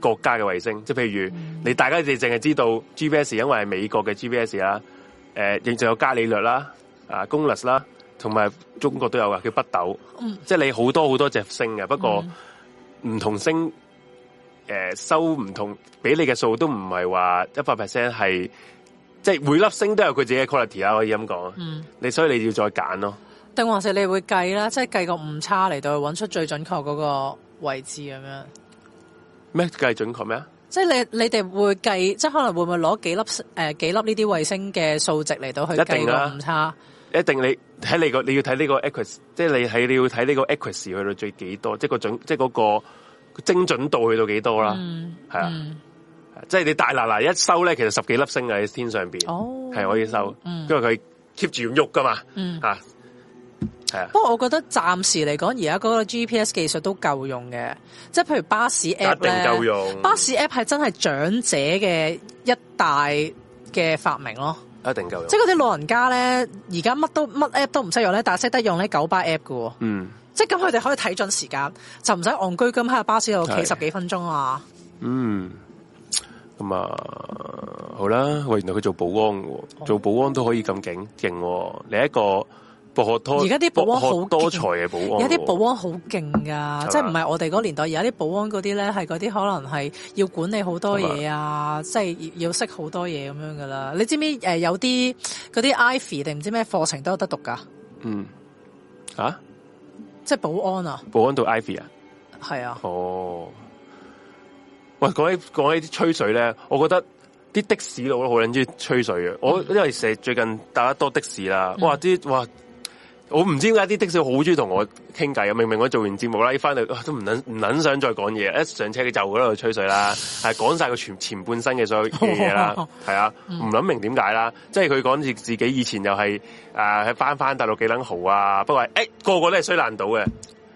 國家嘅衛星。即係譬如，嗯、你大家就淨係知道 GPS，因為係美國嘅 GPS 啦、呃。誒，你仲有伽利略啦，啊，公略啦，同埋中國都有啊，叫北斗。嗯。即係你好多好多隻星嘅，不過唔同星誒、呃、收唔同，俾你嘅數都唔係話一百 percent 係，即係每粒星都有佢自己嘅 quality 啦，可以咁講。嗯。你所以你要再揀咯。定還是你會計啦，即係計個誤差嚟到去揾出最準確嗰個位置咁樣。咩計準確咩？即係你你哋會計，即係可能會唔會攞幾粒誒、呃、幾粒呢啲衛星嘅數值嚟到去計個誤差？一定、啊、一定你睇你個你要睇呢、這個 equus，即係你睇你要睇呢、這個 equus 去到最幾多，即、就、係、是這個準即係嗰個精準度去到幾多啦。係、嗯、啊、嗯、即係你大喇喇一收咧，其實十幾粒星喺天上邊，係、哦、可以收，嗯、因為佢 keep 住喐噶嘛、吓、嗯。啊係啊、不過我覺得暫時嚟講，而家嗰個 GPS 技術都夠用嘅，即係譬如巴士 app 一定夠用，巴士 app 係真係長者嘅一大嘅發明咯，一定夠用。即係嗰啲老人家咧，而家乜都乜 app 都唔識用咧，但係識得用咧九巴 app 嘅，嗯，即係咁佢哋可以睇準時間、啊，就唔使戇居咁喺個巴士度企十幾分鐘啊。嗯，咁、嗯、啊、嗯，好啦，喂，原來佢做保安嘅，做保安都可以咁勁勁，你、哦哦、一個。現在保安，而家啲保安好多才嘅保安，而家啲保安好勁噶即係唔係我哋嗰年代。而家啲保安嗰啲咧，係嗰啲可能係要管理好多嘢啊，即係要識好多嘢咁樣噶啦。你知唔知誒？有啲嗰啲 ivy 定唔知咩課程都有得讀噶？嗯，啊，即係保安啊？保安到 ivy 啊？係啊。哦。喂，講起講起啲吹水咧，我覺得啲的士佬都好撚鍾意吹水嘅，嗯。我因為成日最近大家多的士啦，哇啲哇～我唔知點解啲的士好中意同我傾偈啊！明明我做完節目啦，一翻嚟都唔撚唔撚想再講嘢，一上車佢就喺度吹水啦，係講晒佢全前半生嘅所有嘢啦，係 <laughs> 啊，唔諗明點解啦？即係佢講自己以前又係誒喺翻翻大陸幾撚豪啊，不過誒、欸、個個都係衰爛到嘅，係、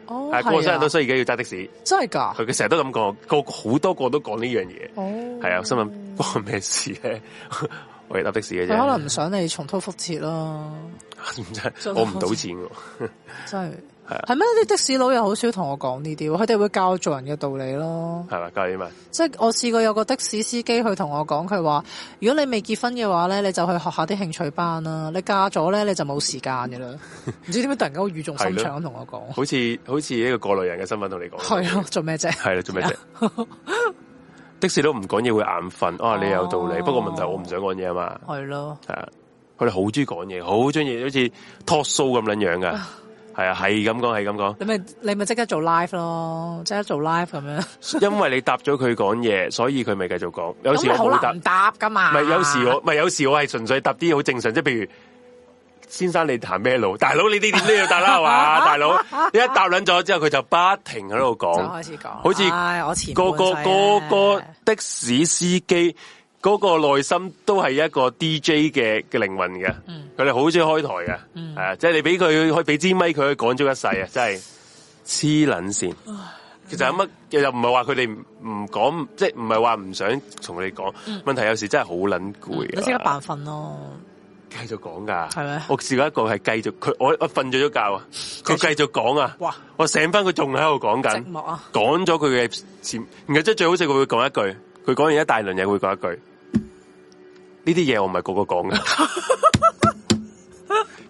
哦啊、個個衰人都衰而家要揸的士，真係㗎！佢佢成日都咁講，個好多個都講呢樣嘢，係、哦、啊，心諗關咩事咧、啊？ <laughs> 我係搭的士嘅啫，佢可能唔想你重蹈覆轍咯 <laughs> 賺 <laughs> 是。真 <laughs> 係，我唔賭錢嘅，真係係啊。係咩？啲的士佬又好少同我講呢啲，佢哋會教我做人嘅道理咯。係嘛，教你咩？即係我試過有個的士司機去同我講，佢話如果你未結婚嘅話咧，你就去學下啲興趣班啦。你嫁咗咧，你就冇時間噶啦。唔 <laughs> 知點解突然間語重心長咁同我講， <laughs> 好似好似一個過來人嘅身份同你講。 <laughs> 係啊，做咩啫？係啦，做咩啫？的士都唔講嘢會眼瞓，啊你有道理，不過問題我唔想講嘢啊嘛，係咯，係啊，佢哋好中意講嘢，好中意好似 talk show 咁樣樣噶，係啊，係咁講，係咁講，你咪你咪即刻做 live 咯，即刻做 live 咁樣，因為你答咗佢講嘢，所以佢咪繼續講，有時好難答噶嘛，唔係有時我唔係有時我係純粹答啲好正常，即係譬如。先生你行咩路？大佬你呢點都要搭啦，係 <laughs> 嘛大哥？大佬你一搭捻咗之後，佢就不停喺度講，嗯、開始講，好似、哎、個個個個的士司機嗰個內心都係一個 D J 嘅嘅靈魂嘅，佢哋好中意開台嘅，係、嗯、啊，即、就、係、是、你俾佢可以俾支咪，佢可以講咗一世啊！真係黐捻線，其實有乜？又又唔係話佢哋唔講，即係唔係話唔想同你講。問題有時真係好捻攰，你、嗯、即、嗯、刻扮瞓咯。繼續講噶，我試過一個係繼續佢，我我瞓咗咗覺啊，佢繼續講啊，哇，我醒翻佢仲喺度講緊，講咗佢嘅潛，然後即係最好食佢會講一句，佢講完一大輪嘢會講一句，呢啲嘢我唔係個個講噶，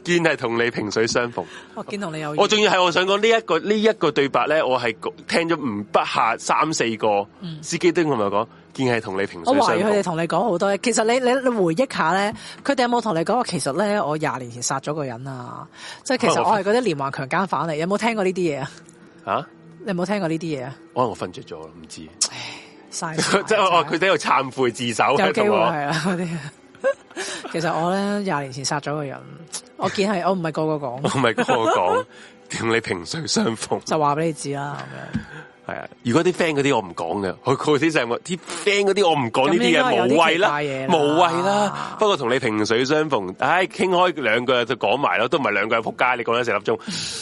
見係同你萍水相逢，我見同你有，我仲要係我想講呢一個呢一個對白咧，我係聽咗唔不下三四個司機，司機丁同我講。見係同你平。我懷疑佢哋同你講好多嘢。其實你你你回憶下咧，佢哋有冇同你講過？其實咧，我廿年前殺咗個人啊！即係其實我係嗰啲連環強姦犯嚟。有冇聽過呢啲嘢啊？嚇！你有冇聽過呢啲嘢啊？可能我瞓着咗，唔知。唉，嘥、啊。即係哦，佢哋度懺悔自首。有機會係啦，嗰啲。 <laughs> 其實我咧廿年前殺咗個人， <laughs> 我見係我唔係個個講。唔係個個講，點你萍水相逢？就話俾你知啦。係啊，如果啲 friend 嗰啲我唔講嘅，佢佢啲就我啲 friend 嗰啲我唔講呢啲嘅，無謂啦，無謂啦。不過同你萍水相逢，唉，傾開兩句就講埋咯，都唔係兩句仆街，你講咗成粒鐘，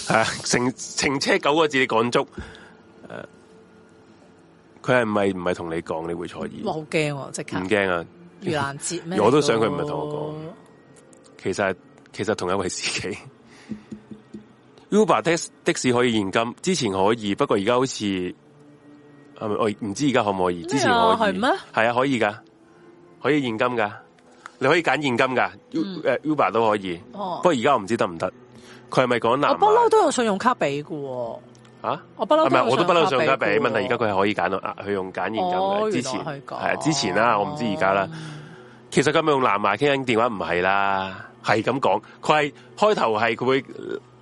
係 <laughs> 啊，成程車九個字你講足，誒、呃，佢係唔係唔係同你講你會錯意？我好驚，即刻唔驚啊！盂蘭節咩？ <laughs> 我都想佢唔係同我講。 <laughs> 其實其實同一位司機。Uber 的士可以現金，之前可以，不過而家好似係咪我唔知而家可唔可以？之前可以咩？係啊，可以噶，可以現金噶，你可以揀現金噶、嗯、，Uber 都可以。哦、不過而家我唔知得唔得。佢係咪講南？我不嬲都有信用卡俾噶、哦。啊，我不嬲，係咪我都不嬲信用卡俾、哦？問題而家佢係可以揀到，佢用揀現金嘅、哦。之前係啊，之前啦，我唔知而家啦。其實今日用藍牙傾緊電話唔係啦，係咁講，佢係開頭係佢會。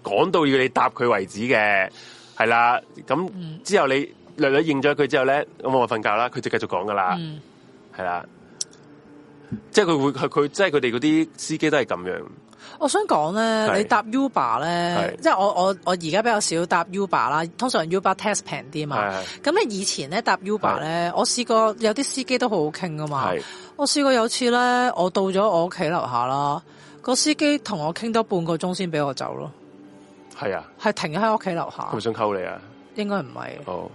講到要你答佢為止嘅，係啦，咁之後你略略認咗佢之後咧，咁我瞓覺啦。佢就繼續講噶啦，係、嗯、啦，即係佢會佢佢即係佢哋嗰啲司機都係咁樣。我想講咧，你搭 Uber 咧，即係我我我而家比較少搭 Uber 啦。通常 Uber test 平啲嘛，咁你以前咧搭 Uber 咧，我試過有啲司機都好好傾噶嘛。我試過有次咧，我到咗我屋企樓下啦，個司機同我傾多半個鐘先俾我走咯。係啊，係停喺屋企樓下。佢想溝你啊？應該唔係。哦，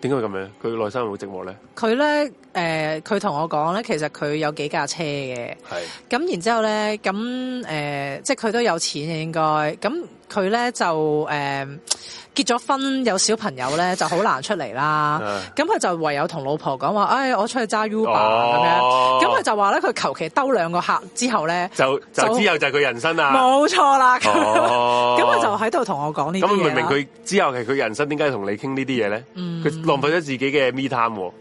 點解會咁樣？佢內心會寂寞咧？佢咧，誒、呃，佢同我講咧，其實佢有幾架車嘅。係。咁然之後咧，咁、呃、誒，即係佢都有錢應該。咁佢咧就誒結咗婚有小朋友咧就好難出嚟啦，咁佢就唯有同老婆講話，誒我出去揸 Uber 咁、哦、樣，咁佢就話咧佢求其兜兩個客之後咧就就之後就係佢人生啦，冇錯啦，咁、哦、佢就喺度同我講呢啲啊，咁明明佢之後係佢人生，點解同你傾呢啲嘢咧？佢浪費咗自己嘅 me time，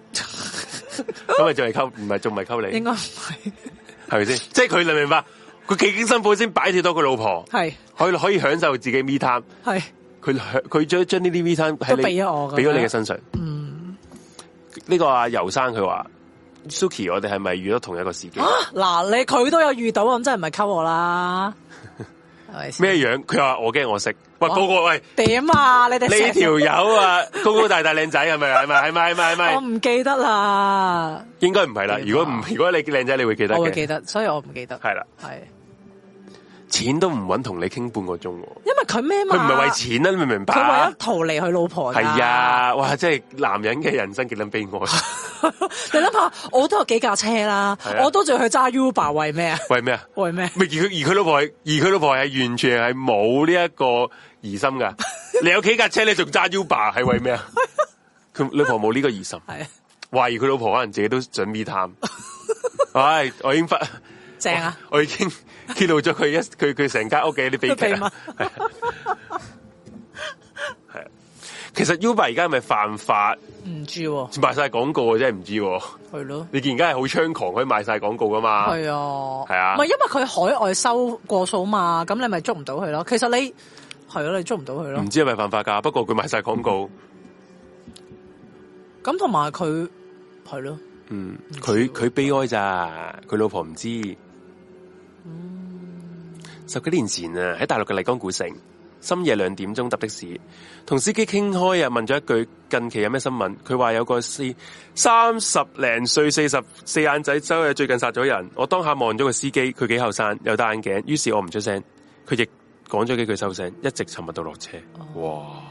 咁咪仲係溝？唔係仲係溝你？應該係咪先？即係佢你明白？佢幾經辛苦先擺脫到個老婆，係可以可以享受自己 me time，係佢享佢將將呢啲 me time 都俾咗我，俾咗你嘅身上。嗯，呢、這個阿、啊、游生佢話 Suki，我哋係咪遇到同一個事件？嗱，你佢都有遇到，咁真係唔係溝我啦。咩 <laughs> 樣？佢話我驚我識喂，嗰個喂點啊？你哋呢條友啊， <laughs> 高高大大靚仔係咪？係咪？係咪？係咪？我唔記得啦，應該唔係啦。如果唔如果你靚仔，你會記得，我會記得，所以我唔記得。係啦，係。錢都唔揾同你傾半個鐘，因為佢咩嘛？佢唔係為錢啦，啊，你明唔明白？佢為咗逃離佢老婆。係啊，哇！真係男人嘅人生幾撚悲哀。 <laughs> 你諗下，我都有幾架車啦，啊，我都仲去揸 Uber，為咩啊？為咩啊？為咩？而佢老婆，而佢老婆係完全係冇呢一個疑心噶。 <laughs> 你有幾架車你 Uber，你仲揸 Uber，係為咩啊？佢老婆冇呢個疑心，係懷疑佢老婆可能自己都準備探。唉， <laughs> 哎，我已經不。正啊我！我已經揭露咗佢一佢佢成間屋嘅啲秘密，係啊。其實 Uber 而家係咪犯法？唔知，啊、賣晒廣告啊，真係唔知、啊。係咯、啊啊，你而家係好猖狂可以賣晒廣告噶嘛？係啊，係啊。唔係因為佢海外收過數嘛，咁你咪捉唔到佢咯。其實你係咯，你捉唔到佢咯。唔知係咪犯法噶？不過佢賣晒廣告，嗯那還有他，咁同埋佢係咯。嗯，佢佢悲哀咋？佢老婆唔知。嗯、十幾年前啊，喺大陸嘅麗江古城，深夜兩點鐘搭的士，同司機傾開啊，問咗一句近期有咩新聞，佢話有個司，三十零歲，四十四眼仔周嘢最近殺咗人，我當下望咗個司機，佢幾後生，又戴眼鏡，於是我唔出聲，佢亦講咗幾句收聲，一直沉默到落車、哦。哇，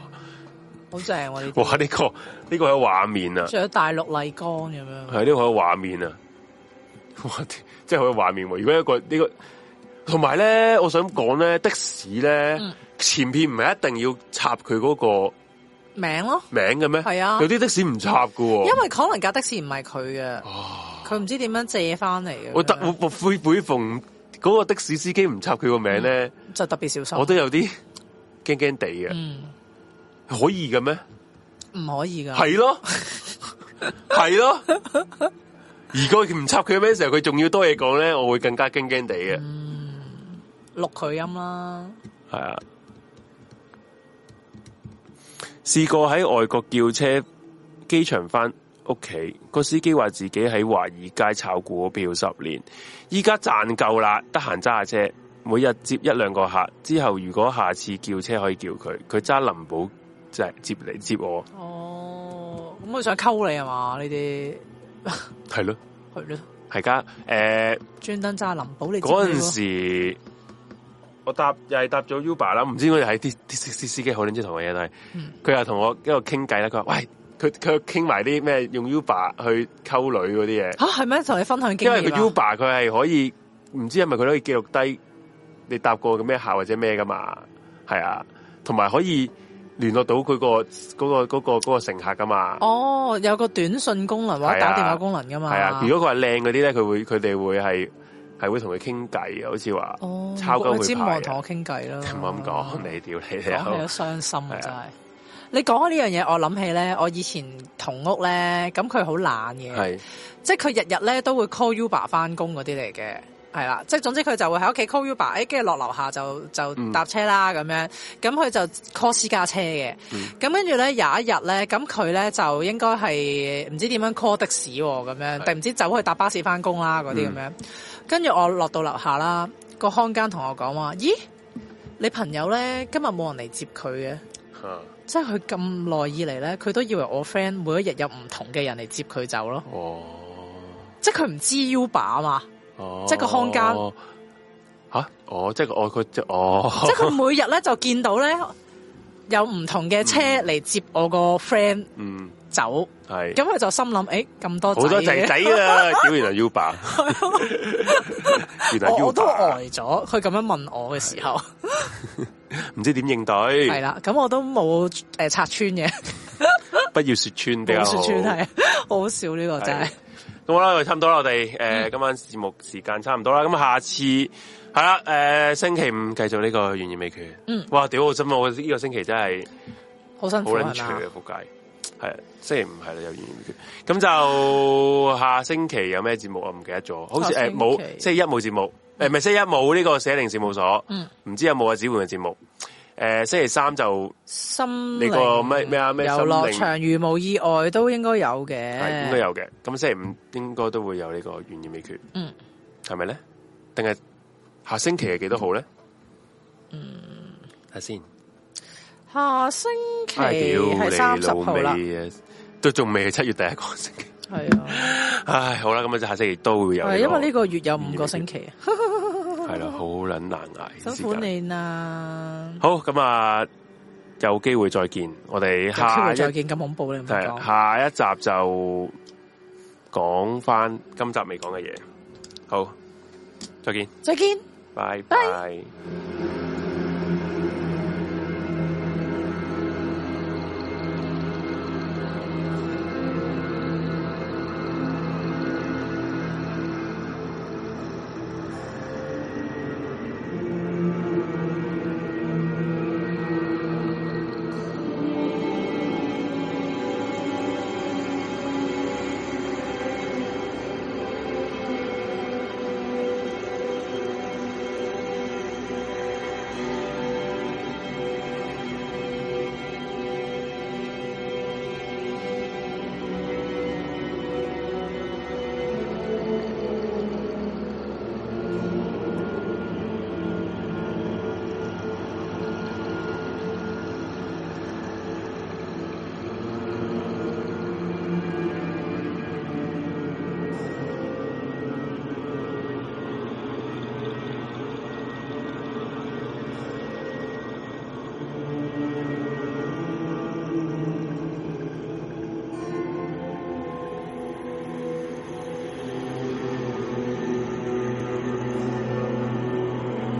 好正我呢哇呢、這個呢、這個係畫面啊，除咗大陸麗江咁樣，係呢、這個畫面啊。我哋即係好有畫面喎！如果一個呢個，同埋咧，我想講咧、嗯、的士咧前邊唔係一定要插佢嗰個名咯，名嘅咩？係啊，有啲的士唔插噶喎，因為可能架的士唔係佢嘅，佢、啊、唔知點樣借翻嚟嘅。我會我會逢嗰個的士司機唔插佢個名咧、嗯，就特別小心。我都有啲驚驚地嘅，可以嘅咩？唔可以噶，係 <laughs> 咯 <laughs> 對了，係咯。如果佢唔插佢咩時候，佢仲要多嘢講咧，我會更加驚驚地嘅。嗯，錄佢音啦。係啊，試過喺外國叫車機場翻屋企，個司機話自己喺華爾街炒股票十年，依家賺夠啦，得閒揸下車，每日接一兩個客。之後如果下次叫車可以叫佢，佢揸林寶即係接嚟接我。哦，咁佢想溝你啊嘛？呢啲。係咯，係咯，係噶，誒，專登揸林寶你嗰陣時，我搭又係搭咗 Uber 啦，唔知佢又喺啲啲司機好捻知同我嘢都係，佢又同我一路傾偈啦，佢話喂，佢佢傾埋啲咩用 Uber 去溝女嗰啲嘢，吓係咩？同你分享經驗，因為個 Uber 佢係可以，唔知係咪佢可以記錄低你搭過嘅咩客或者咩噶嘛，係啊，同埋可以。聯絡到佢、嗰個嗰、嗰個嗰、嗰個嗰、嗰個乘客㗎嘛？哦，有個短信功能或者打電話功能㗎嘛？係啊，如果佢係靚嗰啲呢，佢會佢哋會係係會同佢傾偈嘅，好似話、哦、抄工會派嘅。點解唔講？你屌你哋，講你都傷心啊！真係你講呢樣嘢，我諗起呢，我以前同屋呢，咁佢好懶嘅，係即係佢日日咧都會 call Uber 翻工嗰啲嚟嘅。係啦，即係總之佢就會喺屋企 call Uber，誒，跟住落樓下就就搭車啦咁、嗯、樣，咁佢就 call 私家車嘅，咁跟住咧有一日咧，咁佢咧就應該係唔知點樣 call 的士咁樣，定唔知走去搭巴士翻工啦嗰啲咁樣，跟住、嗯、我落到樓下啦，個看更同我講話，咦，你朋友咧今日冇人嚟接佢嘅？啊，即係佢咁耐以嚟咧，佢都以為我 friend 每一日有唔同嘅人嚟接佢走咯，哦、即係佢唔知 Uber 啊嘛。哦、即個空間，吓、啊？哦，即個我佢即哦，即佢每日咧就見到咧有唔同嘅車嚟接我個 friend，嗯，走、嗯、係。咁佢就心諗誒，咁、欸、多好多仔仔啦，竟然係 Uber，原來 Uber, <laughs> 原來 Uber 我。我都呆咗，佢咁樣問我嘅時候，唔 <laughs> 知點應對，呃、對。係 <laughs> 啦，咁我都冇誒拆穿嘅，不要說穿不要說穿係好笑呢個真係。咁好啦，差唔多啦，我哋誒、呃嗯、今晚節目時間差唔多啦。咁下次係啦，誒、呃、星期五繼續呢個懸疑未決。嗯，哇，屌心啊！呢個星期真係好辛苦啊，撲街。係，星期五係啦，有懸疑未決。咁就下星期有咩節目我唔記得咗，好似誒冇星期一冇節目，唔係星期、呃、星期一冇呢、嗯欸、個寫零事務所。嗯，唔知有冇啊，子桓嘅節目。誒、呃，星期三就你什麼心你個咩咩啊咩遊樂場，如無意外都應該有嘅，係應該有嘅。咁星期五應該都會有呢個懸疑未決，嗯，係咪咧？定係下星期係幾多號咧？嗯，睇先。下星期是三十號，屌、哎、你老味都仲未係七月第一個星期，係 <laughs> 是啊！ <laughs> 唉，好啦，咁啊，就下星期都會有，係因為呢個月有五個星期啊。 <laughs> 係啦，好捻難挨。辛苦你啦。好，咁啊，有機會再見。我哋下一有機會再見咁恐怖咧。係啊，下一集就講翻今集未講嘅嘢。好，再見，再見，拜拜。 <music>